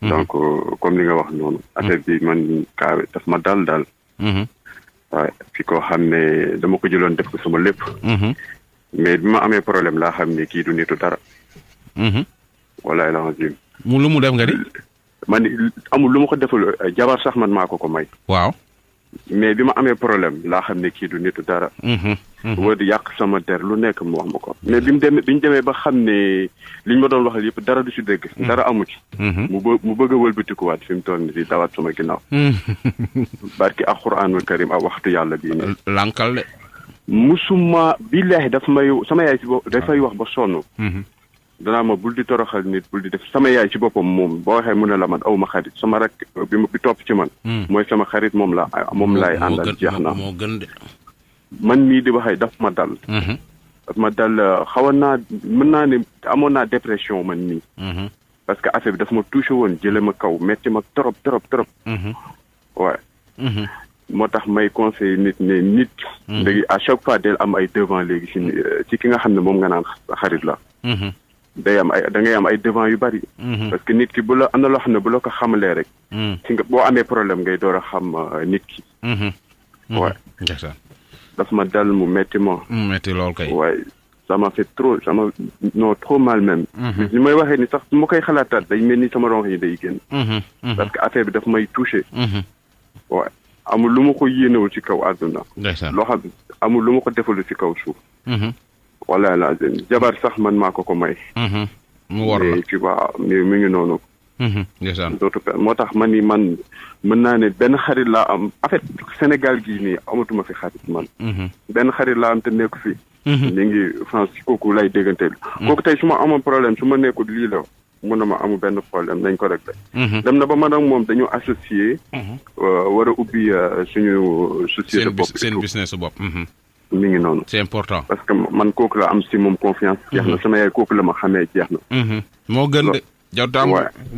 Mm-hmm. donc euh, comme li a wax noonu. Mm-hmm. affaire bi man kaawe ma dal daal. Mm-hmm. waaye fi koo xam ne dama ko jëloon def ko suma lépp. mais bi ma amee problème laa xam ne kii du nitu dara. walaay mu lu mu def nga ni. man amul lu ma ko defal jabar sax man maa ko ko may. waaw. mais bi ma amee problème laa xam ne kii du nitu dara. Mhm, mhm. wala di yàq sama der lu nekk mu wax ma ko. mais bi mu demee bi ñu demee ba xam ne ñu ma doon waxal yëpp dara du ci dëgg. Mhm. dara amu ci. mu bë mu bëgg a wëlbatikuwaat fi mu toll nii di dawaat sama ginnaaw. barki ak Quraanul Karim ak waxtu yàlla bii nii. lànkal de. musuma billaahi daf may sama yaay si dafay wax ba sonn. danaa ma bul di toroxal nit bul di def sama yaay ci boppam moom boo waxee mu ne la man aw ma xarit sama rak bi ma bi topp ci man. Hmm. mooy sama xarit moom la ah, moom laay àndal jeex na moo gën de. man mii di waxee daf ma dal. Hmm. daf dal euh, xawoon naa mën naa ne amoon naa dépression man nii. Hmm. parce que affaire bi daf ma touché woon jëlee ma kaw metti ma trop trop trop. waaw. moo tax may conseillé nit ne nit. léegi à chaque fois am ay devant léegi euh, ci ki nga xam ne moom nga naan xarit la. day am ay da ngay am ay devant yu bari. Mhm. parce que nit ki bu la am loo xam ne bu la ko xamalee rek. Mhm. ci nga boo amee problème ngay door a xam euh, nit ki. waaw. Mhm. ma dal mu métti ma. mu métti lool kay. waaye ça m'a fait trop m'a non mal même. li may waxee ni sax su ma koy xalaataat day mel ni sama ronx yi day génn. parce que affaire bi daf may touché. waaw amul lu ma ko yéenewul ci kaw àdduna. loo lu ma ko defalu ci kaw suuf. wala lazim jabar sax man maa ko ko may. Mhm. mu war la tu mi ngi noonu. Mhm. ndeysaan dootu moo tax man ni man mën naa ne benn xarit laa am en fait Sénégal gii nii amatuma fi xarit man. Mhm. benn xarit laa am te nekk fi. mi ngi France kooku lay dégganteel. kooku tey su ma amoon problème su ma nekkul lii la mun na ma amul benn problème nañ ko rek dem na ba man ak moom dañu associé. Euh, war a ubbi euh, suñu. Euh, su bopp seen business bopp. mi ngi noonu. c'est important parce que man kooku la am si moom confiance. jeex na mhm. sama yaay kooku la ma xamee jeex na. Mhm. moo gën de. jawta am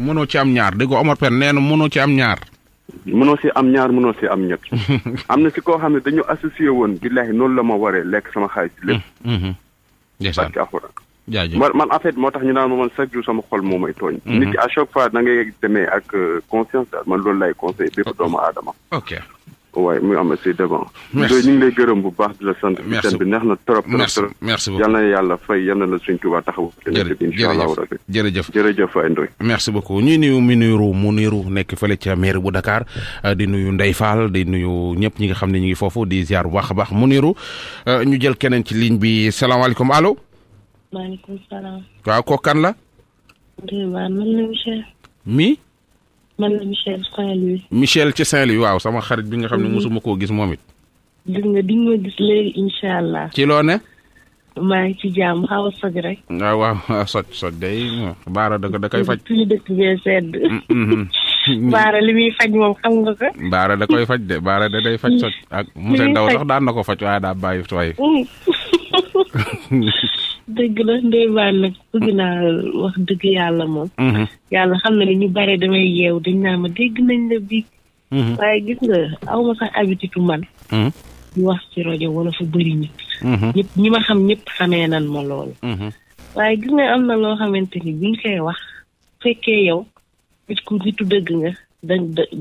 mënoo ci am ñaar dégg nga nee na mënoo ci am ñaar. mënoo si am ñaar mënoo si am ñett. am na si koo xam ne dañu associé woon billahi noonu la ma waree lekk sama xaalis lépp. Mhm. ndeysaan jaajëf man man en moo tax ñu naan man chaque jour sama xol moom may tooñ. nit ki à chaque fois da ngay demee ak euh, conscience daal man loolu lay conseillé bépp doomu aadama. ok. waaye muy am aussi devant. merci ñu ngi lay gërëm bu baax di la sant. merci seen bi neex na trop. merci merci la suñ tubaab taxawu. jërëjëf jërëjëf jërëjëf Faye Ndoye. merci beaucoup ñuy nuyu Muniru Muniru nekk fële ca bu Dakar euh, di nuyu Ndeye Fall di nuyu ñëpp ñi nga xam ne ñu ngi foofu di ziar bu baax a baax Muniru euh, ñu jël keneen ci ligne bi salaamaaleykum allo. maaleykum salaam. waaw kooku la. mi. man la Michel Saint-Louis. Michel ci Saint-Louis waaw sama xarit bi nga xam ne mosuma koo gis moom it. dégg nga di nga gis léegi incha allah. ci loo ne. maa ngi ci jàmm xaw a soj rek. waaw waaw da koy faj. suñu mm, mm, mm. da koy faj soj. ak monsieur Ndaw sax daan na ko faj waaye daa bàyyi waaye. dëgg la Ndeye Bane nag bëgg naa wax dëgg yàlla moom. Mhm. yàlla xam na ni ñu bare damay yeew dañ naa ma dégg nañ la biig. Mhm. waaye gis nga aw ma sax habitude man. ñu mhm. wax ci rajo wala fu bëri nit. ñëpp ñi ma xam ñëpp xamee nan ma loolu. waaye gis nga am na loo xamante ni bi nga koy wax fekkee yow nit ku nitu dëgg nga da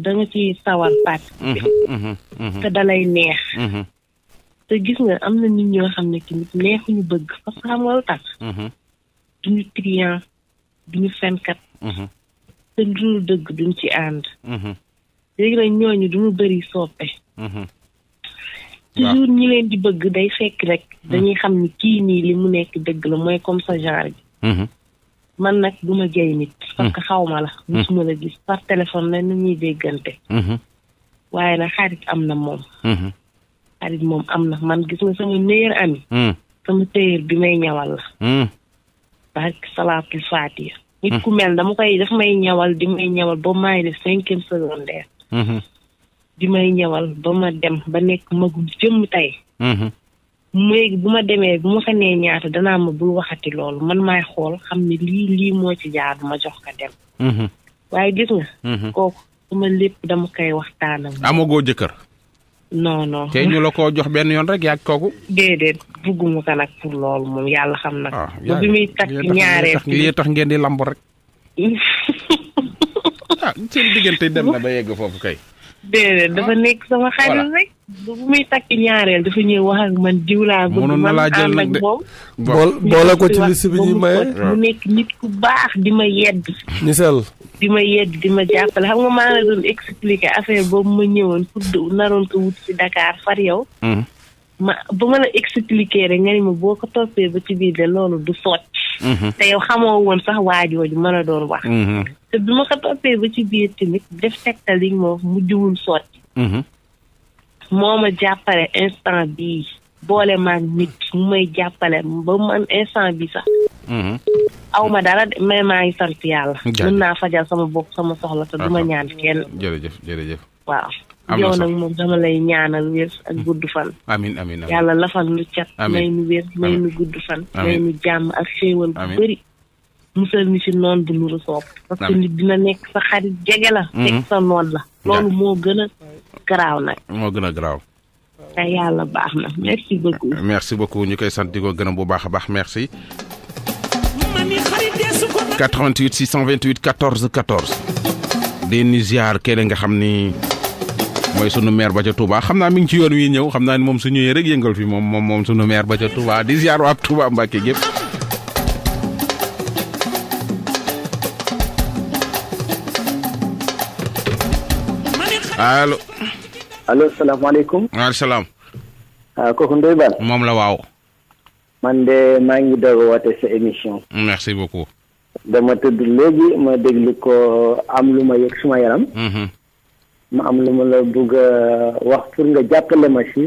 da nga ciy sawar participer. te dalay neex. te gis nga am na nit ñoo xam ne tamit neexuñu bëgg parce que xam nga lu tax. Mm-hmm. duñu client duñu fenkat. Mm-hmm. te duñu dëgg duñ ci ànd. Mm-hmm. léegi nag ñooñu duñu bëri soppe. toujours ñi leen di bëgg day fekk rek. dañuy xam ni kii nii li mu nekk dëgg la mooy comme sa genre bi. man nag du ma jay nit. parce xaw ma la. musuma la gis par téléphone la ni ñuy déggante. waaye na xarit am na moom. xarit moom am na man gis nga sama meilleur ami. Hmm. sama téyeer bi may ñawal la. Hmm. barke salaatul faatiha. Hmm. nit ku mel na dama koy def may ñawal di may ñawal ba may def cinquième di may ñawal ba ma dem ba nekk magum jëmm tey. léegi bu ma demee bu ma fa nee ñaata danaa ma bul waxati loolu man may xool xam ne lii lii moo ci jaar ma jox ko dem. waaye gis nga. kooku sama lépp dama koy waxtaanal. amagoo jëkkër. non non. ñu la ko jox benn yoon rek yàgg kooku. déedéet bugguma ko nag pour loolu moom yàlla xam nag. waaw ah, bi muy takk ñaareel li tax ngeen di lamb rek. ah seen diggante dem na ba yegg foofu kay. dafa nekk sama xarit rek. bu muy takk ñaareel dafa ñëw wax ak man diw laa bëgg. mënoon na laa jël nag de bool boole ko ci liste bi ñuy mu nekk nit ku baax di ma yedd. misaal. di ma yedd di ma jàppale xam nga maa la doon expliquer affaire boobu ma ñëwoon pour naroon ko wut ci Dakar far yow. Hmm. ma ba ma la expliquer rek nga ni ma boo ko toppee ba ci biir de loolu du sotti. Mm-hmm. te yow xamoo woon sax waajooju mën a doon wax mm-hmm. te bi ma ko toppee ba ci biir tamit def tegtal yi moo mujjuwul sotti mm-hmm. moo ma jàppale instant bi boole maag nit mu may jàppale ba man instant bi sax aw ma dara de mais maa ngi sant yàlla mën naa fajal sama bopp sama soxla te duma ñaan kenn jërëjëf jërëjëf waaw am yow nag moom dama lay ñaanal wér ak gudd fan. amiin amiin amiin yàlla nu cat. may nu wér may nu gudd fan. may nu jàmm ak xéewal bu musal ni noon bu nuru soob. parce que nit dina nekk sa xarit jege la. teg mm-hmm. sa noon la. loolu moo gën a garaaw nag. moo gën a garaaw. te yàlla baax na merci beaucoup. ñu koy sant di ko gërëm bu baax a baax merci. 88 628 14 14. di nuyu ziar keneen nga xam ni. mooy sunu maire ba ca Touba xam naa mi ngi ci yoon wi ñëw xam naa ni moom su ñëwee rek yëngal fi moom moom moom sunu maire ba ca Touba di ziar salaamaaleykum. waaleykum salaam. Ah, moom la waaw. man de maa ngi doog a woote sa émission. merci beaucoup. dama tëdd léegi ma déglu ko am lu ma yëg suma yaram. Mm-hmm. ma am lu ma la bëgg wax pour nga jàppale ma si.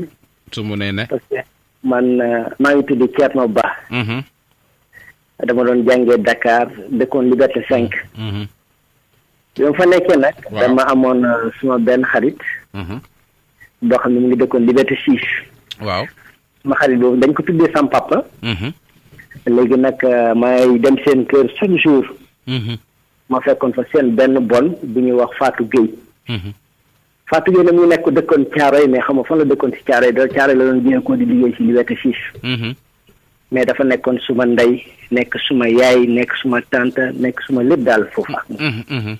su mu nee ne. parce man euh, maa ngi tudd Thierno Ba. Mm-hmm. dama doon jàngee Dakar dëkkoon Liberté 5. Mm-hmm. bi ma fa nekkee nag. dama amoon euh, suma benn xarit. Mm-hmm. boo xam ne mu ngi dëkkoon Liberté waaw ma xarit boobu dañ ko tuddee sam papa. léegi nag euh, may dem seen kër chaque jour. ma fekkoon fa seen benn bon bu ñuy wax faatu Gueye. Fatou Gueye nag mu nekk dëkkoon Thiaroye mais xam nga la dëkkoon ci Thiaroye da Thiaroye la doon jéem koo di liggéey ci Liberté mhm. dafa nekkoon suma ndey nekk suma yaay nekk suma tante nekk suma lépp daal foofu. Mhm, mhm.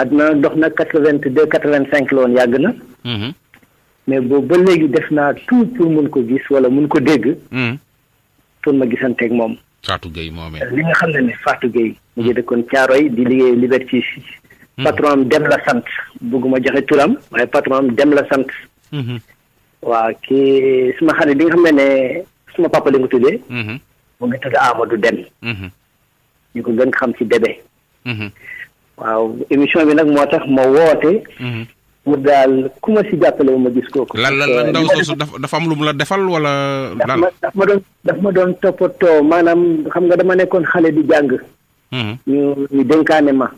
àdduna dox na quatre vingt deux quatre vingt cinq la yàgg na. mais boobu ba léegi def naa tout pour mun ko gis wala mun ko dégg. pour ma gisanteeg moom. Fatou Gueye moomee. li nga xam ne ne Fatou Gueye. mu ngi dëkkoon Thiaroye di liggéey Liberté 6. Mhm. patron am dem la sant bëgguma joxe turam waaye patron am dem la sant. Mhm. waaw kii suma xarit bi nga xam ne ne suma papa li nga tuddee. Mhm. mu ngi tudd Amadou Deme. ñu ko gën xam ci Debe. waaw émission bi nag moo tax ma woote. mu daal ku ma si jàppale ma gis kooku. lan lan ndaw soosu dafa am lu mu la defal wala. lan daf ma doon daf ma doon toppatoo maanaam xam nga dama nekkoon xale di jàng. ñu ñu dénkaane ma.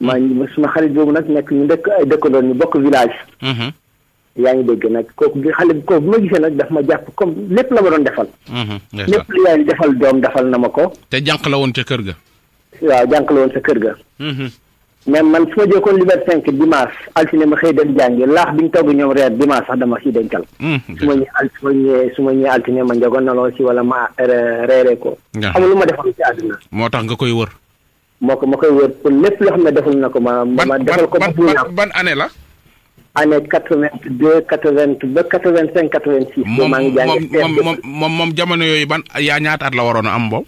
maa ngi suma xarit boobu nag nekk ñu dëkk ay dëkkandoo ñu bokk village. Mhm. yaa ngi dégg nag kooku bi xale bi kooku bi ma gisee nag daf ma jàpp comme lépp la ma doon defal. Mhm, lépp lu yaay defal doom defal na ma ko. te jànq la woon sa kër ga. waaw jànq la woon ca ga. Mhm. mais man su ma jokkoon Liberté 5 dimanche altine ma xëy dem jàngi laax bi ñu togg ñoom reer dimanche sax dama ciy dencal. su ma ñëwee su ma ñëwee ma ñëwee altine ma njogoon na loo ma reeree ko. amul lu ma defal ci àdduna. moo tax nga koy wër. moo ko ma koy wër pour lépp loo xam ne defal na ko ma. ma defal ko ban ban année la. année quatre vingt deux quatre vingt ba quatre vingt cinq quatre vingt six. maa moom moom moom jamono yooyu ban yaa ñaataat la waroon a am boobu.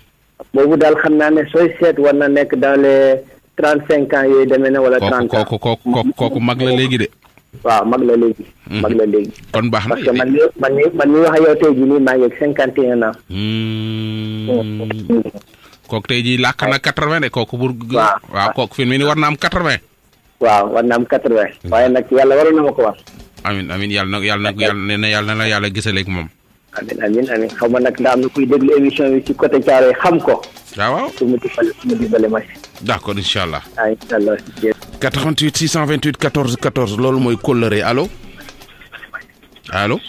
boobu daal xam naa ne sooy seet war na nekk dans les trente cinq ans yooyu demee na wala. trente ans kooku kooku kooku mag la léegi de. waaw mag la léegi. Mhm. mag la léegi. kon baax na parce que man mii man mii man mii wax ak yow tey jii nii maa ngi cinquante et kooku tey jii làkk na ah. quatre-vingt de kooku pour. waaw waaw kooku fi mu ne nii war na am quatre waaw war na am quatre mm. waaye nag yàlla waroon na ma ko war. amiin amiin yàlla na yàlla na yàlla na yàlla na moom. amiin amiin amiin xam nga am na kuy déglu émission bi ci côté Thiaroye xam ko. waaw su ma dimbale su ma dimbale ma d'accord incha allah. waaw loolu mooy kóllëre allo allo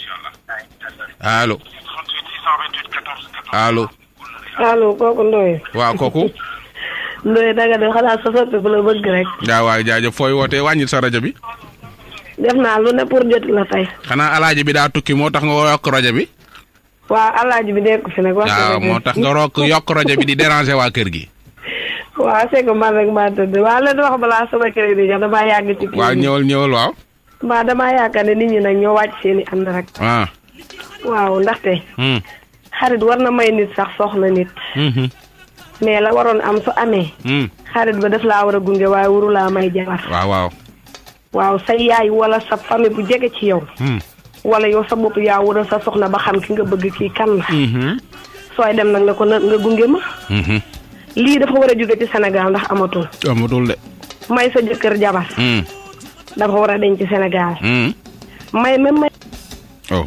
allo. allo kooku Ndoye. waaw kooku. Ndoye danga def xanaa sa soppi bu la bëgg rek. jaa waaw jaajëf fooy wootee wàññil sa rajo bi. def naa lu ne pour jot la tey. xanaa alaaji bi daa tukki moo tax nga yokk rajo bi. waaw alaaji bi nekk fi nag. wax waaw moo tax nga rokk yokk rajo bi di déranger waa kër gi. waaw c'est que man rek maa tëdd waaw leen wax balaa sama crédit di jox damaa yàgg ci. waaw ñëwal ñëwal waaw. mbaa damaa yaakaar ne nit ñi nag ñoo wàcc seen i ànd rek. waaw. Ah. waaw ndaxte. Hmm. xarit war na may nit sax soxla nit. Mm-hmm. mais la waroon am su amee. Mm. xarit ba daf laa war a gunge waaye waru laa may jabar. waaw waaw. waaw sa yaay wala sa famille bu jege ci yow. Mm. wala yow sa bopp yaa war sa soxna ba xam ki nga bëgg kii kan la. Mm-hmm. sooy dem nag na ko nga gunge ma. Mm-hmm. lii dafa war a jóge ci Sénégal ndax amatul. amatul de. may sa jëkkër jabar. Mm. dafa war a denc ci Sénégal. may même may. Oh,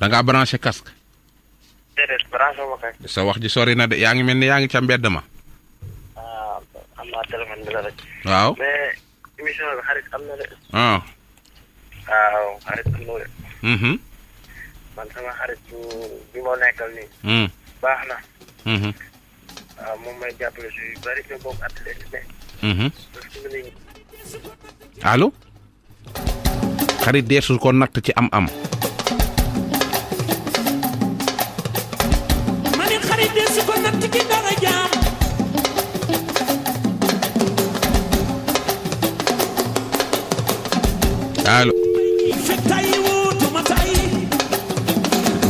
da nga branché casque. déedéet branché ma kay. sa wax ji sori na de yaa ngi mel ca mbedd ma. ah bi la rek. waaw mais émission bi xarit de. ah. xarit mm-hmm. man sama xarit bi nekkal allo. xarit ko natt ci am-am.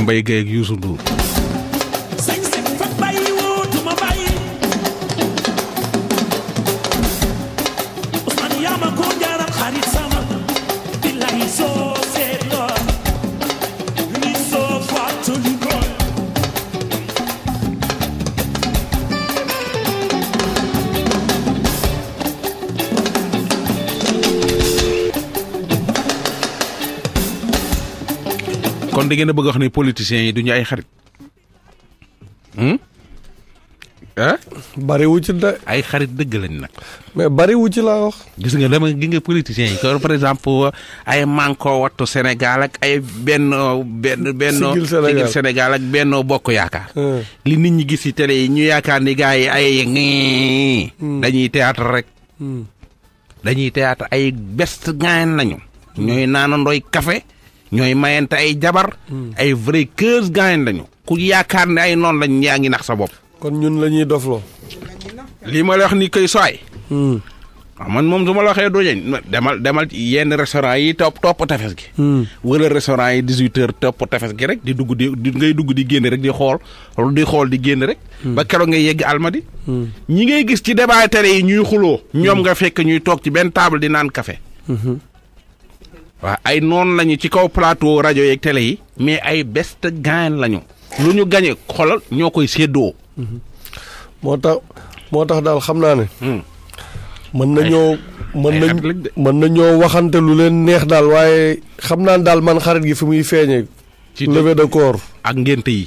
Mbaye Gueye Youssou Ndour kon da ngeen bëgg wax ni politiciens yi duñu ay xarit. Hmm? eh bari wu ci da ay xarit deug lañ nak mais bari wu ci la wax. gis nga dama gi nga politiciens yi par exemple ay manko watto Sénégal ak ay benn benn benn. sigil Sénégal ak benn bokk yaakaar. Hmm. li nit ñi gis ci télé yi ñu yaakaar ni gaay ay ngi hmm. dañuy théâtre rek. dañuy théâtre ay best gaan lañu. ñooy café ñooy mayante ay jabar. Hmm. ay vrai cœurs gaañ lañu. ku yaakaar ne ay noonu lañ yaa ngi nax sa bopp. kon ñun la ñuy dofloo. lii ma la wax ni koy sooy. Hmm. waaw man moom su ma la waxee doo jeeñ demal demal yenn restaurant yi topp topp tefes gi. Hmm. wala restaurant yi 18 topp tefes gi rek di dugg di ngay dugg di génn rek di xool di xool di génn rek. ba keroog ngay yegg di ñi ngay gis ci débat yi ñuy xuloo. ñoom nga fekk ñuy toog ci benn table di naan café. waaw ay noon lañu ci kaw plateau rajo yeeg télé yi mais ay best gain lañu lu ñu gañe xolal ñoo koy séddoo mm-hmm. moo tax moo tax daal xam naa ne hmm. mën nañoo mën nañ mën nañoo waxante lu leen neex daal waaye xam naa daal man xarit gi fi muy feeñee ci levée de corps ak ngénte yi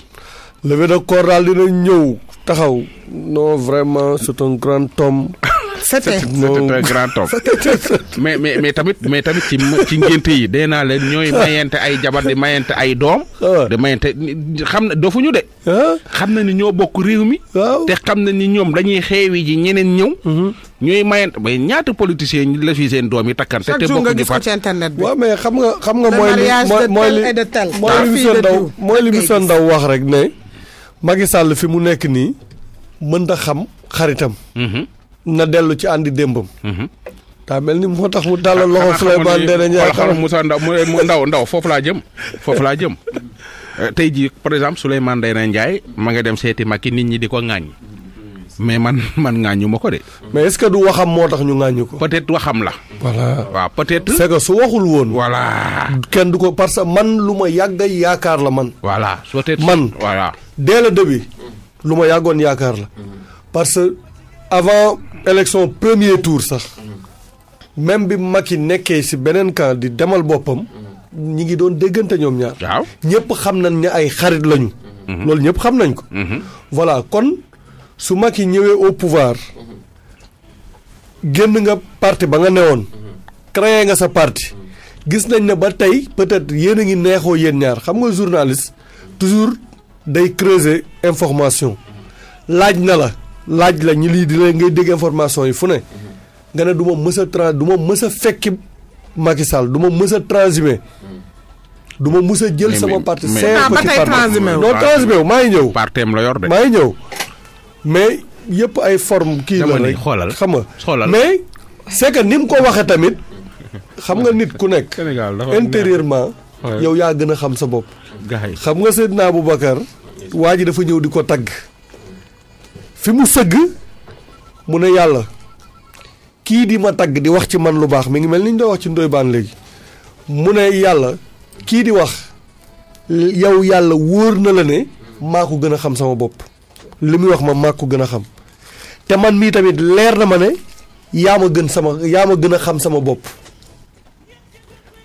levée de corps daal dina ñëw taxaw non vraiment c'est un grand homme c'était un grand homme mais mais mais tamit mais tamit ci ci ngénte yi dee naa leen ñooy ah. mayente ay jabar di mayente ay doom ah. di mayente xam na dofu ñu de ah. xam na ni ñoo bokk réew mi te xam na ni ñoom dañuy xeewi ji ñeneen ñëw mm-hmm. ñooy mayante mais ñaata politiciens la fi seen doom yi takkante te bokk ñu fa ci internet bi waaw mais xam nga xam nga mooy mooy li mooy li monsieur Ndao mooy li monsieur Ndao wax rek ne Macky Sall fi mu nekk nii mën da xam xaritam mm-hmm. na dellu ci àndi démbam. Mhm. daa mel ni moo tax mu dalal loxo Souleymane Ndéné Ndiaye xam Moussa Ndaw Ndaw Ndaw laa jëm foofu laa jëm eh, tey jii par exemple Souleymane Ndéné Ndiaye ma nga dem seeti Macky nit ñi di ko ŋaañ. mais man man ŋaañu ma ko de. mais est-ce que du waxam moo tax ñu ŋaañu ko. peut-être waxam la. voilà waaw peut-être. c'est que su waxul woon. voilà kenn du ko parce que man lu ma yàgg yaakaar la man. voilà peut man. voilà dès le lu ma yàggoon yaakaar la. Mhm. parce que avant. élection premier tour sax même bi maki si benen camp di demal bopam ñi ngi doon déggante ñoom ñaar waaw ñëpp xam nañ ne ay xarit lañu mhm. loolu ñëpp xam nañ ko mhm. voilà kon su maki ñëwee au pouvoir génn nga parti ba nga newoon mhm. créé nga sa parti gis nañ ne ba tey peut-être yéen a ngi neexoo yéen ñaar xam nga journaliste toujours day creuser information laaj na la laaj la ñi lii di la ngay dégg information yi fu ne mhm. nga ne du ma mës a trans du ma mës a fekki Macky Sall du ma mës a mhm. du ma mës a jël sama parti cinq ah, ci parti non transhumé wu maa ngi ñëw partem la yor de maa ngi ñëw mais yëpp ay forme kii la rek xoolal xam nga xoolal mais est que ni mu ko waxee tamit xam nga nit ku nekk intérieurement yow yaa gën a xam sa bopp xam nga Seydina Aboubacar waa ji dafa ñëw di ko tagg fi mu sëgg mu ne yàlla kii di ma tagg di wax ci man lu baax mi ngi mel ni ñu doo wax ci ndoy baan léegi mu ne yàlla kii di wax yow yàlla wóor na la ne maa ko gën a xam sama bopp li muy wax ma maa ko gën a xam te man mii tamit leer na ma ne yaa ma gën sama yaa ma gën a xam sama bopp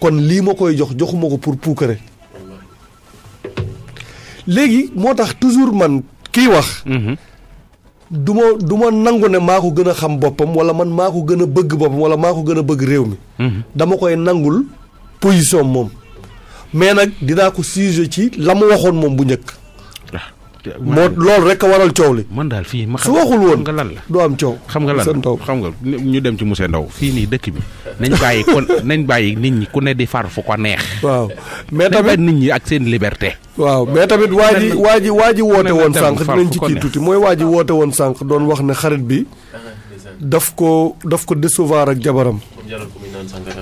kon lii ma koy jox joxuma ko pour puukare léegi moo tax toujours man kiy wax mhm. du ma du ma nangu ne maa ko gën a xam boppam wala man maa ko gën a bëgg boppam wala maa ko gën a bëgg réew mi. Mhm. dama koy nangul position moom. mais nag dinaa ko sujet ci la mu waxoon moom bu njëkk. moo loolu rek a waral coow li. man daal fii ma xam su waxul woon nga lan la. du am coow xam nga lan la xam nga ñu dem ci monsieur Ndaw fii nii dëkk bi nañ bàyyi kon nañ bàyyi nit ñi ku ne di far fu ko neex. waaw mais tamit nit ñi ak seen liberté. waaw mais tamit waa ji waa ji waa ji woote woon sànq dinañ ci kii tuuti mooy waa ji woote woon sànq doon wax ne xarit bi ah. daf ko daf ko décevoir ak jabaram.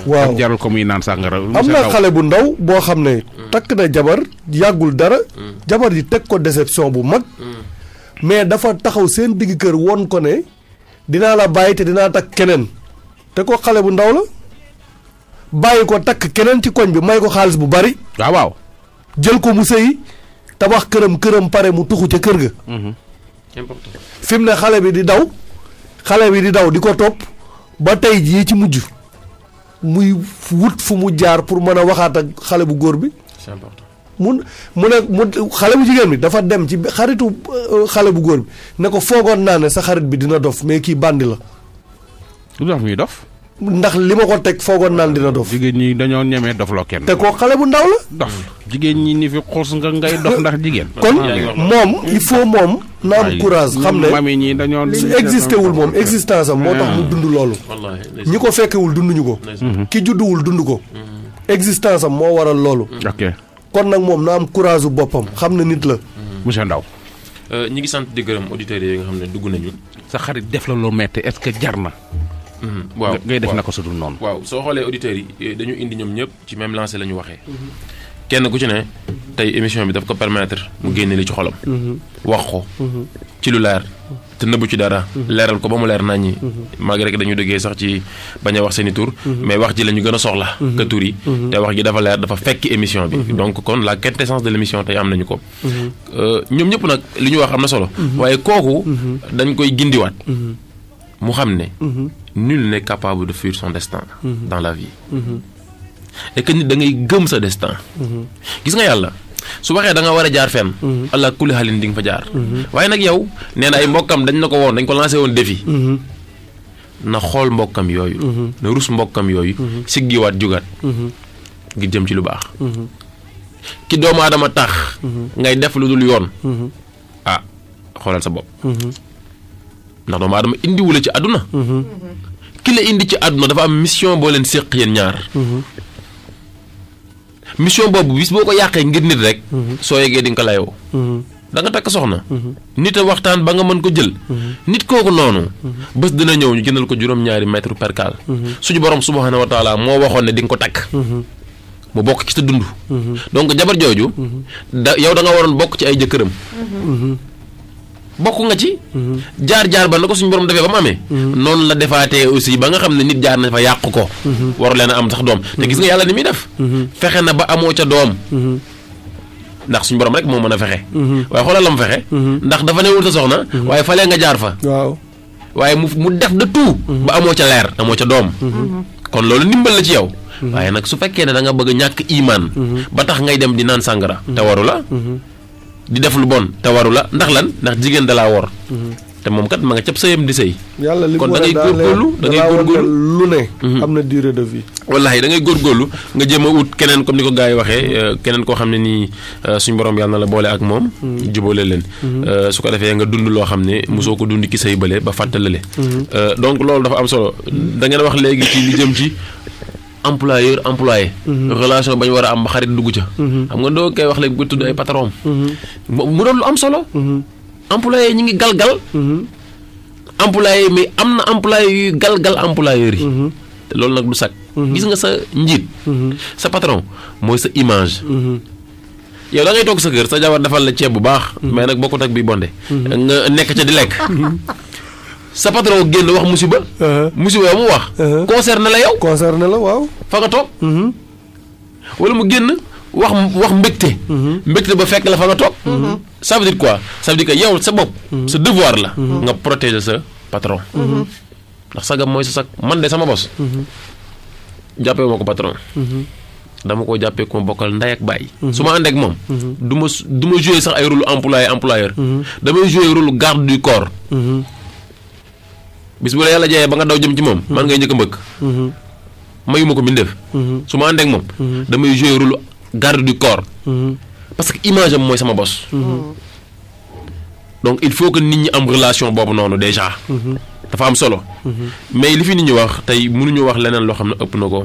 waaw jaral ko muy naan sàngara am na xale bu ndaw boo xam ne mm. takk na jabar yàggul dara mm. jabar ji teg ko déception bu mag mm. mais dafa taxaw seen digg kër woon ko ne dinaa la bàyyi te dinaa takk keneen te ko xale bu ndaw la bàyyi ko takk keneen ci koñ bi may ko xaalis bu bari ah, waaw jël ko mu sëyi tabax këram këram pare mu tuxu ca kër ga mm-hmm. fi ne xale bi di daw xale bi di daw di ko topp ba tey jii ci mujj muy wut fu mu jaar pour mën a waxaat ak xale bu góor bi. mun mu ne mu xale bu jigéen bi dafa dem ci xaritu euh, xale bu góor bi ne ko foogoon naa ne sa xarit bi dina dof mais kii bàndi la. lu tax muy dof. ndax li ma ko teg foogoon naan dina dof. jigéen ñi dañoo ñemee dof loo kenn. te koo xale bu ndaw la. dof jigéen ñi ni fi xuus nga ngay dof ndax jigéen. kon moom il faut moom. na am courage xam ne mami ñi dañoo. existé wul moom existence am ah. dund loolu. ñi ko fekkewul dunduñu ko. Mhm. ki judduwul dund ko. Mhm. existence moo waral loolu. Mhm. ok kon nag moom na am courage boppam xam ne nit la. monsieur Ndao. Euh, ñi ngi sant di gërëm auditeurs yi nga xam ne dugg nañu. sa xarit def la loo metti est-ce que jar na. Mm-hmm. waaw ngay def naka sudul noonu. waaw soo xoolee auditeurs yi eh, dañu indi ñoom ñëpp ci même lancé la waxee. kenn ku ci ne tey émission bi daf ko permettre mu génne li ci xolam. Mm-hmm. wax ko mm-hmm. ci lu leer te nëbbu ci dara. leeral ko ba mu leer naññi. malgré que dañu déggee sax ci bañ a wax seen tur. mais wax ji la ñu a soxla. que tur te wax ji dafa leer dafa fekk émission bi. donc kon la quintessence de l' émission tey am nañu ko. Euh, ñoom ñëpp nag li ñu wax am na solo. waaye kooku dañ koy gindiwaat. mu nul n'est capable de fuir son destin mhm. dans la vie mhm. et que nit da ngay gëm sa destin mhm. gis nga yàlla su waxee da nga war a jaar fenn allah kulli halin di nga fa jaar waaye nag yow nee na ay mbokkam dañ na ko woon dañ ko lancé woon défi na xool mbokkam yooyu na rus mbokkam yooyu siggiwaat jugaat ngir jëm ci lu baax ki doomu aadama tax ngay def lu dul yoon ah xoolal sa bopp ndax doomu aadama indiwu la ci àdduna ki la indi ci àdduna dafa am mission boo leen séq yéen ñaar mission boobu bis boo ko yàqee ngir nit rek soo yeggee di nga ko layoo da nga takk soxna nit a waxtaan ba nga mën ko jël nit kooku noonu bés dina ñëw ñu jëndal ko juróom-ñaari mètre percal suñu borom subhanahu wa taala moo waxoon ne di nga ko takk mu bokk ci sa dund mhm. donc jabar jooju yow da nga waroon bokk ci ay jëkkëram bokk nga ci. jaar jaar ba na ko suñu borom defee ba mu amee. noonu la defaatee aussi ba nga xam ne nit jaar na fa yàq ko. waru leen am sax doom. te gis nga yàlla ni muy def. fexe na ba amoo ca doom. ndax suñu borom rek moo mën a fexe. waaye xoolal la mu fexe. ndax dafa newul sa soxna. waaye falee nga jaar fa. waaw waaye mu mu def de tout. ba amoo ca leer amoo ca doom. kon loolu ndimbal la ci yow. waaye nag su fekkee ne da nga bëgg ñàkk imaan. ba tax ngay dem di naan sàngara. te waru di def lu bon te waru la ndax lan ndax jigéen da laa wor. te moom kat ma nga cëpp sëyam di sëy. yàlla li mu war a daaneel da ngay góorgóorlu lu ne. Mhm. am na durée de vie. wallaahi da ngay góorgóorlu nga jéem a ut keneen comme ni ko gaa yi waxee mhm. euh, keneen koo xam ne nii euh, suñ borom yàlla na la boole ak moom. Mhm. jubóole leen. Euh, su ko defee nga dund loo xam ne mosoo ko dund ki sëy bële ba fàttale fàttalale. donc loolu dafa am solo da ngeen wax léegi ci li jëm ci. employeur employé mm-hmm. relation bañ wara am ba xarit duggu ca mm-hmm. xam nga do koy wax léegi bu tuddu ay patron mm-hmm. mu do lu am solo employé ñi ngi gal-gal employé mais amna employé yu gal-gal employeur yi te loolu nak du sak gis nga sa njit sa patron moy sa image yow da ngay tok sa sa jabar defal la ceeb bu mais nak bokut ak bi bondé nga nek ca di lek sa patron génn wax musiba. Uh-huh. musiba mu wax. Uh-huh. concerne la yow. concerne la waaw. fa nga toog. Uh-huh. wala mu génn wax wax mbégte. mbégte ba fekk la fa nga toog. ça veut dire quoi ça veut dire que yow sa bopp. sa devoir la. nga protéger sa patron. ndax sagam mooy sa sag man de sama bos. jàppee ma ko patron. dama ko jàppee ko bokal bokkal ndey ak bàyyi. su ma ànd ak moom. duma duma jouer sax ay rôle employé employeur. damay jouer rôle garde du corps bis bu la yàlla jaayee ba nga daw jëm ci moom man ngay njëkk a mbëkk mhm. mayuma ko mbindeef mhm. su ma ànd ak moom mhm. damay jouer rôle garde du corps parce que image am sama bos oh. donc il faut que nit ñi am relation boobu noonu déjà dafa am solo mais li fi nit ñi wax tey mënuñu wax leneen loo xam ne ëpp na ko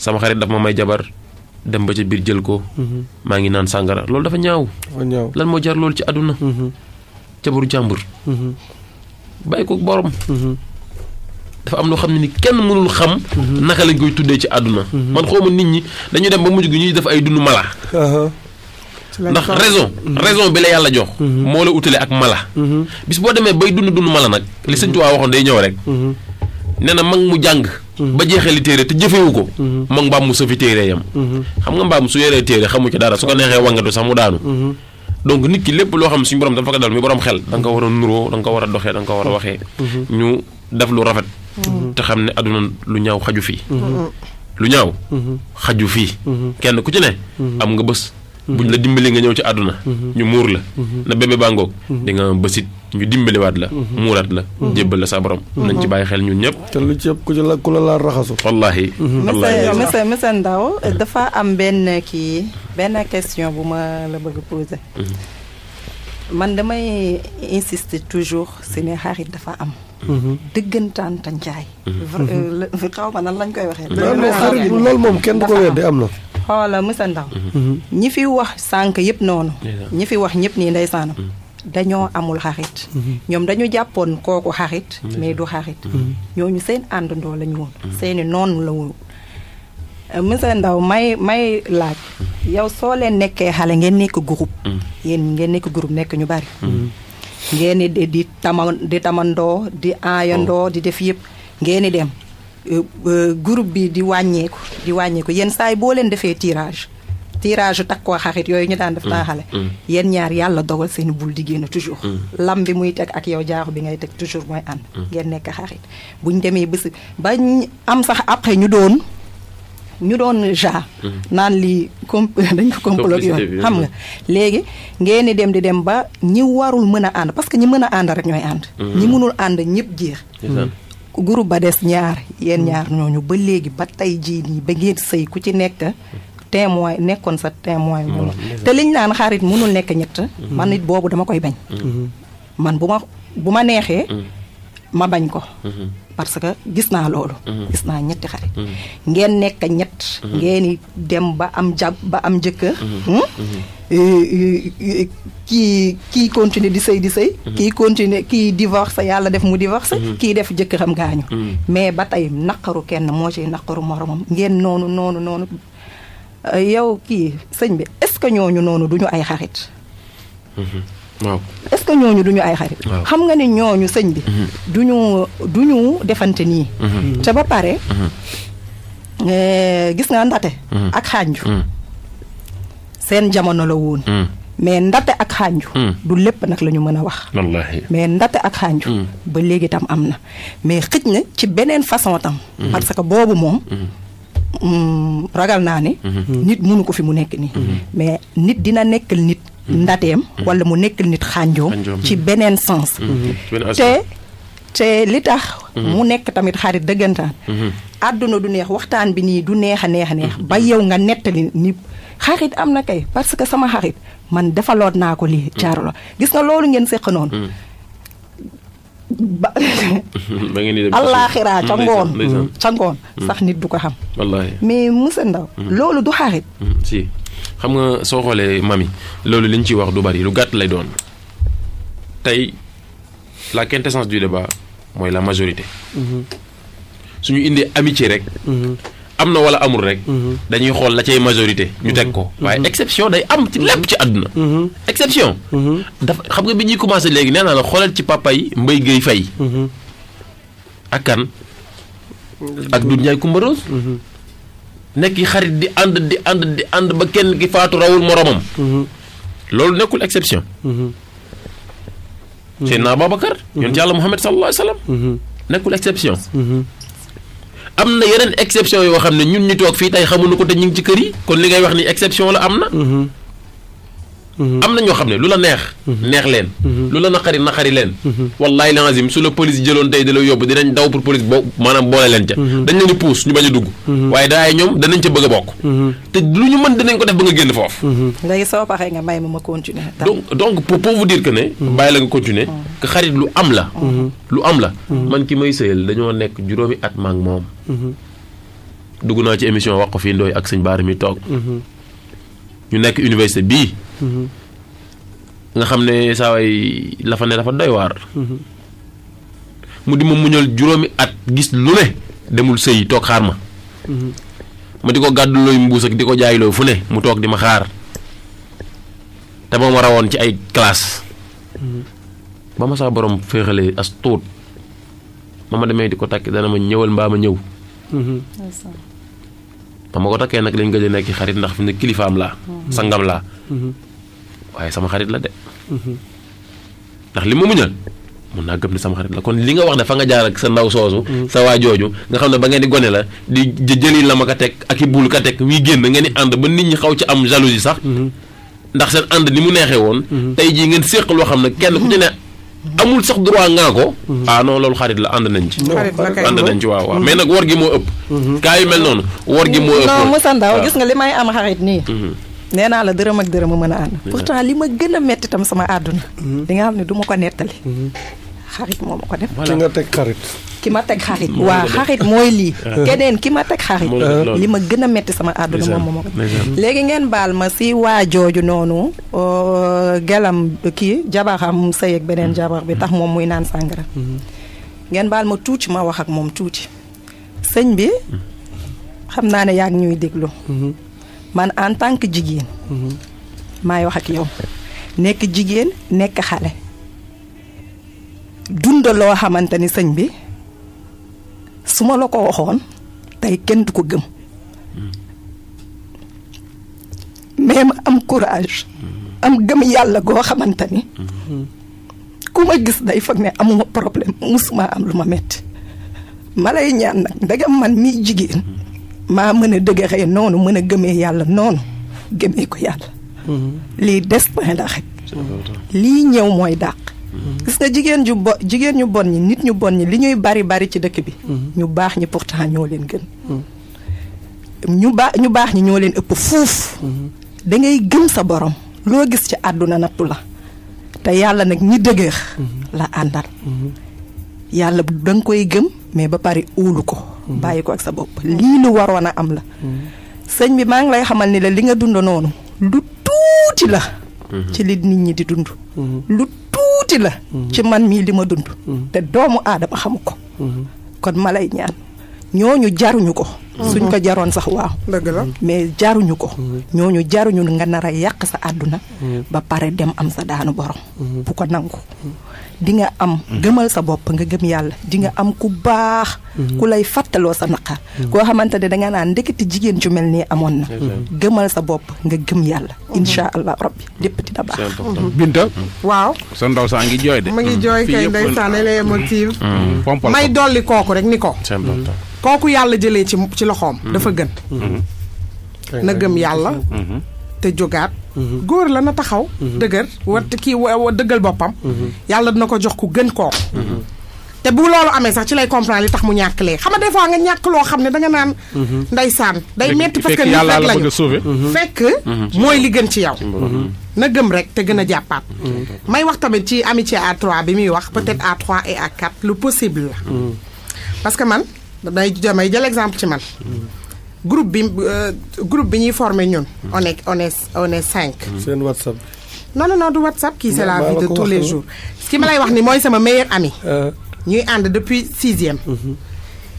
sama xarit daf ma may jabar dem ba ca biir jël ko maa ngi naan sàngara loolu dafa ñaaw lan moo jar loolu ci jabaru jàmbur bàyyi ko borom. Mhm. dafa am loo xam ne ni kenn mënul xam. Mhm. naka lañ koy tuddee ci àdduna. Mhm. man xawma nit ñi dañu dem ba mujj gi ñuy def ay dundu mala. ndax raison. raison bi la yàlla jox. moo la utale ak mala. bis boo demee bay dund dund mala nag. li sëñ tuwaa waxoon day ñëw rek. nee na mag mu jàng. ba jeexali téere te jëfewu ko. mag mbaam mu sëfi téere yam. xam nga mbaam su yoree téere xamu ci dara su ko neexee wangatu sax mu daanu. donc nit ki lepp lo xam suñu borom dafa ko dal mi borom xel da nga wara nuro da nga wara doxé da nga wara waxé mm-hmm. ñu def lu rafet mm-hmm. te xamné aduna lu ñaaw xaju fi mm-hmm. lu ñaaw xaju fi kenn ku ci ne am nga bëss buñ la dimbali nga ñew ci aduna ñu mur la na bébé bango di nga bëssit ñu waat la murat la jébal la sa borom nañ ci bayyi xel ñun ñëpp te lu ci ku ci la ku la la raxasu wallahi wallahi mais mais ndaw dafa am ben ki benn question bu ma la bëgg poser. Mhm. man damay insister toujours si ne xarit dafa am. Mhm. dëggantaan te njaay. Mhm. Euh, xaw ma nan lañ koy waxee. loolu moom kenn du ko weddi am na. xoola Moussa Ndaw ñi fi wax sànq yëpp noonu. ñi fi wax ñëpp nii ndeysaanam. dañoo amul xarit. ñoom dañu jàppoon kooku xarit. mais du xarit. ñooñu seen àndandoo la ñu woon. seeni noonu la woon. Euh, monsieur Ndao may may laaj yow soo leen nekkee xale ngeen nekk groupe. Mm. yéen ngeen nekk groupe nekk ñu bari. Mm. ngeen di di tama di tamandoo di aayandoo oh. di def yëpp ngeen di dem euh, euh, groupe bi di wàññeeku di wàññeeku yenn saay boo leen defee tirage tirage takkoo xarit yooyu ñu daan def taa mm. xale yéen ñaar yàlla dogal seen bul di génn toujours lam bi muy teg ak yow jaaxu bi ngay teg toujours mooy ànd ngeen nekk xarit buñ demee bés bañ am sax après ñu doon ñu doon ja mhm. naan lii com dañ ko complot yoon xam nga léegi ngeen di dem di dem ba ñi warul mën a ànd parce que ñi mën a ànd rek ñooy ànd mhm. ñi mënul ànd ñëpp jeex groupe ba des ñaar yéen ñaar ñooñu ba léegi ba tey jii nii ba ngeen sëy ku ci nekk témoin nekkoon sa témoin moom te liñ naan xarit mënul nekk ñett mhm. man nit boobu dama koy bañ man bu ma bu ma neexee ma bañ ko parce que gis naa loolu. Mhm. gis naa ñetti xarit. Mhm. ngeen nekk ñett. Mhm. ngeen dem ba am jàpp ba am jëkkër. Hmm? Euh, euh, euh, kii kii continuer di sëy di sëy. kii continuer kii divorce yàlla def mu divorce. kii def jëkkëram gaañu. mais ba tey naqaru kenn moo ciy naqaru moromam ngeen noonu noonu noonu. yow kii sëñ bi est-ce que ñooñu noonu duñu ay xarit. est ce que ñooñu duñu ay xarit xam nga ni ñooñu sëñ bi mhm. duñu duñu defante ni mhm. ca ba pare mhm. eh, gis nga ndate ak xanju seen jamono la woon mais ndate ak xanju du lépp nak lañu mëna wax wallahi mais ndate ak xanju ba légui tam amna, mais xëj na ci benen façon tam parce que bobu mom mm, ragal naa ni nit mënu ko fi mu nekk ni mais nit dina nekkal nit Mm-hmm. ndatem mm-hmm. wala mu nekkal nit xanjom ci benen sens té mm-hmm. té li tax mu nekk tamit xarit dëggantaan aduna du neex waxtan bi ni du neex neex neex ba yow nga netali ni xarit am kay parce que sama xarit man defalot nako li lii gis nga loolu ngeen sekk non ba ngeen ca nit du ko xam mais monsieur Ndaw du xarit si xam nga soo xoolee mami loolu li ñu ciy wax du bari lu gàtt lay doon tey la quintessence du débat mooy la majorité. Mhm. suñu indi amitié rek. Mhm. am na wala amul rek. Mhm. dañuy xool la cay majorité. ñu teg ko waaye exception day am ci lépp ci àdduna. exception. dafa xam nga bi ñuy commencé léegi nee naa la xoolal ci papa yi Mbaye Guèye Faye. ak kan. ak Doudou Ndiaye Coumba nekk xarit di ànd di ànd di ànd ba kenn ki faatu rawul moromam. loolu nekkul exception. na Seydina yon ci yàlla Muhammad sallallahu alayhi wa sallam. nekkul exception. am na yeneen exception yoo xam ne ñun ñu toog fii tey xamuñu ko te ñu ngi ci kër yi kon li ngay wax ni exception la am na. am na ñoo xam ne lu la neex. neex leen. lu la naqari naqari leen. wallaay lazim su la police jëloon tey di la yóbbu dinañ daw pour police boo maanaam boole leen ca. dañ leen di puus ñu bañ a dugg. waaye daay ñoom danañ ca bëgg a bokk. te lu ñu man dinañ ko def ba nga génn foofu. léegi soo paree nga may ma ma continuer. donc donc pour pour vous dire ne. bàyyi la nga continuer. Mm. que xarit lu am la. Mm. lu am la. Mm. man ki may sëyal dañoo nekk juróomi at ma moom. Mm-hmm. dugg naa ci émission wax ko fii Ndoye ak sëñ Baar mi toog. Mm-hmm. ñu nekk université bii. Mhm. nga xam ne saa lafa ne dafa doy mhm. mu di ma muñal juróomi at gis lu ne demul sëy toog xaar ma. Mhm. ma di ko gàddu looy mbuus ak di ko jaayloo looy fu ne mu toog di ma xaar te ba ma rawoon ci ay classe ba ma saa borom féexalee as tuut ma ma demee di ko takk dana ma ñëwal mbaa ma ñëw. ma ko takkee nag lañ gëj a nekk xarit ndax fi ne kilifaam laa sangam laa mhm. waaye sama xarit la de mhm. ndax li ma muñal mun naa gëm ni sama xarit la kon li nga wax ne fa nga jaar ak sa ndaw soosu sa waa jooju nga xam ne ba ngeen di gone la di jëli la ma ka teg ak i buul ka teg wii génn ngeen di ànd ba nit ñi xaw ci am jalousie sax mhm. ndax seen ànd ni mu neexee woon tey jii ngeen xam ne kenn ku ne amul sax droit ngaa ko. Mhm. ah non loolu xarit la ànd nañ ci. ànd nañ ci waaw waaw mhm. mais nag war gi moo ëpp. kaa mhm. yu mel noonu war gi moo ëpp. non Moussa Ndao gis nga li may am xarit nii. nee naa la dërëm ak dërëm a mën a ànd. pourtant li ma gën a métti tam sama àdduna. li nga xam ne duma ko nettali. xarit moo ma ko def. ci nga teg xarit. ki ma teg xarit waa xarit mooy lii ah. keneen ki ma teg xarit li ma gën a metti sama àdduna moom moom léegi ngeen baal ma si waa jooju noonu gelam kii jabaram sëy ak beneen hmm. jabar bi tax moom muy naan sàngara hmm. ngeen baal ma tuuti ma wax ak moom tuuti sëñ bi hmm. xam naa ne yaa ngi ñuy déglu man en tant que jigéen maay wax ak yow nekk jigéen nekk xale dund loo xamante ni sëñ bi su ma la ko waxoon tey kenn du ko gëm mais ma am courage am gëm yàlla goo xamante ni ku ma gis day foog ne amuma problème suma am lu ma metti ma lay ñaan nag ndegam man mii jigéen maa mën a dëgëree noonu mën a gëmee yàlla noonu gëmee ko yàlla mm-hmm. lii destin la rek lii ñëw mooy dàq gis nga jigéen ju bo jigéen ñu bon ñi nit ñu bon ñi li ñuy bari bari ci dëkk bi. Mm-hmm. ñu baax ñi pourtant ñoo leen gën. Mm-hmm. ñu ba ñu baax ñi ñoo leen ëpp fuuf. Mm-hmm. dangay ngay gëm sa borom loo gis ci àdduna nattu la te yàlla nag ñi dëgër. la àndal. yàlla da nga koy gëm mais ba pare óolu ko. bàyyi ko ak sa bopp lii lu waroon a am la. sëñ bi maa ngi lay xamal ni la li nga dund noonu lu tuuti la. ci li nit ñi di dund. tuuti ci man mii li ma dund mm-hmm. te doomu aadama xamu ko mm-hmm. kon ma ñaan ñooñu jaruñu ko suñ mhm. ko jaroon sax waaw dëgg la mais jaruñu ko mhm. ñooñu jaruñu nga nara yàq sa àdduna mhm. ba pare dem am sa daanu borom bu ko nangu di nga am gëmal sa bopp nga gëm yàlla di nga am ku baax ku lay fàttaloo sa naqar koo xamante ne da nga naan ndekete jigéen ci mel nii amoon na gëmal sa bopp nga gëm yàlla insha allah rabbi lépp dina baax binta waaw sa ndaw saa ngi jooy de ma ngi jooy kay ndeysaan ne lay motive may dolli kooku rek ni ko kooku yàlla jëlee ci ci loxoom. Mhm. dafa gën. Mhm. na gëm yàlla. Mhm. te jógaat. góor la na taxaw. dëgër war kii dëggal boppam. yàlla dina ko jox ku gën koo. te bu loolu amee sax ci lay comprendre li tax mu ñàkk lee xam nga des nga ñàkk loo xam ne danga naan. ndeysaan day metti parce que nit rek lañu fekk mooy li gën ci yow. na gëm rek te gën a jàppaat. may wax tamit ci amitié a trois bi muy wax peut-être trois et à quatre lu possible la. parce man. day damay jël exemple ci man. groupe bi euh, groupe bi ñuy formé ñun. Hmm. on est on est cinq. Hmm. seen WhatsApp. non non non du WhatsApp. kii c'est la vie de tous les jours. ki ma lay wax ni mooy sama meilleur ami. Euh. ñuy ànd depuis sixième. Hmm.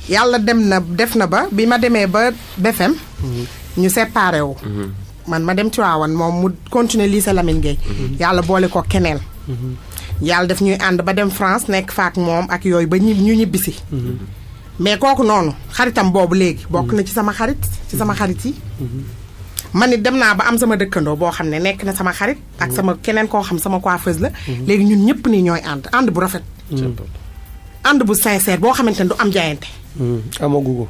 yàlla dem na def na ba bi ma demee ba BFM. ñu séparé wu. man ma dem Tiwaawan moom mu continuer lii lycée Lamine Gueye. yàlla boole ko keneen. yàlla def ñuy ànd ba dem France nekk faak moom ak yooyu ba ñu ñibbisi. mais kooku noonu xaritam boobu léegi. bokk na ci sama xarit ci sama xarit yi. Mm-hmm. man it dem naa ba am sama dëkkandoo boo xam ne nekk na sama xarit. ak mm-hmm. sama keneen koo xam sama coiffeuse la. Mm-hmm. léegi ñun ñëpp nii ñooy ànd ànd bu rafet. ànd bu sincère boo xamante ne du am jaayante. amagu ko.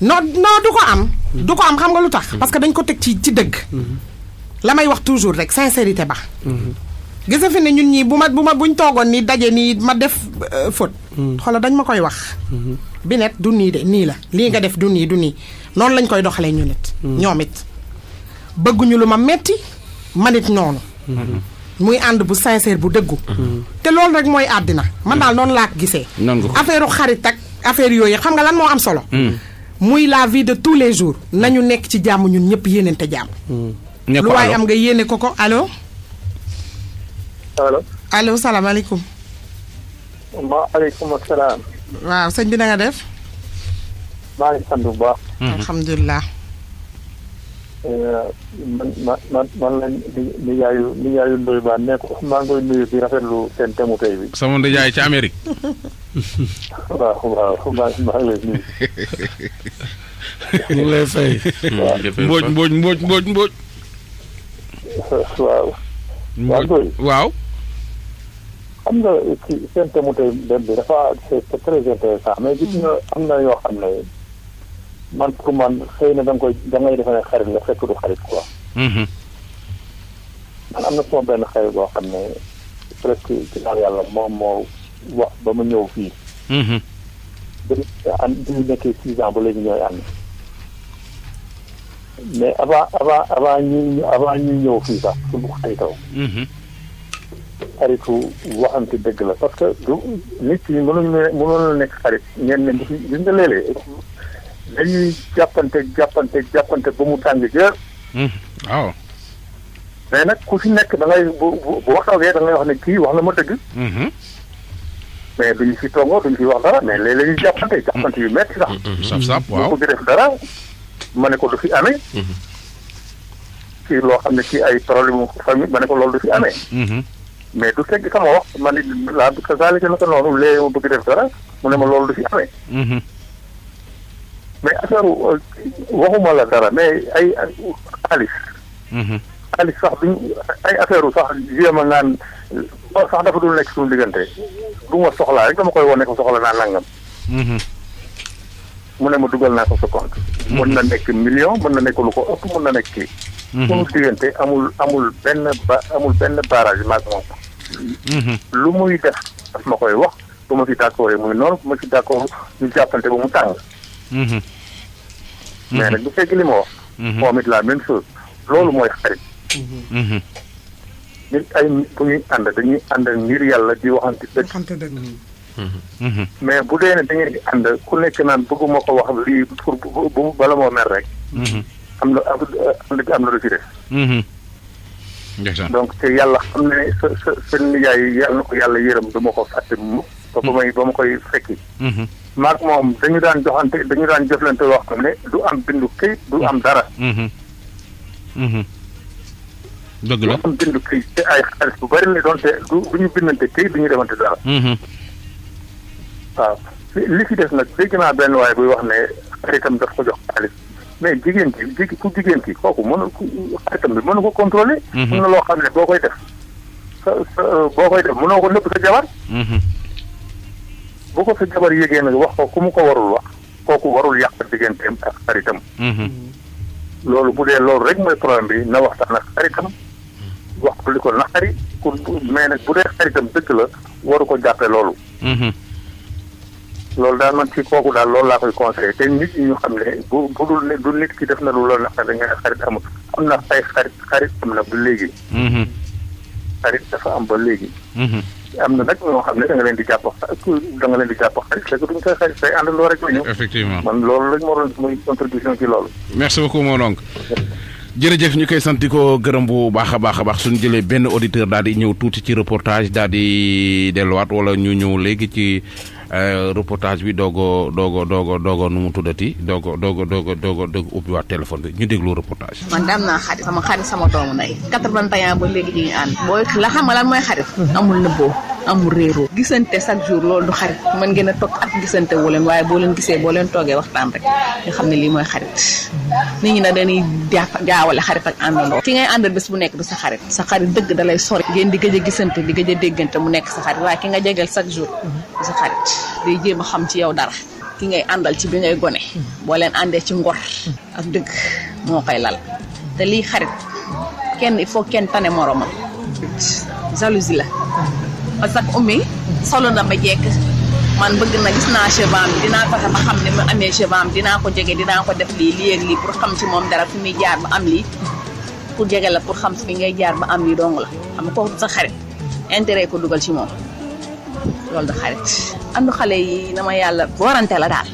non non du ko am. du ko am xam nga lu tax. parce que dañ ko teg ci ci dëgg. la may wax toujours rek sincérité ba. gis nga fi ne ñun ñii bu ma bu ma buñ toogoon ni daje nii ma def euh, faute. Hmm. xoolal dañ ma koy wax. Hmm. bi net du de nii la lii nga def du nii du nii noonu lañ koy doxalee ñu it. Hmm. ñoom it bëgguñu lu ma metti man noonu. muy ànd bu sincère bu dëggu. te loolu rek mooy àddina man daal noonu laa ko gisee. affaire xarit ak affaire yooyu xam nga lan moo am solo. muy la vie de tous les jours nañu nekk ci jàmm ñun ñëpp yéenante jàmm. lu waaye am nga yéene ko ko alo allo allo salaamaaleykum. maaleykum salaam. waaw sëñ bi na nga def. maa ngi sant bu baax. Mhm. alhamdulilah. Eh, man man man la nijaayu nijaayu Ndoye Bane ne ko maa ngi koy nuyu di rafetlu seen thème tey bi. sama nijaay ci Amérique. waaw waaw maa maa ngi lay nuyu. ñu ngi lay fay. Hmm, mbooj mbooj mbooj mbooj mbooj. waaw. waaw. xam na ci seen thème mu tey dem bi dafa c'est très intéressant mais gis nga mm. am na yoo xam ne man pour man xëy na da koy da ngay defe ne xarit la fekk du xarit quoi. Mm-hmm. man am na sama benn xarit boo xam ne presque ci naan yàlla moom moo wax ba ma ñëw fii. dañu mm-hmm. ànd dañu nekkee six ans ba léegi ñooy ànd. mais avant avant avant ñuy ñëw fii sax suñu xaritaw. xaritu waxante dëgg la parce que du nit yi mënuñu mënoon nekk xarit ñenn ñi gis nga léeg-léeg dañuy jàppante jàppante jàppante ba mu tàng jër. Hmm. waaw. mais nag ku si nekk da ngay bu bu bu waxtawee da ngay wax ne kii wax na ma dëgg. Hmm. mais duñu si toogoo duñu si wax dara mais léeg-léeg ñu jàppante hmm. jàppante yu métti sax. saf saf waaw bu ko dara ma ne ko du fi amee. ci loo xam ne ci ay problème mu famille ma ne ko loolu du fi amee. mais du segg sama wax man it laa du def dara mu ne ma loolu du fi amee. Mhm. mais affaire euh, waxuma la dara mais ay xaalis. xaalis mhm. sax duñ ay affaire sax jéem a naan euh, sax dafa dul nekk suñu diggante du ma soxlaa rek dama koy wane ko soxla naa nangam. Mhm. mu ne ma dugal naa ko sa compte. na nekk million mën na nekkulu ko ëpp mën na nekk kii. Mhm. suñu diggante amul amul benn ba amul benn barrage maag moom. Mhm. lu muy def daf ma koy wax bu ma ci d'accord muy noonu bu ma ci d'accord ñu jàppante ba mu tàng. Mhm. mais nag bu fekk li ma wax. moom it la même chose loolu mooy xarit. nit ay bu ñuy ànd dañuy ànd ngir yàlla di waxante dëgg. mais bu dee ne da ànd ku nekk naan bëgguma ko wax lii pour bu bala moo mer rek. am na am ci def. Mm-hmm. donc te yàlla xam ne sa sa sa nijaay yàlla na ko yàlla yërëm du ma ko fàtte mu. ba ba may ba ma koy fekki. Mm-hmm. maag moom dañu daan joxante dañu daan jëflante loo xam ne du am bindu këyit du am dara. Mm-hmm. dëgg la du am bindu këyit te ay xaalis bu bari la doon te du du ñu bindante këyit du ñu demante dara. waaw li li ci des nag dégg naa benn waay buy wax ne xaritam daf ko jox xaalis. mais jigéen bi ji ku jigéen ki kooku mënul xaritam bi mënu ko contrôler mën mhm. na loo xam ne boo koy def sa sa boo koy def mënoo ko nëbb sa jabar mhm. bu ko sa jabar yégee nag wax ko ku mu ko warul wax kooku warul yàq digganteem ak xaritam mhm. loolu bu dee loolu rek mooy problème bi na waxtaan ak xaritam wax ko li ko naqari ku mais nag bu dee xaritam dëgg la waru ko jàppe loolu loolu daal man ci kooku daal loolu laa koy conseillé te nit ñi ñu xam ne bu bu dul ne du nit ki def na lu loolu naqari nga ne xarit amut am na ay xarit xarit am na ba léegi. Mm-hmm. xarit dafa am ba léegi. Mm-hmm. am na nag ñoo xam ne da leen di jàpp da nga leen di jàpp xarit rek duñ koy xarit say àndandoo rek ñu. effectivement man loolu lañ waroon muy contribution ci loolu. merci beaucoup mon oncle. jërëjëf ñu koy sant di ko gërëm bu baax a baax a baax suñu jëlee benn auditeur daal di ñëw tuuti ci reportage daal di delluwaat wala ñu ñëw léegi ci. Eh, reportage bi dogo dogo dogo dogo nu mu tudati dogo dogo dogo dogo dogo ubbi waat telephone bi ñu déglu reportage. man dam na xarit sama xarit sama doomu ndey 81 ba léegi ñu ngi boy la xam nga lan mooy xarit. amul nebo amul réeroo gisante chaque jour loolu du xarit man ngeena tok toog ak gisante wu len waye ini len gisee bo len toogee waxtaan rek nga xamni li moy xarit nit ñi na dañuy jaawale xarit ak àndandoo ki ngay andal bes bu nekk du sa xarit sa xarit deug dalay sori ngeen di gëj gisante di gëj déggante mu nekk sa xarit waye ki nga chaque jour sa xarit day jéem a xam ci yow dara ki ngay àndal ci bi ngay gone boo leen àndee ci ngor ak dëgg moo koy lal te lii xarit kenn il faut kenn tane moromam jalousie la parce que ummi solo na ba jekk man bëgg na gis naa chevam dinaa xam ne mu amee ko jege dinaa ko def lii lii ak lii pour xam dara fi jaar ba am lii pour jege la pour xam fi ngay jaar ba am lii dong la xam nga kooku sa xarit intérêt ko dugal ci moom loolu da xarit àndu xale yi dama yàlla boorante la daal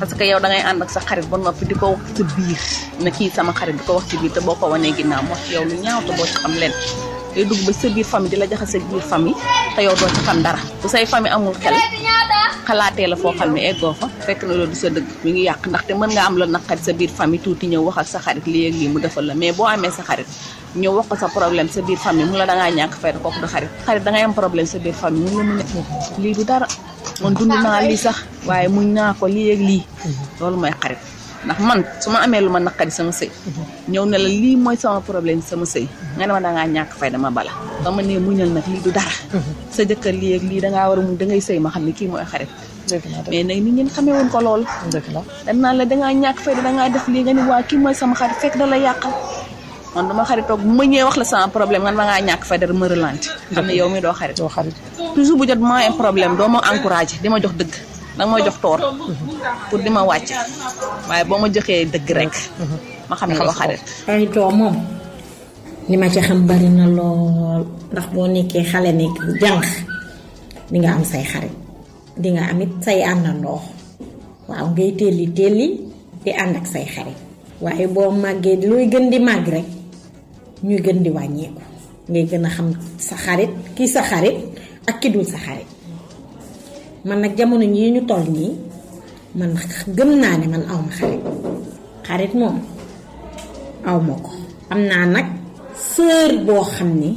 parce que yow da ngay ànd ak sax xarit ba noppi di ko wax ci biir na kii sama xarit di ko wax ci biir te boo ko wanee ginnaaw moo ci yow lu ñaaw te boo ci xam leen day dugg ba sa biir famille di la jaxase biir famille te yow doo ci xam dara bu say famille amul xel xalaatee la foo xam ne eggoo fa fekk na loolu du sa dëgg mi ngi yàq ndaxte mën nga am la naqari sa biir famille tuuti ñëw wax ak sa xarit lii ak lii mu defal la mais boo amee sa xarit ñëw wax ko sa problème sa biir famille mu la dangaa ñàkk fay da kooku du xarit xarit da ngay am problème sa biir famille mun la mu ne lii du dara man dund naa lii sax waaye muñ naa ko lii ak lii loolu mooy xarit ndax man suma amé luma lu sama sey ñew na la li moy sama problème sama sey nga dama da nga ñak fay dama bala dama né nee muñal nak li du dara sa jëkkër li ak li da nga wara mu ngay sey ma xamni ki moy xarit mais nag ni ngeen xamé won ko lool dan na la nga ñak fay nga def li nga ni wa ki moy sama xarit fek da la yaqal man duma xarit tok ma ñëw wax la sama problème nga ma nga ñak fay da ma relante xamni yow mi do xarit do xarit toujours bu jot ma problème do ma encourager dima jox deug danga may jox toor pour di ma wàcc waaye boo ma joxee dëgg rek ma xam ne doo xarit ay ma ci xam bari na lool ndax boo nekkee xale ne jànq di nga am say xarit dinga am it say àndandoo waaw ngay telli telli di ànd ak say xarit waaye boo màggee di looy gën di màgg rek ñuy gën di wàññeeku ngay gën a xam sa xarit kii sa xarit ak ki dul sa xarit man nak jamono ñi ñu toll nii man gëm naa ne man awma xarit xarit moom aw ko am naa nag sœur boo xam ni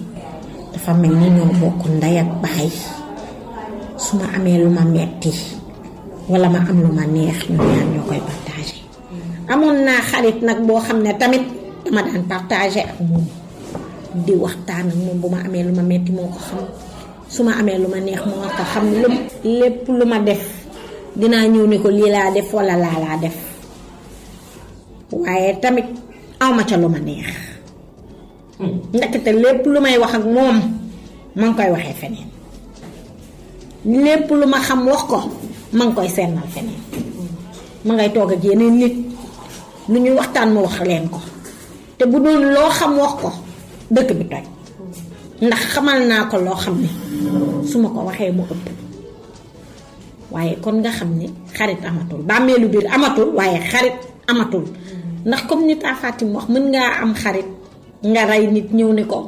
dafa mel ni ñoo bokk ndey ak baay su ma amee lu ma metti wala ma am lu ma neex ñu ñaan ñoo koy partagé amoon naa xarit nag boo xam ne tamit dama daan partagé ak moom di waxtaan ak moom bu ma amee lu ma metti moo xam suma ma luma lu ma neex moo ko xam ma def dina ñëw ni ko lii def wala laa def waaye tamit awma ca lu ma neex ndekete lépp lu may wax ak moom ma koy waxee feneen lépp lu ma xam wax ko ma koy sennal feneen ma ngay toog ak yeneen nit lu ñuy waxtaan mu wax leen ko te bu doon loo xam wax ko bi toj ndax xamal naa ko loo xam ne su ma ko waxee mu ëpp waaye kon nga xam ne xarit amatul bàmmeelu biir amatul waaye xarit amatul ndax comme nit fatim wax mën ngaa am xarit nga rey nit ñëw ne ko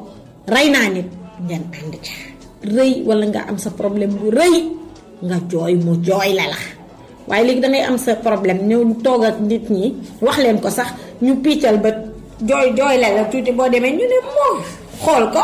rey naa nit ngeen ànd ca rëy wala nga am sa problème bu rëy nga jooy mu jooy la la waaye léegi da am sa problème ñëw toog ak nit ñi wax leen ko sax ñu piical ba jooy jooy la la tuuti boo demee ñu ne moo xool ko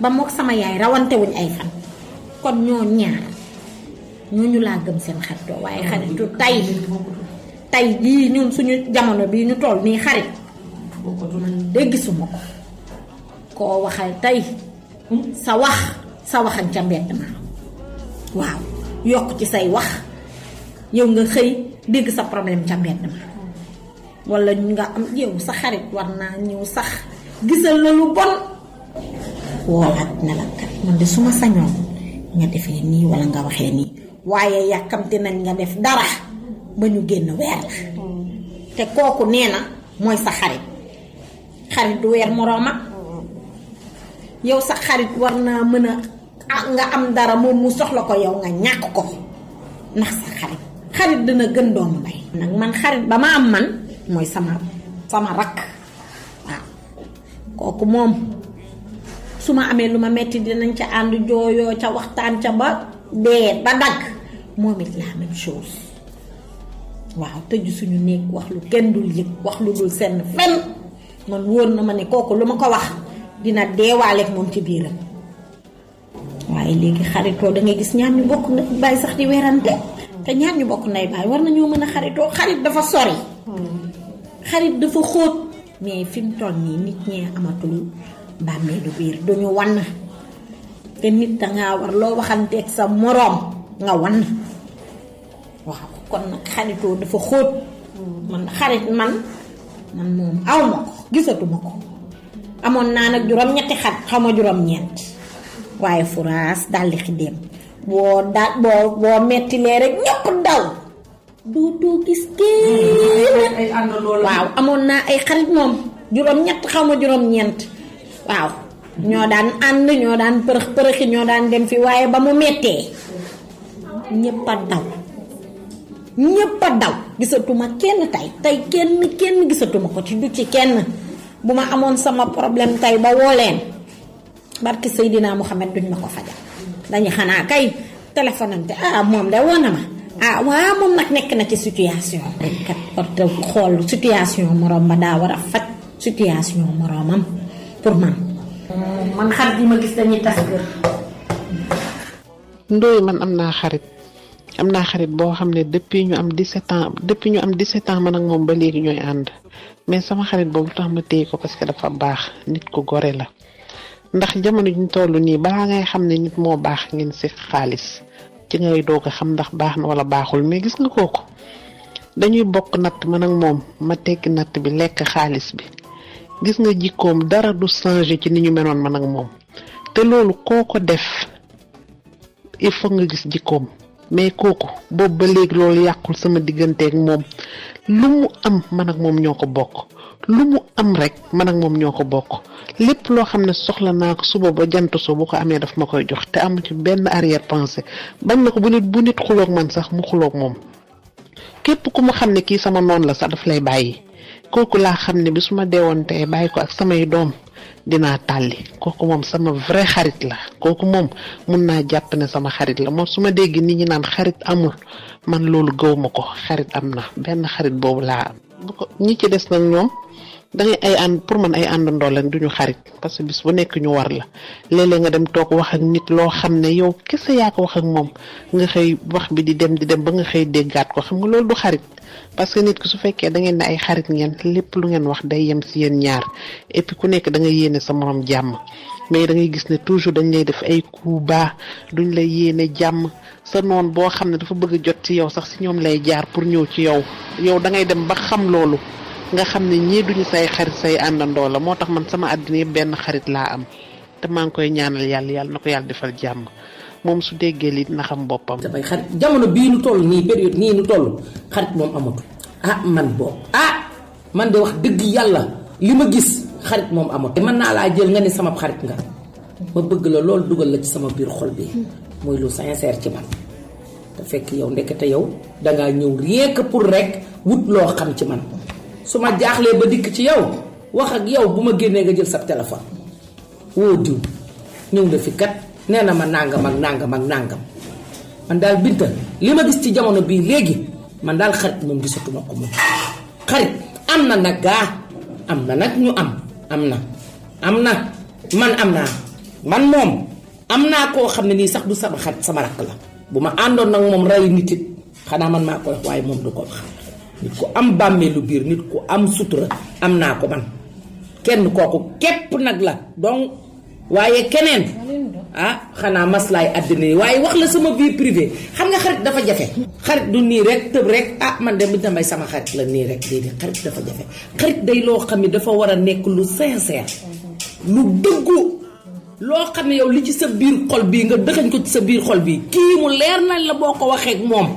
ba mook sama yaay rawante wuñ ay fan kon ñoo ñaar ñooñu laa gëm seen xaritoo waaye xaritu tay tay yii ñun suñu jamono bi ñu toll nii xarit man de gisuma ko koo waxal tey sa wax sa waxan ca mbedd ma waaw yokk ci say wax yow nga xëy dégg sa problème ca mbedd ma wala ñu nga am yow sa xarit war naa ñëw sax gisal la lu bon xoolaat ne la kat man de suma sañoon nga defee nii wala nga waxee nii waaye yàkkamti ya, nañ nga def dara ba ñu génn weer la te kooku nee na mooy sa xarit xarit du weer morooma yow sa xarit war naa mën a ah, nga am dara moom mu soxla ko yow nga ñàkk ko ndax sa xarit xarit dina gën doom bay nag man xarit ba ma am man mooy sama sama rakk waaw kooku moom suma amé luma metti dinañ ci and joyo ca waxtan ca ba dee ba dag momit la même chose waaw teju suñu nek wax lu kenn dul yëg wax lu dul sen fen man wóor na ma ne kooku ko wax dina ak mom ci biiram waye légui xarito da ngay gis ñaan ñu bokk na bay sax di wérante té ñaan ñu bokk nay bay war nañoo mëna xarito xarit dafa sori hmm. xarit dafa xoot mais fim toll nit ñe amatul bàmmeelu biir duñu wann te nit dangaa war loo waxanteeg sa moroom nga wann waaw kon nag xaritoo dafa xóot man xarit man man moom aw ma ko gisatuma ko amoon naa nag juróom-ñetti xat waaye furaas daldi xiddeem boo daal boo boo amoon naa ay xarit moom juróom-ñett xaw ma juróom-ñeent waaw ñoo daan ànd ñoo daan përëx përëxi ñoo daan dem fi waaye ba mu mettee ñëpp a daw ñëpp a daw gisatuma kenn tey tey kenn kenn gisatuma ko ci du ci kenn bu ma sama problème tay ba woo leen barki sayidina muhammad duñ ma ko fajal dañu xanaa kay téléphonante ah moom de woo na ma ah waa moom nag nekk na ci situation kat xool situation morom daa war situation moromam pour man man xarit yi ma gis dañuy tas kër ndoy man am naa xarit am naa xarit boo xam ne depuis ñu am 17 ans depuis ñu am 17 ans man ak moom ba léegi ñooy ànd mais sama xarit boobu tax ma téye ko parce que dafa baax nit ku gore la ndax jamono ñu toll nii balaa ngay xam ne nit moo baax ngeen si xaalis ci ngay doog a xam ndax baax na wala baaxul mais gis nga kooku dañuy bokk natt man ak moom ma tekki natt bi lekk xaalis bi gis nga jikkoom dara du changé ci ni ñu menoon man ak moom te loolu koo ko def il faut nga gis jikkoom mais kooku boobu ba léegi loolu yàqul sama digganteeg moom lu am man ak moom ñoo ko bokk lu mu am rek man ak moom ñoo ko bokk lépp loo xam ne soxla naa ko suba ba jant soo bu ko amee dafa ma koy jox te amu ci benn arrière pensée bañ na ko bu nit bu nit xuloog man sax mu xuloog moom képp ku mu xam ne kii sama noon la sax daf lay bàyyi. kooku laa xam ne bi su ma deewoon tey bàyyi ko ak samay doom dinaa tàlli kooku moom sama vrai xarit la kooku moom mun naa jàpp ne sama xarit la moom su ma dégg nit ñi naan xarit amul man loolu gëw ma ko xarit am na benn xarit boobu laa am bu ko ñi ci des nag ñoom da ay ànd pour man ay àndandoo du ñu xarit parce que bis bu nekk ñu war la léeg-léeg nga dem toog wax ak nit loo xam ne yow kese yaa ko wax ak moom nga xëy wax bi di dem di dem ba nga xëy déggaat ko xam nga loolu du parce que nit ki su fekkee da ngeen ne ay xarit ngeen lépp lu ngeen wax day yem si yéen ñaar et ku nekk dangay nga yéene sa morom jàmm mais dangay ngay gis ne toujours dañ lay def ay coups bas duñ lay yéene jàmm sa noon boo xam ne dafa bëgg a jot ci yow sax si ñoom lay jaar pour ñëw ci yow yow da ngay dem ba xam loolu nga xam ne ñii duñu say xarit say àndandoo la moo tax man sama àddina yëpp benn xarit laa am te maa ngi koy ñaanal yàlla yàlla na ko yàlla defal jàmm. moom su déggee li na xam boppam dafay xarit jamono bii nu toll nii période nii nu toll xarit moom amatu ah man boo ah man de wax dëgg yàlla li ma gis xarit moom amatu man naa laa jël nga ne sama xarit nga ma bëgg la lool dugal la ci sama biir xol bi mooy lu sincère ci man te fekk yow ndekete yow dangaa ñëw rien que pour rek wut loo xam ci man su ma jaaxlee ba dikk ci yow wax ak yow bu ma génnee nga jël sa téléphone woo diw ñëw na fi kat nee na ma nàngam ak nàngam ak nàngam man daal binta li ma gis ci jamono bii léegi man daal xarit moom gisatuma ko moom xarit am na nag gaa am na nag ñu am am na am na man am naa man moom am naa koo xam ne nii sax du sama xarit sama rakk la bu ma àndoon nag moom rey nit it xanaa man maa koy wax waaye moom du ko wax nit ku am bàmmeelu biir nit ku am sutura am naa ko man kenn kooku képp nag la donc waaye keneen ah xanaa maslaay àddina yi waaye wax la sama vie privée xam nga xarit dafa jafe xarit du nii rek tëb rek ah man de bu damay sama xarit la nii rek déedéet xarit dafa jafe xarit day loo xam ne dafa war a nekk lu sincère lu dëggu loo xam ne yow li ci sa biir xol bii nga dëxañ ko ci sa biir xol bii kii mu leer nañ la boo ko waxeek moom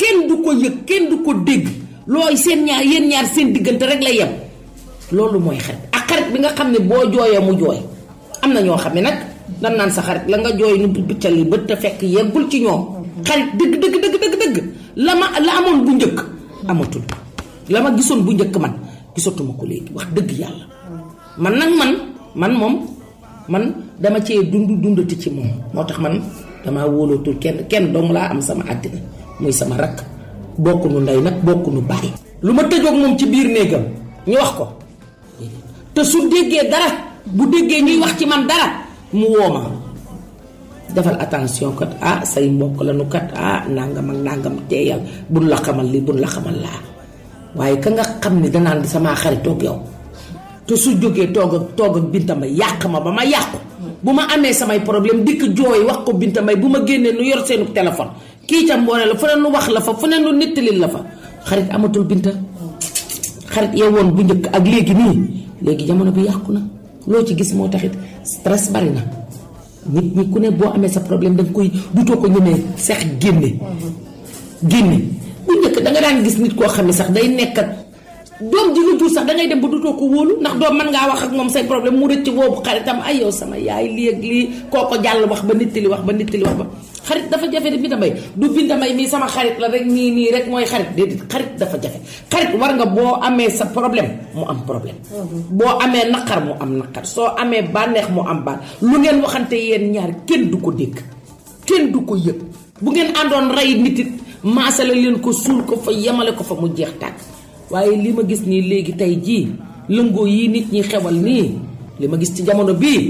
kenn du ko kenn du ko dégg looy seen ñaar yéen ñaar seen diggante rek la yem loolu mooy xarit ak xarit bi nga xam ne boo jooyee mu jooy am na ñoo xam ne nag dan naan sa xarit la nga jooy nu bëccali bët te fekk yeggul ci ñoom xarit dëgg dëgg dëgg dëgg dëgg la ma la amoon bu njëkk amatul la ma gisoon bu njëkk man gisatuma ko léegi wax dëgg yàlla man nag man man moom man dama cee dund dundati ci moom moo tax man dama wóolootul kenn kenn dong laa am sama àddina muy sama rakk bokku nu ndey nag bokku nu bàyyi lu ma tëjoog moom ci biir néegam ñu wax ko te su déggee dara bu déggee ñuy wax ci man dara mu woo ma defal attention kat ah say mbokk lañu kat ah nangam ak nangam teeyal buñ la xamal lii buñ la xamal laa waaye ka nga xam ni danaa sama xaritoog yow te su jógee toog ak toog ak Binta Mbaye yàq ma ba ma yàqu bu ma amee samay problème dikk jooy wax ko Binta Mbaye bu ma génnee nu yor seenu téléphone kii ca la fu ne nu wax la fa fu ne nu nettali la fa xarit amatul Binta xarit yow woon bu njëkk ak léegi nii léegi jamono bi yàqu na loo ci gis moo taxit stress bari na nit ñi ku ne boo amee sa problème danga koy dutoo ko ñemee sex génne mm-hmm. génne bu njëkk danga nga daan gis nit koo xam ne sax day nekkat doom ji nga sax dangay dem ba dutoo ko wóolu ndax doom man ngaa wax ak moom seen problème mu rëcc boobu xaritam ay yow sama yaay lii ak lii kooko jàll wax ba nit li wax ba nittali wax ba xarit dafa jafe di Binta Mbaye du Binta Mbaye mii sama xarit la rek nii nii rek mooy xarit déedéet xarit dafa jafe xarit war nga boo amee sa problème mu am problème mhm. boo amee naqar mu am naqar soo amee bànneex mu am baan lu ngeen waxante yéen ñaar kenn du ko dégg kenn du ko bu ngeen àndoon rey nit it maasale leen ko suul ko fa yemale ko fa mu jeex tàkk waaye li ma gis nii léegi tey jii lëngoo yi nit ñi xewal nii li ma gis ci jamono bii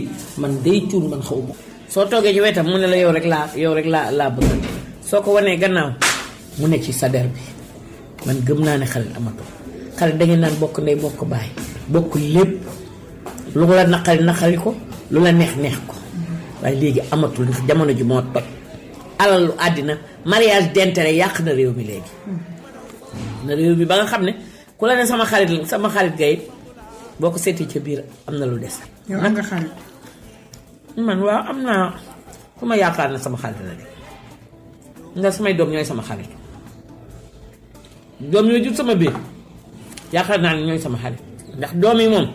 man day cuun man xaw ma. soo toogee ci wetam mu ne la yow rek laa yow rek laa laa soo ko wanee gannaaw mu ne ci sa der bi man gëm naa ne xarit amatoo xarit da ngeen naan bokk ndey bokk baay bokk lépp lu la naqari naqari ko lu la neex neex ko waaye léegi amatul dafa jamono ji moo toj alalu àddina mariage d'intérêt yàq na réew mi léegi. na réew mi ba xam ne ku la ne sama xarit sama xarit gay boo ko seetee ca biir am na lu des. yow nga xarit. man am naa ku ma yaakaar na sama xarit la de ndax samay doom ñooy sama xarit doom yooyu jur sama biir yaakaar naa ne ñooy sama xarit ndax doom yi moom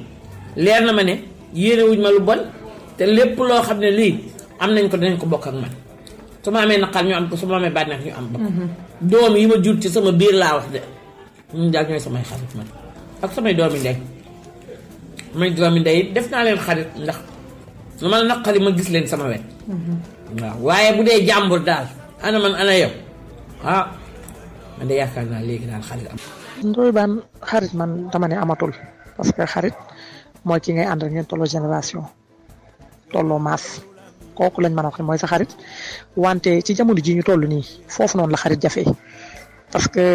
leer na ma ne yéene wuñ ma lu bon te lépp loo xam ne lii am nañ ko danañ ko bokk ak man su ma amee naqar ñu am su ma amee bànneex ñu am. Mm-hmm. doom yi ma jur ci sama biir laa wax de. ñu daal ñooy samay xarit man ak samay doomi ndey may doomi ndey def naa leen xarit ndax lu ma naqari ma gis leen sama wet mhm. waaw waaye bu dee jàmbur daal ana man ana yow ah man de yaakaar naa léegi daal xarit am ndoy baan xarit man dama ne amatul parce que xarit mooy ki ngay ànd ngeen tolloo génération tolloo maas kooku lañ mën a wax mooy sa xarit wante ci jamono ji ñu toll nii foofu noonu la xarit jafe parce que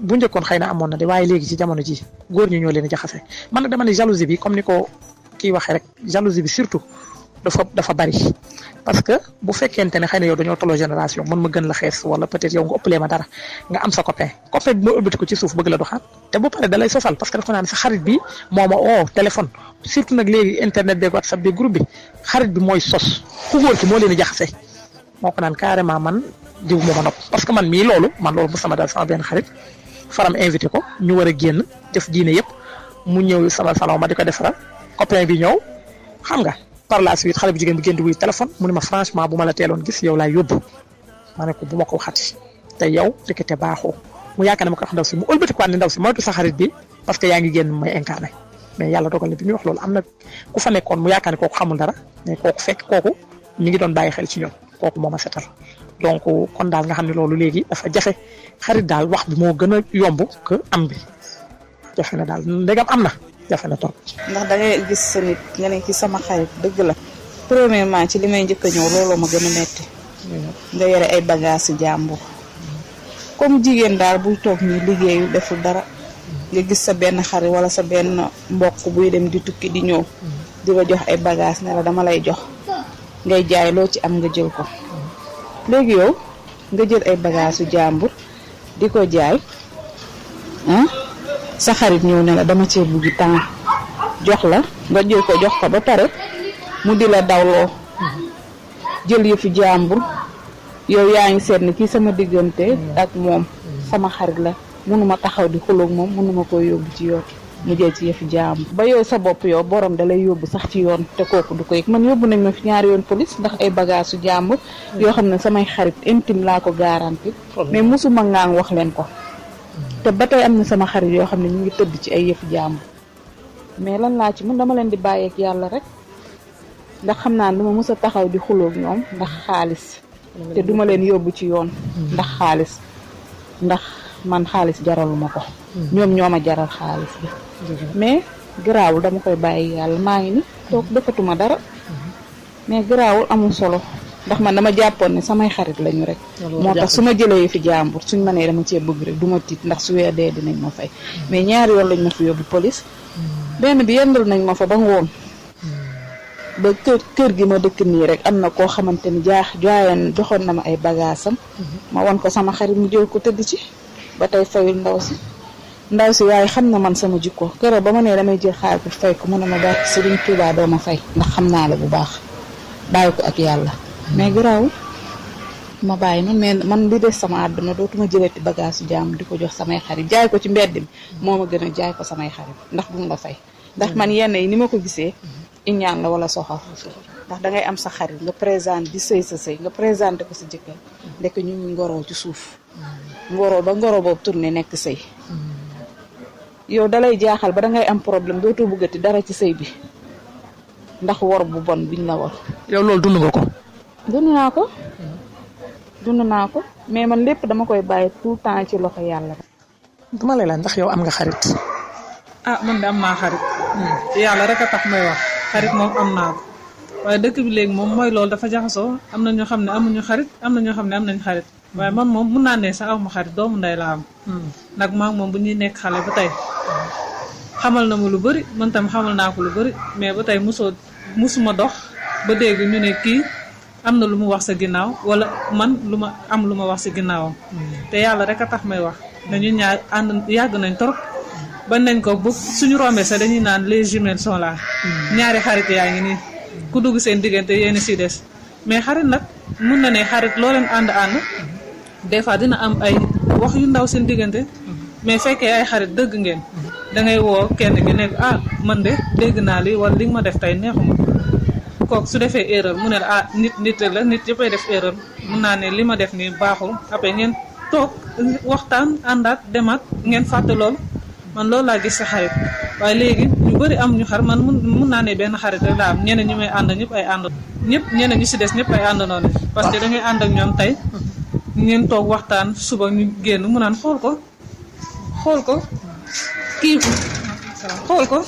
bu njëkkoon xëy na amoon na de waaye léegi ci jamono ji góor ñi ñoo leen jaxase man nag dama ne jalousie bi comme ni ko kii waxee rek jalousie bi surtout dafa dafa bari parce que bu fekkente ne xëy na yow dañoo tolloo génération man ma gën la xees wala peut-être yow nga ëppalee ma dara nga am sa copain copain bi moo ëbbati ko ci suuf bëgg la doxaat te bu pare da lay sosal parce que dafa sa xarit bi moo ma oo téléphone surtout nag léegi internet beeg whatsapp bi group bi xarit bi mooy sos ku góor ki moo leen di jaxase moo ko naan carrément man jiw ma nopp que man mii loolu man loolu bu sama dal sama benn xarit faram invité ko ñu war a génn def diine yëpp mu ñëw sama salon ma di ko defaral copain bi ñëw xam nga par la suite xale bu jigéen bi génn di wuy téléphone mu ne ma franchement bu ma la teeloon gis yow laay yóbbu ma ne ko bu ma ko waxati te yow ndekete baaxoo mu yaaka ne ma ko wax ndaw si mu ëlbatikuwaat ne ndaw si moytu du saxarit bi parce que yaa ngi génn may incarné mais yàlla dogal ne bi muy wax loolu am na ku fa nekkoon mu yaakaar ne kooku xamul dara mais kooku fekk kooku ñu ngi doon bàyyi xel ci ñoom kooku moo ma setal donc kon daal nga xam ne loolu léegi dafa jafe xarit daal wax bi moo gën a yomb que am bi jafe na daal ndegam am na jafe na toog. ndax dangay gis sa ne ci sama xarit dëgg la premièrement ci li may njëkk a ñëw looloo ma gën a metti nga yore ay bagages yu jàmbur. comme jigéen daal bu toog nii liggéeyu deful dara. nga gis sa benn xarit wala sa benn mbokk buy dem di tukki di ñëw. di la jox ay bagages ne dama lay jox. ngay jaay loo ci am nga jël ko. léegi yow nga jël ay bagaasu jàmbur di ko jaay ah sa xarit ñëw ne dama cee buggi temps jox la nga jël ko jox ko ba pare mu di la dawloo jël yëfu jàmbur yow yaa ngi seet ne kii sama diggante ak moom sama xarit la mënuma taxaw di xuloog moom mënuma koo yóbbu ci yoon nga jël ci yëfu jaamu ba yow sa bopp yow borom da lay yóbbu sax ci yoon te kooku du ko yëg man yóbbu nañ ma fi ñaari yoon police ndax ay bagage su jàmbur yoo xam ne samay xarit intime laa ko garanti mais mosuma ngaang wax leen ko te ba tey am na sama xarit yoo xam ne ñu ngi tëdd ci ay yëfu jàmbur mais lan laa ci mun dama leen di bàyyeek yàlla rek ndax xam naa duma mës a taxaw di xuloog ñoom ndax xaalis te duma leen yóbbu ci yoon ndax xaalis ndax man xaalis jaraluma ko hmm. ñoom ñoo ma jaral xaalis bi mais garaawul dama koy bàyyi yàlla maa ngi ni toog defatuma dara hmm. mais garaawul amul solo ndax man dama jàppoon ne samay xarit lañu rek moo tax su ma jëlee fi jàmbur suñ ma nee dama cee bëgg rek du ma tiit ndax su weer dee dinañ ma fay hmm. mais ñaari yoon lañ ma fi yóbbu police benn bi yendal nañ ma fa ba ngoon ba kër gi ma dëkk nii rek am na koo xamante ni jaax jaayoon joxoon na ma ay bagaasam ma won ko sama xarit mu jël ko tëdd ci ba tey fayul ndaw si ndaw si waaye xam na man sama jikko kër ba ma ne damay jël xaar bi fay ko mu ne ma bàyyi ko Serigne doo ma fay ndax xam naa la bu baax bàyyi ko ak yàlla mais garaawul ma bàyyi noonu mais man li des sama àdduna dootuma jëlati bagage su jaam di ko jox samay xarit jaay ko ci mbedd mi moo ma gën a jaay ko samay xarit ndax duñ la fay ndax man yenn yi ni ma ko gisee iñaan la wala soxor ndax dangay am sa xarit nga présenté di sëy sa sëy nga présenté ko sa jëkkër ndekk ñu ngi ngoroo ci suuf ngoro ba ngoro boobu ne nekk sëy yow dalay jaaxal ba dangay am problème dootoo bëggati dara ci sëy bi ndax wor bu bon biñ la wor yow loolu dund nga ko dund naa ko dund naa ko mais man lépp dama koy bàyyi tout temps ci loxo yàlla dama lay ndax yow am nga xarit ah man de am naa xarit hmm. yàlla rek a tax may wax xarit moom am naa ko waaye dëkk bi léegi moom mooy loolu dafa jaxasoo am na ñoo xam ne amuñu xarit am na ñoo xam ne am nañ xarit waaye man moom mun naa ne sax aw ma xarit doomu ndey la am hmm. nag maa moom bu ñuy nekk xale ba tey xamal na ma lu bëri man tam xamal naa ko lu bëri mais ba tey musoo musuma dox ba dégg ñu ne kii am na lu mu wax sa ginnaaw wala man lu ma am lu ma wax sa ginnaawam hmm. te yàlla rek a tax may wax dañu ñaar ànd yàgg nañ torop ba nañ ko bu suñu rombee sa dañuy naan les jumelles sont là hmm. ñaari xarit yaa ngi nii ku dugg seen diggante yéen si des mais xarit nag mun na ne xarit loo leen ànd ànd des fois dina am ay wax yu ndaw seen diggante mais fekkee ay xarit dëgg ngeen da ngay woo kenn bi nekk ah man de dégg naa li wala li ma def tey neexuma kook su defee erreur mu ne la ah nit nit la nit yëppay def erreur mun naa ne li ma def nii baaxul après ngeen toog waxtaan àndaat demaat ngeen fàtte lool man loolu laa gis si xarit waaye léegi ñu bëri am ñu xar man mun naa ne benn xarit rek laa am ñeneen ñi may ànd ñëpp ay ànd ñëpp ñeneen ñu si des ñëpp ay ànd noonu parce que da ànd ak ñoom tey ngeen toog waxtaan suba ñu génn mu naan xool ko xool ko kii xool ko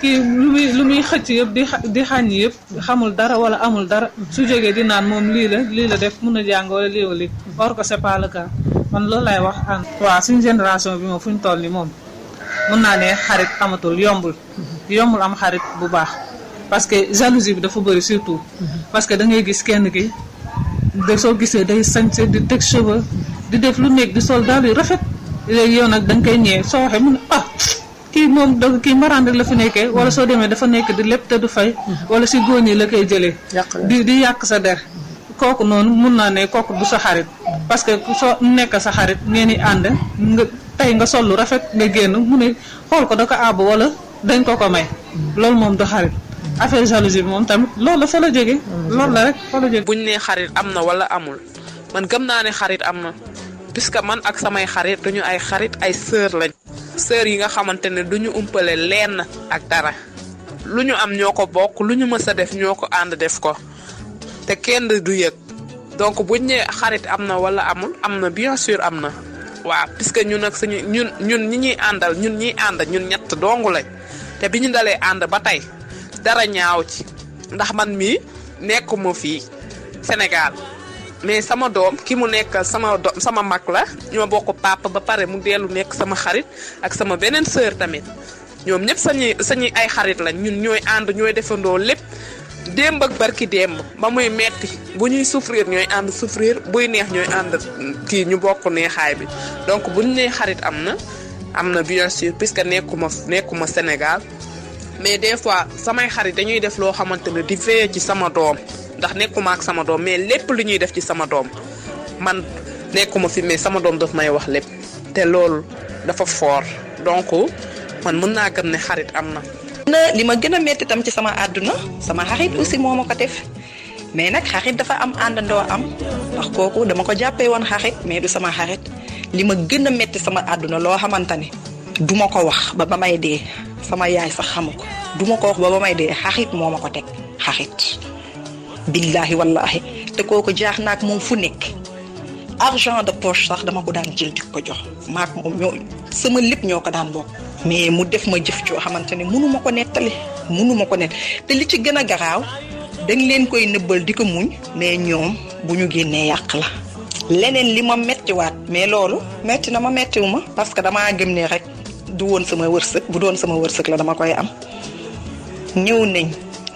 kii lu muy lu muy xëcc yëpp di di xàññi yëpp xamul dara wala amul dara su jógee di naan moom lii la lii la def mun a jàngoo wala lii wala or que c'est pas loolu laay wax an waaw suñ génération bi moom fu ñu toll ni moom mun naa ne xarit amatul yombul yombul am xarit bu baax parce que jalousie bi dafa bëri surtout parce que da ngay gis kenn ki da soo gisee day sañse di teg cheveux di def lu nekk di sol daal yu rafet léegi yoon nag da nga koy ñëwee soo waxee mu ne ah kii moom donc kii mbaraan rek la fi nekkee mm-hmm. wala soo demee dafa nekk di lépp te du fay mm-hmm. wala si góor ñi la koy jëlee di di yàq sa der kooku noonu mun naa ne kooku du sa xarit mm-hmm. parce que soo nekk sa xarit ngeen i ànd nga tey nga sol lu rafet nga génn mu ne xool ko da ko àbb wala dañ ko ko may loolu moom du xarit affaire jalousie bi moom tamit loolu la fa la jógee. loolu la rek fa la nee xarit am na wala amul man gëm naa ne xarit am na puisque man ak samay xarit duñu ay xarit ay sœur lañ. sœur yi nga xamante ne duñu umpale lenn ak dara lu ñu am ñoo ko bokk lu ñu mës a def ñoo ko ànd def ko te kenn du yëg donc buñ nee xarit am na wala amul am na bien sur am na. waaw puisque ñun nag suñu ñun ñun ñi ñuy àndal ñun ñuy ànd ñun ñett dong lañ te bi ñu dalee ànd ba tey dara ñaaw ci ndax man mii nekkuma fii Sénégal mais sama doom ki mu nekkal sama doom sama mag la ñoo bokk papa ba pare mu dellu nekk sama xarit ak sama beneen sœur tamit ñoom ñëpp sañuy sañuy ay xarit lañ ñun ñooy ànd ñooy defandoo lépp démb ak barki démb ba muy metti bu ñuy souffrir ñooy ànd souffrir buy neex ñooy ànd kii ñu bokk neexaay bi donc buñ nee xarit am na am na bien sûr puisque nekkuma nekkuma Sénégal mais des fois samay xarit dañuy def loo xamante ne di veillé ci sama doom ndax nekkuma ak sama doom mais lépp lu ñuy def ci sama doom man nekkuma fi mais sama doom dafa may wax lépp te loolu dafa fort donc man mën naa gëm ne xarit am na. li ma gën a métti ci sama àdduna sama xarit aussi moo ma ko def mais nag xarit dafa am àndandoo am ndax kooku dama ko jàppee woon xarit mais du sama xarit li ma gën a métti sama àdduna loo xamante ne du ko wax ba ba may dee sama yaay sax xamu ko du ma ko wax ba may dee xaxit moo ma ko teg xaxit billaahi wallaahi te kooku jaax naak moom fu nekk argent de poche sax dama ko daan jël di ko jox maak moom ñoo sama lépp ñoo ko daan bokk mais mu def ma jëf joo xamante ne mënu ma ko nettali mënu ko nett te li ci gën a garaaw dañ leen koy nëbbal di ko muñ mais ñoom bu ñu génnee yàq la leneen li ma mettiwaat mais loolu metti na ma mettiwu ma parce que damaa gëm ne rek du woon sama wërsëg bu doon sama wërsëg la dama koy am ñëw nañ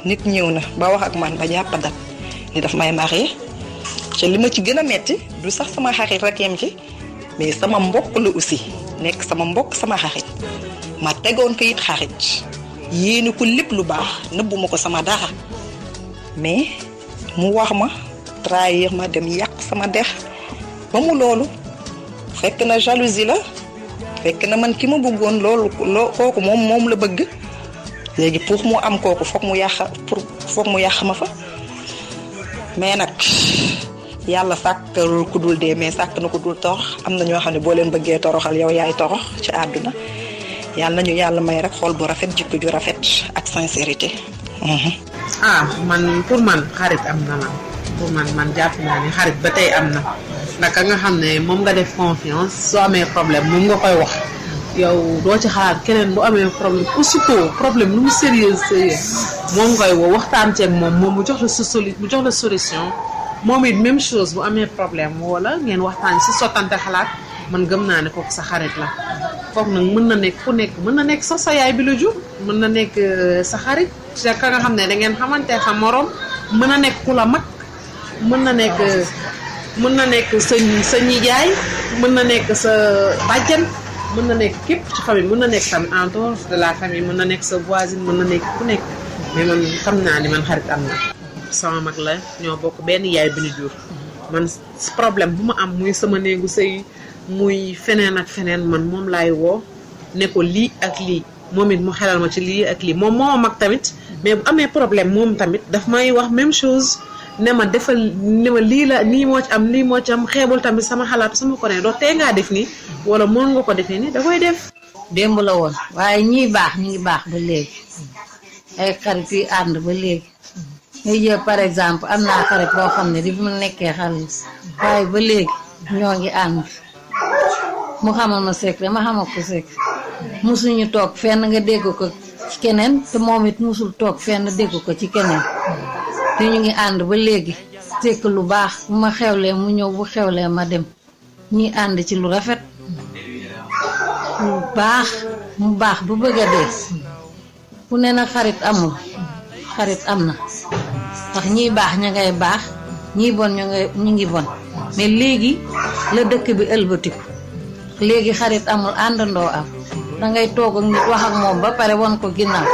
nit ñëw na ba wax ak man ba jàpp dat ni daf may marié te li ma ci gën a metti du sax sama xarit rek yem ci mais sama mbokk la aussi nekk sama mbokk sama xarit ma tegoon ko xarit yéene lépp lu baax nëbbuma ko sama dara mais mu wax ma trahir ma dem yàq sama dex ba mu loolu fekk na jalousie la fekk na man ki ma bëggoon loolu loo kooku moom moom la bëgg léegi pour mu am kooku foog mu yàq pour foog mu yàq ma fa mais nag yàlla sàkkalul ku dul dee mais sàkk na ku dul torox am na ñoo xam ne boo leen bëggee toroxal yow yaay torox ci àdduna yàlla nañu yàlla may rek xool bu rafet jikko ju rafet ak sincérité. Mhm. ah man pour man xarit am na la pour man man jàpp naa ne xarit ba tey am na ndax ka nga xam ne moom nga def confiance soo amee problème moom nga koy wax yow doo ci xalaat keneen bu amee problème aussitôt problème mu sérieux sérieux moom woo waxtaan moom moom mu jox la sa solu mu jox la solution moom it même chose bu amee problème wala ngeen waxtaan si sottante xalaat man gëm naa ne kooku sa xarit la kooku nag mën na nekk ku nekk mën na nekk sax sa yaay bi la jur mën na nekk euh, sa xarit te ka nga xam ne da ngeen xamante sa morom mën na nekk ku la mag mën na nekk na nekk sa sa nijaay mën na nekk sa bàjjan mën na nekk képp ci famille mën na nekk en dehors la famille mën na nekk sa voisine mën na nekk ku nekk mais xam naa ni man xarit am na sama mag la ñoo bokk benn yaay bi ñu jur man problème bu ma am muy sama néegu sëy muy feneen ak feneen man moom laay woo ne lii ak lii moom it mu xelal ma ci lii ak lii moom moo mag tamit mais bu amee problème moom tamit daf may wax même chose ne ma defal ne ma lii la nii moo am lii moo ci am xeebul tamit sama xalaat sama ko ne doo tee ngaa def nii wala mën nga ko defee nii da koy def. démb la woon waaye ñii baax ñu ngi baax ba léegi ay xarit yu ànd ba léegi ngay jël par exemple am naa xarit boo xam ne di mu nekkee xale ba léegi ñoo ngi ànd mu xamal ma secret ma xamal ko secret musuñu toog fenn nga dégg ko ci keneen te moom it musul toog fenn dégg ko ci keneen te ñu ngi ànd ba léegi tekk lu baax ma xewlee mu ñëw bu xewlee ma dem ñi ànd ci lu rafet lu baax mu baax bu bëgg a dee ku ne na xarit amul xarit am na ndax ñiy baax ña ngay baax ñiy bon ña ngay ñu ngi bon mais léegi la dëkk bi ëlbatiku léegi xarit amul àndandoo am da ngay toog ak nit wax ak moom ba pare won ko ginnaaw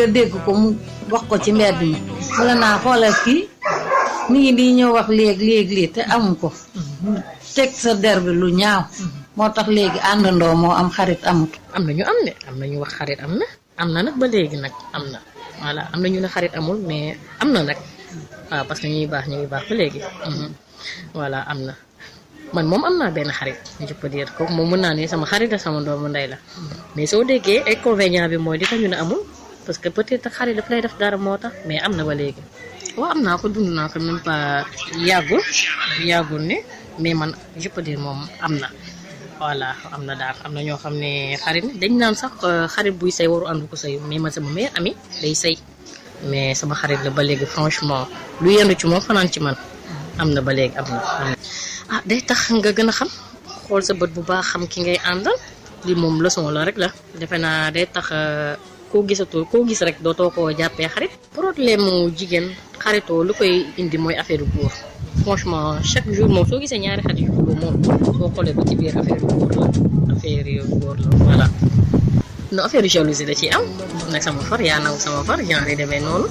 nga dégg ko mu wax ko ci mbedd mi mu la naa xoolal kii mi ngi di ñëw wax lii te amu ko teg sa der bi lu ñaaw moo tax léegi àndandoo moo am xarit amut am na ñu am ne am na ñu wax xarit am na am na nag ba léegi nag am na voilà am na ne xarit amul mais am na nag waaw parce que ñuy baax ñu ngi baax ba léegi mhm. voilà am na man moom am naa benn xarit je peux dire ko moom naa sama xarit la sama doomu ndey la mais soo déggee inconvénient bi mooy li tax ñu amul parce que peut-être xale daf lay def dara moo tax mais am na ba léegi waaw am naa ko dund naa ko même pas yàggul yàggul ne mais man je peux dire moom am na voilà am na daal am na ñoo xam ne xarit dañ naan sax euh, xarit buy say waru ànd ko say mais man sama meilleur ami day say mais sama xarit la ba léegi franchement lu yendu ci moom fanaan ci man am na ba léegi am na ah day tax nga gën a xam xool sa bët bu baax xam ki ngay àndal li moom leçon la rek la defe naa day tax euh, koo gisatul koo gis rek dootoo koo jàppee xarit problème mu jigéen xaritoo lu koy indi mooy affaire góor franchement chaque jour moom soo gisee ñaari xarit yu góor moom boo xoolee ba ci biir affaire góor la affaire góor la no affaire jalousie da ci am nag sama far yaa nangu sama far genre demee noonu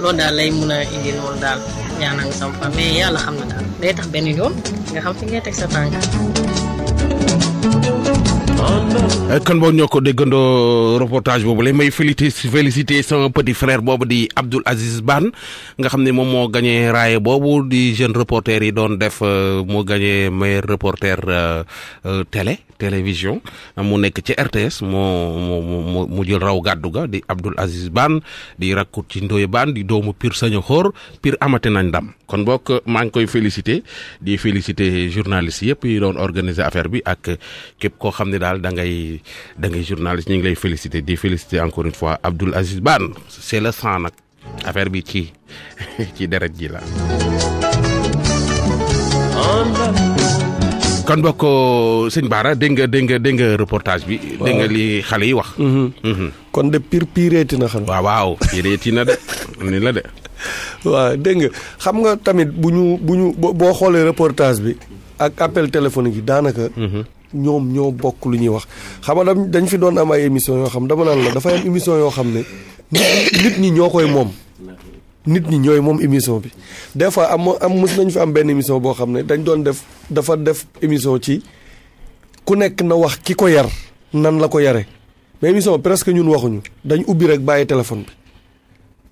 loolu daal lay mun a indi noonu daal yaa nangu sama far mais yàlla xam na daal day tax benn yoon nga xam fi ngay teg sa tànk Euh, kon boo ñoo ko déggandoo reportage boobu lay may félicité félicité sama petit frère boobu di Abdoul Aziz Ban nga xam ne moom moo gañee raaye boobu di jeune reporter yi doon def euh, moo gagné meilleur reporter euh, télé télévision mu nekk ci RTS moo mo mu jël raw gàddu ga di Abdoul Aziz Ban di rakkut ci Ndoye Ban di doomu Pire Sañu Xóor Pire amate nañ ndam kon bokk maa ngi koy félicité di félicité journaliste yépp yi doon organiser affaire bi ak képp koo xam ne da ngay da ngay journaliste ñu ngi lay félicité di félicité encore une fois abdul Aziz Ban c'est le sang nag affaire bi ci ci deret ji la. kon bokk sëñ Baara dégg nga dégg nga dégg nga bi. waaw li xale yi wax. Mhm. Mhm. kon de pire pireeti na xam. waaw waaw pireeti na de ni la de. waaw dégg nga xam nga tamit bu ñu bu ñu boo xoolee reportage bi ak appel téléphonique yi daanaka. Mhm. ñoom ñoo bokk lu ñuy wax xam nga dañ fi doon am ay émission yoo xam dama naan la dafay émission yoo xam ne nit ñi ñoo koy moom. nit ñi ñooy moom émission bi des fois am am mës nañ fi am benn émission boo xam ne dañ doon def dafa def émission ci ku nekk na wax ki ko yar nan la ko yare mais émission presque ñun waxuñu dañ ubbi rek bàyyi téléphone bi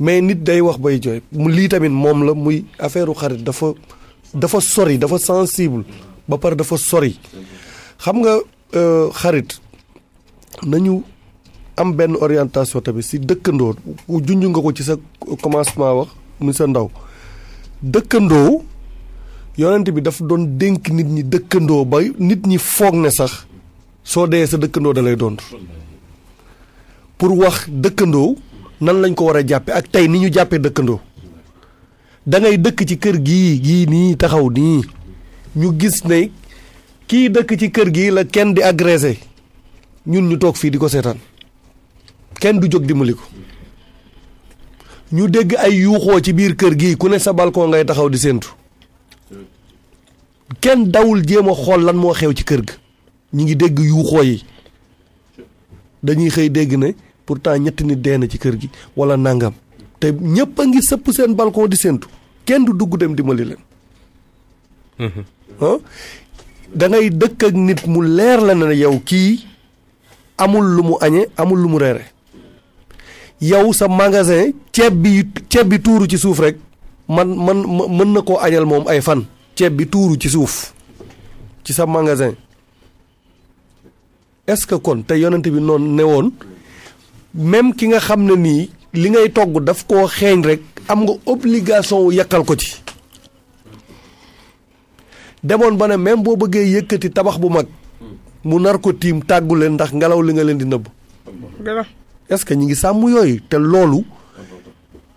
mais nit day wax bay jooy lii tamit moom la muy affaire xarit dafa dafa sori dafa sensible ba pare dafa sori xam nga euh, xarit nañu am ben orientation tamit si dëkkandoo junj nga ko ci sa commencement wax mu sa ndaw dekkendo yonent bi daf don denk nit ñi dekkendo ba nit ñi fogg ne sax so dee sa dekkendo dalay don pour wax dekkendo nan lañ ko wara jappé ak tay ni ñu jappé dekkendo da ngay dekk ci kër gi gi ni taxaw ni ñu gis ne ki dekk ci kër gi la kenn di agressé ñun ñu tok fi diko sétane kenn du jóg dimbali ko ñu dégg ay yuuxoo ci biir kër gi ku ne sa balcon ngay taxaw di séentu kenn dawul jéem a xool lan moo xew ci kër gi ñu ngi dégg yuuxoo yi dañuy xëy dégg ne pourtant ñetti nit dee na ci kër gi walla nangam te ñépp a ngi sëpp seen balcon di séentu kenn du dugg dem dimbali leen. ah dëkk ak nit mu leer la ne yow kii amul lu mu añe amul lu mu reere yow sa magasin ceeb bi ceeb bi tuuru ci suuf rek man man mën na koo añal moom ay fan ceeb bi tuuru ci suuf ci sa magasin est-ce que kon te yonent bi noonu ne woon même ki nga xam ne nii li ngay togg daf koo xeeñ rek am nga obligation wu yàqal ko ci demoon ba ne même boo bëggee yëkkati tabax bu mag mu nar ko tiim tàggu leen ndax ngelaw li nga leen di nëbb est-ce que ñi ngi sàmm yooyu te loolu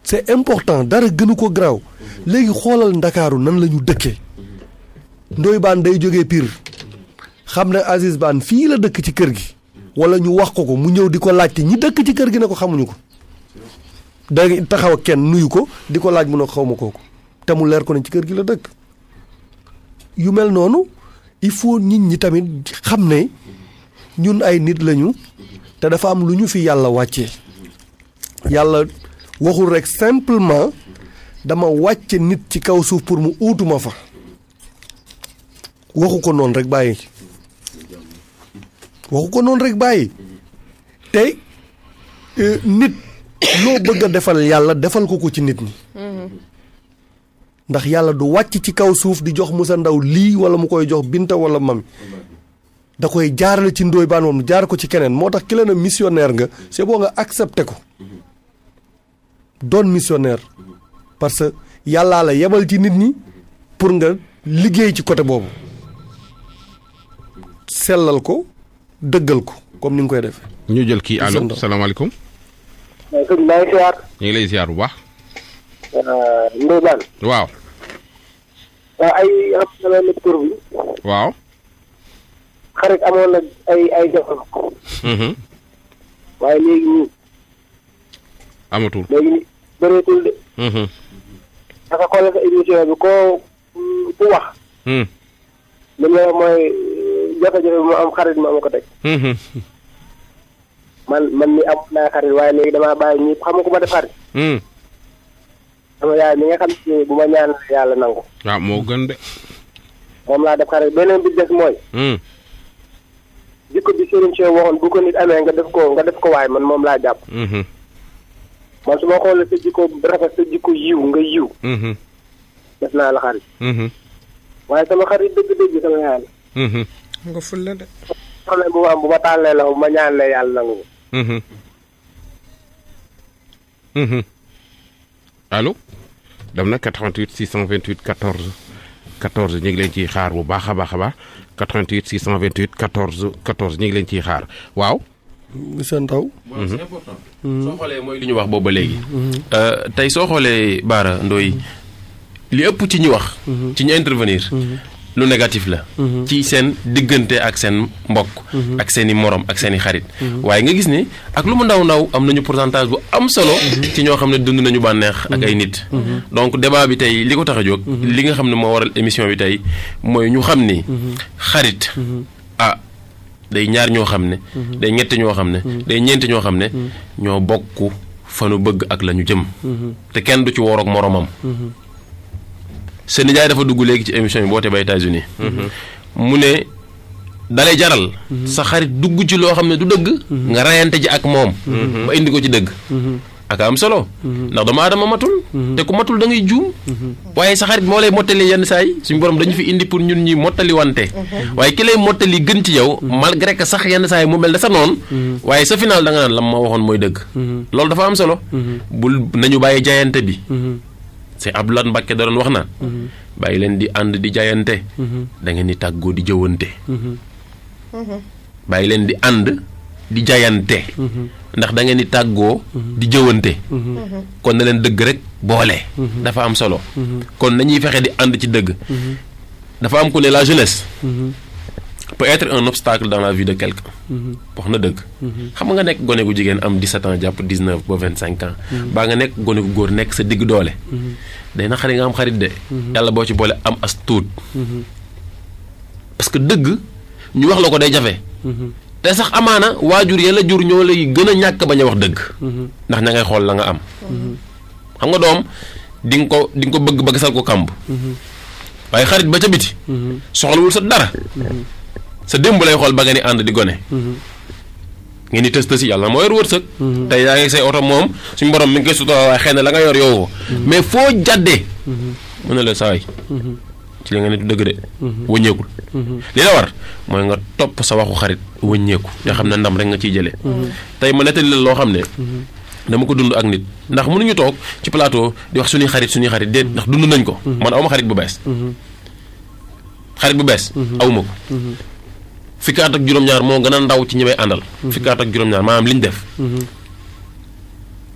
c'est important dara gënu ko garaaw léegi xoolal ndakaaru nan la ñu dëkkee ndoy baan day jóge piir xam ne Aziz baan fii la dëkk ci kër gi wala ñu wax ko ko mu ñëw di ko laajte ñi dëkk ci kër gi ne ko xamuñu ko da taxaw kenn nuyu ko di ko laaj mu ne ko xaw kooku te mu leer ko ne ci kër gi la dëkk yu mel noonu il faut nit ñi tamit xam ne ñun ay nit lañu te dafa am lu ñu fi yàlla wàcce yàlla waxul rek simplement dama wàcce nit ci kaw suuf pour mu uutuma fa waxu ko noonu rek bàyyi waxu ko noonu rek bàyyi te euh, nit loo bëgg a defal yàlla defal ko ko ci nit ñi ndax yàlla du wàcc ci kaw suuf di jox Musa Ndaw lii wala mu koy jox Binta wala Mami da koy jaarale ci ndooy baan moom jaar ko ci keneen moo tax ki la ne nga c'est bon nga accepté ko doon missionnaire parce que yàllaa la yebal ci nit ñi pour nga liggéey ci côté boobu sellal ko dëggal ko comme ni nga koy defee. ñu jël kii allo salaamaaleykum. sëñ bi lay ziar. baax. Euh, waaw. waaw ay am na benn tur bi. waaw. xarit amoon na ay ay jamono. Mm-hmm. waaye léegi nii. amatul léegi bëreetul de. Mm-hmm. dafa mm, ku wax. mu mm. la mooy euh, jafe-jafe bi mu am xarit ma am ko teg. Mm-hmm. man man mi am naa xarit waaye léegi damaa bàyyi ñëpp xam nga ma def xarit. Mm. sama nga xam ne bu ma ñaan yàlla nangu. waaw ah, moo gën de. moom laa def xarit beneen bi des mooy. jikko bi Serigne Cheikh waxoon bu ko nit amee nga def ko nga def ko waaye man moom laa jàpp. Mm-hmm. man su ma xoolee sa jikko rafet sa jikko yiw nga yiw. Mm-hmm. def naa la xarit. Mm-hmm. waaye sama xarit dëgg-dëgg sama yaay nga ful de. bu ma am bu ma tàllee la ñaan la yàlla nangu. allo. dem na 88 628 14 14 ñu ngi leen ciy xaar bu baax a baax 88 628 14 14 ñu ngi leen ciy xaar waaw. seen taw. waaw c'est important. Mhm. mooy li ñu wax boobu ba léegi. Mhm. Mhm. Euh, tey soo xoolee Baara Ndoye li ëpp ci ñu wax. ci ñu intervenir. lu négatif la. Mhm. ci seen diggante ak seen mbokk. Mhm. ak seen i morom ak seen i xarit. Mhm. waaye nga gis ni ak lu mu ndaw ndaw am nañu pourcentage bu am solo. ci ñoo xam ne dund nañu bànneex ak ay nit. donc débat bi tey li ko tax a jóg. li nga xam ne moo waral émission bi tey mooy ñu xam ni. xarit ah day ñaar ñoo xam ne. day ñett ñoo xam ne. day ñeenti ñoo xam ne. ñoo bokk fa nu bëgg ak la ñu jëm. te kenn du ci wóor ak moromam. seen nijaay dafa dugg léegi ci émission bi boote ba États-Unis mhm. mu ne dalay jaral mhm. sa xarit dugg ci loo xam ne du dëgg mhm. nga rayante ji ak moom ba indi ko ci dëgg ak am solo ndax dama aadama matul te ku matul da ngay juum waaye sa xarit moo lay mottali yenn saa yi suñu borom dañu fi indi pour ñun ñuy mottali wante waaye ki lay mottali gën ci yow malgré que sax yenn saa yi mu mel ne sa noonu waaye sa final da nga la lam ma waxoon mooy dëgg loolu dafa am solo bul nañu bàyyi jaayante bi Sëñ Abdou Lahad Mbacke da doon wax na mhm. bàyyi leen di ànd di jaayante mhm. da ngeen di tàggoo di jëwante mhm. bàyyi leen di ànd di jaayante ndax da ngeen di tàggoo di jëwante kon na leen dëgg rek boole dafa am solo kon ñuy fexe di ànd ci dëgg dafa am ku ne la jeunesse peut être un obstacle dans la vie de quelqu'un wax na deug xam nga nek gone gu jigen am 17 ans japp 19 ba 25 ans ba nga nek gone gu goor nek sa dig doole day na xari nga am xarit de yalla bo ci bolé am as tout parce que deug ñu wax la ko day jafé té sax amana wajur yalla jur ñoo lay gëna ñak baña wax deug ndax na ngay xol la nga am xam nga dom ding ko ding ko bëgg bëgg sal ko kamb waye xarit ba ca biti soxlawul sa dara sa démb lay xol ba nga ni and di goné ngi ni test ci yalla moy wër wërsëg tay yaa ngi say auto mom suñu borom mi ngi su to waaye na la nga yor yow mais fo jaddé mëna la saay ci nga ni du dëgg de li la war moy nga top sa waxu xarit wëñéku nga xam ndam rek nga ci jëlé tay ma nettali lo xamné dama ko dund ak nit ndax ñu tok ci plateau di wax suñu xarit suñu xarit dé ndax dund nañ ko man awma xarit bu bess xarit bu bess awuma ko fukki ak juróom-ñaar moo gën a ndaw ci ñi may àndal. Mhm. fukki ak juróom-ñaar maanaam li ñu def. Mhm.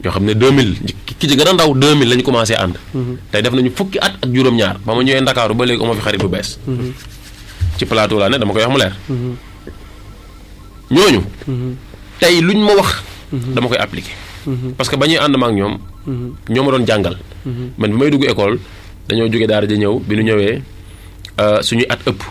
yoo xam ne 2000 ki ci gën a ndaw 2000 la ñu commencé ànd. Mhm. tey def nañu fukki at ak juróom-ñaar ba ma ñëwee Ndakaaru ba léegi amoo fi xarit bu bees. ci plateau laa ne dama koy wax mu leer. ñooñu. tey luñ ma wax. dama koy appliquer. parce que ba ñuy ànd ma ak ñoom. doon jàngal. man bi may dugg école dañoo jóge daara ja ñëw bi ñu ñëwee euh, suñuy at ëpp.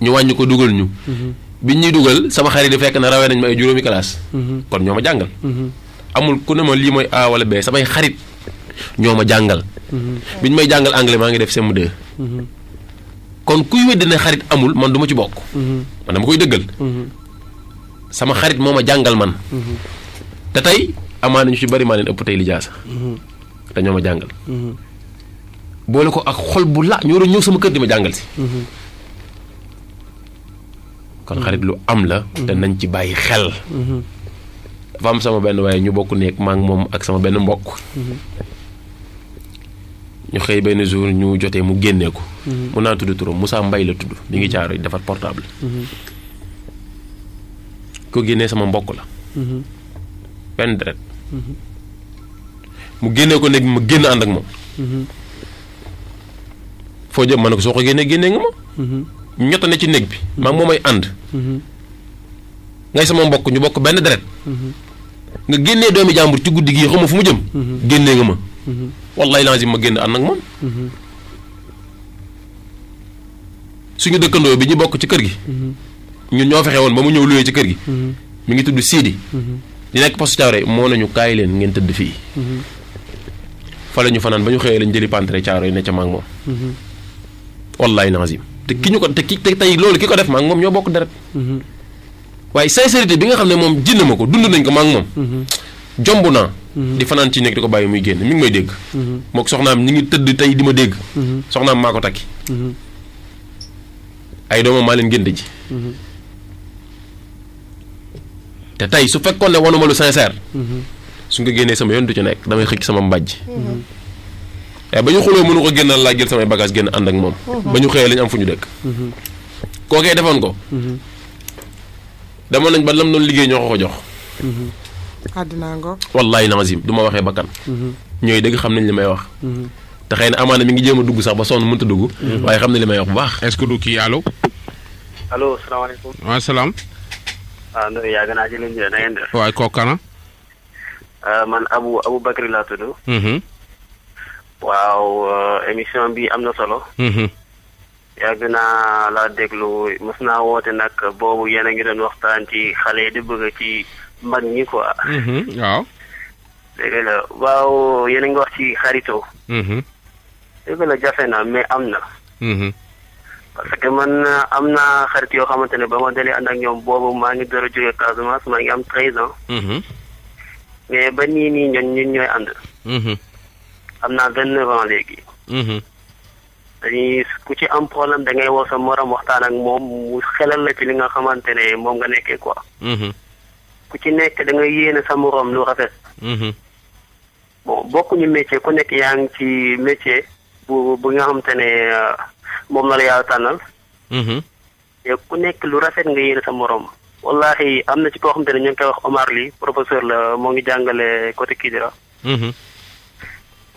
ñu wàññi ko dugal ñu. Mhm. bi ñuy dugal sama xarit di fekk na rawee nañ ma ay juróomi classe. Mhm. kon ñoo ma jàngal. Mhm. amul ku ne ma lii mooy A wala samay xarit ñoo ma jàngal. bi ñu may jàngal anglais maa ngi def CM2. kon kuy weddi xarit amul man du ma ci bokk. man dama koy dëggal. sama xarit moo ma jàngal man. te tey amaa nañu ci bari maa leen ëpp tey li te ñoo ma jàngal. boole ko ak xol bu la ñu war a ñëw sama kër di ma jàngal si. kon xarit lu am la te mhm. nañ ci bàyyi xel mhm. dafa am sama benn waaye ñu bokk nekk maa ngi moom ak sama benn mbokk mhm. ñu xëy benn jour ñu jotee mu génnee ko mu naa tudd turam Moussa Mbaye la tudd mi ngi caaro defar portable ko génnee sama mbokk la benn deret mu génnee ko néeg ma génn ànd ak moom foo jëm ma ne ko soo ko génnee génnee nga ma ñoto ne ci néeg bi. maa ngi moomay ànd. ngay sama mbokk ñu bokk benn deret. nga génnee doomi jàmbur ci guddi gii xawma fu mu jëm. génnee nga ma. wallaay lazim ma génn ànd ak moom. suñu dëkkandoo bi ñu bokk ci kër gi. ñun ñoo fexe woon ba mu ñëw luyee ci kër gi. mu ngi tudd Sidi. di nekk poste Thiawre moo nañu kaay leen ngeen tëdd fii. fa ñu fanaan ba ñu xëyee lañ jëli pantre yi ne ca maag moom. wallaay lazim te ki ñu ko te ki tey loolu ki ko def ma ngom ñoo bokk deret mhm. waaye sincérité bi nga xam ne moom jënd ma ko dund nañ ko maag moom mhm. jomb naa mhm. di fanaan ci nekk di ko bàyyi muy génn mi ngi may dégg mook soxnaam ñi ngi tëdd tey di ma dégg soxnaam maa ko takki ay doomam maa leen génn ji te tey su fekkoon ne wanuma lu sincère su nga génnee sama yoon du ci nekk damay xëcc sama mbàjj eh bañu xuloo mënu ko gënal la jël samay bagage gën and ak mom mhm. bañu ñu xëyee lañ am fu hmm ko kookee mhm. defon ko dama nañ ba lam doon liggéey ñoko ko jox hmm adina ngo wallahi lazim duma waxé bakkan mhm. ñoy dëgg xam nañ limay wax hmm xëy na amana mi ngi jëma dugg sax ba son mënta dugg waye xam na limay wax bax est ce que du ki allo allo assalamu alaykum wa salam ah no ya gëna liñ da ngeen def waaye kana ah, man abu abu bakri laa hmm waaw euh, émission bi am na solo. Mm-hmm. yàgg naa laa déglu mos naa woote nag boobu yéen a ngi doon waxtaan ci xale yi di bëgg ci mag ñi quoi. Mm-hmm. waaw. dëgg la waaw a ngi wax ci xarito. Mm-hmm. dëgg la jafe na mais am na. parce que man euh, am na xarit yoo xamante ne ba ma dalee ànd ak ñoom boobu maa ngi door a jógee Casamance maa ngi am treize ans. mais ba nii nii ñun ñooy ànd. am naa vingt neuf léegi. Mhm. dañuy ku ci am problème da ngay woo sa morom waxtaan ak moom mu xelal la ci li nga xamante ne moom nga nekkee ko mhm. ku ci nekk da ngay yéene sa moroom lu rafet. Mhm. bon bokkuñu métier ku nekk yaa ngi ci métier bu bu nga xamante ne euh, moom la la yàlla tànnal. ku nekk lu rafet nga yéene sa morom. wallahi am na ci koo xamante ne ñu ngi koy wax Omar Ly professeur la moo ngi jàngale côté Kidira.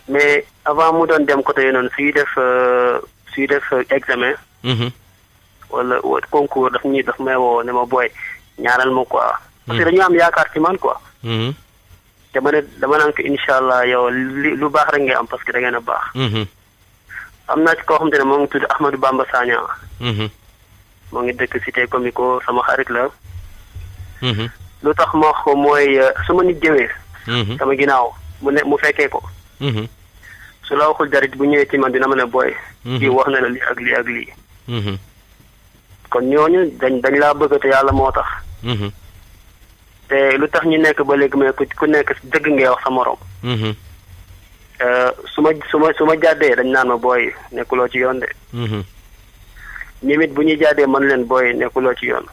mais avant mu doon dem côté noonu suy def euh, suy def euh, examen. Mhm. wala concours daf ñuy daf may woo ne ma booy ñaanal ma quoi. parce que mhm. dañu am yaakaar ci man quoi. dama mhm. ne dama naan ko incha yow li lu baax rek ngay am parce que da a baax. am naa ci koo xamante ne moom ngi tudd Ahmadou Bamba Sagna. moo ngi dëkk cité comico sama xarit la. lu tax ma wax ko euh, su ma nit jëwee. sama ginnaaw mu ne mu fekkee ko. su la waxul dara bu ñëwee ci man dina mën a booy. Mhm. kii wax na la lii ak lii ak lii. Mhm. kon ñooñu dañ dañ laa bëgg te yàlla moo tax. Mhm. te lu tax ñu nekk ba léegi ma ku nekk dëgg ngay wax sa morom. Euh, su ma su ma su ma jàddee dañ naan ma booy nekkuloo ci yoon de. ñoom bu ñuy jàddee man leen booy nekkuloo ci yoon.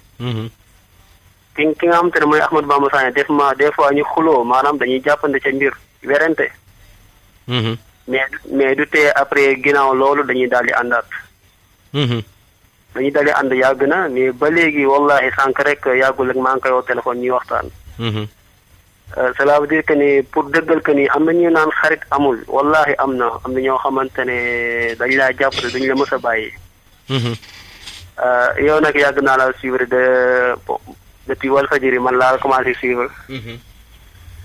ki ki nga xam te ne mooy Ahmadou Bamba Sané def ma des fois ñu xuloo maanaam dañuy jàppante ca mbir werante. mais mais du tee après ginnaaw loolu dañuy daal di àndaat. Mm-hmm. dañuy daal di ànd yàgg na mais ba léegi wallahi sànq rek yàggul ak maa ngi koy woo téléphone ñuy waxtaan. Mm-hmm. Euh, cela veut dire que ni pour dëggal que ni am na ñu naan xarit amul wallahi am na am na ñoo xamante ne dañ laa jàpp te duñ la mës a bàyyi. Mm-hmm. Euh, yow nag yàgg naa laa suivre de depuis Walfadjri man laa commencé suivre.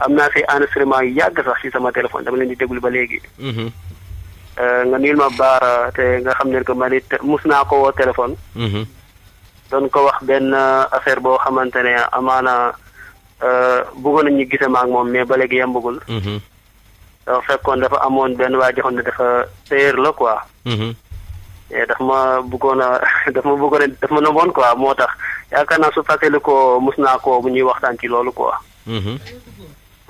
am naa fi enregistrement yu yàgg sax si sama téléphone dama leen di déglu ba léegi. Mhm. Euh, nga nuyul ma baara te nga xam ne que man mus naa ko woo téléphone. Mhm. doon ko wax benn euh, affaire boo xamante ne amaana euh, bëggoon nañ ñu gise ma moom mais ba léegi yembagul. Mhm. dafa fekkoon dafa amoon benn waa joxoon dafa séer la quoi. et ma bëggoon a daf ma bëggoon a ma nëboon quoi moo tax yaakaar naa su fàttali ko mus naa ko bu ñuy waxtaan ci loolu quoi.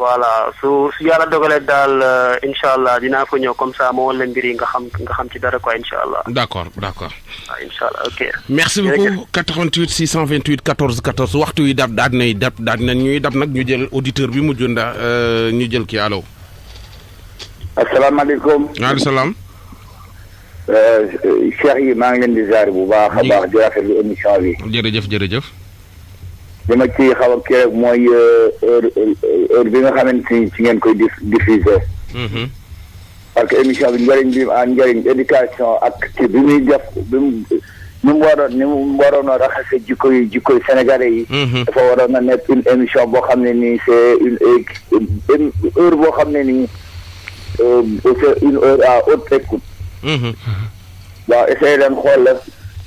voilà su su yàlla dogalee daal euh, incha allah dinaa fa ñëw comme saa ma wan la mbir yi nga xam nga xam ci dara quoi incha allah. d' accord d' accord. waaw ah, incha allah ok. merci beaucoup 88 628 14 14 waxtu yi dab daal nay dab daal nañ ñuy dab nag ñu jël auditeur bi mujj ndax euh, ñu jël kii allo. asalaamaaleykum. waaleykum salaam. Euh, Cheikh yi maa ngi leen di ziar bu baax a baax. di rafetlu jërëjëf jërëjëf. li ma ci a kii mooy euh, heure euh, heure bi nga xamante ni ci ngeen koy diffuser. Mm-hmm. parce que émission bi njëriñ bi ah njëriñ éducation ak ci bi muy def bi mu ni ni mu a raxase jikko yi jikko yi sénégalais yi. Mm-hmm. dafa waroon a nekk une émission boo xam ne nii c'est une heure boo xam ne nii euh, c'est une heure à haute écoute. Mm-hmm. waaw essayé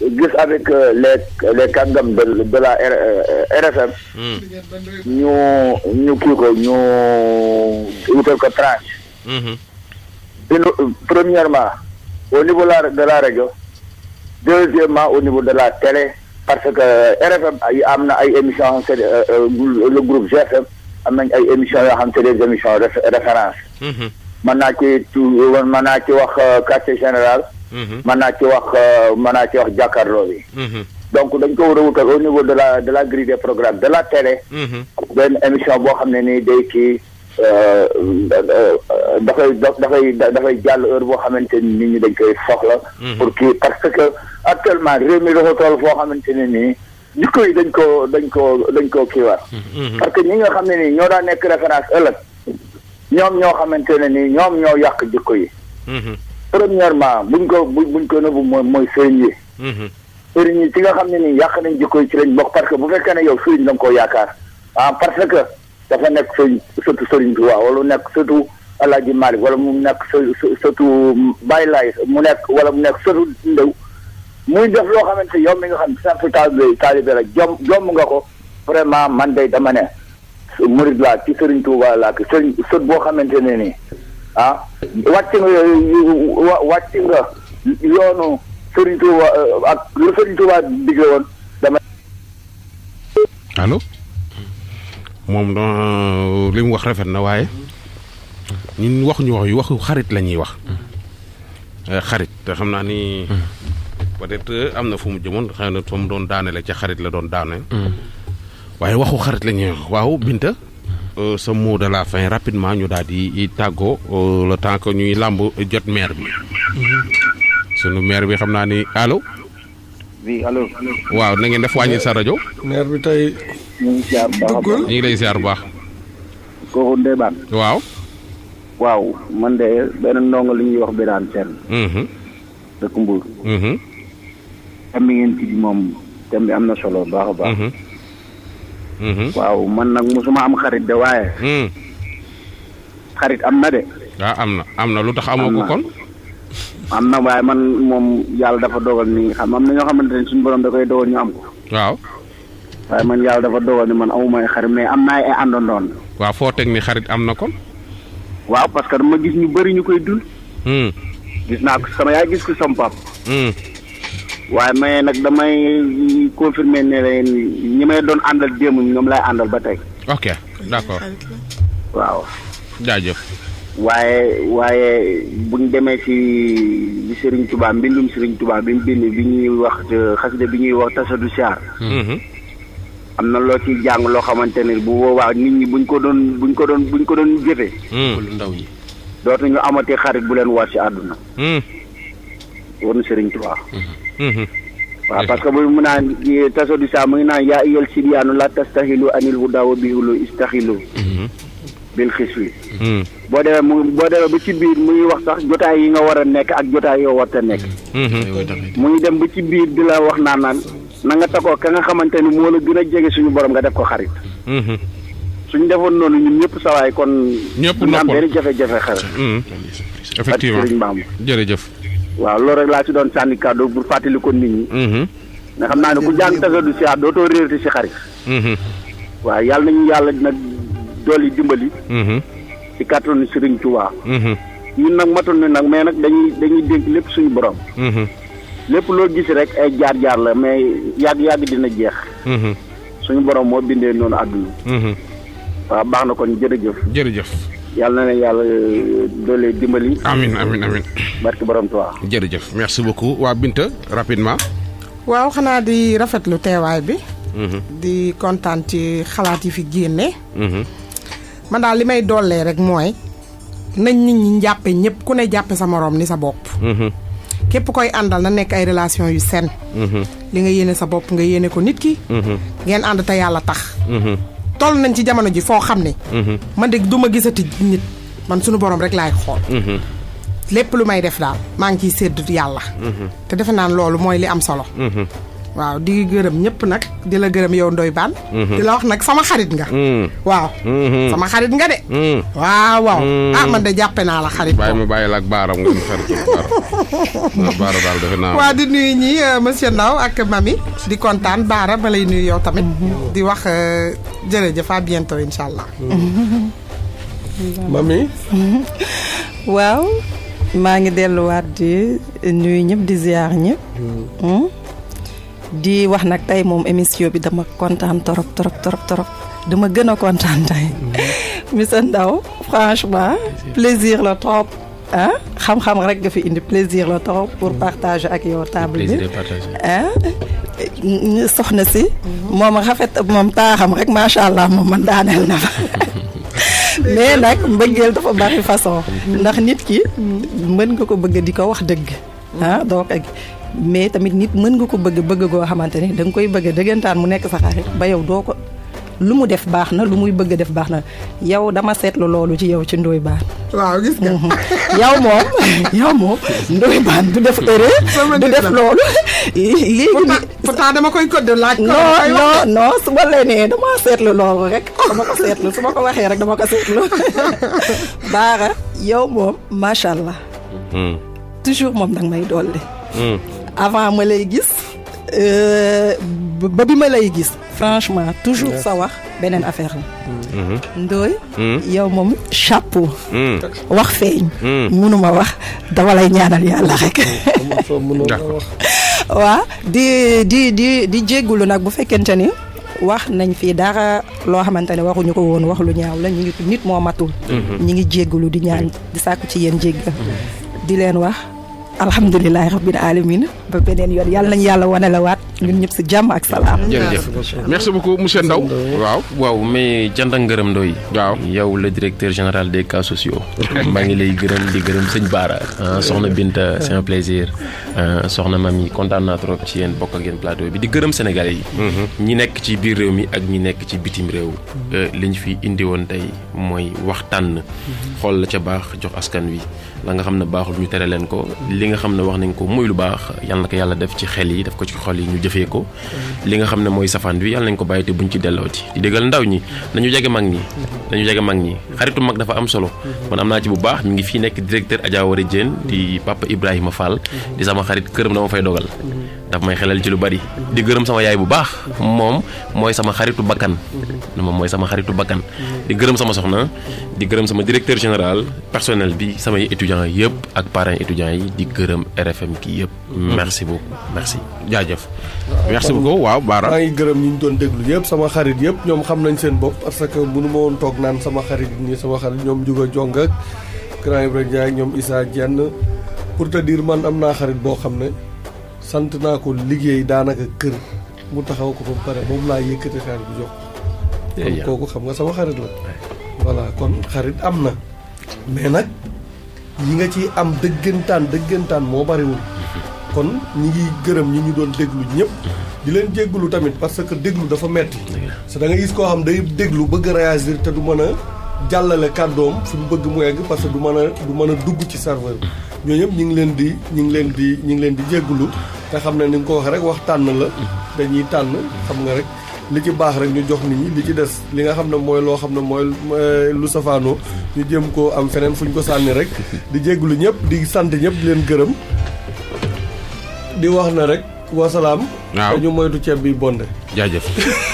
gis avec euh, les les kàngam de de la RFM. Euh, hmm. ñu ñu kii ko ñu wutal ko tranche. Hmm. premièrement au niveau de la rajo deuxièmement au niveau de la télé parce que RFM ay am na ay émissions c'est euh, le am nañ ay émissions yoo xam c'est des émissions référence. Hmm. mën ci tu ci wax quartier général. Mm-hmm. mën naa ci wax euh, mën naa ci wax jàkkaarloo bi. Mm-hmm. donc dañ ko war a wutal au de la de la grille des programmes de la télé. Mm-hmm. benn émission boo xam ne ni day kii euh, euh, dafay dafay dafay jàll heure boo xamante ni nit ñi dañ koy soxla. pour kii parce que actuellement réew mi dafa toll foo xamante ne nii. ñu koy dañ ko dañ ko dañ koo kiiwaat. parce que ñi nga xam ne ni ñoo daan nekk référence ëllëg ñoom ñoo xamante ne ni ñoom ñoo yàq jikko yi. premièrement buñ ko buñ ko nëbbu mooy mooy sëriñ yi. Mhm. sëriñ yi ci nga xam ni nii yàq nañ jikko yi ci lañ bokk parce que bu fekkee ne yow sëriñ da nga koo yaakaar ah parce que dafa nekk sëriñ surtout sëriñ bi waaw wala nekk surtout Alaaji Malik wala mu nekk surtout Baye Laay mu nekk wala mu nekk surtout Ndew muy def loo xamante yow mi nga xam surtout taalibe taalibe la jom jom nga ko vraiment man day dama ne murid laa ci sëriñ Tuubaa laa ki sëriñ sët boo xamante ne nii ah wàcc nga wàcc nga yoonu Serigne Touba euh, ak lu Serigne Touba digle woon dama. allo moom li mu wax rafet na waaye ñun waxuñu wax yu waxu xarit la ñuy wax. Eh, xarit te xam naa ni. peut-être am na fu mu jëmoon xëy na fa mu doon daane la ca xarit la doon daane. Mm. waaye waxu xarit la wax waaw Binta. sa euh, mot de la fin rapidement ñu daal di tàggoo euh, la temps que ñuy làmb jot maire bi mhm. sunu maire bi xam naa ni allo. waaw na ngeen def wàññi sa rajo. maire bi tey. ñu ngi bu baax ñu ngi lay ziar bu baax. kooku Ndeye waaw. waaw man de benn ndongo li ñuy wax Birane Sène. Mhm. dëkk Mbour. Mhm. thème bi ngeen ci moom thème am na solo baax a baax. Mhm. waaw man nag mosuma am xarit de waaye. Hmm. xarit am na de. waaw ah, am na am na lu tax amoo ko kon. am na waaye man moom yàlla dafa dogal ni xam am na ñoo xamante ne suñu borom da koy dogal ñu am ko. waaw. man yàlla dafa dogal ni man amuma ay xarit mais am naa ay àndandoon. waaw foo teg ni xarit am na kon. waaw parce que dama gis ñu bari ñu koy dul. Hmm. gis naa ko sama yaay gis ko sama waaye mais nag damay confirmer ne ñi may doon àndal démb ñoom lay àndal ba tey. ok d'accord. waaw. jaajëf. waaye waaye buñ demee ci sëriñ Serigne mbindum Serigne Touba bi mu bind bi ñuy wax xasida bi ñuy wax tasadu siyaar. Mhm. am na loo ciy jàng loo xamante ne bu boobaa nit ñi buñ ko doon buñ ko doon buñ ko doon jëfe hmm. ndaw ñi. dootuñu amati xarit bu leen war si àdduna. Hmm. war na sëriñ Tuubaa waaw parce que bu mu naan taso di saa mu ngi naan yaa iyal sibiyaanu la tastaxilu anil huda wa bihulu istaxilu mm-hmm. bil xis wi mm-hmm. boo demee mu ci biir mu ngi wax sax jotaay yi nga war a nekk ak jotaay yoo war a nekk mm-hmm. mu ngi dem ba ci biir di la wax naa naan na nga ka nga xamante ni moo la gën a jege suñu borom nga def ko xarit suñu defoon noonu ñun ñëpp sawaay kon ñëpp noppal am benn jafe-jafe xarit effectivement jërëjëf waaw loolu rek laa si doon sànni kàddu pour fàttali ko nit ñi. nga mhm. xam naa ne ku jàng tasa du si dootoo réerti si xarit. Mhm. waaw yàlla nañu yàlla nag dool yi dimbali. Mhm. ci kàttanu Serigne Touba. ñun nag matul ni nag mais nag dañuy dañuy dénk lépp suñu borom. lépp loo gis rek ay jaar jaar la mais yàgg yàgg dina jeex. suñu borom moo bindee noonu àdduna. waaw baax na kon jërëjëf. jërëjëf. yàlla na leen yàlla euh, doole dimbali. amin amin amin barki borom Tuubaa. jërëjëf merci beaucoup waa Binta rapidement. waaw xanaa di rafetlu teewaay bi. Mhm. di kontaan ci xalaat yi fi génne. Mhm. man daal li may dollee rek mooy nañ nit ñi jàppe ñëpp ku ne jàppe sa moroom ni sa bopp. Mhm. képp koy àndal na nekk ay relation yu sen li nga yéene sa bopp nga yéene ko nit ki. ngeen ànd te yàlla tax. loolu nañ ci jamono ji foo xam ne. Mhm. man de du ma gisati nit man sunu borom rek laay xool. Mhm. lépp lu may def daal maa ngi ciy sédd yàlla. Mhm. te defe naan loolu mooy li am solo. Wow, di gërëm ñëpp nag di la gërëm yow ndoy baan mhm. di la wax sama xarit nga mm. Wow, mhm. sama xarit nga de mm. Wow, wow. Mm. ah man de jàppe naa la xarit bàyyi ma bàyyi la ak baaram nga xarit baara daal defe naa waaw di nuyu ñi euh, monsieur ndaw ak mami di kontaan baara ma lay nuyu yow tamit di wax euh, jërëjëf à bientôt inshallah mami waaw maa ngi delluwaat di nuyu ñëpp di ziar ñëpp hmm? di wax nag tey moom émission bi dama kontaan trop trop trop torop dama gën a kontaan tey mhm. monsieur Ndao franchement plaisir la trop ah xam-xam rek nga fi indi plaisir la trop pour mhm. partager ak yow table bi ah soxna si mhm. moom rafet moom taxam rek macha allah moom man daaneel na fa mais mbëggeel dafa bari façon ndax nit ki mën nga ko bëgg di ko wax dëgg ah mais tamit nit mën nga ko bëgg bëgg koo xamante ne da koy bëgg dëggantaan mu nekk sa xarit ba yow doo ko lu mu def baax na lu muy bëgg def baax na yow dama seetlu loolu ci yow ci Ndoye baax waaw gis nga. Mhm. def erreur. du def loolu. léegi dama koy code laaj. non non non su ma leen dama seetlu loolu rek. dama ko seetlu su ma ko waxee rek dama ko seetlu. Baara yow moom macha allah. Hmm. toujours moom danga may dolli. Hmm. avant ma lay gis ba bi ma lay gis franchement toujours sa wax beneen affaire la mhm. ndooy mhm. yow moom chapeau mhm. wax feeñ munuma wax dama lay ñaanal yàlla rek Wa, di di di di jéggulu nag bu fekkente ni wax nañ fi dara lo xamante waxu ñuko won wax lu ñaaw la ñu nit mo matul ñi ngi jéggulu di ñaan di sakku ci yeen jéggal di leen wax alhamdulilah rabbil alamin ba beneen yoon yàlla nañu yàlla wane la waat ñun ñëpp si jàmm ak salaam. jërëjëf merci beaucoup monsieur Ndaw waaw waaw mais jant ak ngërëm Ndoye. waaw yow la directeur général des cas sociaux. maa ngi lay gërëm di gërëm sëñ Baara. Ah, soxna Binta c'est un plaisir. Ah, soxna Mami kontaan naa trop ci yéen bokk ak yéen plateau bi di gërëm Sénégalais yi. Mm-hmm. ñi nekk ci biir réew mi ak ñi nekk ci bitim réew. Mm-hmm. Eh, li ñu fi indi woon tey mooy waxtaan. Mm-hmm. xool la ca baax jox askan wi. la nga xam ne baaxul ñu tere leen ko. li nga xam ne wax nañ ko muy lu baax na ko jëfee ko li nga xamné moy mooy bi yalla nañ ko bayati buñ ci ci di déggal ndaw ñi nañu jege mag ñi nañu jege mag ñi xaritu mag dafa am solo man amna ci bu baax mi ngi fi nek directeur Adja wara di Papa Ibrahima Fall di sama xarit kërëm dama fay dogal daf may xelal ci lu bari di gërëm sama yaay bu baax moom mooy sama xaritu bakkan moom mooy sama xaritu bakkan di gërëm sama soxna di gërëm sama directeur général personnel bi sama étudiant yëpp ak parents étudiants yi di gërëm RFM ki yëpp merci beaucoup merci jaajëf merci beaucoup waaw baara maa ngi gërëm ñu doon déglu yëpp sama xarit yëpp ñoom xam nañ seen bopp parce que mënu ma woon toog naan sama xarit ni sama xarit ñoom juga jong ak grand Ibrahima ñoom Issa Dieng pour te dire man am naa xarit boo xam ne sant naa ko liggéey daanaka kër mu taxaw ko fa mu pare moom laa yëkkati xaalis bu jox eh, kon kooku xam nga sama xarit la eh. voilà kon xarit am na mais nag yi nga ci am dëggantaan dëggantaan moo bariwul kon ñi ngi gërëm ñi ñu doon déglu ñëpp di leen jégglu tamit parce que déglu dafa metti sa da gis koo xam day déglu bëgg réagir te du mën a jàllale kàddoom fu mu bëgg mu egg parce que du mën a du mën a dugg ci serveur ñoo ñooñu ñëpp ñu ngi leen di ñu ngi leen di ñu ngi leen di jéggulu te xam ne ni nga ko waxee rek wax tànn la. dañuy tànn xam nga rek. li ci baax rek ñu jox nii li ci des li nga xam ne mooy loo xam ne mooy lu safaanoo ñu jéem koo am feneen fu ñu ko sànni rek di jégglu ñëpp di sant ñëpp di leen gërëm di wax na rek. wasalaam. waaw ñu moytu ceeb bi bonde. jaajëf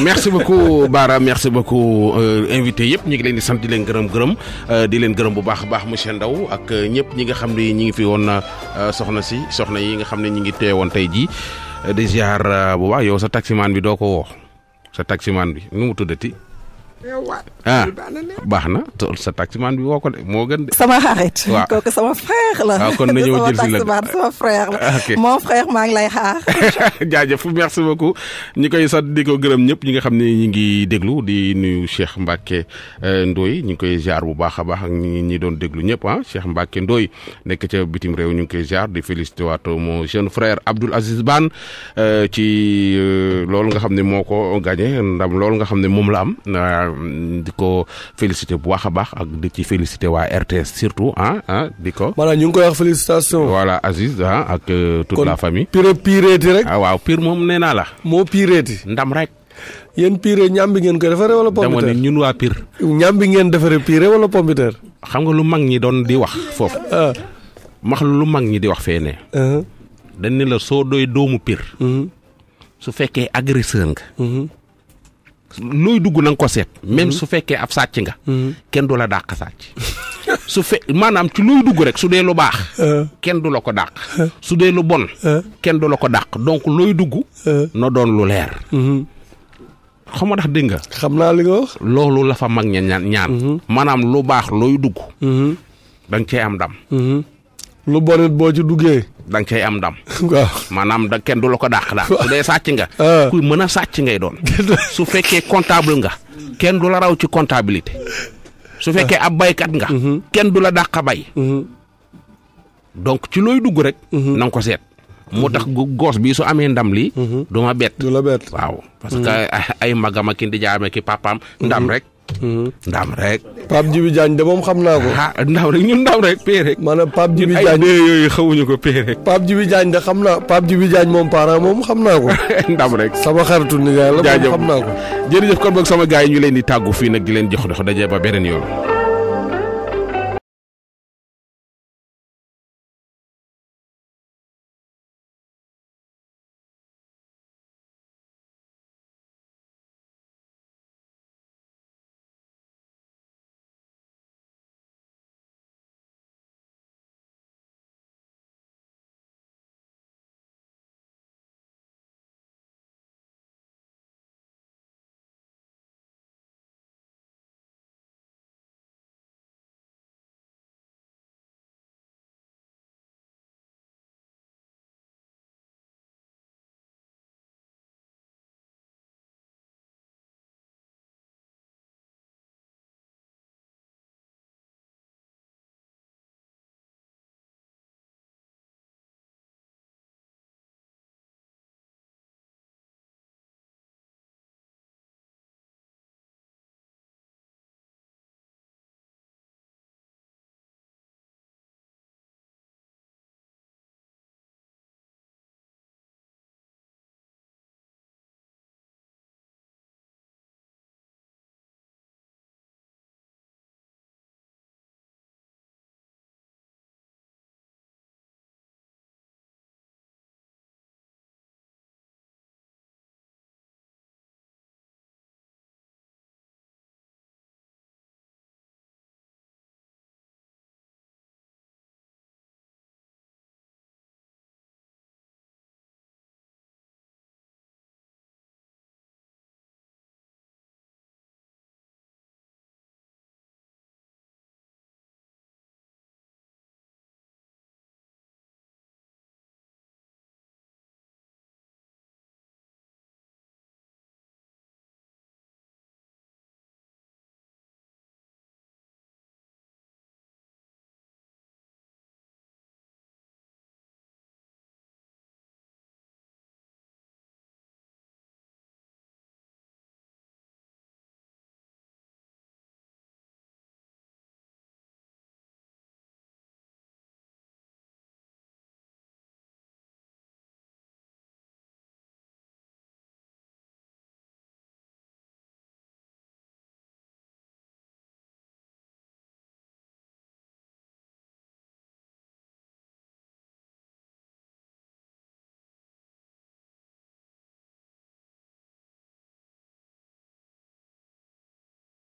merci beaucoup Bara merci beaucoup euh, invité yëpp ñu ngi leen di sant di leen gërëm gërëm euh, di leen gërëm bu baax a baax monsieur Ndao ak euh, ñëpp ñi nga xam ne ñi ngi fi woon soxna si soxna yi nga xam ne ñi ngi teewoon tey jii di ziar bu baax yow sa taximaan bi doo ko woo sa taximaan bi nu mu tuddati. Eh, ah, baax na tool sa taximaan bi woo ko de moo gën de. sama xarit. kooku sama frère la. waaw ah, kon na ñëw jël si la sama frère la. Ah, ok maa ngi lay xaar. jaajëf merci beaucoup ñi koy sant di ko gërëm ñëpp ñi nga xam ne ñi ngi déglu di nuyu Cheikh Mbacke euh, ndooy ñu ngi koy jaar bu baax a baax ak ñi ñi doon déglu ñëpp ah Cheikh Mbacke Ndoye nekk ca bitim réew ñu ngi koy jaar di félicité waatoo mon jeune frère Abdoul Aziz Ban euh, ci euh, loolu nga xam ne moo ko gagné loolu nga xam ne moom la am. di ko félicité bu baax a baax ak di ci félicité waa RTS surtout ah ah di ko. maanaam ñu ngi koy wax félicitation. voilà Aziz ah ak. Euh, toute la famille kon pire pireeti rek. Ah, waaw pire moom nee naa la. moo pireeti. ndam rek. yéen ñam bi ngeen ko defaree wala. pompiteer ñun waa pire. ñambi ngeen defaree pire wala pompiteer. xam nga lu mag ñi doon di wax foofu. Ah. max lu mag ñi di wax fee ne. Ah. dañ ne la soo doy doomu pire. Mm-hmm. su fekkee agresseur nga. Mm-hmm. looy dugg na ko seet. Mhm. même su fekkee ab sàcc nga. Mhm. kenn du la dàq sàcc. su fe maanaam ci looy dugg rek su dee lu baax. kenn du la ko dàq. su dee lu bon. kenn du la ko dàq donc looy dugg. na doon lu leer. Mhm. xam nga ndax dégg nga. xam naa loolu la fa mag ña ñaan. maanaam lu baax looy dugg. da cee am dam lu bon it boo ci duggé dang cey am dam manam da mana du lako dak dak su dee nga ah. ku meuna a ngay don su fekke comptable nga ken du la raw ci comptabilité su ah. fekke ab kat nga mm-hmm. ken du la dak bay mm-hmm. donc ci loy dugg rek mm-hmm. nang ko set motax bi su amé ndam li bet waaw parce que ay magama ki papam ndam rek ndaam rek. Pape Djibi Diagne de moom xam naa ko. ah ndaam rek ñun ndaam rek pee rek. maanaam Pape Djibi Diagne ay ko pee rek. Pape Djibi Diagne de xam naa Pape Djibi Diagne moom parent moom xam naa ko. ndaam rek sama xaritu ni yàlla moom xam naa ko. jërëjëf kon boog sama gars yi ñu leen di tàggu fii nag di leen jox dox dajee ba beneen yoon.